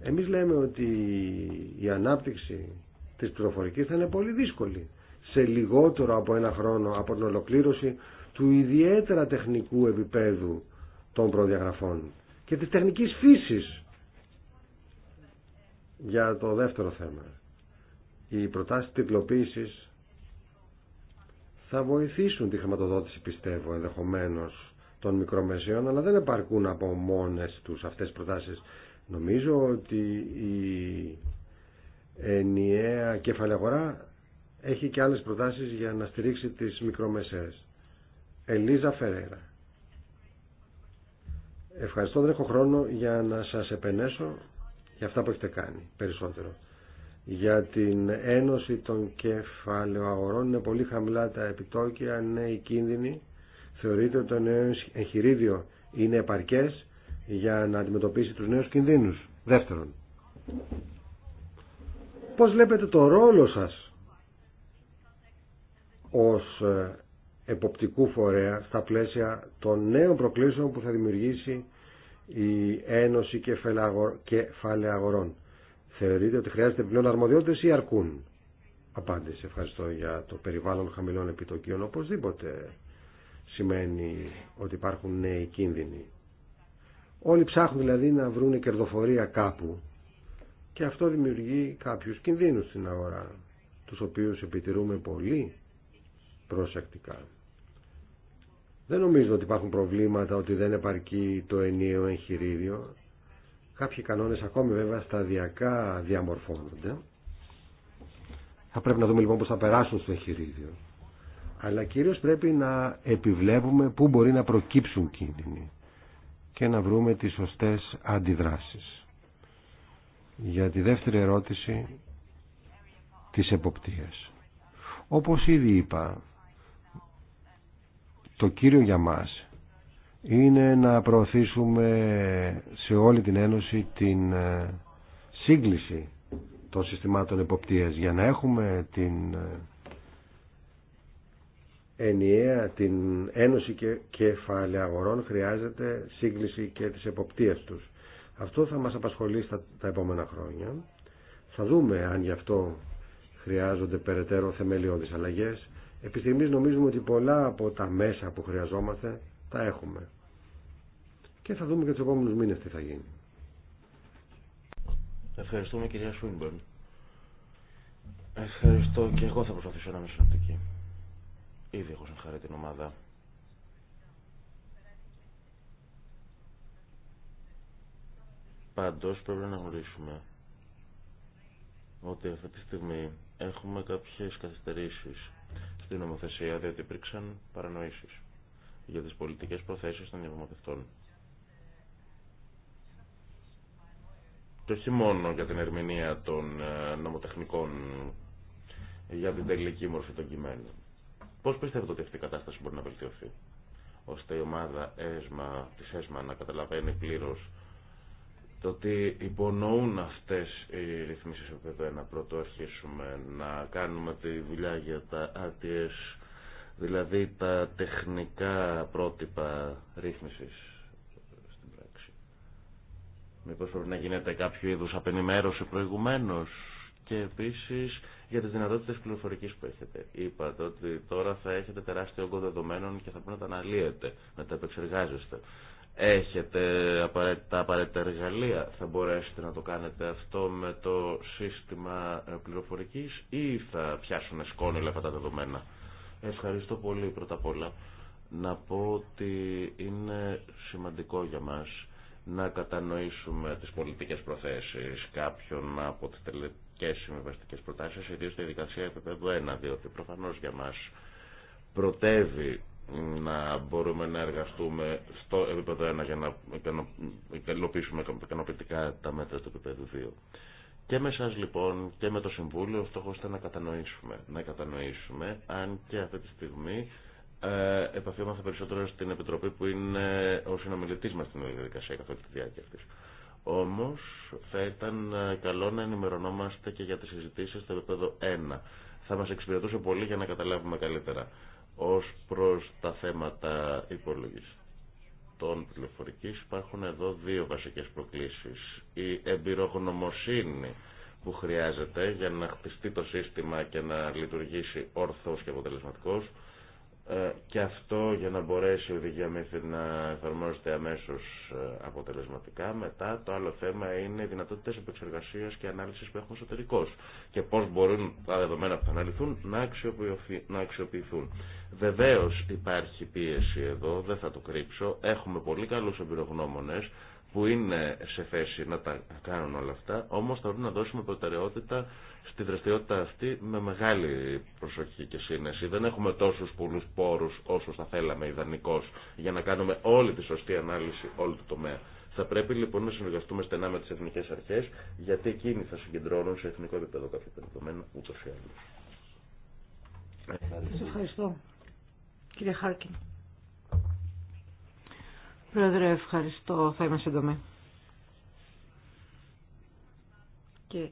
Εμείς λέμε ότι η ανάπτυξη της πληροφορικής θα είναι πολύ δύσκολη σε λιγότερο από ένα χρόνο από την ολοκλήρωση του ιδιαίτερα τεχνικού επίπεδου των προδιαγραφών και της τεχνικής φύσης για το δεύτερο θέμα. Οι προτάσεις τυπλοποίησης θα βοηθήσουν τη χρηματοδότηση πιστεύω ενδεχομένως των μικρομεσαίων αλλά δεν επαρκούν από μόνες τους αυτές τις προτάσεις. Νομίζω ότι η ενιαία κεφαλαία έχει και άλλες προτάσεις για να στηρίξει τις μικρομεσαίες. Ελίζα Φερέρα. Ευχαριστώ, δεν έχω χρόνο για να σας επενέσω για αυτά που έχετε κάνει περισσότερο. Για την ένωση των κεφαλαιοαγορών είναι πολύ χαμηλά τα επιτόκια, είναι η κίνδυνοι. Θεωρείτε ότι το νέο εγχειρίδιο είναι επαρκές για να αντιμετωπίσει τους νέους κινδύνους. Δεύτερον, πώς βλέπετε το ρόλο σας ως ε, εποπτικού φορέα στα πλαίσια των νέων προκλήσεων που θα δημιουργήσει η Ένωση Κεφαλαίου Αγορών. Θεωρείτε ότι χρειάζεται πλέον αρμοδιότητες ή αρκούν. Απάντηση. Ευχαριστώ για το περιβάλλον χαμηλών επιτοκίων. Οπωσδήποτε σημαίνει ότι υπάρχουν νέοι κίνδυνοι. Όλοι ψάχνουν δηλαδή να βρουν κερδοφορία κάπου και αυτό δημιουργεί κάποιους κινδύνους στην αγορά, τους οποίους επιτηρούμε πολύ προσεκτικά. Δεν νομίζω ότι υπάρχουν προβλήματα ότι δεν επαρκεί το ενιαίο εγχειρίδιο. Κάποιοι κανόνες ακόμη βέβαια σταδιακά διαμορφώνονται. Θα πρέπει να δούμε λοιπόν πώς θα περάσουν στο εγχειρίδιο. Αλλά κυρίως πρέπει να επιβλέπουμε πού μπορεί να προκύψουν κίνδυνοι και να βρούμε τις σωστές αντιδράσεις. Για τη δεύτερη ερώτηση της εποπτείας. Όπως ήδη είπα, το κύριο για μας είναι να προωθήσουμε σε όλη την Ένωση την ε, σύγκληση των συστημάτων εποπτείας για να έχουμε την ε, ενιαία την Ένωση και Κεφάλαια Αγορών χρειάζεται σύγκληση και της εποπτείας τους. Αυτό θα μας απασχολεί στα τα επόμενα χρόνια. Θα δούμε αν γι' αυτό χρειάζονται περαιτέρω θεμελιώδεις αλλαγές επειδή νομίζουμε ότι πολλά από τα μέσα που χρειαζόμαστε τα έχουμε. Και θα δούμε και του επόμενου μήνε τι θα γίνει. Ευχαριστούμε κυρία Σουίμπερν. Ευχαριστώ και εγώ θα προσπαθήσω να είμαι συνοπτική. Ήδη έχω συγχαρεί την ομάδα. Πάντως πρέπει να γνωρίσουμε ότι αυτή τη στιγμή έχουμε κάποιες καθυστερήσεις στην νομοθεσία διότι υπήρξαν παρανοήσεις για τις πολιτικές προθέσεις των διαπραγματευτών. Και όχι μόνο για την ερμηνεία των ε, νομοτεχνικών για την τελική μορφή των κειμένων. Πώς πιστεύετε ότι αυτή η κατάσταση μπορεί να βελτιωθεί, ώστε η ομάδα έσμα, της ΕΣΜΑ να καταλαβαίνει πλήρως το ότι υπονοούν αυτές οι ρυθμίσεις πρέπει να πρώτο αρχίσουμε να κάνουμε τη δουλειά για τα ATS, δηλαδή τα τεχνικά πρότυπα ρύθμισης στην πράξη. Μήπως πρέπει να γίνεται κάποιο είδους απενημέρωση προηγουμένως και επίσης για τις δυνατότητες πληροφορικής που έχετε. Είπατε ότι τώρα θα έχετε τεράστιο όγκο δεδομένων και θα πρέπει να τα αναλύετε, να τα επεξεργάζεστε. Έχετε τα απαραίτητα εργαλεία, θα μπορέσετε να το κάνετε αυτό με το σύστημα ε, πληροφορικής ή θα πιάσουν σκόνη αυτά τα δεδομένα. Ευχαριστώ πολύ πρώτα απ' όλα. Να πω ότι είναι σημαντικό για μας να κατανοήσουμε τις πολιτικές προθέσεις κάποιων από τις τελικές συμβιβαστικές προτάσεις, ιδίως στη δικασία επίπεδου 1, διότι προφανώς για μας προτεύει να μπορούμε να εργαστούμε στο επίπεδο 1 για να υλοποιήσουμε ικανοποιητικά τα μέτρα του επίπεδου 2. Και με εσά λοιπόν και με το Συμβούλιο ο στόχος ήταν να κατανοήσουμε. Να κατανοήσουμε αν και αυτή τη στιγμή ε, επαφιόμαστε περισσότερο στην Επιτροπή που είναι ο συνομιλητής μας στην διαδικασία καθ' τη διάρκεια αυτής. Όμως θα ήταν ε, καλό να ενημερωνόμαστε και για τις συζητήσεις στο επίπεδο 1. Θα μας εξυπηρετούσε πολύ για να καταλάβουμε καλύτερα. Ως προς τα θέματα υπολογής των πληροφορικής υπάρχουν εδώ δύο βασικές προκλήσεις. Η εμπειρογνωμοσύνη που χρειάζεται για να χτιστεί το σύστημα και να λειτουργήσει όρθος και αποτελεσματικός ε, και αυτό για να μπορέσει η οδηγία να εφαρμόζεται αμέσως ε, αποτελεσματικά. Μετά το άλλο θέμα είναι οι δυνατότητες επεξεργασίας και ανάλυσης που έχουμε εσωτερικώς και πώς μπορούν τα δεδομένα που θα αναλυθούν να αξιοποιηθούν. Βεβαίως υπάρχει πίεση εδώ, δεν θα το κρύψω. Έχουμε πολύ καλούς εμπειρογνώμονες που είναι σε θέση να τα κάνουν όλα αυτά, όμως θα να δώσουμε προτεραιότητα στη δραστηριότητα αυτή με μεγάλη προσοχή και σύνεση. Δεν έχουμε τόσους πολλούς πόρους όσο θα θέλαμε ιδανικώς για να κάνουμε όλη τη σωστή ανάλυση όλου του τομέα. Θα πρέπει λοιπόν να συνεργαστούμε στενά με τις εθνικές αρχές, γιατί εκείνοι θα συγκεντρώνουν σε εθνικό επίπεδο κάποια δεδομένα ούτως ή άλλως. Σας ευχαριστώ. Κύριε Χάρκιν. Πρόεδρε, ευχαριστώ. Θα είμαι σύντομη. Και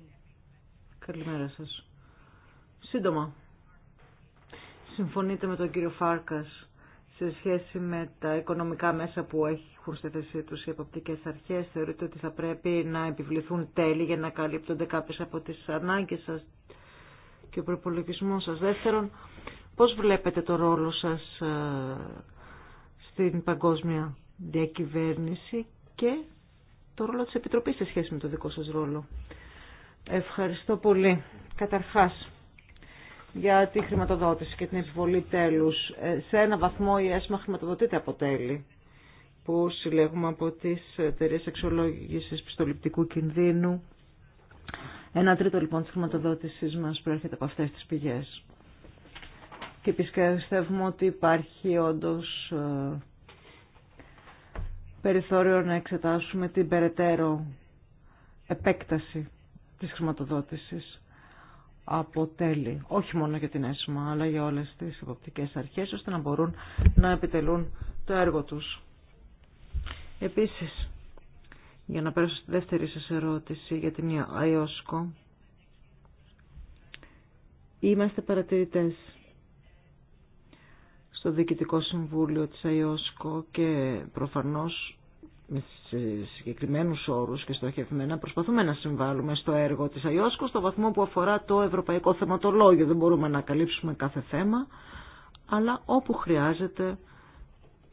καλημέρα σας. Σύντομα. Συμφωνείτε με τον κύριο Φάρκας σε σχέση με τα οικονομικά μέσα που έχουν στη θέση τους οι εποπτικές αρχές. Θεωρείτε ότι θα πρέπει να επιβληθούν τέλη για να καλύπτονται κάποιες από τις ανάγκες σας και ο προπολογισμό σας. Δεύτερον, πώς βλέπετε το ρόλο σας ε, στην παγκόσμια διακυβέρνηση και το ρόλο της Επιτροπής σε σχέση με το δικό σας ρόλο. Ευχαριστώ πολύ. Καταρχάς, για τη χρηματοδότηση και την επιβολή τέλους. Ε, σε ένα βαθμό η ΕΣΜΑ χρηματοδοτείται από τέλη που συλλέγουμε από τις εταιρείε αξιολόγησης πιστοληπτικού κινδύνου. Ένα τρίτο λοιπόν της χρηματοδότησης μας προέρχεται από αυτές τις πηγές. Και πιστεύουμε ότι υπάρχει όντως ε, περιθώριο να εξετάσουμε την περαιτέρω επέκταση της χρηματοδότησης αποτέλει, όχι μόνο για την ΕΣΜΑ, αλλά για όλες τις υποπτικές αρχές, ώστε να μπορούν να επιτελούν το έργο τους. Επίσης, για να πέρασω στη δεύτερη σας ερώτηση για την ΑΙΟΣΚΟ, είμαστε παρατηρητές στο Διοικητικό Συμβούλιο της ΑΙΟΣΚΟ και προφανώς με συγκεκριμένους όρους και στοχευμένα προσπαθούμε να συμβάλλουμε στο έργο της ΑΙΟΣΚΟ στο βαθμό που αφορά το ευρωπαϊκό θεματολόγιο. Δεν μπορούμε να καλύψουμε κάθε θέμα, αλλά όπου χρειάζεται,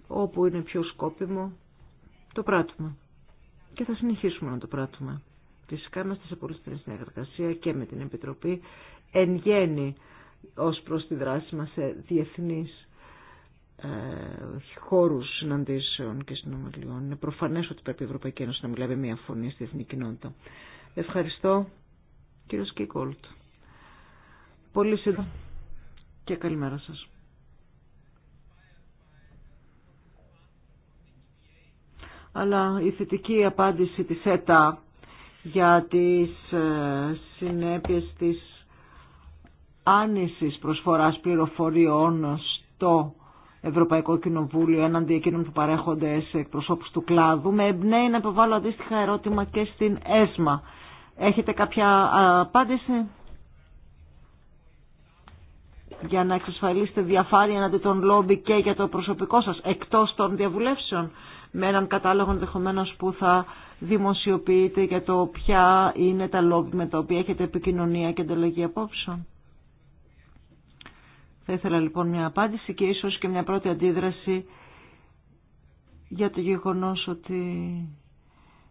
όπου είναι πιο σκόπιμο, το πράττουμε. Και θα συνεχίσουμε να το πράττουμε. Φυσικά είμαστε σε πολύ στενή συνεργασία και με την Επιτροπή εν γέννη ως προς τη δράση μας σε διεθνείς ε, χώρους συναντήσεων και συνομιλιών. Είναι προφανές ότι πρέπει η Ευρωπαϊκή Ένωση να μιλάει με μία φωνή στη εθνική κοινότητα. Ευχαριστώ, κύριο Κίκολτ. Πολύ σύντομα και καλημέρα σας. Αλλά η θετική απάντηση της ΕΤΑ για τις ε, συνέπειες της άνησης προσφοράς πληροφοριών στο Ευρωπαϊκό Κοινοβούλιο έναντι εκείνων που παρέχονται σε εκπροσώπους του κλάδου. Με εμπνέει να υποβάλω αντίστοιχα ερώτημα και στην ΕΣΜΑ. Έχετε κάποια απάντηση για να εξασφαλίσετε διαφάνεια αντί των λόμπι και για το προσωπικό σας εκτός των διαβουλεύσεων με έναν κατάλογο ενδεχομένω που θα δημοσιοποιείτε για το ποια είναι τα λόμπι με τα οποία έχετε επικοινωνία και ανταλλαγή απόψεων. Θα ήθελα λοιπόν μια απάντηση και ίσως και μια πρώτη αντίδραση για το γεγονός ότι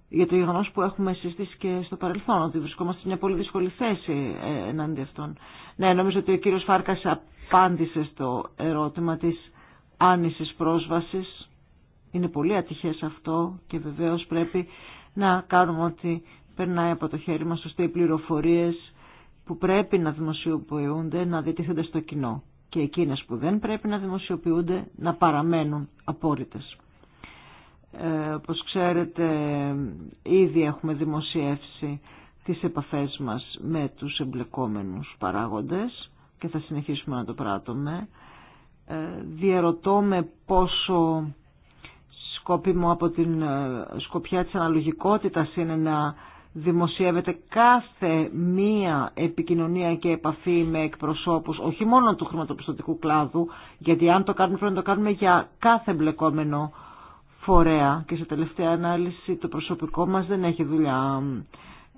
για το γεγονό που έχουμε συστήσει και στο παρελθόν, ότι βρισκόμαστε σε μια πολύ δύσκολη θέση ε, εναντί αυτών. Ναι, νομίζω ότι ο κύριο Φάρκα απάντησε στο ερώτημα της άνησης πρόσβασης. Είναι πολύ ατυχές αυτό και βεβαίως πρέπει να κάνουμε ότι περνάει από το χέρι μα ώστε οι πληροφορίε που πρέπει να δημοσιοποιούνται να διατηθούνται στο κοινό και εκείνες που δεν πρέπει να δημοσιοποιούνται να παραμένουν απόρριτες. Ε, όπως ξέρετε ήδη έχουμε δημοσιεύσει τις επαφές μας με τους εμπλεκόμενους παράγοντες και θα συνεχίσουμε να το πράττουμε. Ε, με πόσο σκόπιμο από την ε, σκοπιά της αναλογικότητας είναι να δημοσιεύεται κάθε μία επικοινωνία και επαφή με εκπροσώπους, όχι μόνο του χρηματοπιστωτικού κλάδου, γιατί αν το κάνουμε πρέπει να το κάνουμε για κάθε εμπλεκόμενο φορέα και σε τελευταία ανάλυση το προσωπικό μας δεν έχει δουλειά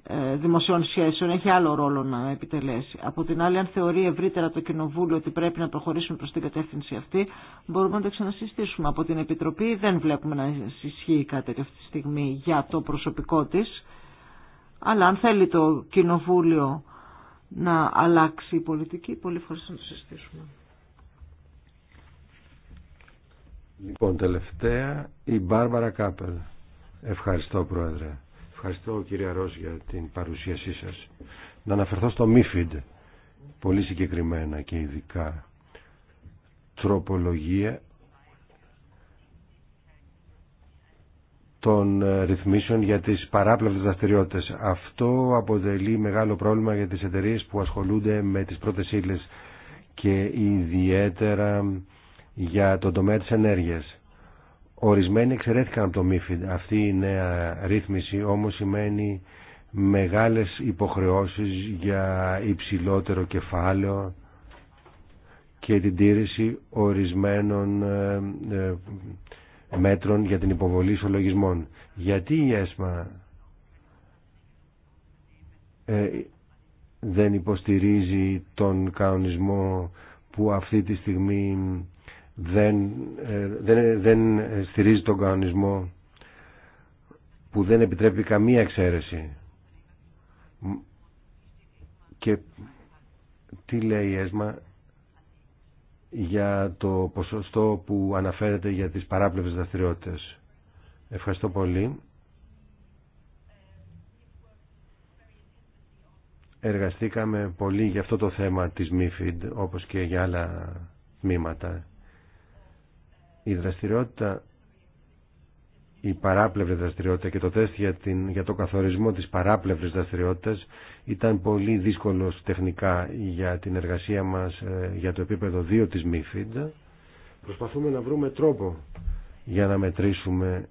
ε, δημοσίων σχέσεων, έχει άλλο ρόλο να επιτελέσει. Από την άλλη, αν θεωρεί ευρύτερα το Κοινοβούλιο ότι πρέπει να προχωρήσουμε προς την κατεύθυνση αυτή, μπορούμε να το ξανασυστήσουμε. Από την Επιτροπή δεν βλέπουμε να ισχύει κάτι αυτή τη στιγμή για το προσωπικό της αλλά αν θέλει το κοινοβούλιο να αλλάξει η πολιτική, πολύ ευχαριστώ να το συστήσουμε. Λοιπόν, τελευταία η Μπάρμπαρα Κάπελ. Ευχαριστώ, Πρόεδρε. Ευχαριστώ, κυρία Ρώση, για την παρουσίασή σας. Να αναφερθώ στο MIFID, πολύ συγκεκριμένα και ειδικά. Τροπολογία των ε, ρυθμίσεων για τις παράπλευρες δραστηριότητε. Αυτό αποτελεί μεγάλο πρόβλημα για τις εταιρείες που ασχολούνται με τις πρώτες ύλες και ιδιαίτερα για τον τομέα της ενέργειας. Ορισμένοι εξαιρέθηκαν από το MIFID. Αυτή η νέα ρύθμιση όμως σημαίνει μεγάλες υποχρεώσεις για υψηλότερο κεφάλαιο και την τήρηση ορισμένων ε, ε, μέτρων για την υποβολή ισολογισμών. Γιατί η ΕΣΜΑ ε, δεν υποστηρίζει τον κανονισμό που αυτή τη στιγμή δεν, ε, δεν, δεν στηρίζει τον κανονισμό που δεν επιτρέπει καμία εξαίρεση. Και τι λέει η ΕΣΜΑ, για το ποσοστό που αναφέρεται για τις παράπλευρες δραστηριότητε. Ευχαριστώ πολύ. Εργαστήκαμε πολύ για αυτό το θέμα της MIFID όπως και για άλλα τμήματα. Η δραστηριότητα η παράπλευρη δραστηριότητα και το τεστ για, την, για το καθορισμό της παράπλευρης δραστηριότητας ήταν πολύ δύσκολος τεχνικά για την εργασία μας ε, για το επίπεδο 2 της MIFID. Προσπαθούμε να βρούμε τρόπο για να μετρήσουμε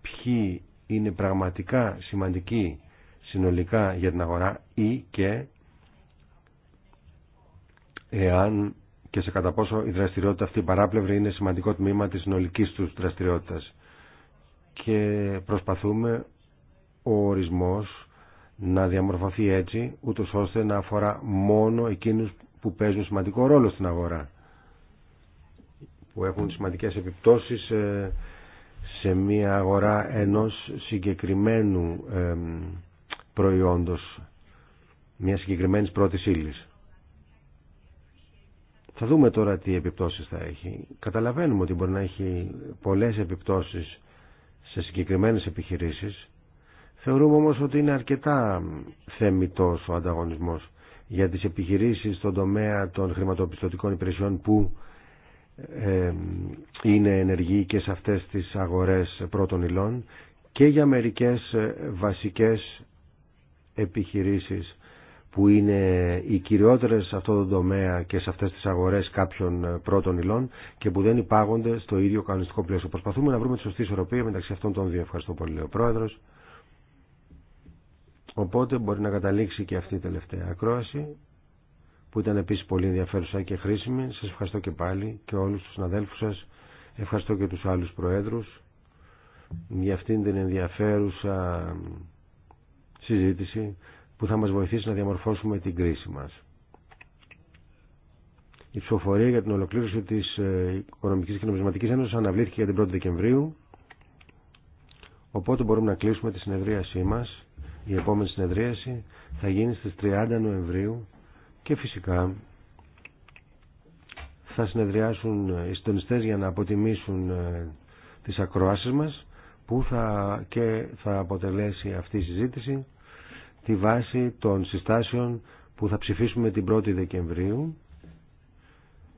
ποιοι είναι πραγματικά σημαντικοί συνολικά για την αγορά ή και εάν και σε κατά πόσο η δραστηριότητα αυτή παράπλευρη είναι σημαντικό τμήμα της συνολικής τους δραστηριότητας και προσπαθούμε ο ορισμός να διαμορφωθεί έτσι ούτως ώστε να αφορά μόνο εκείνους που παίζουν σημαντικό ρόλο στην αγορά που έχουν σημαντικές επιπτώσεις ε, σε μια αγορά ενός συγκεκριμένου προϊόντος μια συγκεκριμένης πρώτης ύλη. Θα δούμε τώρα τι επιπτώσεις θα έχει. Καταλαβαίνουμε ότι μπορεί να έχει πολλές επιπτώσεις σε συγκεκριμένες επιχειρήσεις. Θεωρούμε όμως ότι είναι αρκετά θεμητός ο ανταγωνισμός για τις επιχειρήσεις στον τομέα των χρηματοπιστωτικών υπηρεσιών που είναι ενεργοί και σε αυτές τις αγορές πρώτων υλών και για μερικές βασικές επιχειρήσεις που είναι οι κυριότερες σε αυτό το τομέα και σε αυτές τις αγορές κάποιων ε, πρώτων υλών και που δεν υπάγονται στο ίδιο κανονιστικό πλαίσιο. Προσπαθούμε να βρούμε τη σωστή ισορροπία μεταξύ αυτών των δύο. Ευχαριστώ πολύ, λέει ο Πρόεδρος. Οπότε μπορεί να καταλήξει και αυτή η τελευταία ακρόαση που ήταν επίσης πολύ ενδιαφέρουσα και χρήσιμη. Σας ευχαριστώ και πάλι και όλους τους συναδέλφου σας. Ευχαριστώ και τους άλλους Προέδρους για αυτήν την ενδιαφέρουσα συζήτηση που θα μας βοηθήσει να διαμορφώσουμε την κρίση μας. Η ψηφοφορία για την ολοκλήρωση της ε, Οικονομικής και Νομισματικής Ένωσης αναβλήθηκε για την 1η Δεκεμβρίου, οπότε μπορούμε να κλείσουμε τη συνεδρίασή μας. Η επόμενη συνεδρίαση θα γίνει στις 30 Νοεμβρίου και φυσικά θα συνεδριάσουν ε, οι συντονιστές για να αποτιμήσουν ε, τις ακροάσεις μας που θα, και θα αποτελέσει αυτή η συζήτηση τη βάση των συστάσεων που θα ψηφίσουμε την 1η Δεκεμβρίου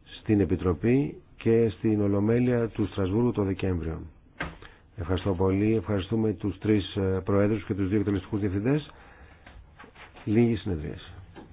στην Επιτροπή και στην Ολομέλεια του Στρασβούργου το Δεκέμβριο. Ευχαριστώ πολύ. Ευχαριστούμε τους τρεις ε, προέδρους και τους δύο εκτελεστικούς διευθυντές. Λίγη συνεδρίαση.